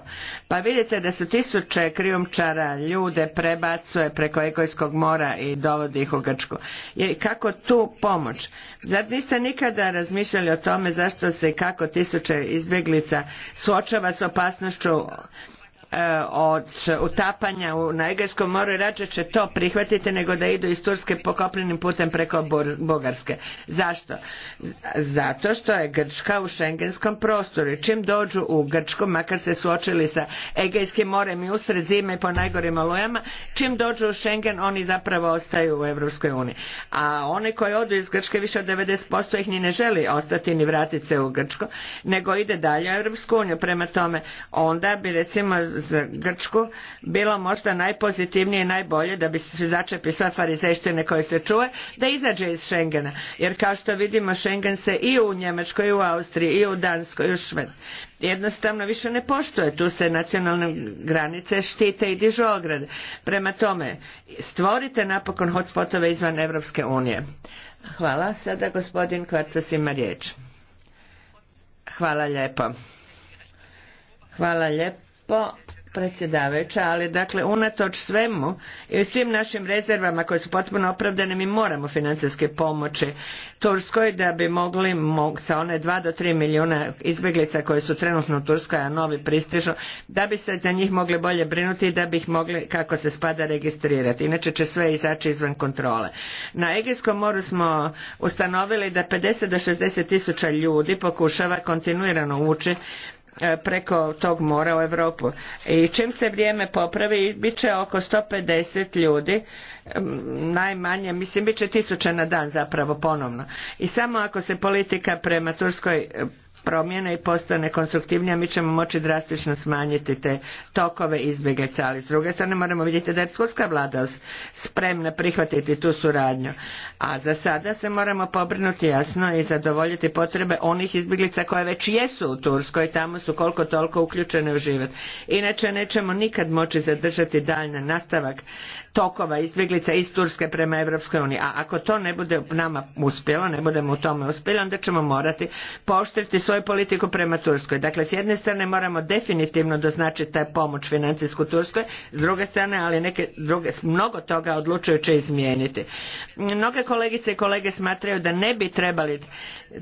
Pa vidite da su tisuće krijumčara ljude prebacuje preko Egojskog mora i dovodi ih u Grčku. I kako tu pomoć? Zar niste nikada razmišljali o tome zašto se i kako tisuće izbjeglica suočava s opasnošću E, od utapanja na Egejskom moru i rađe će to prihvatiti nego da idu iz Turske pokopljenim putem preko Bugarske. Zašto? Zato što je Grčka u šengenskom prostoru i čim dođu u Grčku, makar se suočili sa Egejskim morem i usred zime i po najgorim olujama, čim dođu u Schengen oni zapravo ostaju u Europskoj uniji. A oni koji odu iz Grčke više od 90% ih ni ne želi ostati ni vratiti se u Grčko, nego ide dalje u Europsku Prema tome, onda bi recimo za Grčku bilo možda najpozitivnije i najbolje da bi se začepi sva farizejštine koje se čuje da izađe iz Schengena. Jer kao što vidimo Schengen se i u Njemačkoj i u Austriji i u Danskoj i u Šved jednostavno više ne poštuje. Tu se nacionalne granice štite i dižu ograde. Prema tome stvorite napokon hotspotove izvan Europske unije. Hvala. Sada gospodin Kvarcas ima riječ. Hvala lijepo. Hvala lijepo predsjedavajuća, ali dakle unatoč svemu i svim našim rezervama koje su potpuno opravdane mi moramo financijske pomoći Turskoj da bi mogli sa one 2 do 3 milijuna izbjeglica koje su trenutno u Turskoj, a novi pristižu, da bi se za njih mogli bolje brinuti i da bi ih mogli kako se spada registrirati. Inače će sve izaći izvan kontrole. Na Egejskom moru smo ustanovili da 50 do 60 tisuća ljudi pokušava kontinuirano ući E, preko tog mora u Europu. I čim se vrijeme popravi, bit će oko 150 ljudi, najmanje, mislim, bit će tisuća na dan zapravo ponovno. I samo ako se politika prema Turskoj promjena i postane konstruktivnija mi ćemo moći drastično smanjiti te tokove izbjeglica ali s druge strane moramo vidjeti da je turska vlada spremna prihvatiti tu suradnju a za sada se moramo pobrinuti jasno i zadovoljiti potrebe onih izbjeglica koje već jesu u Turskoj i tamo su koliko toliko uključene u život inače nećemo nikad moći zadržati daljnji nastavak tokova izbjeglica iz Turske prema Europskoj uniji. A ako to ne bude nama uspjelo, ne budemo u tome uspjeli, onda ćemo morati pooštriti svoju politiku prema Turskoj. Dakle, s jedne strane moramo definitivno doznačiti taj pomoć financijsku Turskoj, s druge strane, ali neke druge, mnogo toga odlučujuće izmijeniti. Mnoge kolegice i kolege smatraju da ne bi trebali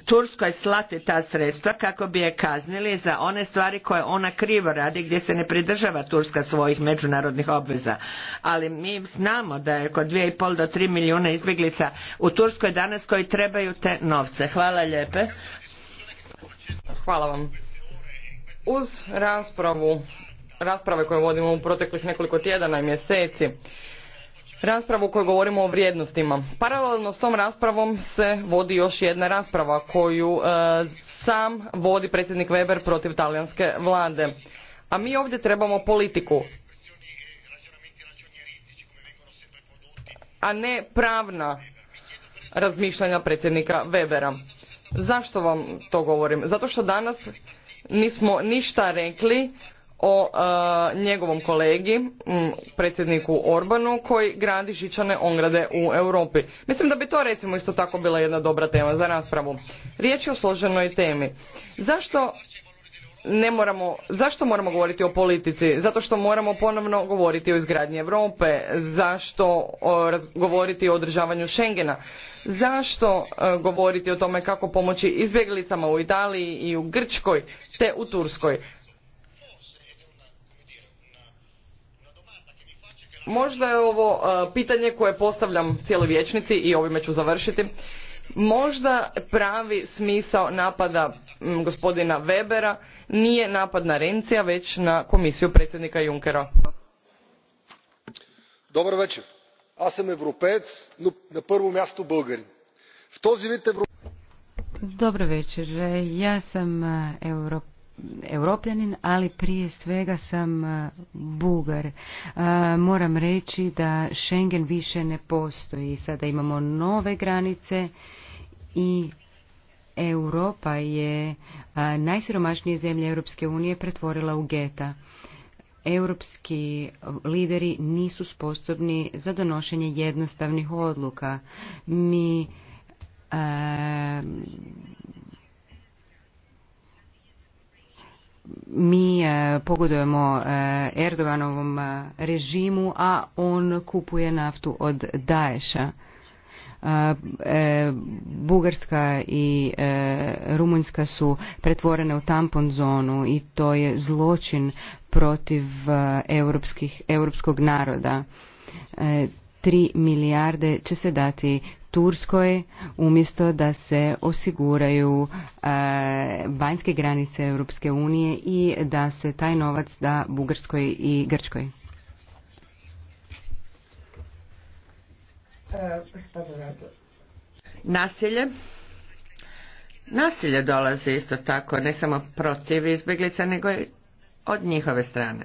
Turskoj slati ta sredstva kako bi je kaznili za one stvari koje ona krivo radi gdje se ne pridržava Turska svojih međunarodnih obveza. Ali mi znamo da je oko 2,5 do 3 milijuna izbjeglica u Turskoj danas koji trebaju te novce. Hvala lijepe. Hvala vam. Uz raspravu, rasprave koje vodimo u proteklih nekoliko tjedana i mjeseci, raspravu koju govorimo o vrijednostima. Paralelno s tom raspravom se vodi još jedna rasprava koju e, sam vodi predsjednik Weber protiv talijanske vlade. A mi ovdje trebamo politiku, a ne pravna razmišljanja predsjednika Webera. Zašto vam to govorim? Zato što danas nismo ništa rekli o e, njegovom kolegi, predsjedniku Orbanu, koji gradi žičane ongrade u Europi. Mislim da bi to recimo isto tako bila jedna dobra tema za raspravu. Riječ je o složenoj temi. Zašto ne moramo, zašto moramo govoriti o politici? Zato što moramo ponovno govoriti o izgradnji Europe, zašto govoriti o održavanju Schengena, zašto e, govoriti o tome kako pomoći izbjeglicama u Italiji i u Grčkoj te u Turskoj. Možda je ovo e, pitanje koje postavljam cijeloj vječnici i ovime ću završiti. Možda pravi smisao napada mm, gospodina Webera nije napad na Rencija, već na komisiju predsjednika Junckera. dobro večer. Ja sam европеец, na prvom mjestu място dobro В ja sam европеец europljanin, ali prije svega sam e, bugar. E, moram reći da Schengen više ne postoji. Sada imamo nove granice i Europa je e, najsiromašnije zemlje Europske unije pretvorila u geta. Europski lideri nisu sposobni za donošenje jednostavnih odluka. Mi mi e, pogodujemo e, Erdoganovom e, režimu, a on kupuje naftu od Daesha. Bugarska i Rumunjska su pretvorene u tampon zonu i to je zločin protiv europskog naroda. 3 milijarde će se dati Turskoj umjesto da se osiguraju e, vanjske granice Europske unije i da se taj novac da Bugarskoj i Grčkoj. E, Nasilje. Nasilje dolazi isto tako, ne samo protiv izbjeglica, nego i od njihove strane.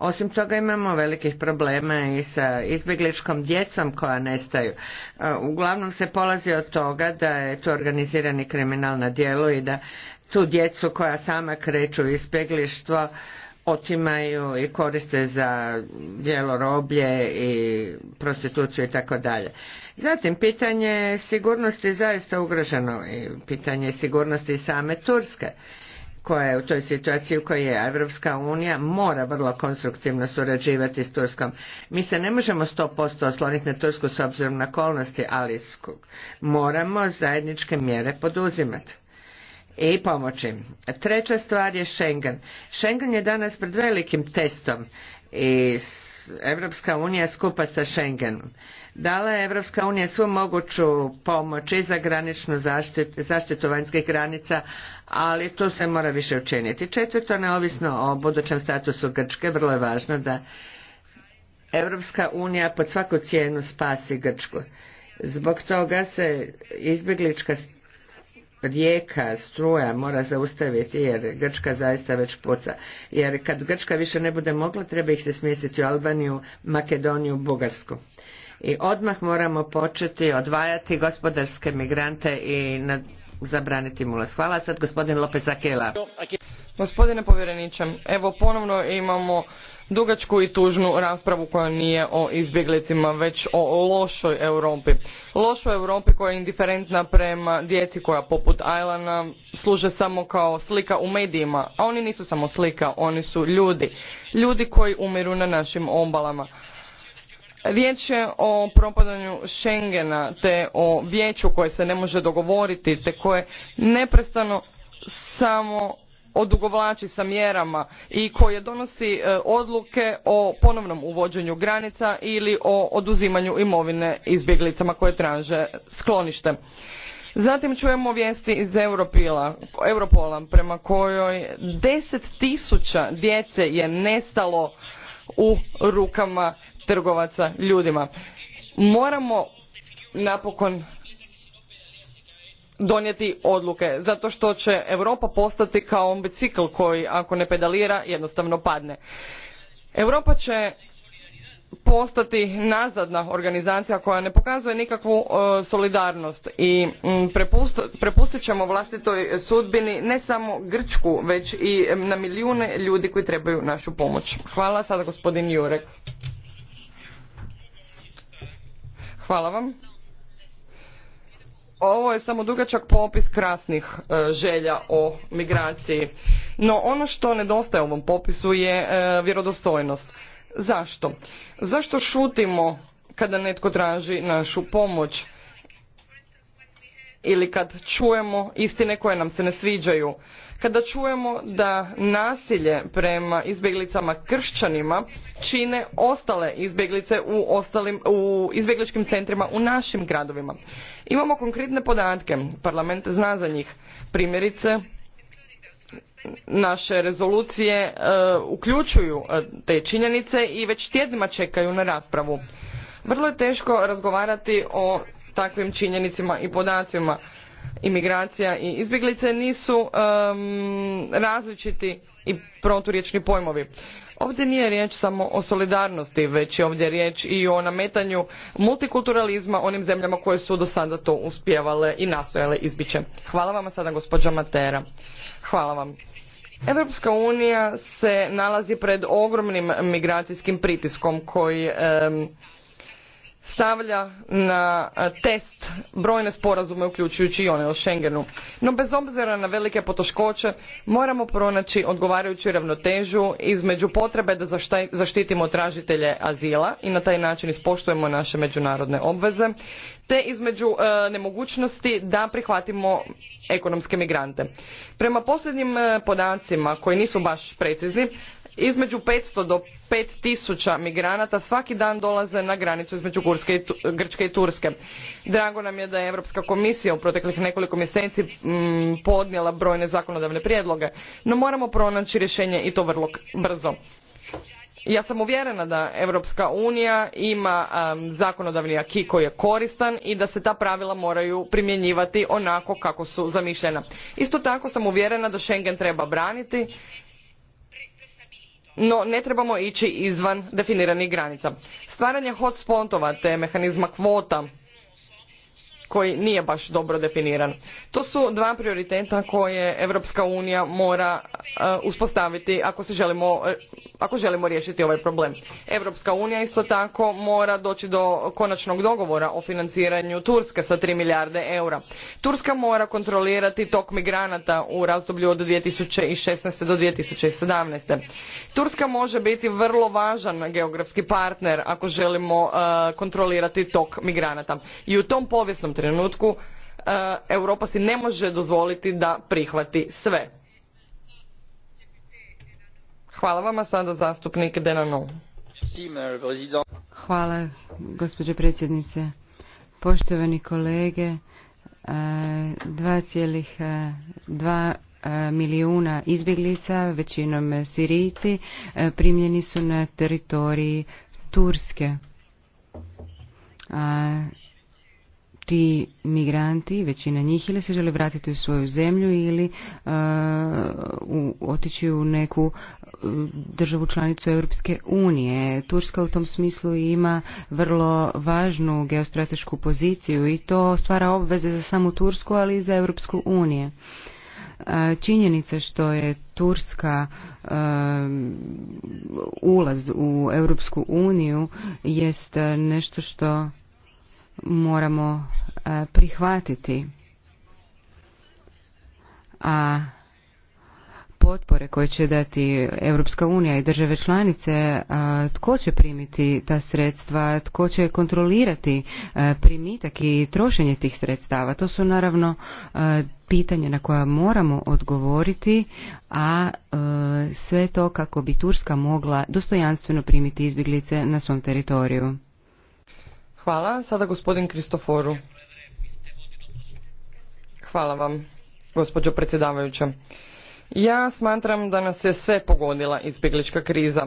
Osim toga imamo velikih problema i sa izbjegličkom djecom koja nestaju. E, uglavnom se polazi od toga da je to organizirani kriminal na dijelu i da tu djecu koja sama kreću u izbjeglištvo otimaju i koriste za djelo roblje i prostituciju i tako dalje. Zatim, pitanje sigurnosti zaista ugroženo i pitanje sigurnosti same Turske koja je u toj situaciji u kojoj je Europska unija mora vrlo konstruktivno surađivati s Turskom. Mi se ne možemo 100% osloniti na Tursku s obzirom na okolnosti, ali moramo zajedničke mjere poduzimati i pomoći. Treća stvar je Schengen. Schengen je danas pred velikim testom i Evropska unija skupa sa Schengenom. Dala je Evropska unija svu moguću pomoć i za graničnu zaštitu, zaštitu vanjskih granica, ali to se mora više učiniti. Četvrto, neovisno o budućem statusu Grčke, vrlo je važno da Europska unija pod svaku cijenu spasi Grčku. Zbog toga se izbjeglička rijeka, struja mora zaustaviti jer Grčka zaista već puca. Jer kad Grčka više ne bude mogla, treba ih se smjestiti u Albaniju, Makedoniju, Bugarsku. I odmah moramo početi odvajati gospodarske migrante i na zabraniti mu Hvala sad gospodin Lopez Akela. Gospodine povjereniče, evo ponovno imamo dugačku i tužnu raspravu koja nije o izbjeglicima, već o lošoj Europi. Lošoj Europi koja je indiferentna prema djeci koja poput Ajlana služe samo kao slika u medijima, a oni nisu samo slika, oni su ljudi. Ljudi koji umiru na našim obalama Riječ je o propadanju Schengena te o vijeću koje se ne može dogovoriti te koje neprestano samo odugovlači sa mjerama i koje donosi e, odluke o ponovnom uvođenju granica ili o oduzimanju imovine izbjeglicama koje traže sklonište. Zatim čujemo vijesti iz Europola prema kojoj deset djece je nestalo u rukama trgovaca ljudima. Moramo napokon donijeti odluke zato što će Europa postati kao on bicikl koji ako ne pedalira jednostavno padne. Europa će postati nazadna organizacija koja ne pokazuje nikakvu e, solidarnost i prepustit ćemo vlastitoj sudbini ne samo Grčku već i na milijune ljudi koji trebaju našu pomoć. Hvala sada gospodin Jurek. Hvala vam. Ovo je samo dugačak popis krasnih e, želja o migraciji. No ono što nedostaje ovom popisu je e, vjerodostojnost. Zašto? Zašto šutimo kada netko traži našu pomoć? Ili kad čujemo istine koje nam se ne sviđaju? kada čujemo da nasilje prema izbjeglicama kršćanima čine ostale izbjeglice u, ostalim, u izbjegličkim centrima u našim gradovima. Imamo konkretne podatke, parlament zna za njih, primjerice naše rezolucije e, uključuju e, te činjenice i već tjednima čekaju na raspravu. Vrlo je teško razgovarati o takvim činjenicima i podacima imigracija i izbjeglice nisu različiti i proturječni pojmovi. Ovdje nije riječ samo o solidarnosti, već je ovdje riječ i o nametanju multikulturalizma onim zemljama koje su do sada to uspjevale i nastojale izbiće. Hvala vam sada gospođa Matera. Hvala vam. Europska unija se nalazi pred ogromnim migracijskim pritiskom koji stavlja na e, test brojne sporazume uključujući i one o schengenu no bez obzira na velike poteškoće moramo pronaći odgovarajuću ravnotežu između potrebe da zaštitimo tražitelje azila i na taj način ispoštujemo naše međunarodne obveze te između e, nemogućnosti da prihvatimo ekonomske migrante prema posljednjim e, podacima koji nisu baš precizni između 500 do 5000 migranata svaki dan dolaze na granicu između Grčke i Turske. Drago nam je da je Europska komisija u proteklih nekoliko mjeseci mm, podnijela brojne zakonodavne prijedloge, no moramo pronaći rješenje i to vrlo brzo. Ja sam uvjerena da Europska unija ima zakonodavni aki koji je koristan i da se ta pravila moraju primjenjivati onako kako su zamišljena. Isto tako sam uvjerena da Schengen treba braniti no ne trebamo ići izvan definiranih granica. Stvaranje hot te mehanizma kvota koji nije baš dobro definiran. To su dva prioriteta koje Europska unija mora e, uspostaviti ako, se želimo, e, ako želimo riješiti ovaj problem. Europska unija isto tako mora doći do konačnog dogovora o financiranju Turske sa 3 milijarde eura. Turska mora kontrolirati tok migranata u razdoblju od 2016. do 2017. Turska može biti vrlo važan geografski partner ako želimo e, kontrolirati tok migranata. I u tom povijesnom trenutku e, Europa si ne može dozvoliti da prihvati sve. Hvala vama sada zastupnik Denano. Hvala gospođo predsjednice. Poštovani kolege, 2,2 e, e, milijuna izbjeglica, većinom Sirijci, primljeni su na teritoriji Turske ti migranti, većina njih, ili se žele vratiti u svoju zemlju ili uh, otići u neku e, državu članicu Europske unije. Turska u tom smislu ima vrlo važnu geostratešku poziciju i to stvara obveze za samu Tursku, ali i za Europsku uniju. E, činjenica što je Turska ulaz u Europsku uniju jest nešto što moramo e, prihvatiti. A potpore koje će dati Europska unija i države članice, e, tko će primiti ta sredstva, tko će kontrolirati e, primitak i trošenje tih sredstava. To su naravno pitanja na koja moramo odgovoriti, a sve to kako bi Turska mogla dostojanstveno primiti izbjeglice na svom teritoriju. Hvala. Sada gospodin Kristoforu. Hvala vam, gospođo predsjedavajuća. Ja smatram da nas je sve pogodila izbjeglička kriza.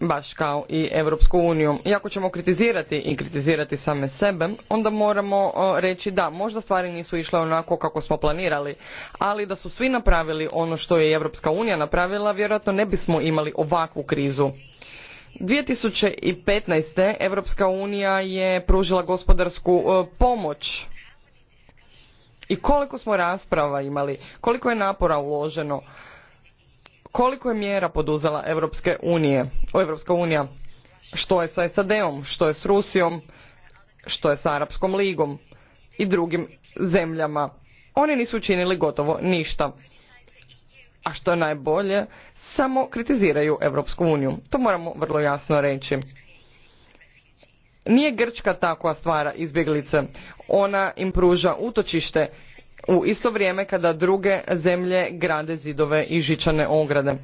Baš kao i Europsku uniju. I ćemo kritizirati i kritizirati same sebe, onda moramo reći da, možda stvari nisu išle onako kako smo planirali, ali da su svi napravili ono što je Europska unija napravila, vjerojatno ne bismo imali ovakvu krizu 2015. Europska unija je pružila gospodarsku e, pomoć i koliko smo rasprava imali, koliko je napora uloženo, koliko je mjera poduzela Europska unija, što je sa SAD-om, što je s Rusijom, što je sa Arapskom ligom i drugim zemljama. Oni nisu učinili gotovo ništa a što je najbolje, samo kritiziraju Europsku uniju. To moramo vrlo jasno reći. Nije Grčka ta koja stvara izbjeglice. Ona im pruža utočište u isto vrijeme kada druge zemlje grade zidove i žičane ograde.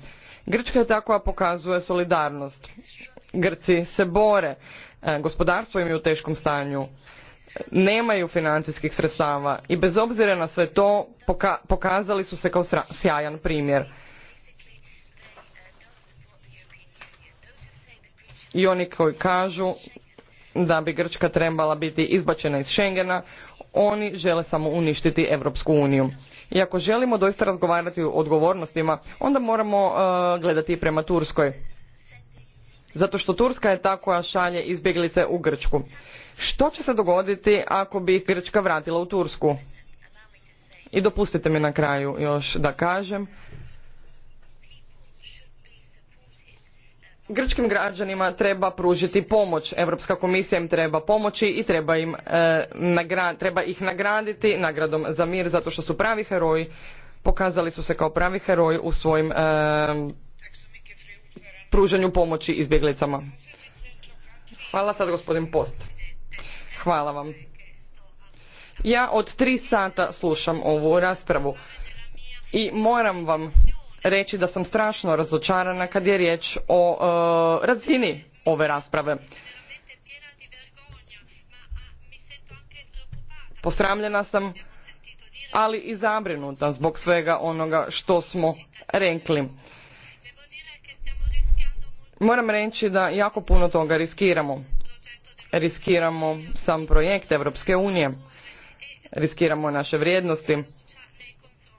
Grčka je ta koja pokazuje solidarnost. Grci se bore, e, gospodarstvo im je u teškom stanju nemaju financijskih sredstava i bez obzira na sve to pokazali su se kao sjajan primjer. I oni koji kažu da bi Grčka trebala biti izbačena iz Schengena, oni žele samo uništiti Europsku uniju. I ako želimo doista razgovarati o odgovornostima, onda moramo e, gledati prema Turskoj. Zato što Turska je ta koja šalje izbjeglice u Grčku. Što će se dogoditi ako bi ih Grčka vratila u Tursku? I dopustite mi na kraju još da kažem. Grčkim građanima treba pružiti pomoć. Europska komisija im treba pomoći i treba, im, e, treba ih nagraditi nagradom za mir zato što su pravi heroji. Pokazali su se kao pravi heroji u svojim e, pružanju pomoći izbjeglicama. Hvala sad gospodin Post. Hvala vam. Ja od tri sata slušam ovu raspravu i moram vam reći da sam strašno razočarana kad je riječ o e, razini ove rasprave. Posramljena sam, ali i zabrinuta zbog svega onoga što smo rekli. Moram reći da jako puno toga riskiramo riskiramo sam projekt Europske unije, riskiramo naše vrijednosti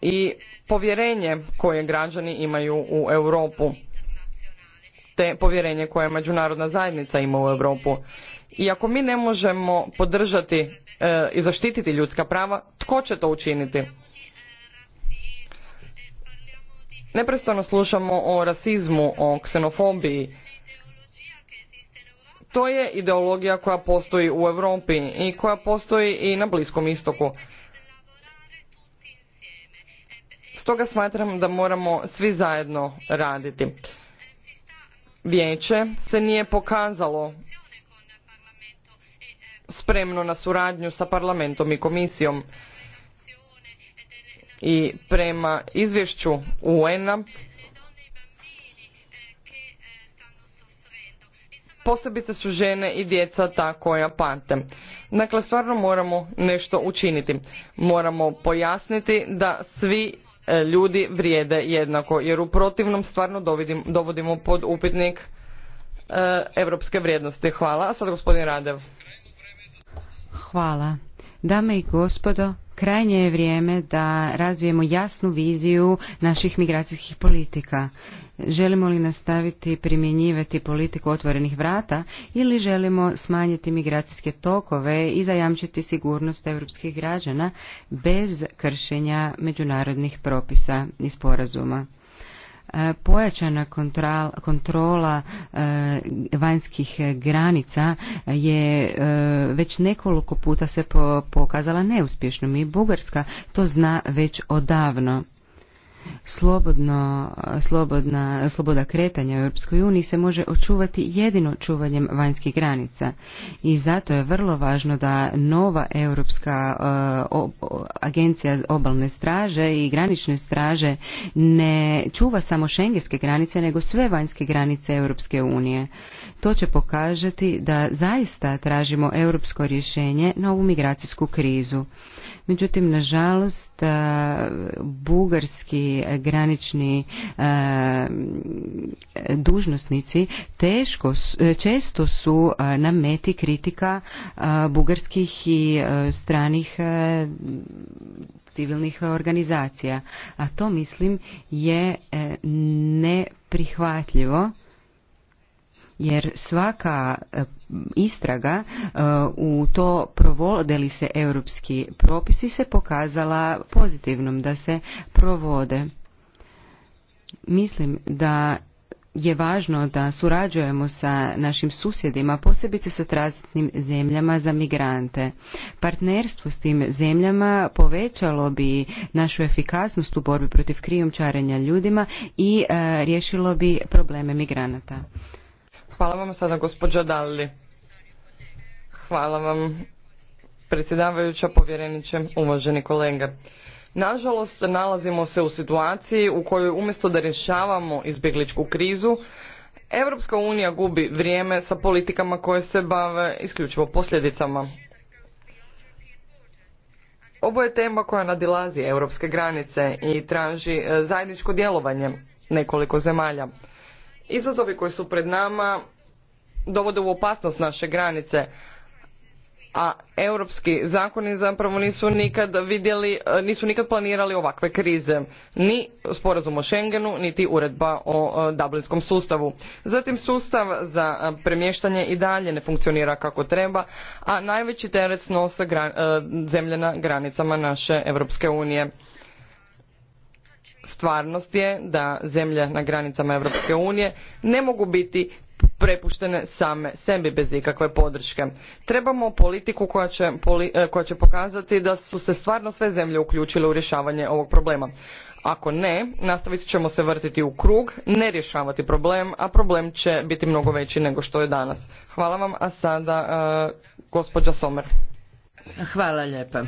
i povjerenje koje građani imaju u Europu, te povjerenje koje međunarodna zajednica ima u Europu. I ako mi ne možemo podržati e, i zaštititi ljudska prava, tko će to učiniti? Neprestano slušamo o rasizmu, o ksenofobiji, to je ideologija koja postoji u Europi i koja postoji i na Bliskom istoku. Stoga smatram da moramo svi zajedno raditi. Vijeće se nije pokazalo spremno na suradnju sa parlamentom i komisijom i prema izvješću UN-a posebice su žene i djeca ta koja pate. Dakle, stvarno moramo nešto učiniti. Moramo pojasniti da svi e, ljudi vrijede jednako, jer u protivnom stvarno dovodimo pod upitnik europske vrijednosti. Hvala. A sad gospodin Radev. Hvala. Dame i gospodo, Krajnje je vrijeme da razvijemo jasnu viziju naših migracijskih politika. Želimo li nastaviti primjenjivati politiku otvorenih vrata ili želimo smanjiti migracijske tokove i zajamčiti sigurnost europskih građana bez kršenja međunarodnih propisa i sporazuma? E, pojačana kontrola e, vanjskih granica je e, već nekoliko puta se pokazala neuspješnom i Bugarska to zna već odavno slobodno, slobodna, sloboda kretanja u Europskoj uniji se može očuvati jedino čuvanjem vanjskih granica i zato je vrlo važno da nova Europska uh, agencija obalne straže i granične straže ne čuva samo šengenske granice nego sve vanjske granice Europske unije. To će pokazati da zaista tražimo europsko rješenje na ovu migracijsku krizu. Međutim, nažalost, e, bugarski granični e, dužnosnici teško, e, često su na meti kritika bugarskih i stranih civilnih organizacija. A to, mislim, je neprihvatljivo jer svaka e, istraga e, u to provode li se europski propisi se pokazala pozitivnom da se provode. Mislim da je važno da surađujemo sa našim susjedima, posebice sa tranzitnim zemljama za migrante. Partnerstvo s tim zemljama povećalo bi našu efikasnost u borbi protiv krijumčarenja ljudima i e, riješilo bi probleme migranata. Hvala vam sada gospođa Dalli. Hvala vam predsjedavajuća povjereniće, uvaženi kolege. Nažalost, nalazimo se u situaciji u kojoj umjesto da rješavamo izbjegličku krizu, Europska unija gubi vrijeme sa politikama koje se bave isključivo posljedicama. Ovo je tema koja nadilazi europske granice i traži e, zajedničko djelovanje nekoliko zemalja. Izazovi koji su pred nama dovode u opasnost naše granice a europski zakoni zapravo nisu nikad vidjeli, nisu nikad planirali ovakve krize. Ni sporazum o Schengenu, niti uredba o e, dublinskom sustavu. Zatim sustav za e, premještanje i dalje ne funkcionira kako treba, a najveći teret snose e, zemlje na granicama naše Europske unije. Stvarnost je da zemlje na granicama Europske unije ne mogu biti prepuštene same sebi bez ikakve podrške. Trebamo politiku koja će, e, koja će pokazati da su se stvarno sve zemlje uključile u rješavanje ovog problema. Ako ne, nastavit ćemo se vrtiti u krug, ne rješavati problem, a problem će biti mnogo veći nego što je danas. Hvala vam, a sada e, gospođa Somer. Hvala lijepa.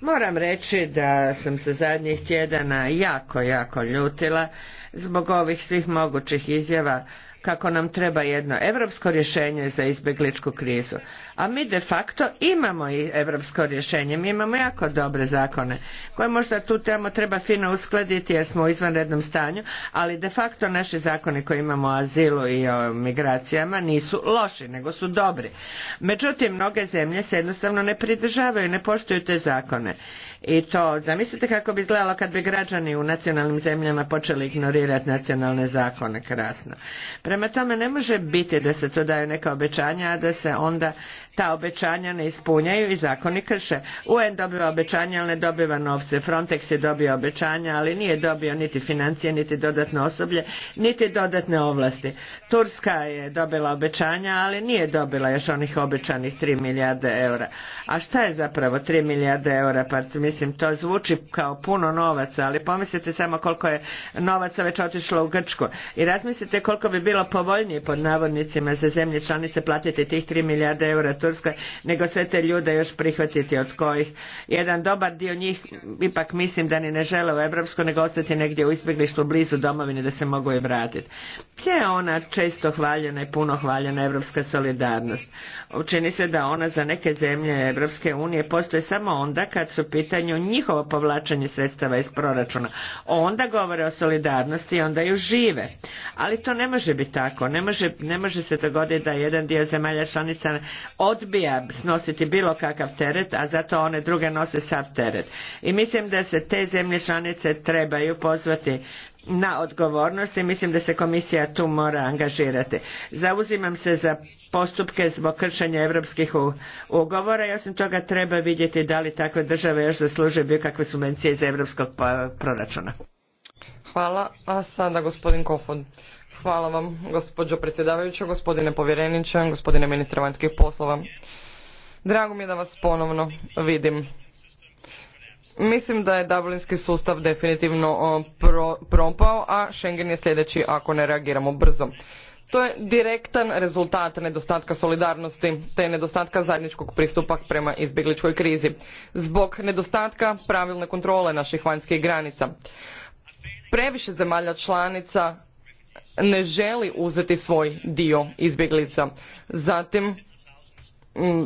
Moram reći da sam se zadnjih tjedana jako, jako ljutila zbog ovih svih mogućih izjava kako nam treba jedno europsko rješenje za izbjegličku krizu. A mi de facto imamo i europsko rješenje, mi imamo jako dobre zakone koje možda tu tamo treba fino uskladiti jer smo u izvanrednom stanju, ali de facto naši zakoni koje imamo o azilu i o migracijama nisu loši, nego su dobri. Međutim, mnoge zemlje se jednostavno ne pridržavaju, ne poštuju te zakone i to, zamislite kako bi izgledalo kad bi građani u nacionalnim zemljama počeli ignorirati nacionalne zakone krasno. Prema tome ne može biti da se to daju neka obećanja, a da se onda ta obećanja ne ispunjaju i zakoni krše. UN dobiva obećanja, ali ne dobiva novce. Frontex je dobio obećanja, ali nije dobio niti financije, niti dodatno osoblje, niti dodatne ovlasti. Turska je dobila obećanja, ali nije dobila još onih obećanih 3 milijarde eura. A šta je zapravo 3 milijarde eura? Pa mislim, to zvuči kao puno novaca, ali pomislite samo koliko je novaca već otišlo u Grčku. I razmislite koliko bi bilo povoljnije pod navodnicima za zemlje članice platiti tih 3 milijarde eura Turskoj, nego sve te ljude još prihvatiti od kojih jedan dobar dio njih ipak mislim da ni ne žele u Europsku nego ostati negdje u izbjeglištu blizu domovine da se mogu i vratiti. Gdje je ona često hvaljena i puno hvaljena europska solidarnost? Čini se da ona za neke zemlje Europske unije postoje samo onda kad su u pitanju njihovo povlačenje sredstava iz proračuna. Onda govore o solidarnosti i onda ju žive. Ali to ne može biti tako. Ne može, ne može se dogoditi da jedan dio zemalja članica od odbija snositi bilo kakav teret, a zato one druge nose sav teret. I mislim da se te zemlje članice trebaju pozvati na odgovornost i mislim da se komisija tu mora angažirati. Zauzimam se za postupke zbog kršenja europskih ugovora i osim toga treba vidjeti da li takve države još zaslužuju bio kakve subvencije iz europskog pa, proračuna. Hvala. A sada gospodin Kofun. Hvala vam, gospođo predsjedavajuća, gospodine povjereniče, gospodine ministre vanjskih poslova. Drago mi je da vas ponovno vidim. Mislim da je Dublinski sustav definitivno propao, a Schengen je sljedeći ako ne reagiramo brzo. To je direktan rezultat nedostatka solidarnosti te nedostatka zajedničkog pristupa prema izbjegličkoj krizi. Zbog nedostatka pravilne kontrole naših vanjskih granica. Previše zemalja članica ne želi uzeti svoj dio izbjeglica. Zatim, mm,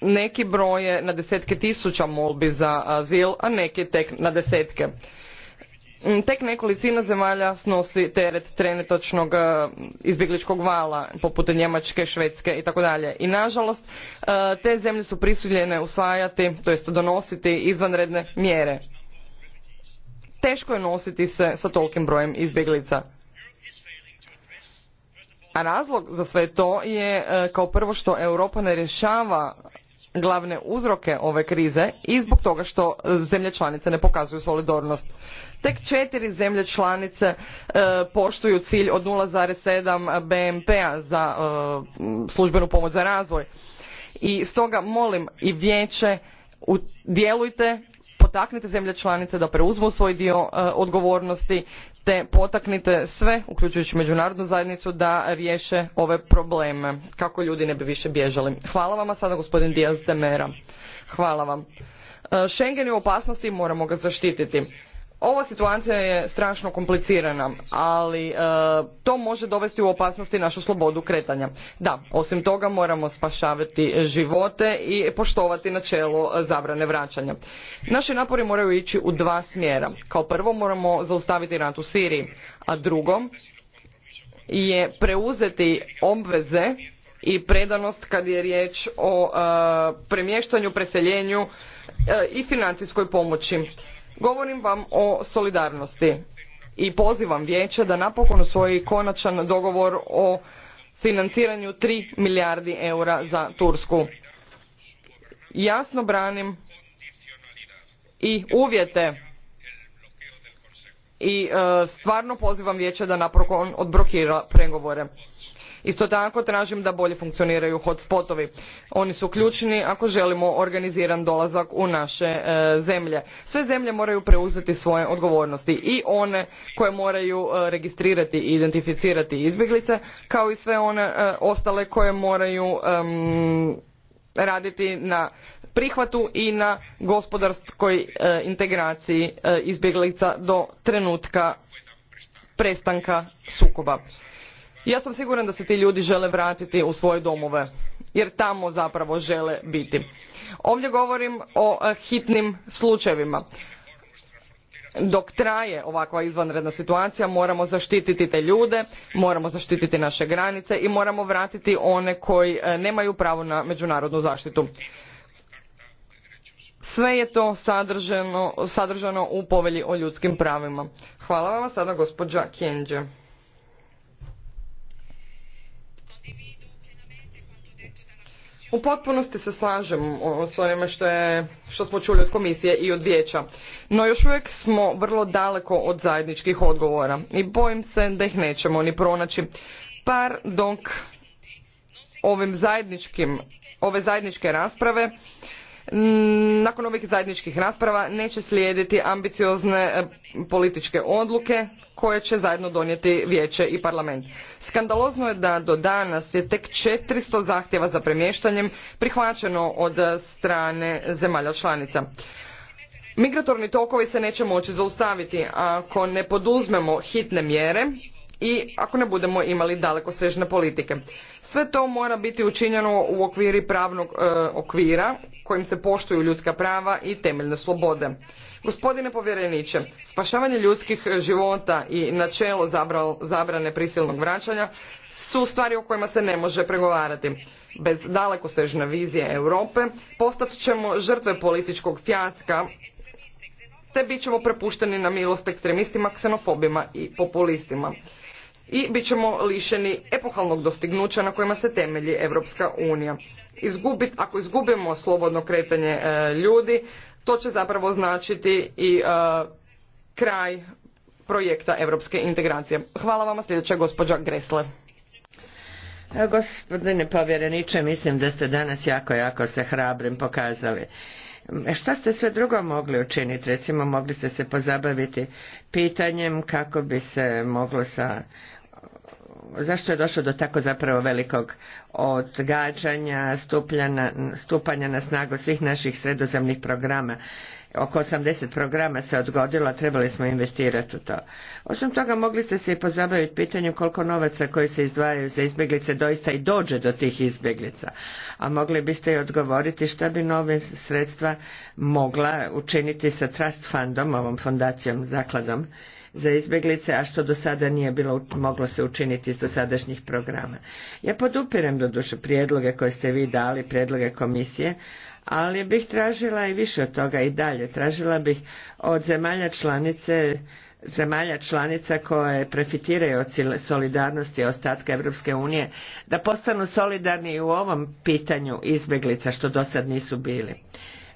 neki broje na desetke tisuća molbi za azil, a neki tek na desetke. Mm, tek nekolicina zemalja snosi teret trenetočnog e, izbjegličkog vala, poput Njemačke, Švedske i tako dalje. I nažalost, e, te zemlje su prisiljene usvajati, to jest donositi izvanredne mjere. Teško je nositi se sa tolkim brojem izbjeglica. A razlog za sve to je e, kao prvo što Europa ne rješava glavne uzroke ove krize i zbog toga što zemlje članice ne pokazuju solidarnost. Tek četiri zemlje članice e, poštuju cilj od 0,7 BMP-a za e, službenu pomoć za razvoj. I stoga molim i vijeće djelujte, potaknite zemlje članice da preuzmu svoj dio odgovornosti te potaknite sve uključujući međunarodnu zajednicu da riješe ove probleme kako ljudi ne bi više bježali. Hvala vam, a sada gospodin Diaz de Mera. Hvala vam. E, Schengen je u opasnosti i moramo ga zaštititi ova situacija je strašno komplicirana, ali e, to može dovesti u opasnosti našu slobodu kretanja. Da, osim toga moramo spašavati živote i poštovati načelo zabrane vraćanja. Naši napori moraju ići u dva smjera. Kao prvo moramo zaustaviti rat u Siriji, a drugo je preuzeti obveze i predanost kad je riječ o e, premještanju, preseljenju e, i financijskoj pomoći Govorim vam o solidarnosti i pozivam vijeće da napokon svoji konačan dogovor o financiranju 3 milijardi eura za Tursku. Jasno branim i uvjete i e, stvarno pozivam vijeće da napokon odblokira pregovore. Isto tako tražim da bolje funkcioniraju hotspotovi. Oni su ključni ako želimo organiziran dolazak u naše e, zemlje. Sve zemlje moraju preuzeti svoje odgovornosti i one koje moraju e, registrirati i identificirati izbjeglice kao i sve one e, ostale koje moraju raditi na prihvatu i na gospodarskoj integraciji izbjeglica do trenutka prestanka sukoba ja sam siguran da se ti ljudi žele vratiti u svoje domove jer tamo zapravo žele biti ovdje govorim o e, hitnim slučajevima dok traje ovakva izvanredna situacija moramo zaštititi te ljude moramo zaštititi naše granice i moramo vratiti one koji e, nemaju pravo na međunarodnu zaštitu sve je to sadržano, sadržano u povelji o ljudskim pravima hvala vam sada gospođa Kjenđe. U potpunosti se slažem s onime što, je, smo čuli od komisije i od vijeća, no još uvijek smo vrlo daleko od zajedničkih odgovora i bojim se da ih nećemo ni pronaći, par dok ovim zajedničkim, ove zajedničke rasprave nakon ovih zajedničkih rasprava neće slijediti ambiciozne e, političke odluke koje će zajedno donijeti vijeće i parlament. Skandalozno je da do danas je tek 400 zahtjeva za premještanjem prihvaćeno od strane zemalja članica. Migratorni tokovi se neće moći zaustaviti ako ne poduzmemo hitne mjere i ako ne budemo imali dalekosežne politike. Sve to mora biti učinjeno u okviri pravnog e, okvira kojim se poštuju ljudska prava i temeljne slobode. Gospodine povjereniče, spašavanje ljudskih e, života i načelo zabrane prisilnog vraćanja su stvari o kojima se ne može pregovarati. Bez dalekosežne vizije Europe postat ćemo žrtve političkog fijaska te bit ćemo prepušteni na milost ekstremistima, ksenofobima i populistima. I bit ćemo lišeni epohalnog dostignuća na kojima se temelji Europska unija. Izgubit, ako izgubimo slobodno kretanje e, ljudi, to će zapravo značiti i e, kraj projekta europske integracije. Hvala vama sljedeća gospođa Gresle. E, gospodine povjereniče, mislim da ste danas jako, jako se hrabrim pokazali. E, šta ste sve drugo mogli učiniti? Recimo, mogli ste se pozabaviti pitanjem kako bi se moglo sa zašto je došlo do tako zapravo velikog odgađanja, stupanja na snagu svih naših sredozemnih programa. Oko 80 programa se odgodilo, a trebali smo investirati u to. Osim toga mogli ste se i pozabaviti pitanjem koliko novaca koji se izdvajaju za izbjeglice doista i dođe do tih izbjeglica. A mogli biste i odgovoriti šta bi nove sredstva mogla učiniti sa Trust Fundom, ovom fondacijom, zakladom, za izbjeglice, a što do sada nije bilo moglo se učiniti iz dosadašnjih programa. Ja podupirem doduše prijedloge koje ste vi dali, prijedloge komisije, ali bih tražila i više od toga i dalje. Tražila bih od zemalja članice zemalja članica koje profitiraju od solidarnosti ostatka Europske unije da postanu solidarni i u ovom pitanju izbjeglica što do sad nisu bili.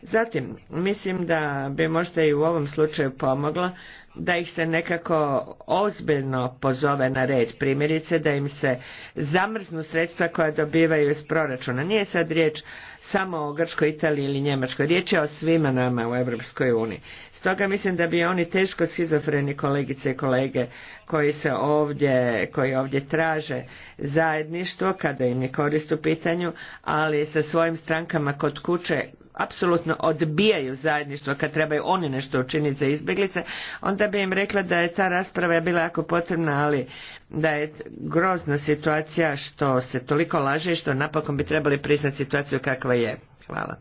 Zatim, mislim da bi možda i u ovom slučaju pomoglo da ih se nekako ozbiljno pozove na red, primjerice da im se zamrznu sredstva koja dobivaju iz proračuna. Nije sad riječ samo o Grčkoj, Italiji ili Njemačkoj, riječ je o svima nama u Europskoj uniji. Stoga mislim da bi oni teško sizofreni kolegice i kolege koji se ovdje, koji ovdje traže zajedništvo kada im je korist u pitanju, ali sa svojim strankama kod kuće apsolutno odbijaju zajedništvo kad trebaju oni nešto učiniti za izbjeglice, onda bi im rekla da je ta rasprava bila jako potrebna, ali da je grozna situacija što se toliko laže i što napokon bi trebali priznati situaciju kakva je. Hvala.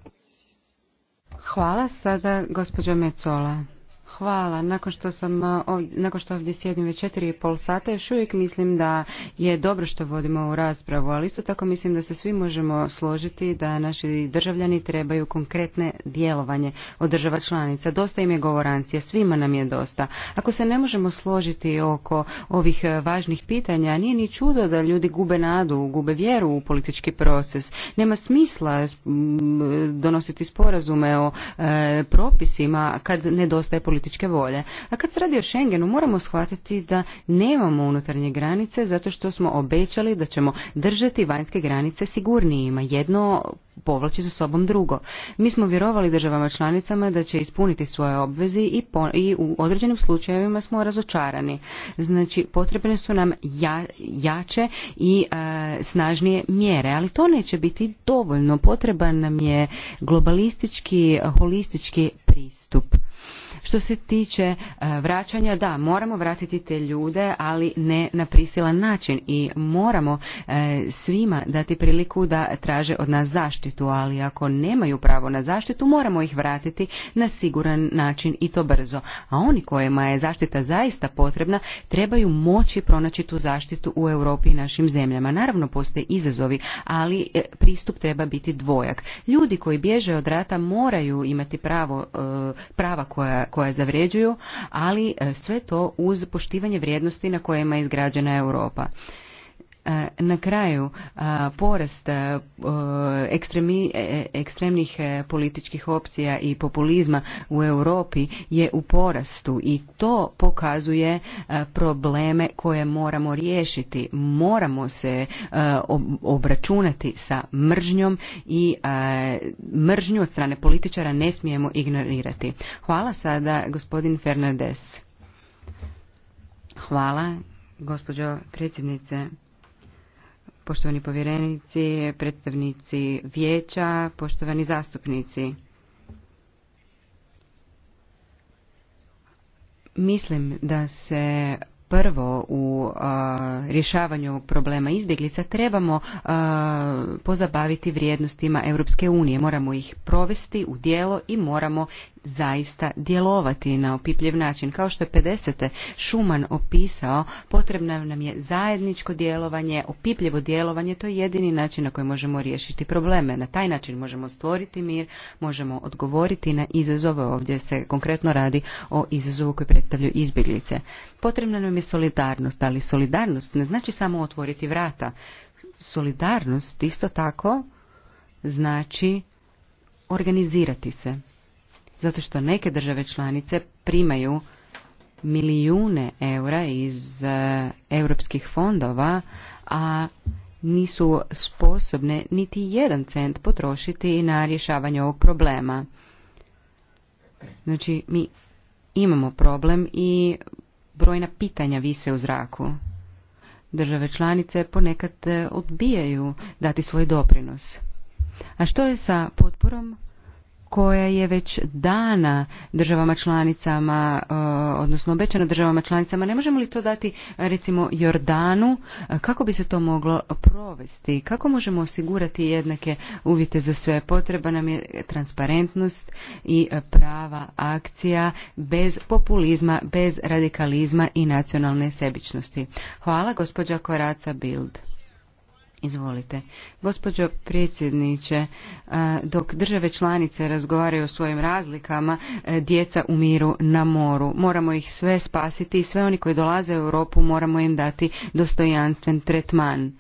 Hvala. Sada gospođo Mecola. Hvala. Nakon što, sam ovdje, nakon što ovdje sjedim već četiri i pol sata, još uvijek mislim da je dobro što vodimo ovu raspravu, ali isto tako mislim da se svi možemo složiti da naši državljani trebaju konkretne djelovanje od država članica. Dosta im je govorancija, svima nam je dosta. Ako se ne možemo složiti oko ovih e, važnih pitanja, nije ni čudo da ljudi gube nadu, gube vjeru u politički proces. Nema smisla donositi sporazume o e, propisima kad nedostaje politički volje. A kad se radi o Schengenu, moramo shvatiti da nemamo unutarnje granice zato što smo obećali da ćemo držati vanjske granice sigurnijima. Jedno povlači za sobom drugo. Mi smo vjerovali državama članicama da će ispuniti svoje obvezi i, i u određenim slučajevima smo razočarani. Znači, potrebne su nam jače i e, snažnije mjere, ali to neće biti dovoljno. Potreban nam je globalistički, holistički pristup. Što se tiče e, vraćanja, da, moramo vratiti te ljude, ali ne na prisilan način i moramo e, svima dati priliku da traže od nas zaštitu, ali ako nemaju pravo na zaštitu, moramo ih vratiti na siguran način i to brzo. A oni kojima je zaštita zaista potrebna, trebaju moći pronaći tu zaštitu u Europi i našim zemljama. Naravno, postoje izazovi, ali e, pristup treba biti dvojak. Ljudi koji bježe od rata moraju imati pravo, prava koja koja zavređuju, ali e, sve to uz poštivanje vrijednosti na kojima je izgrađena Europa. E, na kraju e, porast e, ekstremnih političkih opcija i populizma u Europi je u porastu i to pokazuje probleme koje moramo riješiti. Moramo se obračunati sa mržnjom i mržnju od strane političara ne smijemo ignorirati. Hvala sada gospodin Fernandez. Hvala gospođo predsjednice poštovani povjerenici, predstavnici vijeća, poštovani zastupnici. Mislim da se prvo u a, rješavanju ovog problema izbjeglica trebamo a, pozabaviti vrijednostima Europske unije. Moramo ih provesti u dijelo i moramo zaista djelovati na opipljiv način. Kao što je 50. Šuman opisao, potrebno nam je zajedničko djelovanje, opipljivo djelovanje, to je jedini način na koji možemo riješiti probleme. Na taj način možemo stvoriti mir, možemo odgovoriti na izazove, ovdje se konkretno radi o izazovu koji predstavljaju izbjeglice. Potrebna nam je solidarnost, ali solidarnost ne znači samo otvoriti vrata. Solidarnost isto tako znači organizirati se zato što neke države članice primaju milijune eura iz eh, europskih fondova, a nisu sposobne niti jedan cent potrošiti na rješavanje ovog problema. Znači, mi imamo problem i brojna pitanja vise u zraku. Države članice ponekad eh, odbijaju dati svoj doprinos. A što je sa potporom koja je već dana državama članicama, e, odnosno obećana državama članicama, ne možemo li to dati recimo Jordanu, e, kako bi se to moglo provesti, kako možemo osigurati jednake uvjete za sve, potreba nam je transparentnost i prava akcija bez populizma, bez radikalizma i nacionalne sebičnosti. Hvala gospođa Koraca Bild. Izvolite. Gospođo predsjedniče, e, dok države članice razgovaraju o svojim razlikama, e, djeca umiru na moru. Moramo ih sve spasiti i sve oni koji dolaze u Europu moramo im dati dostojanstven tretman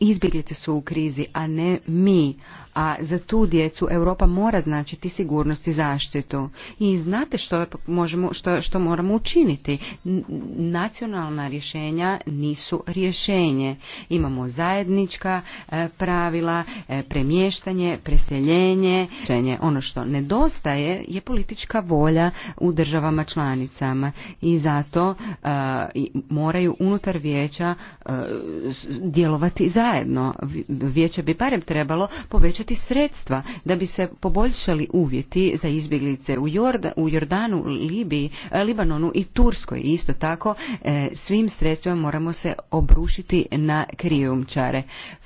izbjeglice su u krizi, a ne mi. A za tu djecu Europa mora značiti sigurnost i zaštitu. I znate što, možemo, što, što moramo učiniti. Nacionalna rješenja nisu rješenje. Imamo zajednička e, pravila, e, premještanje, preseljenje. Ono što nedostaje je politička volja u državama članicama. I zato e, moraju unutar vijeća djelovati zajednički zajedno. Vijeće bi parem trebalo povećati sredstva da bi se poboljšali uvjeti za izbjeglice u, u Jordanu, Libiji, eh, Libanonu i Turskoj. Isto tako eh, svim sredstvima moramo se obrušiti na krijumčare.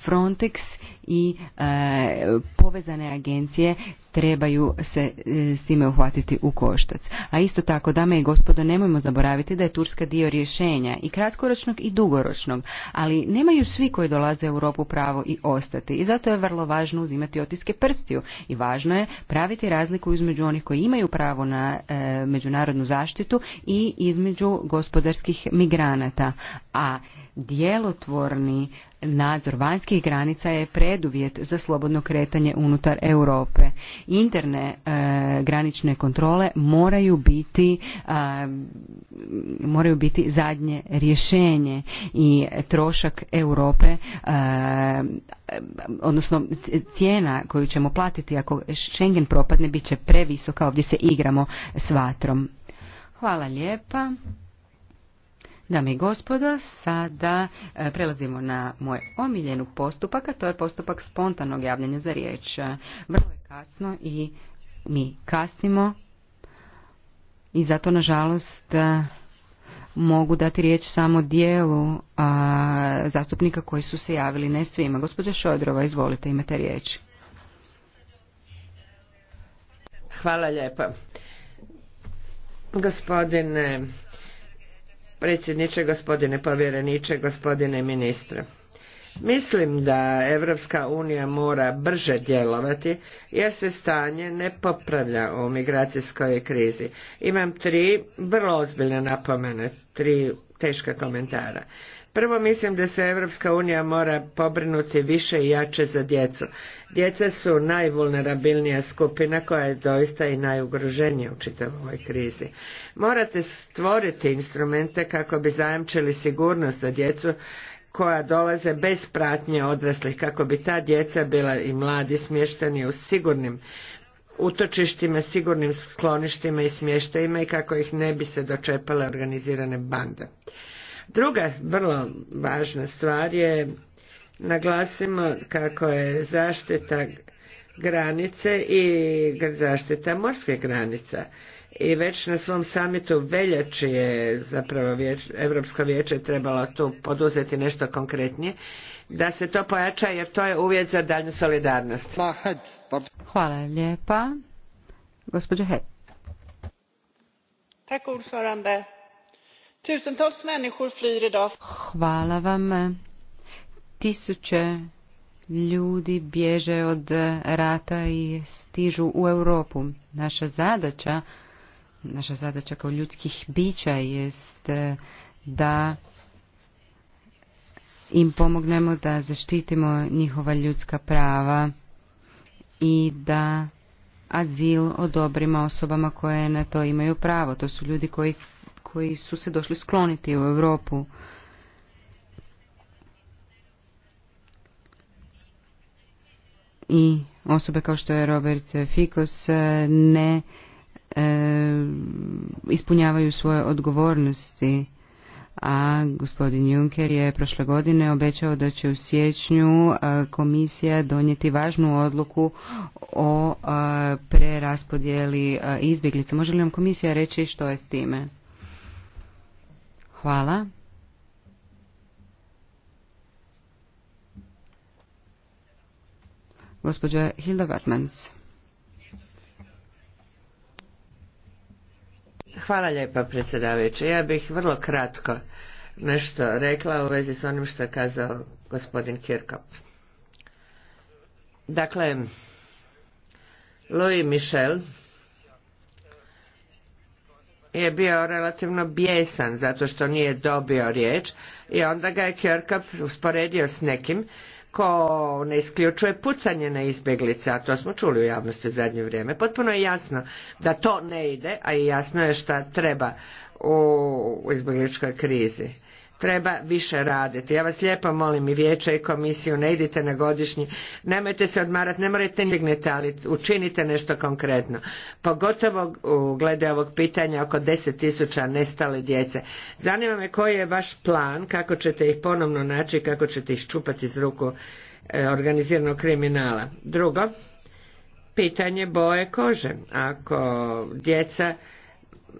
Frontex i eh, povezane agencije trebaju se e, s time uhvatiti u koštac. A isto tako, dame i gospodo, nemojmo zaboraviti da je Turska dio rješenja i kratkoročnog i dugoročnog, ali nemaju svi koji dolaze u Europu pravo i ostati. I zato je vrlo važno uzimati otiske prstiju i važno je praviti razliku između onih koji imaju pravo na e, međunarodnu zaštitu i između gospodarskih migranata. A djelotvorni nadzor vanjskih granica je preduvjet za slobodno kretanje unutar Europe. Interne e, granične kontrole moraju biti moraju biti zadnje rješenje i trošak Europe odnosno cijena koju ćemo platiti ako Schengen propadne bit će previsoka, ovdje se igramo s vatrom. Hvala lijepa. Dame i gospodo, sada e, prelazimo na moj omiljenu postupak, a to je postupak spontanog javljanja za riječ. Vrlo je kasno i mi kasnimo i zato, nažalost, e, mogu dati riječ samo dijelu zastupnika koji su se javili, ne svima. Gospođa Šodrova, izvolite, imate riječ. Hvala lijepa. Gospodine predsjedniče, gospodine povjereniče, gospodine ministre. Mislim da europska unija mora brže djelovati jer se stanje ne popravlja u migracijskoj krizi. Imam tri vrlo ozbiljne napomene, tri teška komentara. Prvo mislim da se Europska unija mora pobrinuti više i jače za djecu. Djeca su najvulnerabilnija skupina koja je doista i najugroženija u čitavoj ovoj krizi. Morate stvoriti instrumente kako bi zajamčili sigurnost za djecu koja dolaze bez pratnje odraslih kako bi ta djeca bila i mladi smješteni u sigurnim utočištima, sigurnim skloništima i smještajima i kako ih ne bi se dočepale organizirane bande. Druga vrlo važna stvar je naglasimo kako je zaštita granice i zaštita morske granica. I već na svom samitu veljači je zapravo vječ, Evropsko vijeće trebalo tu poduzeti nešto konkretnije da se to pojača jer to je uvjet za daljnju solidarnost. Pa- Hvala lijepa. Gospođa Hed. Tusentals människor flyr idag. Hvala vam. Tisuće ljudi bježe od rata i stižu u Europu. Naša zadaća, naša zadaća kao ljudskih bića jest da im pomognemo da zaštitimo njihova ljudska prava i da azil odobrimo osobama koje na to imaju pravo. To su ljudi koji koji su se došli skloniti u Europu. I osobe kao što je Robert Fikos eh, ne eh, ispunjavaju svoje odgovornosti a gospodin Juncker je prošle godine obećao da će u siječnju eh, komisija donijeti važnu odluku o preraspodjeli izbjeglica. Može li nam komisija reći što je s time? Hvala. Gospođa Hilda Vatmans. Hvala lijepa predsjedavajući. Ja bih vrlo kratko nešto rekla u vezi s onim što je kazao gospodin Kirkop. Dakle, Louis Michel je bio relativno bijesan zato što nije dobio riječ i onda ga je Kjörkap usporedio s nekim ko ne isključuje pucanje na izbjeglice, a to smo čuli u javnosti zadnje vrijeme. Potpuno je jasno da to ne ide, a i jasno je šta treba u izbjegličkoj krizi treba više raditi. Ja vas lijepo molim i vijeće i komisiju, ne idite na godišnji, nemojte se odmarati, ne morate ali učinite nešto konkretno. Pogotovo glede ovog pitanja oko 10.000 nestale djece. Zanima me koji je vaš plan, kako ćete ih ponovno naći, kako ćete ih čupati iz ruku e, organiziranog kriminala. Drugo, pitanje boje kože. Ako djeca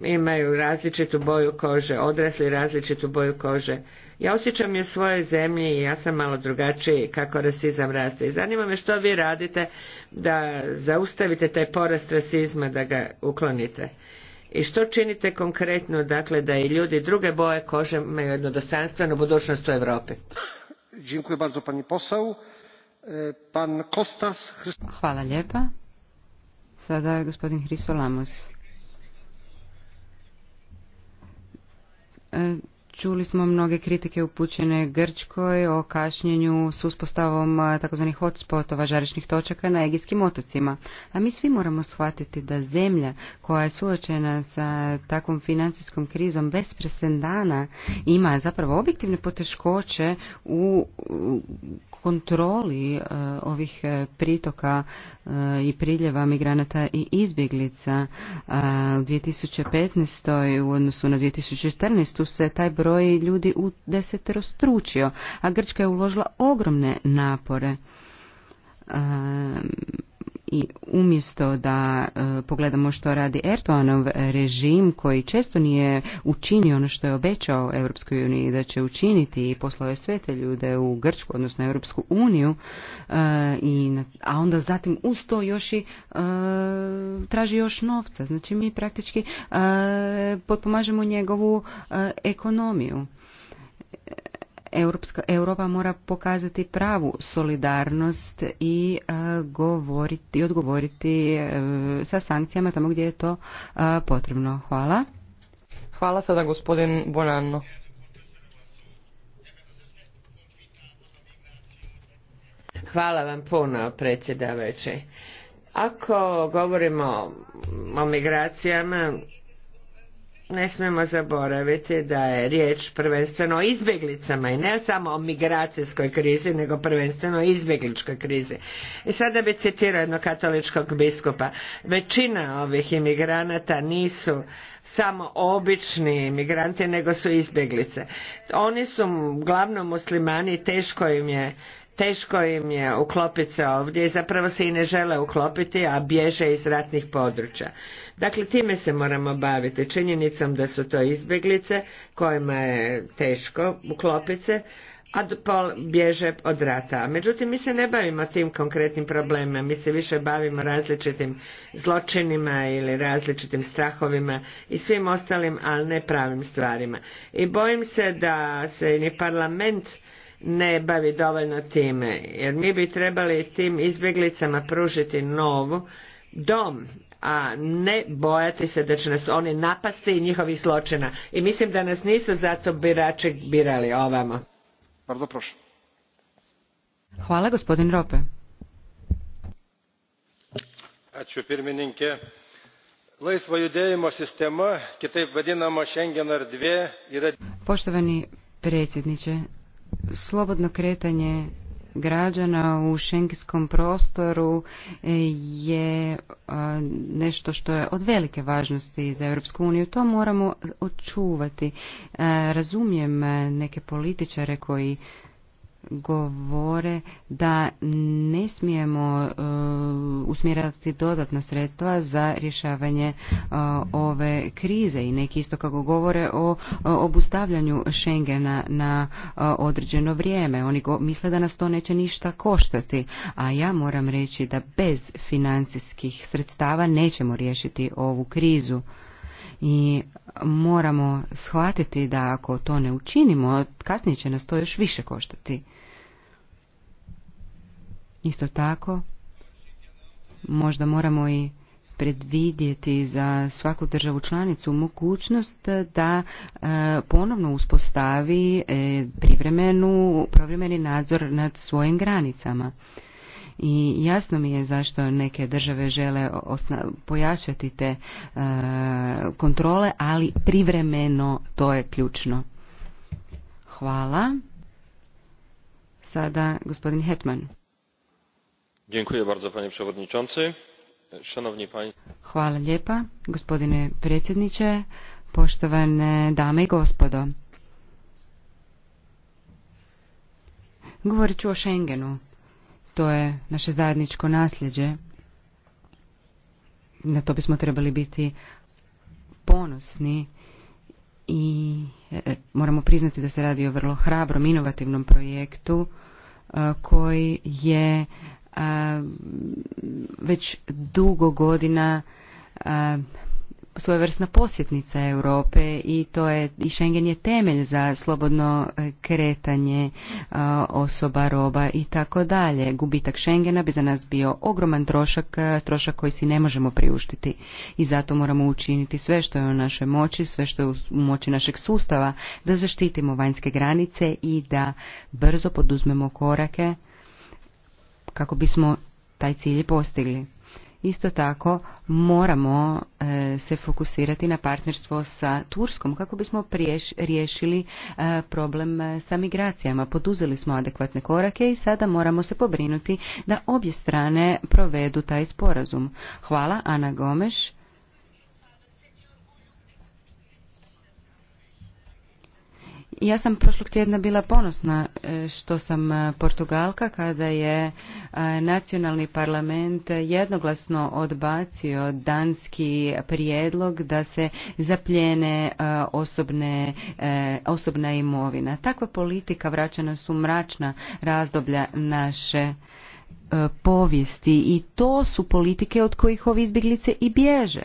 imaju različitu boju kože, odrasli različitu boju kože. Ja osjećam je u svojoj zemlji i ja sam malo drugačiji kako rasizam raste. I zanima me što vi radite da zaustavite taj porast rasizma, da ga uklonite. I što činite konkretno, dakle, da i ljudi druge boje kože imaju jednu dostanstvenu budućnost u Europi? Dziękuję bardzo pani e, Pan Kostas. Hvala lijepa. Sada je gospodin Lamos e Čuli smo mnoge kritike upućene Grčkoj o kašnjenju s uspostavom tzv. hotspotova žarišnih točaka na Egijskim otocima. A mi svi moramo shvatiti da zemlja koja je suočena sa takvom financijskom krizom bez presedana ima zapravo objektivne poteškoće u kontroli e, ovih e, pritoka e, i priljeva migranata i izbjeglica. U 2015. u odnosu na 2014. se taj broj broj ljudi u stručio, a Grčka je uložila ogromne napore. Ehm, i umjesto da e, pogledamo što radi Erdoganov režim koji često nije učinio ono što je obećao Europskoj uniji da će učiniti i poslao je sve te ljude u Grčku, odnosno Europsku uniju, e, i, a onda zatim uz to još i e, traži još novca. Znači mi praktički potpomažemo njegovu ekonomiju Europska, Europa mora pokazati pravu solidarnost i e, govoriti odgovoriti e, sa sankcijama tamo gdje je to e, potrebno. Hvala. Hvala sada gospodin Bonanno. Hvala vam puno, predsjedavajući. Ako govorimo o migracijama, ne smemo zaboraviti da je riječ prvenstveno o izbjeglicama i ne samo o migracijskoj krizi, nego prvenstveno o izbjegličkoj krizi. I sada bi citirao jednog katoličkog biskupa. Većina ovih imigranata nisu samo obični imigranti, nego su izbjeglice. Oni su glavno muslimani, teško im je teško im je uklopiti se ovdje i zapravo se i ne žele uklopiti, a bježe iz ratnih područja. Dakle, time se moramo baviti, činjenicom da su to izbjeglice kojima je teško uklopiti se, a pol bježe od rata. Međutim, mi se ne bavimo tim konkretnim problemima, mi se više bavimo različitim zločinima ili različitim strahovima i svim ostalim, ali ne pravim stvarima. I bojim se da se ni parlament ne bavi dovoljno time, jer mi bi trebali tim izbjeglicama pružiti novu dom, a ne bojati se da će nas oni napasti i njihovih zločina. I mislim da nas nisu zato birači birali ovamo. vrlo prošlo. Hvala, gospodin Rope. Ačiū pirmininkė. Laisvo judėjimo sistema, kitaip vadinama Schengen yra... Poštovani predsjedniče, slobodno kretanje građana u šengenskom prostoru je nešto što je od velike važnosti za Europsku uniju. To moramo očuvati. Razumijem neke političare koji govore da ne smijemo uh, usmjerati dodatna sredstva za rješavanje uh, ove krize i neki isto kako govore o obustavljanju Schengena na uh, određeno vrijeme. Oni misle da nas to neće ništa koštati, a ja moram reći da bez financijskih sredstava nećemo riješiti ovu krizu i moramo shvatiti da ako to ne učinimo, kasnije će nas to još više koštati. Isto tako, možda moramo i predvidjeti za svaku državu članicu mogućnost da e, ponovno uspostavi e, privremenu, privremeni nadzor nad svojim granicama. I jasno mi je zašto neke države žele pojačati te e, kontrole, ali privremeno to je ključno. Hvala. Sada gospodin Hetman hvala lijepa gospodine predsjedniče poštovane dame i gospodo govorit ću o schengenu to je naše zajedničko nasljeđe na to bismo trebali biti ponosni i e, moramo priznati da se radi o vrlo hrabrom inovativnom projektu e, koji je već dugo godina svojevrsna posjetnica Europe i to je i Schengen je temelj za slobodno e, kretanje e, osoba, roba i tako dalje. Gubitak Schengena bi za nas bio ogroman trošak, e, trošak koji si ne možemo priuštiti i zato moramo učiniti sve što je u našoj moći, sve što je u moći našeg sustava da zaštitimo vanjske granice i da brzo poduzmemo korake kako bismo taj cilj postigli. Isto tako moramo e, se fokusirati na partnerstvo sa Turskom kako bismo priješ, riješili e, problem e, sa migracijama. Poduzeli smo adekvatne korake i sada moramo se pobrinuti da obje strane provedu taj sporazum. Hvala Ana Gomeš. Ja sam prošlog tjedna bila ponosna e, što sam e, Portugalka kada je e, nacionalni parlament jednoglasno odbacio danski prijedlog da se zapljene osobne, osobna imovina. Takva politika vraćena su mračna razdoblja naše povijesti i to su politike od kojih ovi izbjeglice i bježe.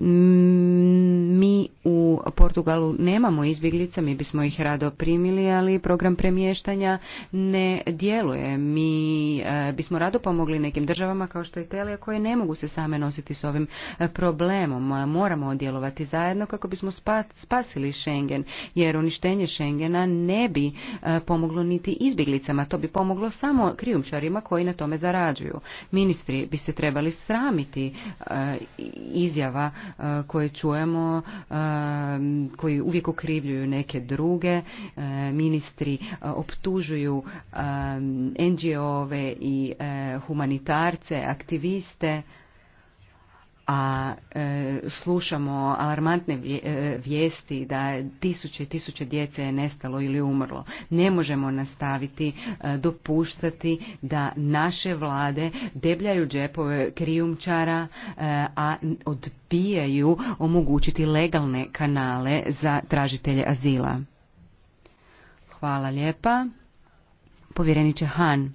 Mi u Portugalu nemamo izbjeglica, mi bismo ih rado primili, ali program premještanja ne djeluje. Mi e, bismo rado pomogli nekim državama kao što je Italija koje ne mogu se same nositi s ovim e, problemom. Moramo djelovati zajedno kako bismo spasili Schengen, jer uništenje Schengena ne bi e, pomoglo niti izbjeglicama, to bi pomoglo samo krijumčarima koji na tome zarađuju. Ministri bi se trebali sramiti izjava koje čujemo koji uvijek okrivljuju neke druge. Ministri e, optužuju NGO-ove i e, humanitarce, aktiviste a e, slušamo alarmantne e, vijesti da je tisuće i tisuće djece je nestalo ili umrlo. Ne možemo nastaviti e, dopuštati da naše vlade debljaju džepove krijumčara, e, a odbijaju omogućiti legalne kanale za tražitelje azila. Hvala lijepa. Povjereniče Han,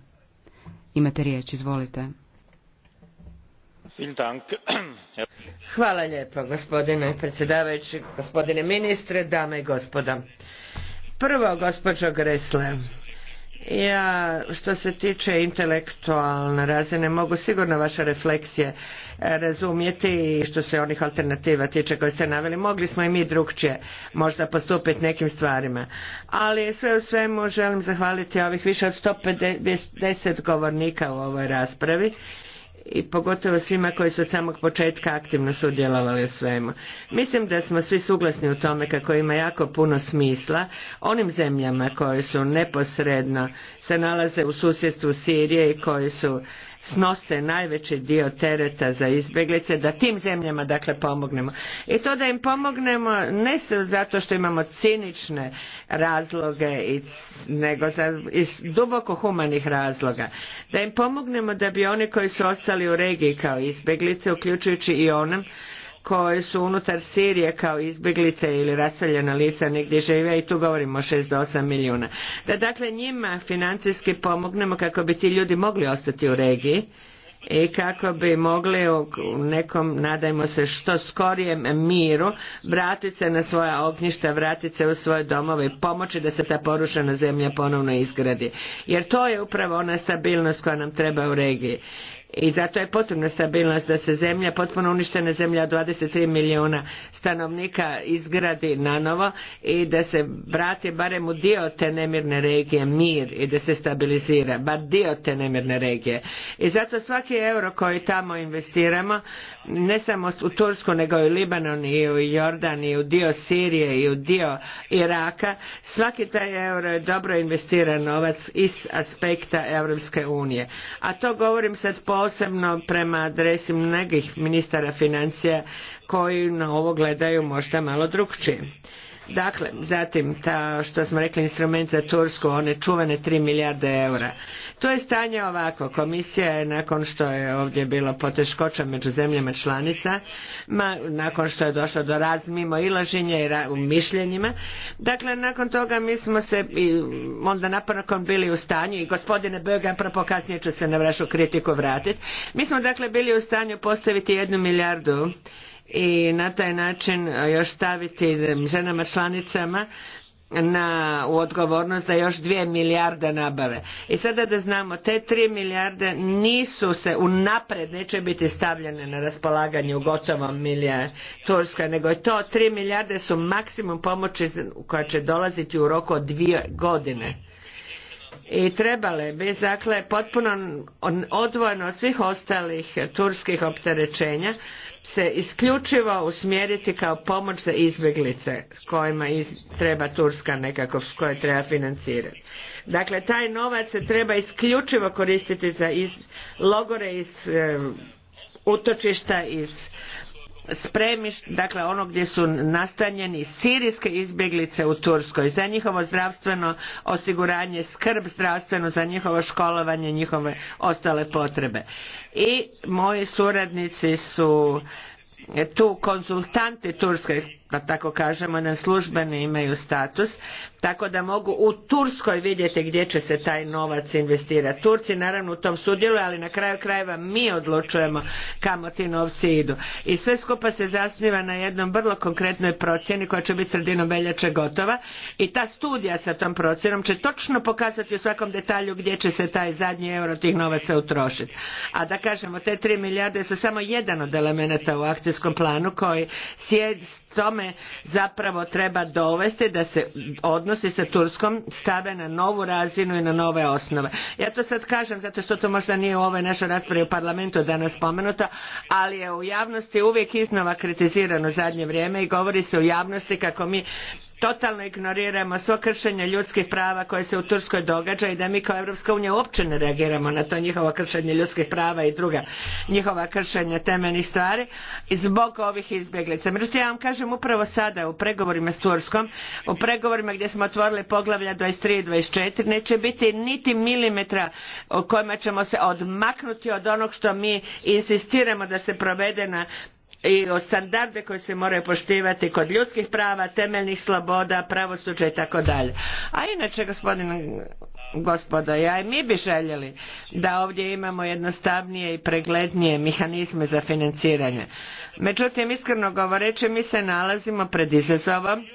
imate riječ, izvolite. Hvala lijepo gospodine predsjedavajući, gospodine ministre, dame i gospodo. Prvo, gospođo Gresle, ja što se tiče intelektualne razine mogu sigurno vaše refleksije eh, razumjeti i što se onih alternativa tiče koje ste naveli mogli smo i mi drukčije možda postupiti nekim stvarima ali sve u svemu želim zahvaliti ovih više od 150 govornika u ovoj raspravi i pogotovo svima koji su od samog početka aktivno sudjelovali u svemu. Mislim da smo svi suglasni u tome kako ima jako puno smisla onim zemljama koje su neposredno se nalaze u susjedstvu Sirije i koje su snose najveći dio tereta za izbjeglice, da tim zemljama dakle pomognemo. I to da im pomognemo ne zato što imamo cinične razloge i, nego za, iz duboko humanih razloga. Da im pomognemo da bi oni koji su ostali u regiji kao izbjeglice, uključujući i onom koje su unutar Sirije kao izbjeglice ili raseljena lica negdje žive i tu govorimo 6 do 8 milijuna. Da dakle njima financijski pomognemo kako bi ti ljudi mogli ostati u regiji i kako bi mogli u nekom, nadajmo se, što skorijem miru vratiti se na svoja ognjišta, vratiti se u svoje domove i pomoći da se ta porušena zemlja ponovno izgradi. Jer to je upravo ona stabilnost koja nam treba u regiji i zato je potrebna stabilnost da se zemlja, potpuno uništena zemlja od 23 milijuna stanovnika izgradi nanovo i da se vrati barem u dio te nemirne regije mir i da se stabilizira, bar dio te nemirne regije. I zato svaki euro koji tamo investiramo ne samo u Tursku nego i u Libanon i u Jordan i u dio Sirije i u dio Iraka svaki taj euro je dobro investiran novac iz aspekta Europske unije a to govorim sad posebno prema adresi mnogih ministara financija koji na ovo gledaju možda malo drukčije Dakle, zatim ta što smo rekli instrument za Tursku, one čuvene 3 milijarde eura. To je stanje ovako. Komisija je nakon što je ovdje bilo poteškoća među zemljama članica, nakon što je došlo do razmimo ilaženja i ra, u mišljenjima, dakle nakon toga mi smo se onda napokon bili u stanju i gospodine Böge, prvo kasnije ću se na vašu kritiku vratiti, mi smo dakle bili u stanju postaviti jednu milijardu i na taj način još staviti ženama članicama na, u odgovornost da još dvije milijarde nabave. I sada da znamo, te tri milijarde nisu se unaprijed neće biti stavljene na raspolaganje u gotovom milija Turska, nego je to tri milijarde su maksimum pomoći koja će dolaziti u roku od dvije godine. I trebale bi, dakle, potpuno odvojeno od svih ostalih turskih opterećenja, se isključivo usmjeriti kao pomoć za izbjeglice kojima treba Turska nekako, koje treba financirati. Dakle, taj novac se treba isključivo koristiti za iz, logore iz utočišta, iz spremi, dakle ono gdje su nastanjeni sirijske izbjeglice u Turskoj, za njihovo zdravstveno osiguranje, skrb zdravstveno, za njihovo školovanje, njihove ostale potrebe. I moji suradnici su tu konzultanti turske da tako kažemo, na službeni imaju status, tako da mogu u Turskoj vidjeti gdje će se taj novac investirati. Turci naravno u tom sudjeluju, ali na kraju krajeva mi odlučujemo kamo ti novci idu. I sve skupa se zasniva na jednom vrlo konkretnoj procjeni koja će biti sredinom veljače gotova i ta studija sa tom procjenom će točno pokazati u svakom detalju gdje će se taj zadnji euro tih novaca utrošiti. A da kažemo, te tri milijarde su samo jedan od elemenata u akcijskom planu koji sjed, tome zapravo treba dovesti da se odnosi sa Turskom stave na novu razinu i na nove osnove. Ja to sad kažem zato što to možda nije u ovoj našoj raspravi u parlamentu danas spomenuto, ali je u javnosti uvijek iznova kritizirano zadnje vrijeme i govori se u javnosti kako mi totalno ignoriramo svo kršenje ljudskih prava koje se u Turskoj događa i da mi kao Europska unija uopće ne reagiramo na to njihovo kršenje ljudskih prava i druga njihova kršenja temeljnih stvari zbog ovih izbjeglica. Međutim, ja vam kažem upravo sada u pregovorima s Turskom, u pregovorima gdje smo otvorili poglavlja 23 i 24, neće biti niti milimetra u kojima ćemo se odmaknuti od onog što mi insistiramo da se provede na i o standarde koji se moraju poštivati kod ljudskih prava, temeljnih sloboda, pravosuđa i tako dalje. A inače, gospodine, gospodo, ja i mi bi željeli da ovdje imamo jednostavnije i preglednije mehanizme za financiranje. Međutim, iskreno govoreći, mi se nalazimo pred izazovom,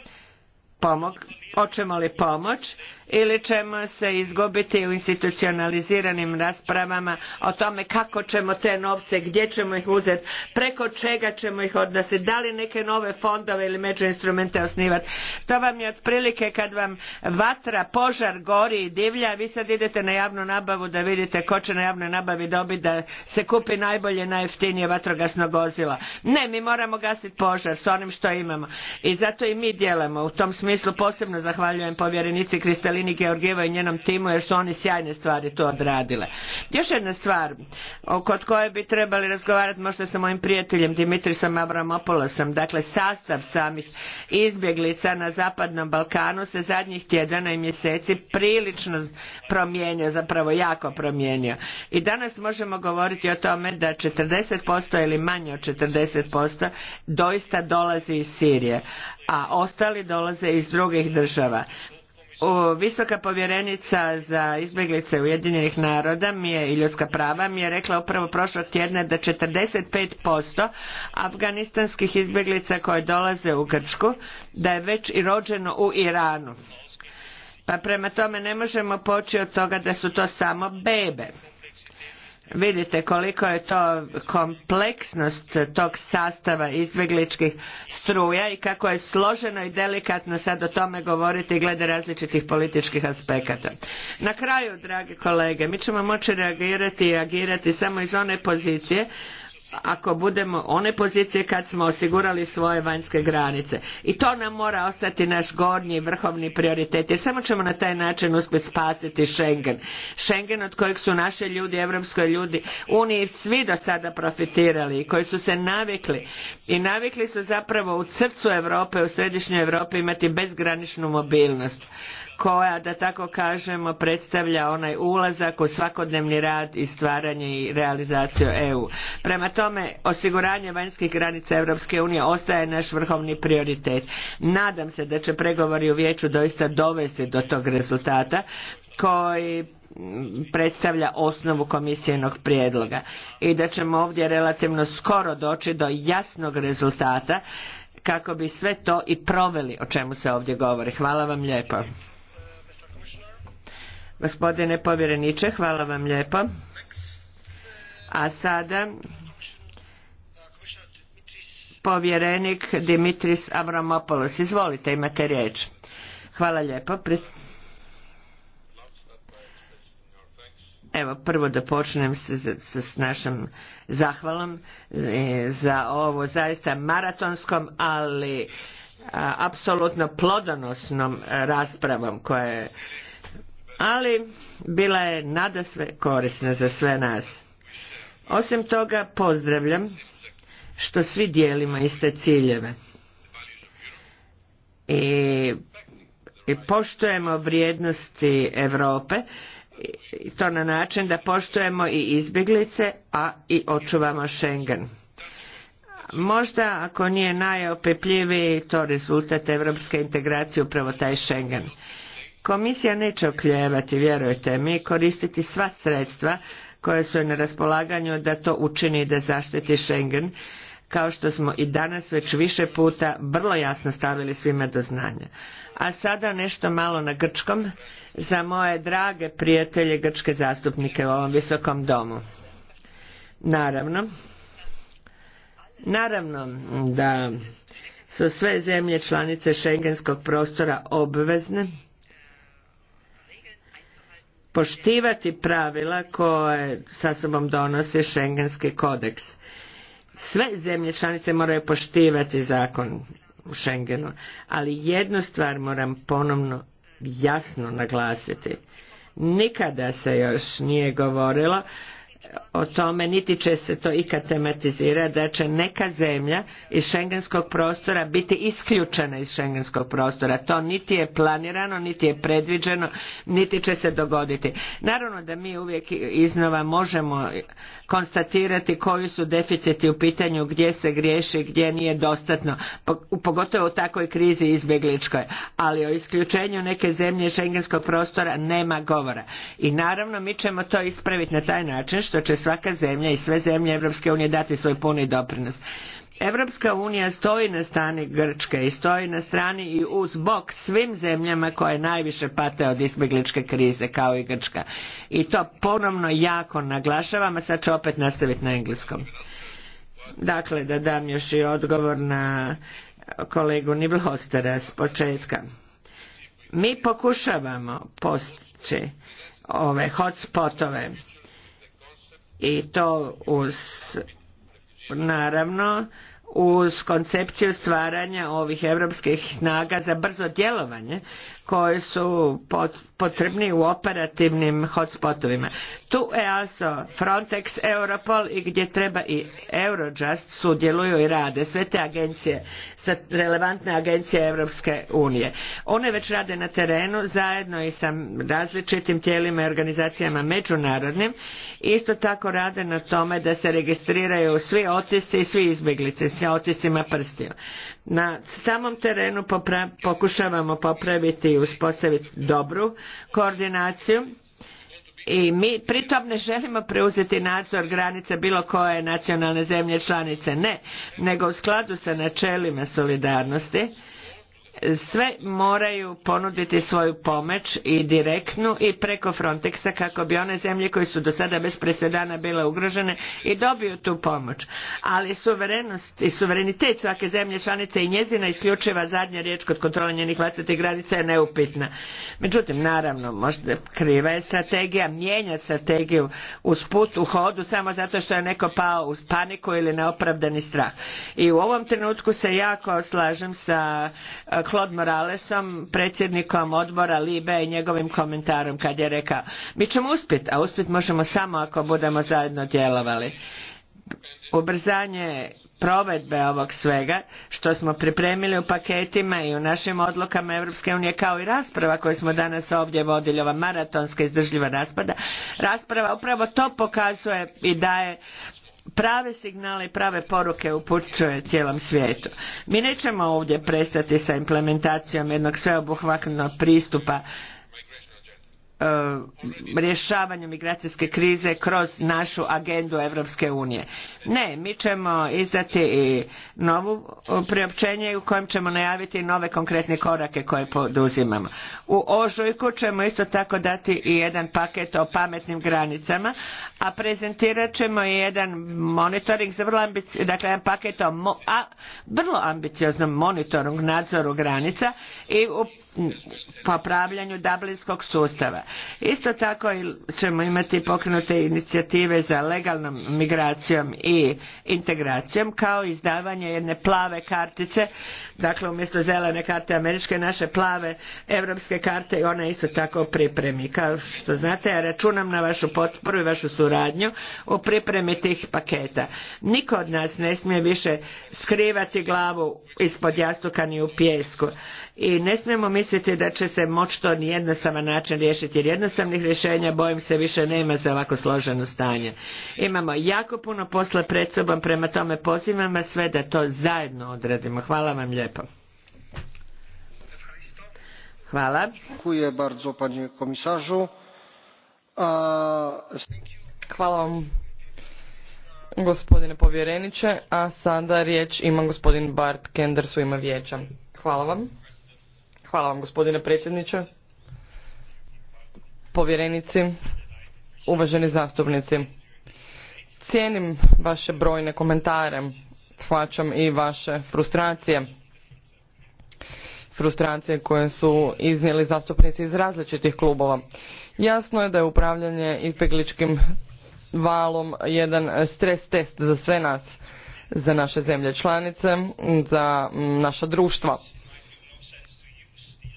pomog, hoćemo li pomoći ili ćemo se izgubiti u institucionaliziranim raspravama o tome kako ćemo te novce, gdje ćemo ih uzeti, preko čega ćemo ih odnositi, da li neke nove fondove ili međuinstrumente osnivati. To vam je otprilike kad vam vatra, požar gori i divlja, vi sad idete na javnu nabavu da vidite ko će na javnoj nabavi dobiti da se kupi najbolje, najjeftinije vatrogasno vozilo. Ne, mi moramo gasiti požar s onim što imamo. I zato i mi djelamo. U tom smislu posebno zahvaljujem povjerenici Kristalini Georgijeva i njenom timu jer su oni sjajne stvari to odradile. Još jedna stvar kod koje bi trebali razgovarati možda sa mojim prijateljem Dimitrisom Avramopoulosom, dakle sastav samih izbjeglica na Zapadnom Balkanu se zadnjih tjedana i mjeseci prilično promijenio, zapravo jako promijenio. I danas možemo govoriti o tome da 40% ili manje od 40% doista dolazi iz Sirije, a ostali dolaze iz drugih država. U visoka povjerenica za izbjeglice Ujedinjenih naroda i ljudska prava mi je rekla upravo prošlog tjedna da 45% afganistanskih izbjeglica koje dolaze u Grčku da je već i rođeno u Iranu. Pa prema tome ne možemo poći od toga da su to samo bebe. Vidite koliko je to kompleksnost tog sastava izbjegličkih struja i kako je složeno i delikatno sad o tome govoriti glede različitih političkih aspekata. Na kraju, dragi kolege, mi ćemo moći reagirati i agirati samo iz one pozicije ako budemo one pozicije kad smo osigurali svoje vanjske granice. I to nam mora ostati naš gornji vrhovni prioritet jer samo ćemo na taj način uspjeti spasiti Schengen. Schengen od kojeg su naši ljudi, europskoj ljudi, Uniji svi do sada profitirali i koji su se navikli i navikli su zapravo u srcu Europe, u središnjoj Europi imati bezgraničnu mobilnost koja da tako kažemo predstavlja onaj ulazak u svakodnevni rad i stvaranje i realizaciju EU. Prema tome osiguranje vanjskih granica Europske unije ostaje naš vrhovni prioritet. Nadam se da će pregovori u vijeću doista dovesti do tog rezultata koji predstavlja osnovu komisijenog prijedloga i da ćemo ovdje relativno skoro doći do jasnog rezultata kako bi sve to i proveli o čemu se ovdje govori. Hvala vam lijepo. Gospodine povjereniče, hvala vam lijepo. A sada povjerenik Dimitris Avramopoulos. Izvolite, imate riječ. Hvala lijepo. Evo, prvo da počnem s, s, našom zahvalom e, za ovo zaista maratonskom, ali apsolutno plodonosnom e, raspravom koja je ali bila je nadasve korisna za sve nas. Osim toga pozdravljam što svi dijelimo iste ciljeve i, poštujemo vrijednosti Europe i to na način da poštujemo i izbjeglice, a i očuvamo Schengen. Možda ako nije najopepljiviji to rezultat europske integracije upravo taj Schengen. Komisija neće okljevati, vjerujte mi, koristiti sva sredstva koje su na raspolaganju da to učini i da zaštiti Schengen, kao što smo i danas već više puta vrlo jasno stavili svima do znanja. A sada nešto malo na grčkom za moje drage prijatelje grčke zastupnike u ovom visokom domu. Naravno, naravno da su sve zemlje članice šengenskog prostora obvezne poštivati pravila koje sa sobom donosi Schengenski kodeks. Sve zemlje moraju poštivati zakon u Schengenu, ali jednu stvar moram ponovno jasno naglasiti. Nikada se još nije govorilo o tome niti će se to ikad tematizirati da će neka zemlja iz Schengenskog prostora biti isključena iz Schengenskog prostora. To niti je planirano, niti je predviđeno, niti će se dogoditi. Naravno da mi uvijek iznova možemo konstatirati koji su deficiti u pitanju gdje se griješi, gdje nije dostatno, pogotovo u takvoj krizi izbjegličkoj. Ali o isključenju neke zemlje iz Schengenskog prostora nema govora. I naravno mi ćemo to ispraviti na taj način što će svaka zemlja i sve zemlje Evropske unije dati svoj puni doprinos. Evropska unija stoji na strani Grčke i stoji na strani i uz bok svim zemljama koje najviše pate od izbjegličke krize kao i Grčka. I to ponovno jako naglašavam, a sad ću opet nastaviti na engleskom. Dakle, da dam još i odgovor na kolegu Nibelhostera s početka. Mi pokušavamo postići ove hotspotove i to uz naravno uz koncepciju stvaranja ovih europskih snaga za brzo djelovanje koji su potrebni u operativnim hotspotovima. Tu EASO, Frontex, Europol i gdje treba i Eurojust sudjeluju i rade. Sve te agencije, relevantne agencije Europske unije. One već rade na terenu zajedno i sa različitim tijelima i organizacijama međunarodnim. Isto tako rade na tome da se registriraju svi otisci i svi izbjeglice sa otiscima prstiju na samom terenu pokušavamo popraviti i uspostaviti dobru koordinaciju i mi pritom ne želimo preuzeti nadzor granica bilo koje nacionalne zemlje članice, ne, nego u skladu sa načelima solidarnosti sve moraju ponuditi svoju pomoć i direktnu i preko Frontexa kako bi one zemlje koje su do sada bez presedana bile ugrožene i dobiju tu pomoć. Ali suverenost i suverenitet svake zemlje članice i njezina isključiva zadnja riječ kod kontrole njenih vlastitih granica je neupitna. Međutim, naravno, možda kriva je strategija, mijenjati strategiju usput u hodu samo zato što je neko pao u paniku ili neopravdani strah. I u ovom trenutku se jako slažem sa Dakle, Claude Moralesom, predsjednikom odbora Libe i njegovim komentarom kad je rekao mi ćemo uspjet, a uspjet možemo samo ako budemo zajedno djelovali. Ubrzanje provedbe ovog svega što smo pripremili u paketima i u našim odlukama Europske unije kao i rasprava koju smo danas ovdje vodili, ova maratonska izdržljiva raspada, rasprava upravo to pokazuje i daje prave signale i prave poruke upućuje cijelom svijetu. Mi nećemo ovdje prestati sa implementacijom jednog sveobuhvatnog pristupa Eh, rješavanju migracijske krize kroz našu agendu Europske unije. Ne, mi ćemo izdati i novu priopćenje u kojem ćemo najaviti nove konkretne korake koje poduzimamo. U ožujku ćemo isto tako dati i jedan paket o pametnim granicama, a prezentirat ćemo i jedan monitoring za vrlo dakle jedan paket o vrlo ambicioznom monitoringu nadzoru granica i u popravljanju dublinskog sustava. Isto tako ćemo imati pokrenute inicijative za legalnom migracijom i integracijom kao izdavanje jedne plave kartice dakle umjesto zelene karte američke naše plave europske karte i ona isto tako pripremi. Kao što znate ja računam na vašu potporu i vašu suradnju u pripremi tih paketa. Niko od nas ne smije više skrivati glavu ispod jastuka ni u pijesku i ne smijemo misliti da će se moći to ni jednostavan način riješiti jer jednostavnih rješenja bojim se više nema za ovako složeno stanje. Imamo jako puno posla pred sobom, prema tome pozivam sve da to zajedno odradimo. Hvala vam lijepo lijepa. Hvala. bardzo panie komisarzu. Hvala vam gospodine povjereniče, a sada riječ ima gospodin Bart Kenders u ime vijeća. Hvala vam. Hvala vam gospodine predsjedniče. Povjerenici, uvaženi zastupnici. Cijenim vaše brojne komentare, shvaćam i vaše frustracije frustracije koje su iznijeli zastupnici iz različitih klubova. Jasno je da je upravljanje izbjegličkim valom jedan stres test za sve nas, za naše zemlje članice, za naša društva.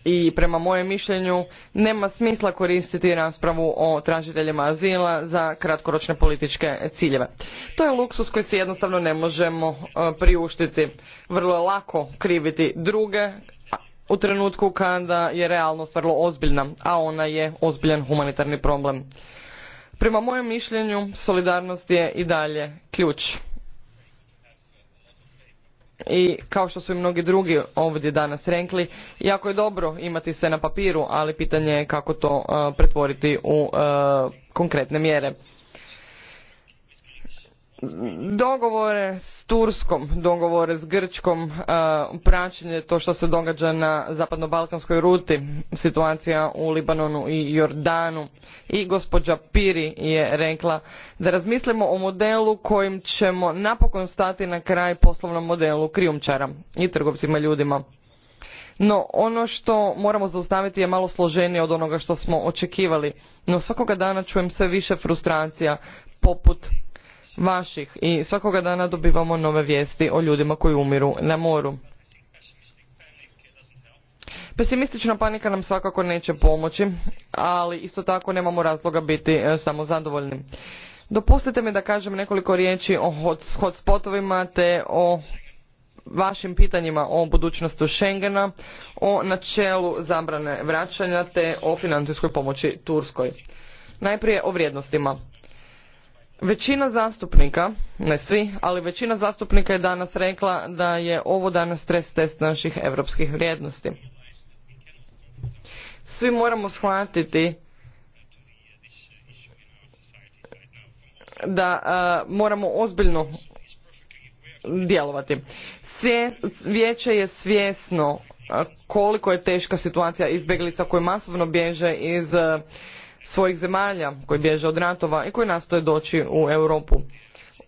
I prema mojem mišljenju nema smisla koristiti raspravu o tražiteljima azila za kratkoročne političke ciljeve. To je luksus koji se jednostavno ne možemo e, priuštiti. Vrlo je lako kriviti druge u trenutku kada je realnost vrlo ozbiljna, a ona je ozbiljan humanitarni problem. Prema mojem mišljenju, solidarnost je i dalje ključ. I kao što su i mnogi drugi ovdje danas rekli, jako je dobro imati se na papiru, ali pitanje je kako to e, pretvoriti u e, konkretne mjere dogovore s Turskom, dogovore s Grčkom, e, praćenje to što se događa na zapadno-balkanskoj ruti, situacija u Libanonu i Jordanu. I gospođa Piri je rekla da razmislimo o modelu kojim ćemo napokon stati na kraj poslovnom modelu krijumčara i trgovcima ljudima. No, ono što moramo zaustaviti je malo složenije od onoga što smo očekivali. No, svakoga dana čujem sve više frustracija poput vaših i svakoga dana dobivamo nove vijesti o ljudima koji umiru na moru. Pesimistična panika nam svakako neće pomoći, ali isto tako nemamo razloga biti e, samo zadovoljni. Dopustite mi da kažem nekoliko riječi o hotspotovima te o vašim pitanjima o budućnosti Schengena, o načelu zabrane vraćanja te o financijskoj pomoći Turskoj. Najprije o vrijednostima. Većina zastupnika, ne svi, ali većina zastupnika je danas rekla da je ovo danas stres test naših europskih vrijednosti. Svi moramo shvatiti da moramo ozbiljno djelovati. Vijeće je svjesno koliko je teška situacija izbjeglica koji masovno bježe iz svojih zemalja koji bježe od ratova i koji nastoje doći u Europu.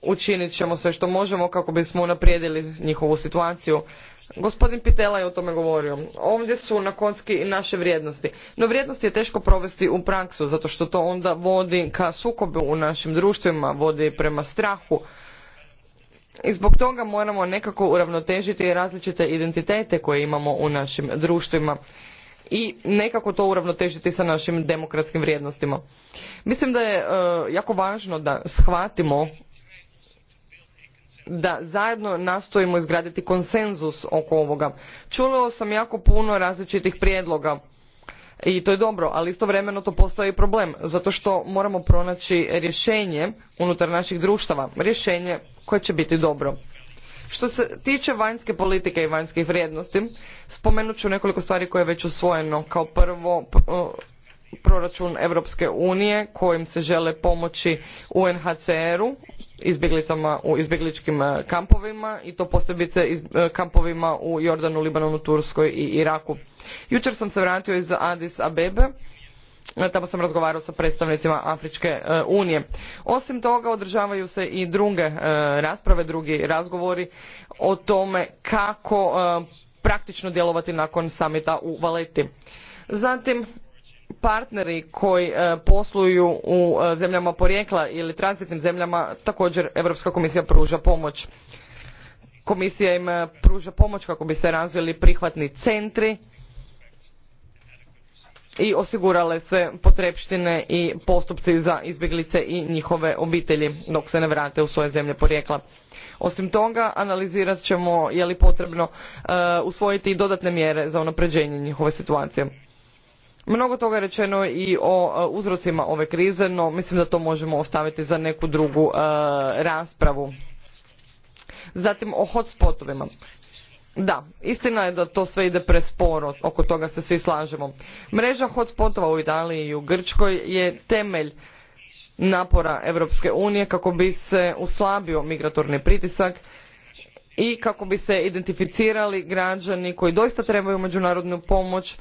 Učinit ćemo sve što možemo kako bismo unaprijedili njihovu situaciju. Gospodin Pitela je o tome govorio. Ovdje su na konski i naše vrijednosti. No vrijednosti je teško provesti u praksu, zato što to onda vodi ka sukobu u našim društvima, vodi prema strahu. I zbog toga moramo nekako uravnotežiti različite identitete koje imamo u našim društvima i nekako to uravnotežiti sa našim demokratskim vrijednostima. Mislim da je e, jako važno da shvatimo da zajedno nastojimo izgraditi konsenzus oko ovoga. Čulo sam jako puno različitih prijedloga i to je dobro, ali istovremeno to postaje problem, zato što moramo pronaći rješenje unutar naših društava, rješenje koje će biti dobro. Što se tiče vanjske politike i vanjskih vrijednosti, spomenut ću nekoliko stvari koje je već usvojeno. Kao prvo, proračun Europske unije kojim se žele pomoći UNHCR-u, izbjeglicama u izbjegličkim e, kampovima i to posebice e, kampovima u Jordanu, Libanonu, Turskoj i Iraku. Jučer sam se vratio iz Addis Abebe tamo sam razgovarao sa predstavnicima afričke e, unije osim toga održavaju se i druge e, rasprave drugi razgovori o tome kako e, praktično djelovati nakon samita u valeti zatim partneri koji posluju u zemljama porijekla ili tranzitnim zemljama također europska komisija pruža pomoć komisija im pruža pomoć kako bi se razvili prihvatni centri i osigurale sve potrepštine i postupci za izbjeglice i njihove obitelji dok se ne vrate u svoje zemlje porijekla. Osim toga, analizirat ćemo je li potrebno e, usvojiti i dodatne mjere za unapređenje njihove situacije. Mnogo toga je rečeno i o e, uzrocima ove krize, no mislim da to možemo ostaviti za neku drugu e, raspravu. Zatim o hotspotovima. Da, istina je da to sve ide presporo, oko toga se svi slažemo. Mreža hotspotova u Italiji i u Grčkoj je temelj napora Europske unije kako bi se uslabio migratorni pritisak i kako bi se identificirali građani koji doista trebaju međunarodnu pomoć.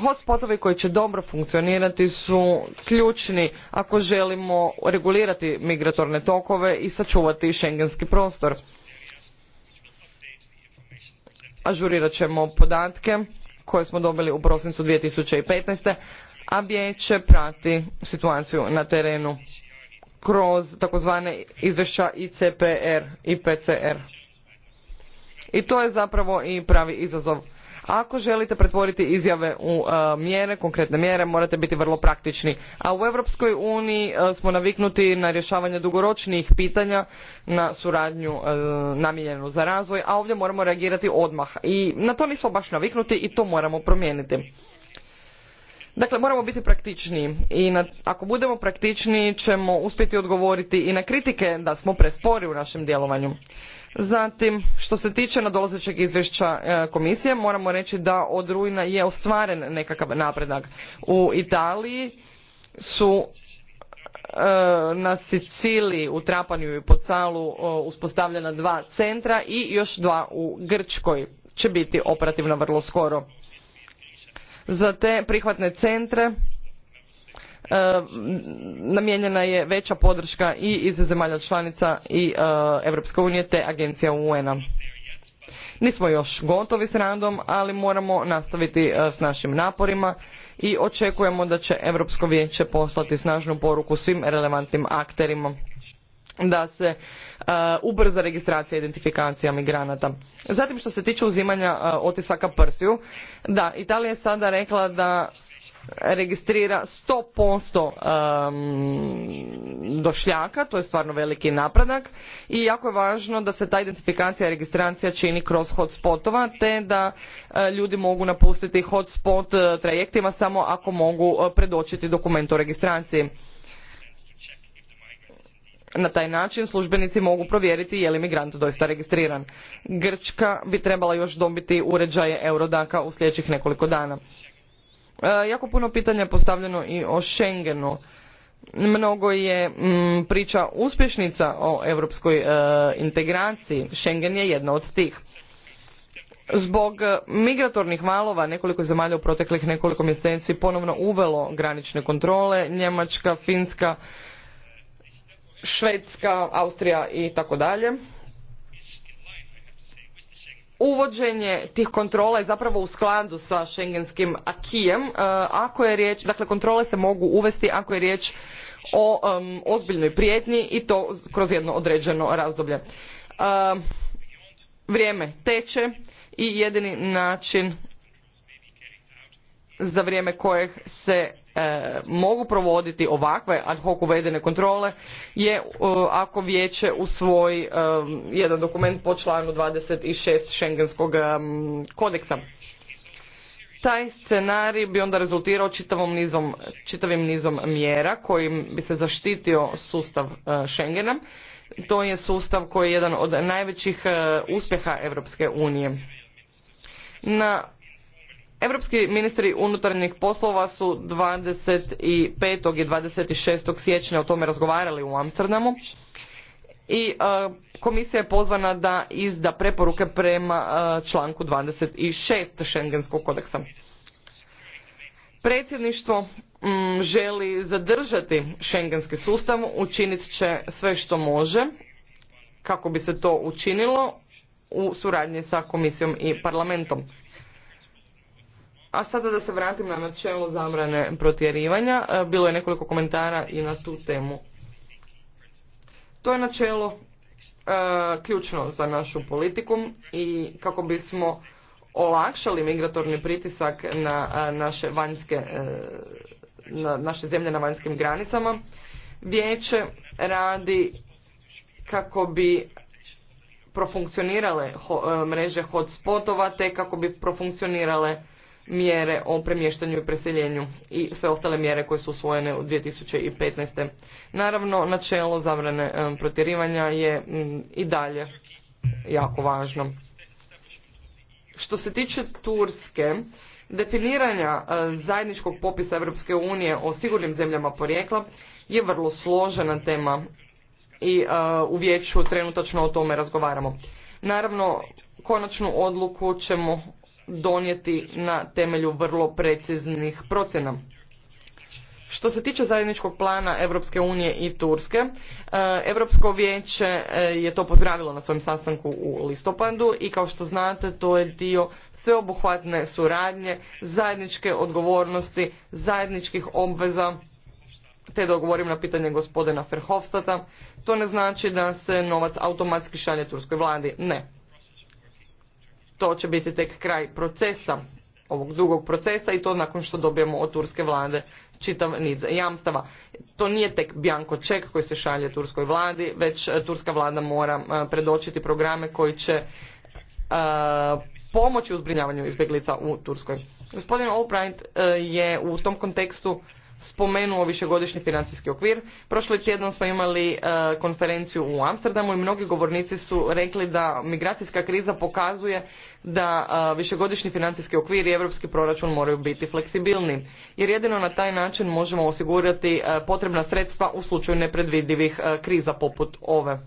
Hotspotovi koji će dobro funkcionirati su ključni ako želimo regulirati migratorne tokove i sačuvati šengenski prostor ažurirat ćemo podatke koje smo dobili u prosincu 2015. a će prati situaciju na terenu kroz takozvane izvješća ICPR i PCR. I to je zapravo i pravi izazov ako želite pretvoriti izjave u e, mjere, konkretne mjere, morate biti vrlo praktični. A u Europskoj uniji e, smo naviknuti na rješavanje dugoročnijih pitanja, na suradnju e, namijenjenu za razvoj, a ovdje moramo reagirati odmah. I na to nismo baš naviknuti i to moramo promijeniti. Dakle, moramo biti praktičniji i ako budemo praktičniji ćemo uspjeti odgovoriti i na kritike da smo prespori u našem djelovanju. Zatim, što se tiče nadolazećeg izvješća e, komisije, moramo reći da od rujna je ostvaren nekakav napredak. U Italiji su e, na Siciliji, u Trapanju i Pocalu e, uspostavljena dva centra i još dva u Grčkoj će biti operativna vrlo skoro. Za te prihvatne centre E, namijenjena je veća podrška i iz zemalja članica i Europske unije te agencija UN-a. Nismo još gotovi s radom, ali moramo nastaviti e, s našim naporima i očekujemo da će Europsko vijeće poslati snažnu poruku svim relevantnim akterima da se e, ubrza registracija i identifikacija migranata. Zatim što se tiče uzimanja otisaka prstiju, da, Italija je sada rekla da registrira 100% došljaka, to je stvarno veliki napredak i jako je važno da se ta identifikacija i registracija čini kroz hotspotova te da e, ljudi mogu napustiti hotspot e, trajektima samo ako mogu e, predočiti dokument o registraciji. Na taj način službenici mogu provjeriti je li migrant doista registriran. Grčka bi trebala još dobiti uređaje Eurodaka u sljedećih nekoliko dana. E, jako puno pitanja postavljeno i o schengenu mnogo je mm, priča uspješnica o europskoj e, integraciji schengen je jedna od tih zbog migratornih valova nekoliko zemalja u proteklih nekoliko mjeseci ponovno uvelo granične kontrole njemačka finska švedska austrija i tako dalje uvođenje tih kontrola je zapravo u skladu sa schengenskim akijem e, ako je riječ dakle kontrole se mogu uvesti ako je riječ o ozbiljnoj prijetnji i to kroz jedno određeno razdoblje e, vrijeme teče i jedini način za vrijeme kojeg se E, mogu provoditi ovakve ad hoc uvedene kontrole je e, ako vijeće usvoji e, jedan dokument po članu 26 Schengenskog kodeksa taj scenarij bi onda rezultirao nizom, čitavim nizom mjera kojim bi se zaštitio sustav Schengena. To je sustav koji je jedan od najvećih uspjeha Europske unije. Na Europski ministri unutarnjih poslova su 25. i 26. siječnja o tome razgovarali u Amsterdamu i e, komisija je pozvana da izda preporuke prema e, članku 26. Schengenskog kodeksa. Predsjedništvo želi zadržati Schengenski sustav, učinit će sve što može kako bi se to učinilo u suradnji sa komisijom i parlamentom. A sada da se vratim na načelo zamrane protjerivanja. E, bilo je nekoliko komentara i na tu temu. To je načelo e, ključno za našu politiku i kako bismo olakšali migratorni pritisak na e, naše vanjske, na naše zemlje na vanjskim granicama. Vijeće radi kako bi profunkcionirale mreže hotspotova te kako bi profunkcionirale mjere o premještanju i preseljenju i sve ostale mjere koje su usvojene u 2015. Naravno, načelo zabrane e, protjerivanja je mm, i dalje jako važno. Što se tiče Turske, definiranja e, zajedničkog popisa Europske unije o sigurnim zemljama porijekla je vrlo složena tema i e, u vijeću trenutačno o tome razgovaramo. Naravno, konačnu odluku ćemo donijeti na temelju vrlo preciznih procjena. Što se tiče zajedničkog plana Europske unije i Turske, Europsko vijeće e, je to pozdravilo na svojem sastanku u listopadu i kao što znate to je dio sveobuhvatne suradnje, zajedničke odgovornosti, zajedničkih obveza te da govorim na pitanje gospodina Ferhofstata, to ne znači da se novac automatski šalje turskoj vladi. Ne to će biti tek kraj procesa, ovog dugog procesa i to nakon što dobijemo od turske vlade čitav niz jamstava. To nije tek bjanko ček koji se šalje turskoj vladi, već e, turska vlada mora e, predočiti programe koji će e, pomoći u zbrinjavanju izbjeglica u Turskoj. Gospodin Albright je u tom kontekstu spomenuo višegodišnji financijski okvir. Prošli tjedan smo imali e, konferenciju u Amsterdamu i mnogi govornici su rekli da migracijska kriza pokazuje da e, višegodišnji financijski okvir i europski proračun moraju biti fleksibilni. Jer jedino na taj način možemo osigurati e, potrebna sredstva u slučaju nepredvidivih kriza poput ove.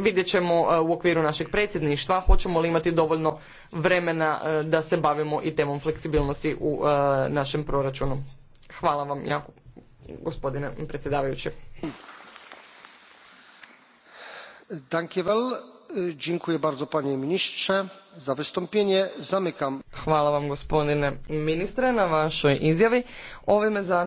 Vidjet ćemo e, u okviru našeg predsjedništva hoćemo li imati dovoljno vremena e, da se bavimo i temom fleksibilnosti u e, našem proračunu. Hvala vam jako, gospodine predsjedavajući. Hvala vam, gospodine ministre, na vašoj izjavi. Ovime za